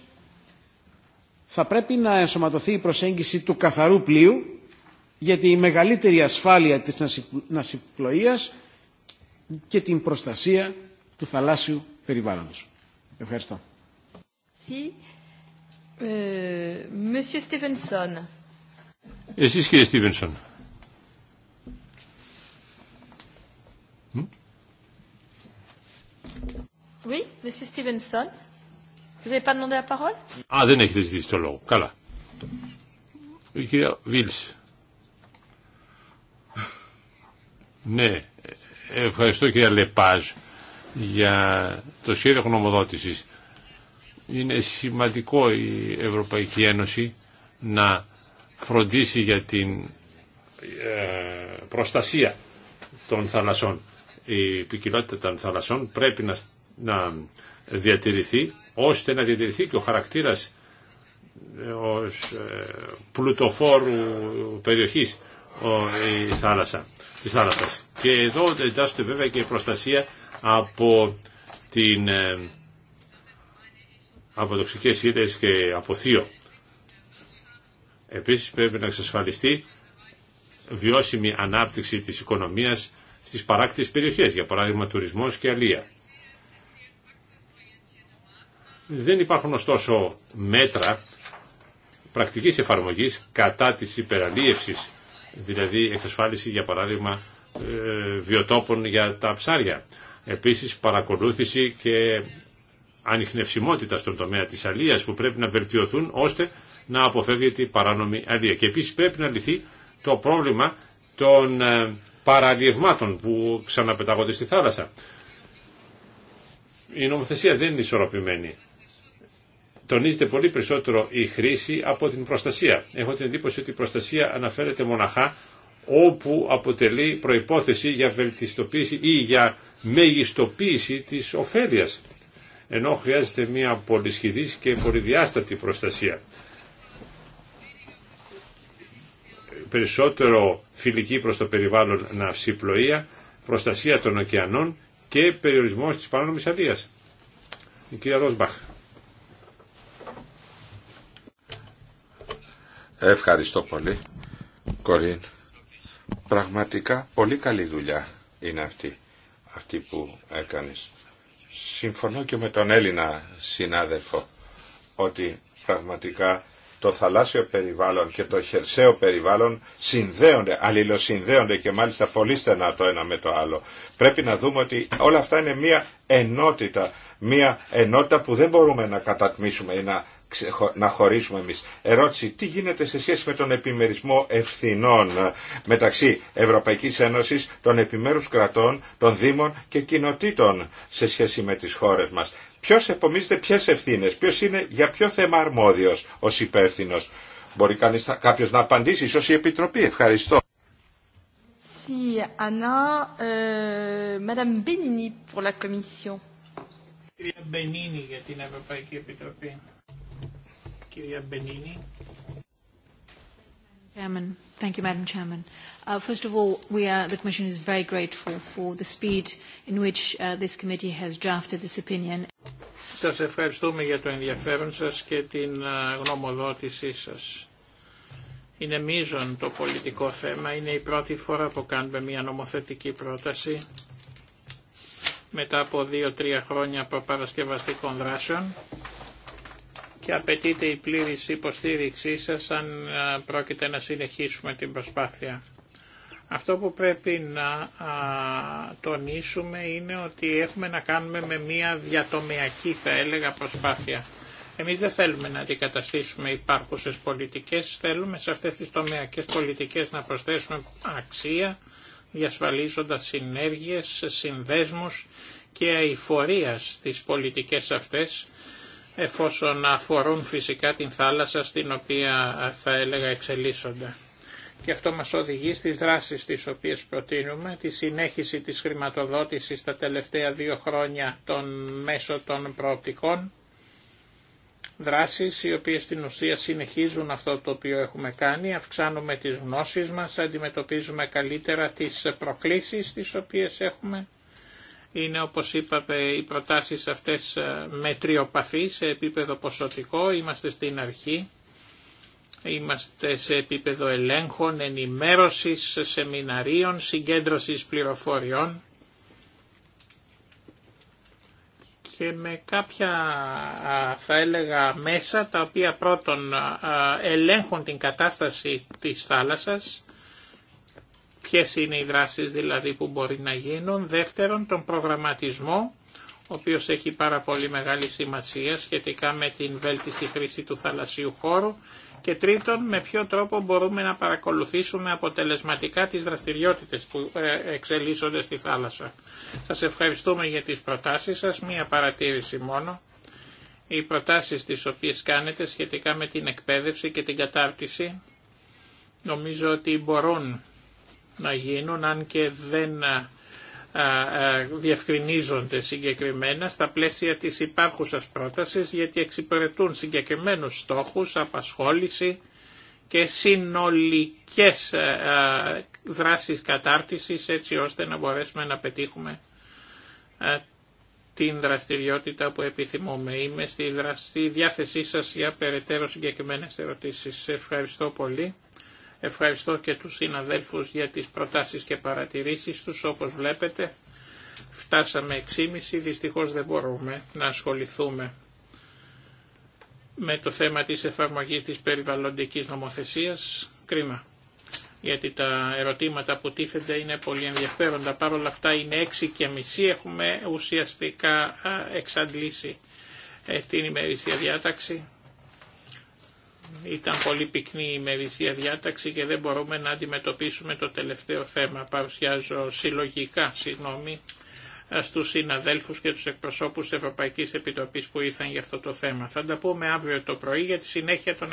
S4: θα πρέπει να ενσωματωθεί η προσέγγιση του καθαρού πλοίου, γιατί η μεγαλύτερη ασφάλεια της νασιπλοείας και την προστασία του θαλάσσιου περιβάλλοντος. Ευχαριστώ.
S3: Euh,
S1: Εσείς κύριε Στίβενσον.
S3: Oui, Monsieur Stevenson. Vous n'avez pas demandé la parole
S1: Α, δεν έχετε ζητήσει το λόγο. Καλά. Η κυρία Βίλς. Ναι, Ευχαριστώ κυρία Λεπάζ για το σχέδιο γνωμοδότησης. Είναι σημαντικό η Ευρωπαϊκή Ένωση να φροντίσει για την ε, προστασία των θαλασσών. Η ποικιλότητα των θαλασσών πρέπει να, διατηρηθεί ώστε να διατηρηθεί και ο χαρακτήρας ε, ως ε, πλουτοφόρου περιοχής ο, η θάλασσα, της θάλασσας. Και εδώ εντάσσεται βέβαια και η προστασία από, την, ε, από τοξικές και από θείο. Επίσης πρέπει να εξασφαλιστεί βιώσιμη ανάπτυξη της οικονομίας στις παράκτητες περιοχές, για παράδειγμα τουρισμός και αλία. Δεν υπάρχουν ωστόσο μέτρα πρακτικής εφαρμογής κατά της υπεραλίευσης, δηλαδή εξασφάλιση για παράδειγμα ε, βιοτόπων για τα ψάρια. Επίσης παρακολούθηση και ανιχνευσιμότητα στον τομέα της αλίας που πρέπει να βελτιωθούν ώστε να αποφεύγεται η παράνομη αλία. Και επίσης πρέπει να λυθεί το πρόβλημα των ε, παραλιευμάτων που ξαναπεταγόνται στη θάλασσα. Η νομοθεσία δεν είναι ισορροπημένη. Τονίζεται πολύ περισσότερο η χρήση από την προστασία. Έχω την εντύπωση ότι η προστασία αναφέρεται μοναχά όπου αποτελεί προϋπόθεση για βελτιστοποίηση ή για μεγιστοποίηση της ωφέλειας, ενώ χρειάζεται μια πολυσχηδής και πολυδιάστατη προστασία. Περισσότερο φιλική προς το περιβάλλον ναυσιπλοεία, προστασία των ωκεανών και περιορισμός της παράνομης αδείας. Η κυρία Ρόσμπαχ.
S2: Ευχαριστώ πολύ, Κορίν. Πραγματικά πολύ καλή δουλειά είναι αυτή, αυτή που έκανες. Συμφωνώ και με τον Έλληνα συνάδελφο ότι πραγματικά το θαλάσσιο περιβάλλον και το χερσαίο περιβάλλον συνδέονται, αλληλοσυνδέονται και μάλιστα πολύ στενά το ένα με το άλλο. Πρέπει να δούμε ότι όλα αυτά είναι μια ενότητα, μια ενότητα που δεν μπορούμε να κατατμήσουμε ή να να χωρίσουμε εμείς. Ερώτηση, τι γίνεται σε σχέση με τον επιμερισμό ευθυνών ε, μεταξύ Ευρωπαϊκής Ένωσης, των επιμέρους κρατών, των δήμων και κοινοτήτων σε σχέση με τις χώρες μας. Ποιος επομίζεται ποιες ευθύνες, ποιος είναι για ποιο θέμα αρμόδιος ως υπεύθυνο. Μπορεί κανείς, κάποιος να απαντήσει, ίσως η Επιτροπή. Ευχαριστώ.
S3: Anna, euh, Madame Benini pour la Commission. για την κυρία Μπενίνη.
S4: Chairman. Thank you, Madam Chairman. Uh,
S3: First of all, we are, the Commission is very grateful for the speed in which uh, this committee has drafted this opinion. Σας ευχαριστούμε για το ενδιαφέρον σας και την uh, γνωμοδότησή σας. Είναι μείζον το πολιτικό θέμα. Είναι η πρώτη φορά που κάνουμε μια νομοθετική πρόταση μετά από δύο-τρία χρόνια προπαρασκευαστικών δράσεων και απαιτείται η πλήρης υποστήριξή σας αν πρόκειται να συνεχίσουμε την προσπάθεια. Αυτό που πρέπει να τονίσουμε είναι ότι έχουμε να κάνουμε με μια διατομιακή θα έλεγα προσπάθεια. Εμείς δεν θέλουμε να αντικαταστήσουμε υπάρχουσες πολιτικές, θέλουμε σε αυτές τις τομεακές πολιτικές να προσθέσουμε αξία, διασφαλίζοντας συνέργειες, συνδέσμους και αηφορία στις πολιτικές αυτές, εφόσον αφορούν φυσικά την θάλασσα στην οποία θα έλεγα εξελίσσονται. Και αυτό μας οδηγεί στις δράσεις τις οποίες προτείνουμε, τη συνέχιση της χρηματοδότησης τα τελευταία δύο χρόνια των μέσω των προοπτικών, δράσεις οι οποίες στην ουσία συνεχίζουν αυτό το οποίο έχουμε κάνει, αυξάνουμε τις γνώσεις μας, αντιμετωπίζουμε καλύτερα τις προκλήσεις τις οποίες έχουμε είναι όπως είπατε οι προτάσεις αυτές ε, μετριοπαθεί σε επίπεδο ποσοτικό, είμαστε στην αρχή, είμαστε σε επίπεδο ελέγχων, ενημέρωσης, σεμιναρίων, συγκέντρωσης πληροφοριών και με κάποια θα έλεγα μέσα τα οποία πρώτον ελέγχουν την κατάσταση της θάλασσας ποιες είναι οι δράσεις δηλαδή που μπορεί να γίνουν. Δεύτερον, τον προγραμματισμό, ο οποίος έχει πάρα πολύ μεγάλη σημασία σχετικά με την βέλτιστη χρήση του θαλασσίου χώρου. Και τρίτον, με ποιο τρόπο μπορούμε να παρακολουθήσουμε αποτελεσματικά τις δραστηριότητες που ε, εξελίσσονται στη θάλασσα. Σας ευχαριστούμε για τις προτάσεις σας. Μία παρατήρηση μόνο. Οι προτάσεις τις οποίες κάνετε σχετικά με την εκπαίδευση και την κατάρτιση νομίζω ότι μπορούν να γίνουν αν και δεν διευκρινίζονται συγκεκριμένα στα πλαίσια της υπάρχουσας πρότασης γιατί εξυπηρετούν συγκεκριμένους στόχους, απασχόληση και συνολικές δράσεις κατάρτισης έτσι ώστε να μπορέσουμε να πετύχουμε την δραστηριότητα που επιθυμούμε. Είμαι στη διάθεσή σας για περαιτέρω συγκεκριμένες ερωτήσεις. Ευχαριστώ πολύ. Ευχαριστώ και τους συναδέλφους για τις προτάσεις και παρατηρήσεις τους. Όπως βλέπετε φτάσαμε 6.30, δυστυχώς δεν μπορούμε να ασχοληθούμε με το θέμα της εφαρμογής της περιβαλλοντικής νομοθεσίας. Κρίμα, γιατί τα ερωτήματα που τίθενται είναι πολύ ενδιαφέροντα. Παρ' όλα αυτά είναι 6 και έχουμε ουσιαστικά εξαντλήσει ε, την ημερήσια διάταξη. Ήταν πολύ πυκνή η ημερησία διάταξη και δεν μπορούμε να αντιμετωπίσουμε το τελευταίο θέμα. Παρουσιάζω συλλογικά, συγγνώμη, στους συναδέλφους και τους εκπροσώπους της Ευρωπαϊκής Επιτροπής που ήρθαν για αυτό το θέμα. Θα τα πούμε αύριο το πρωί για τη συνέχεια
S5: των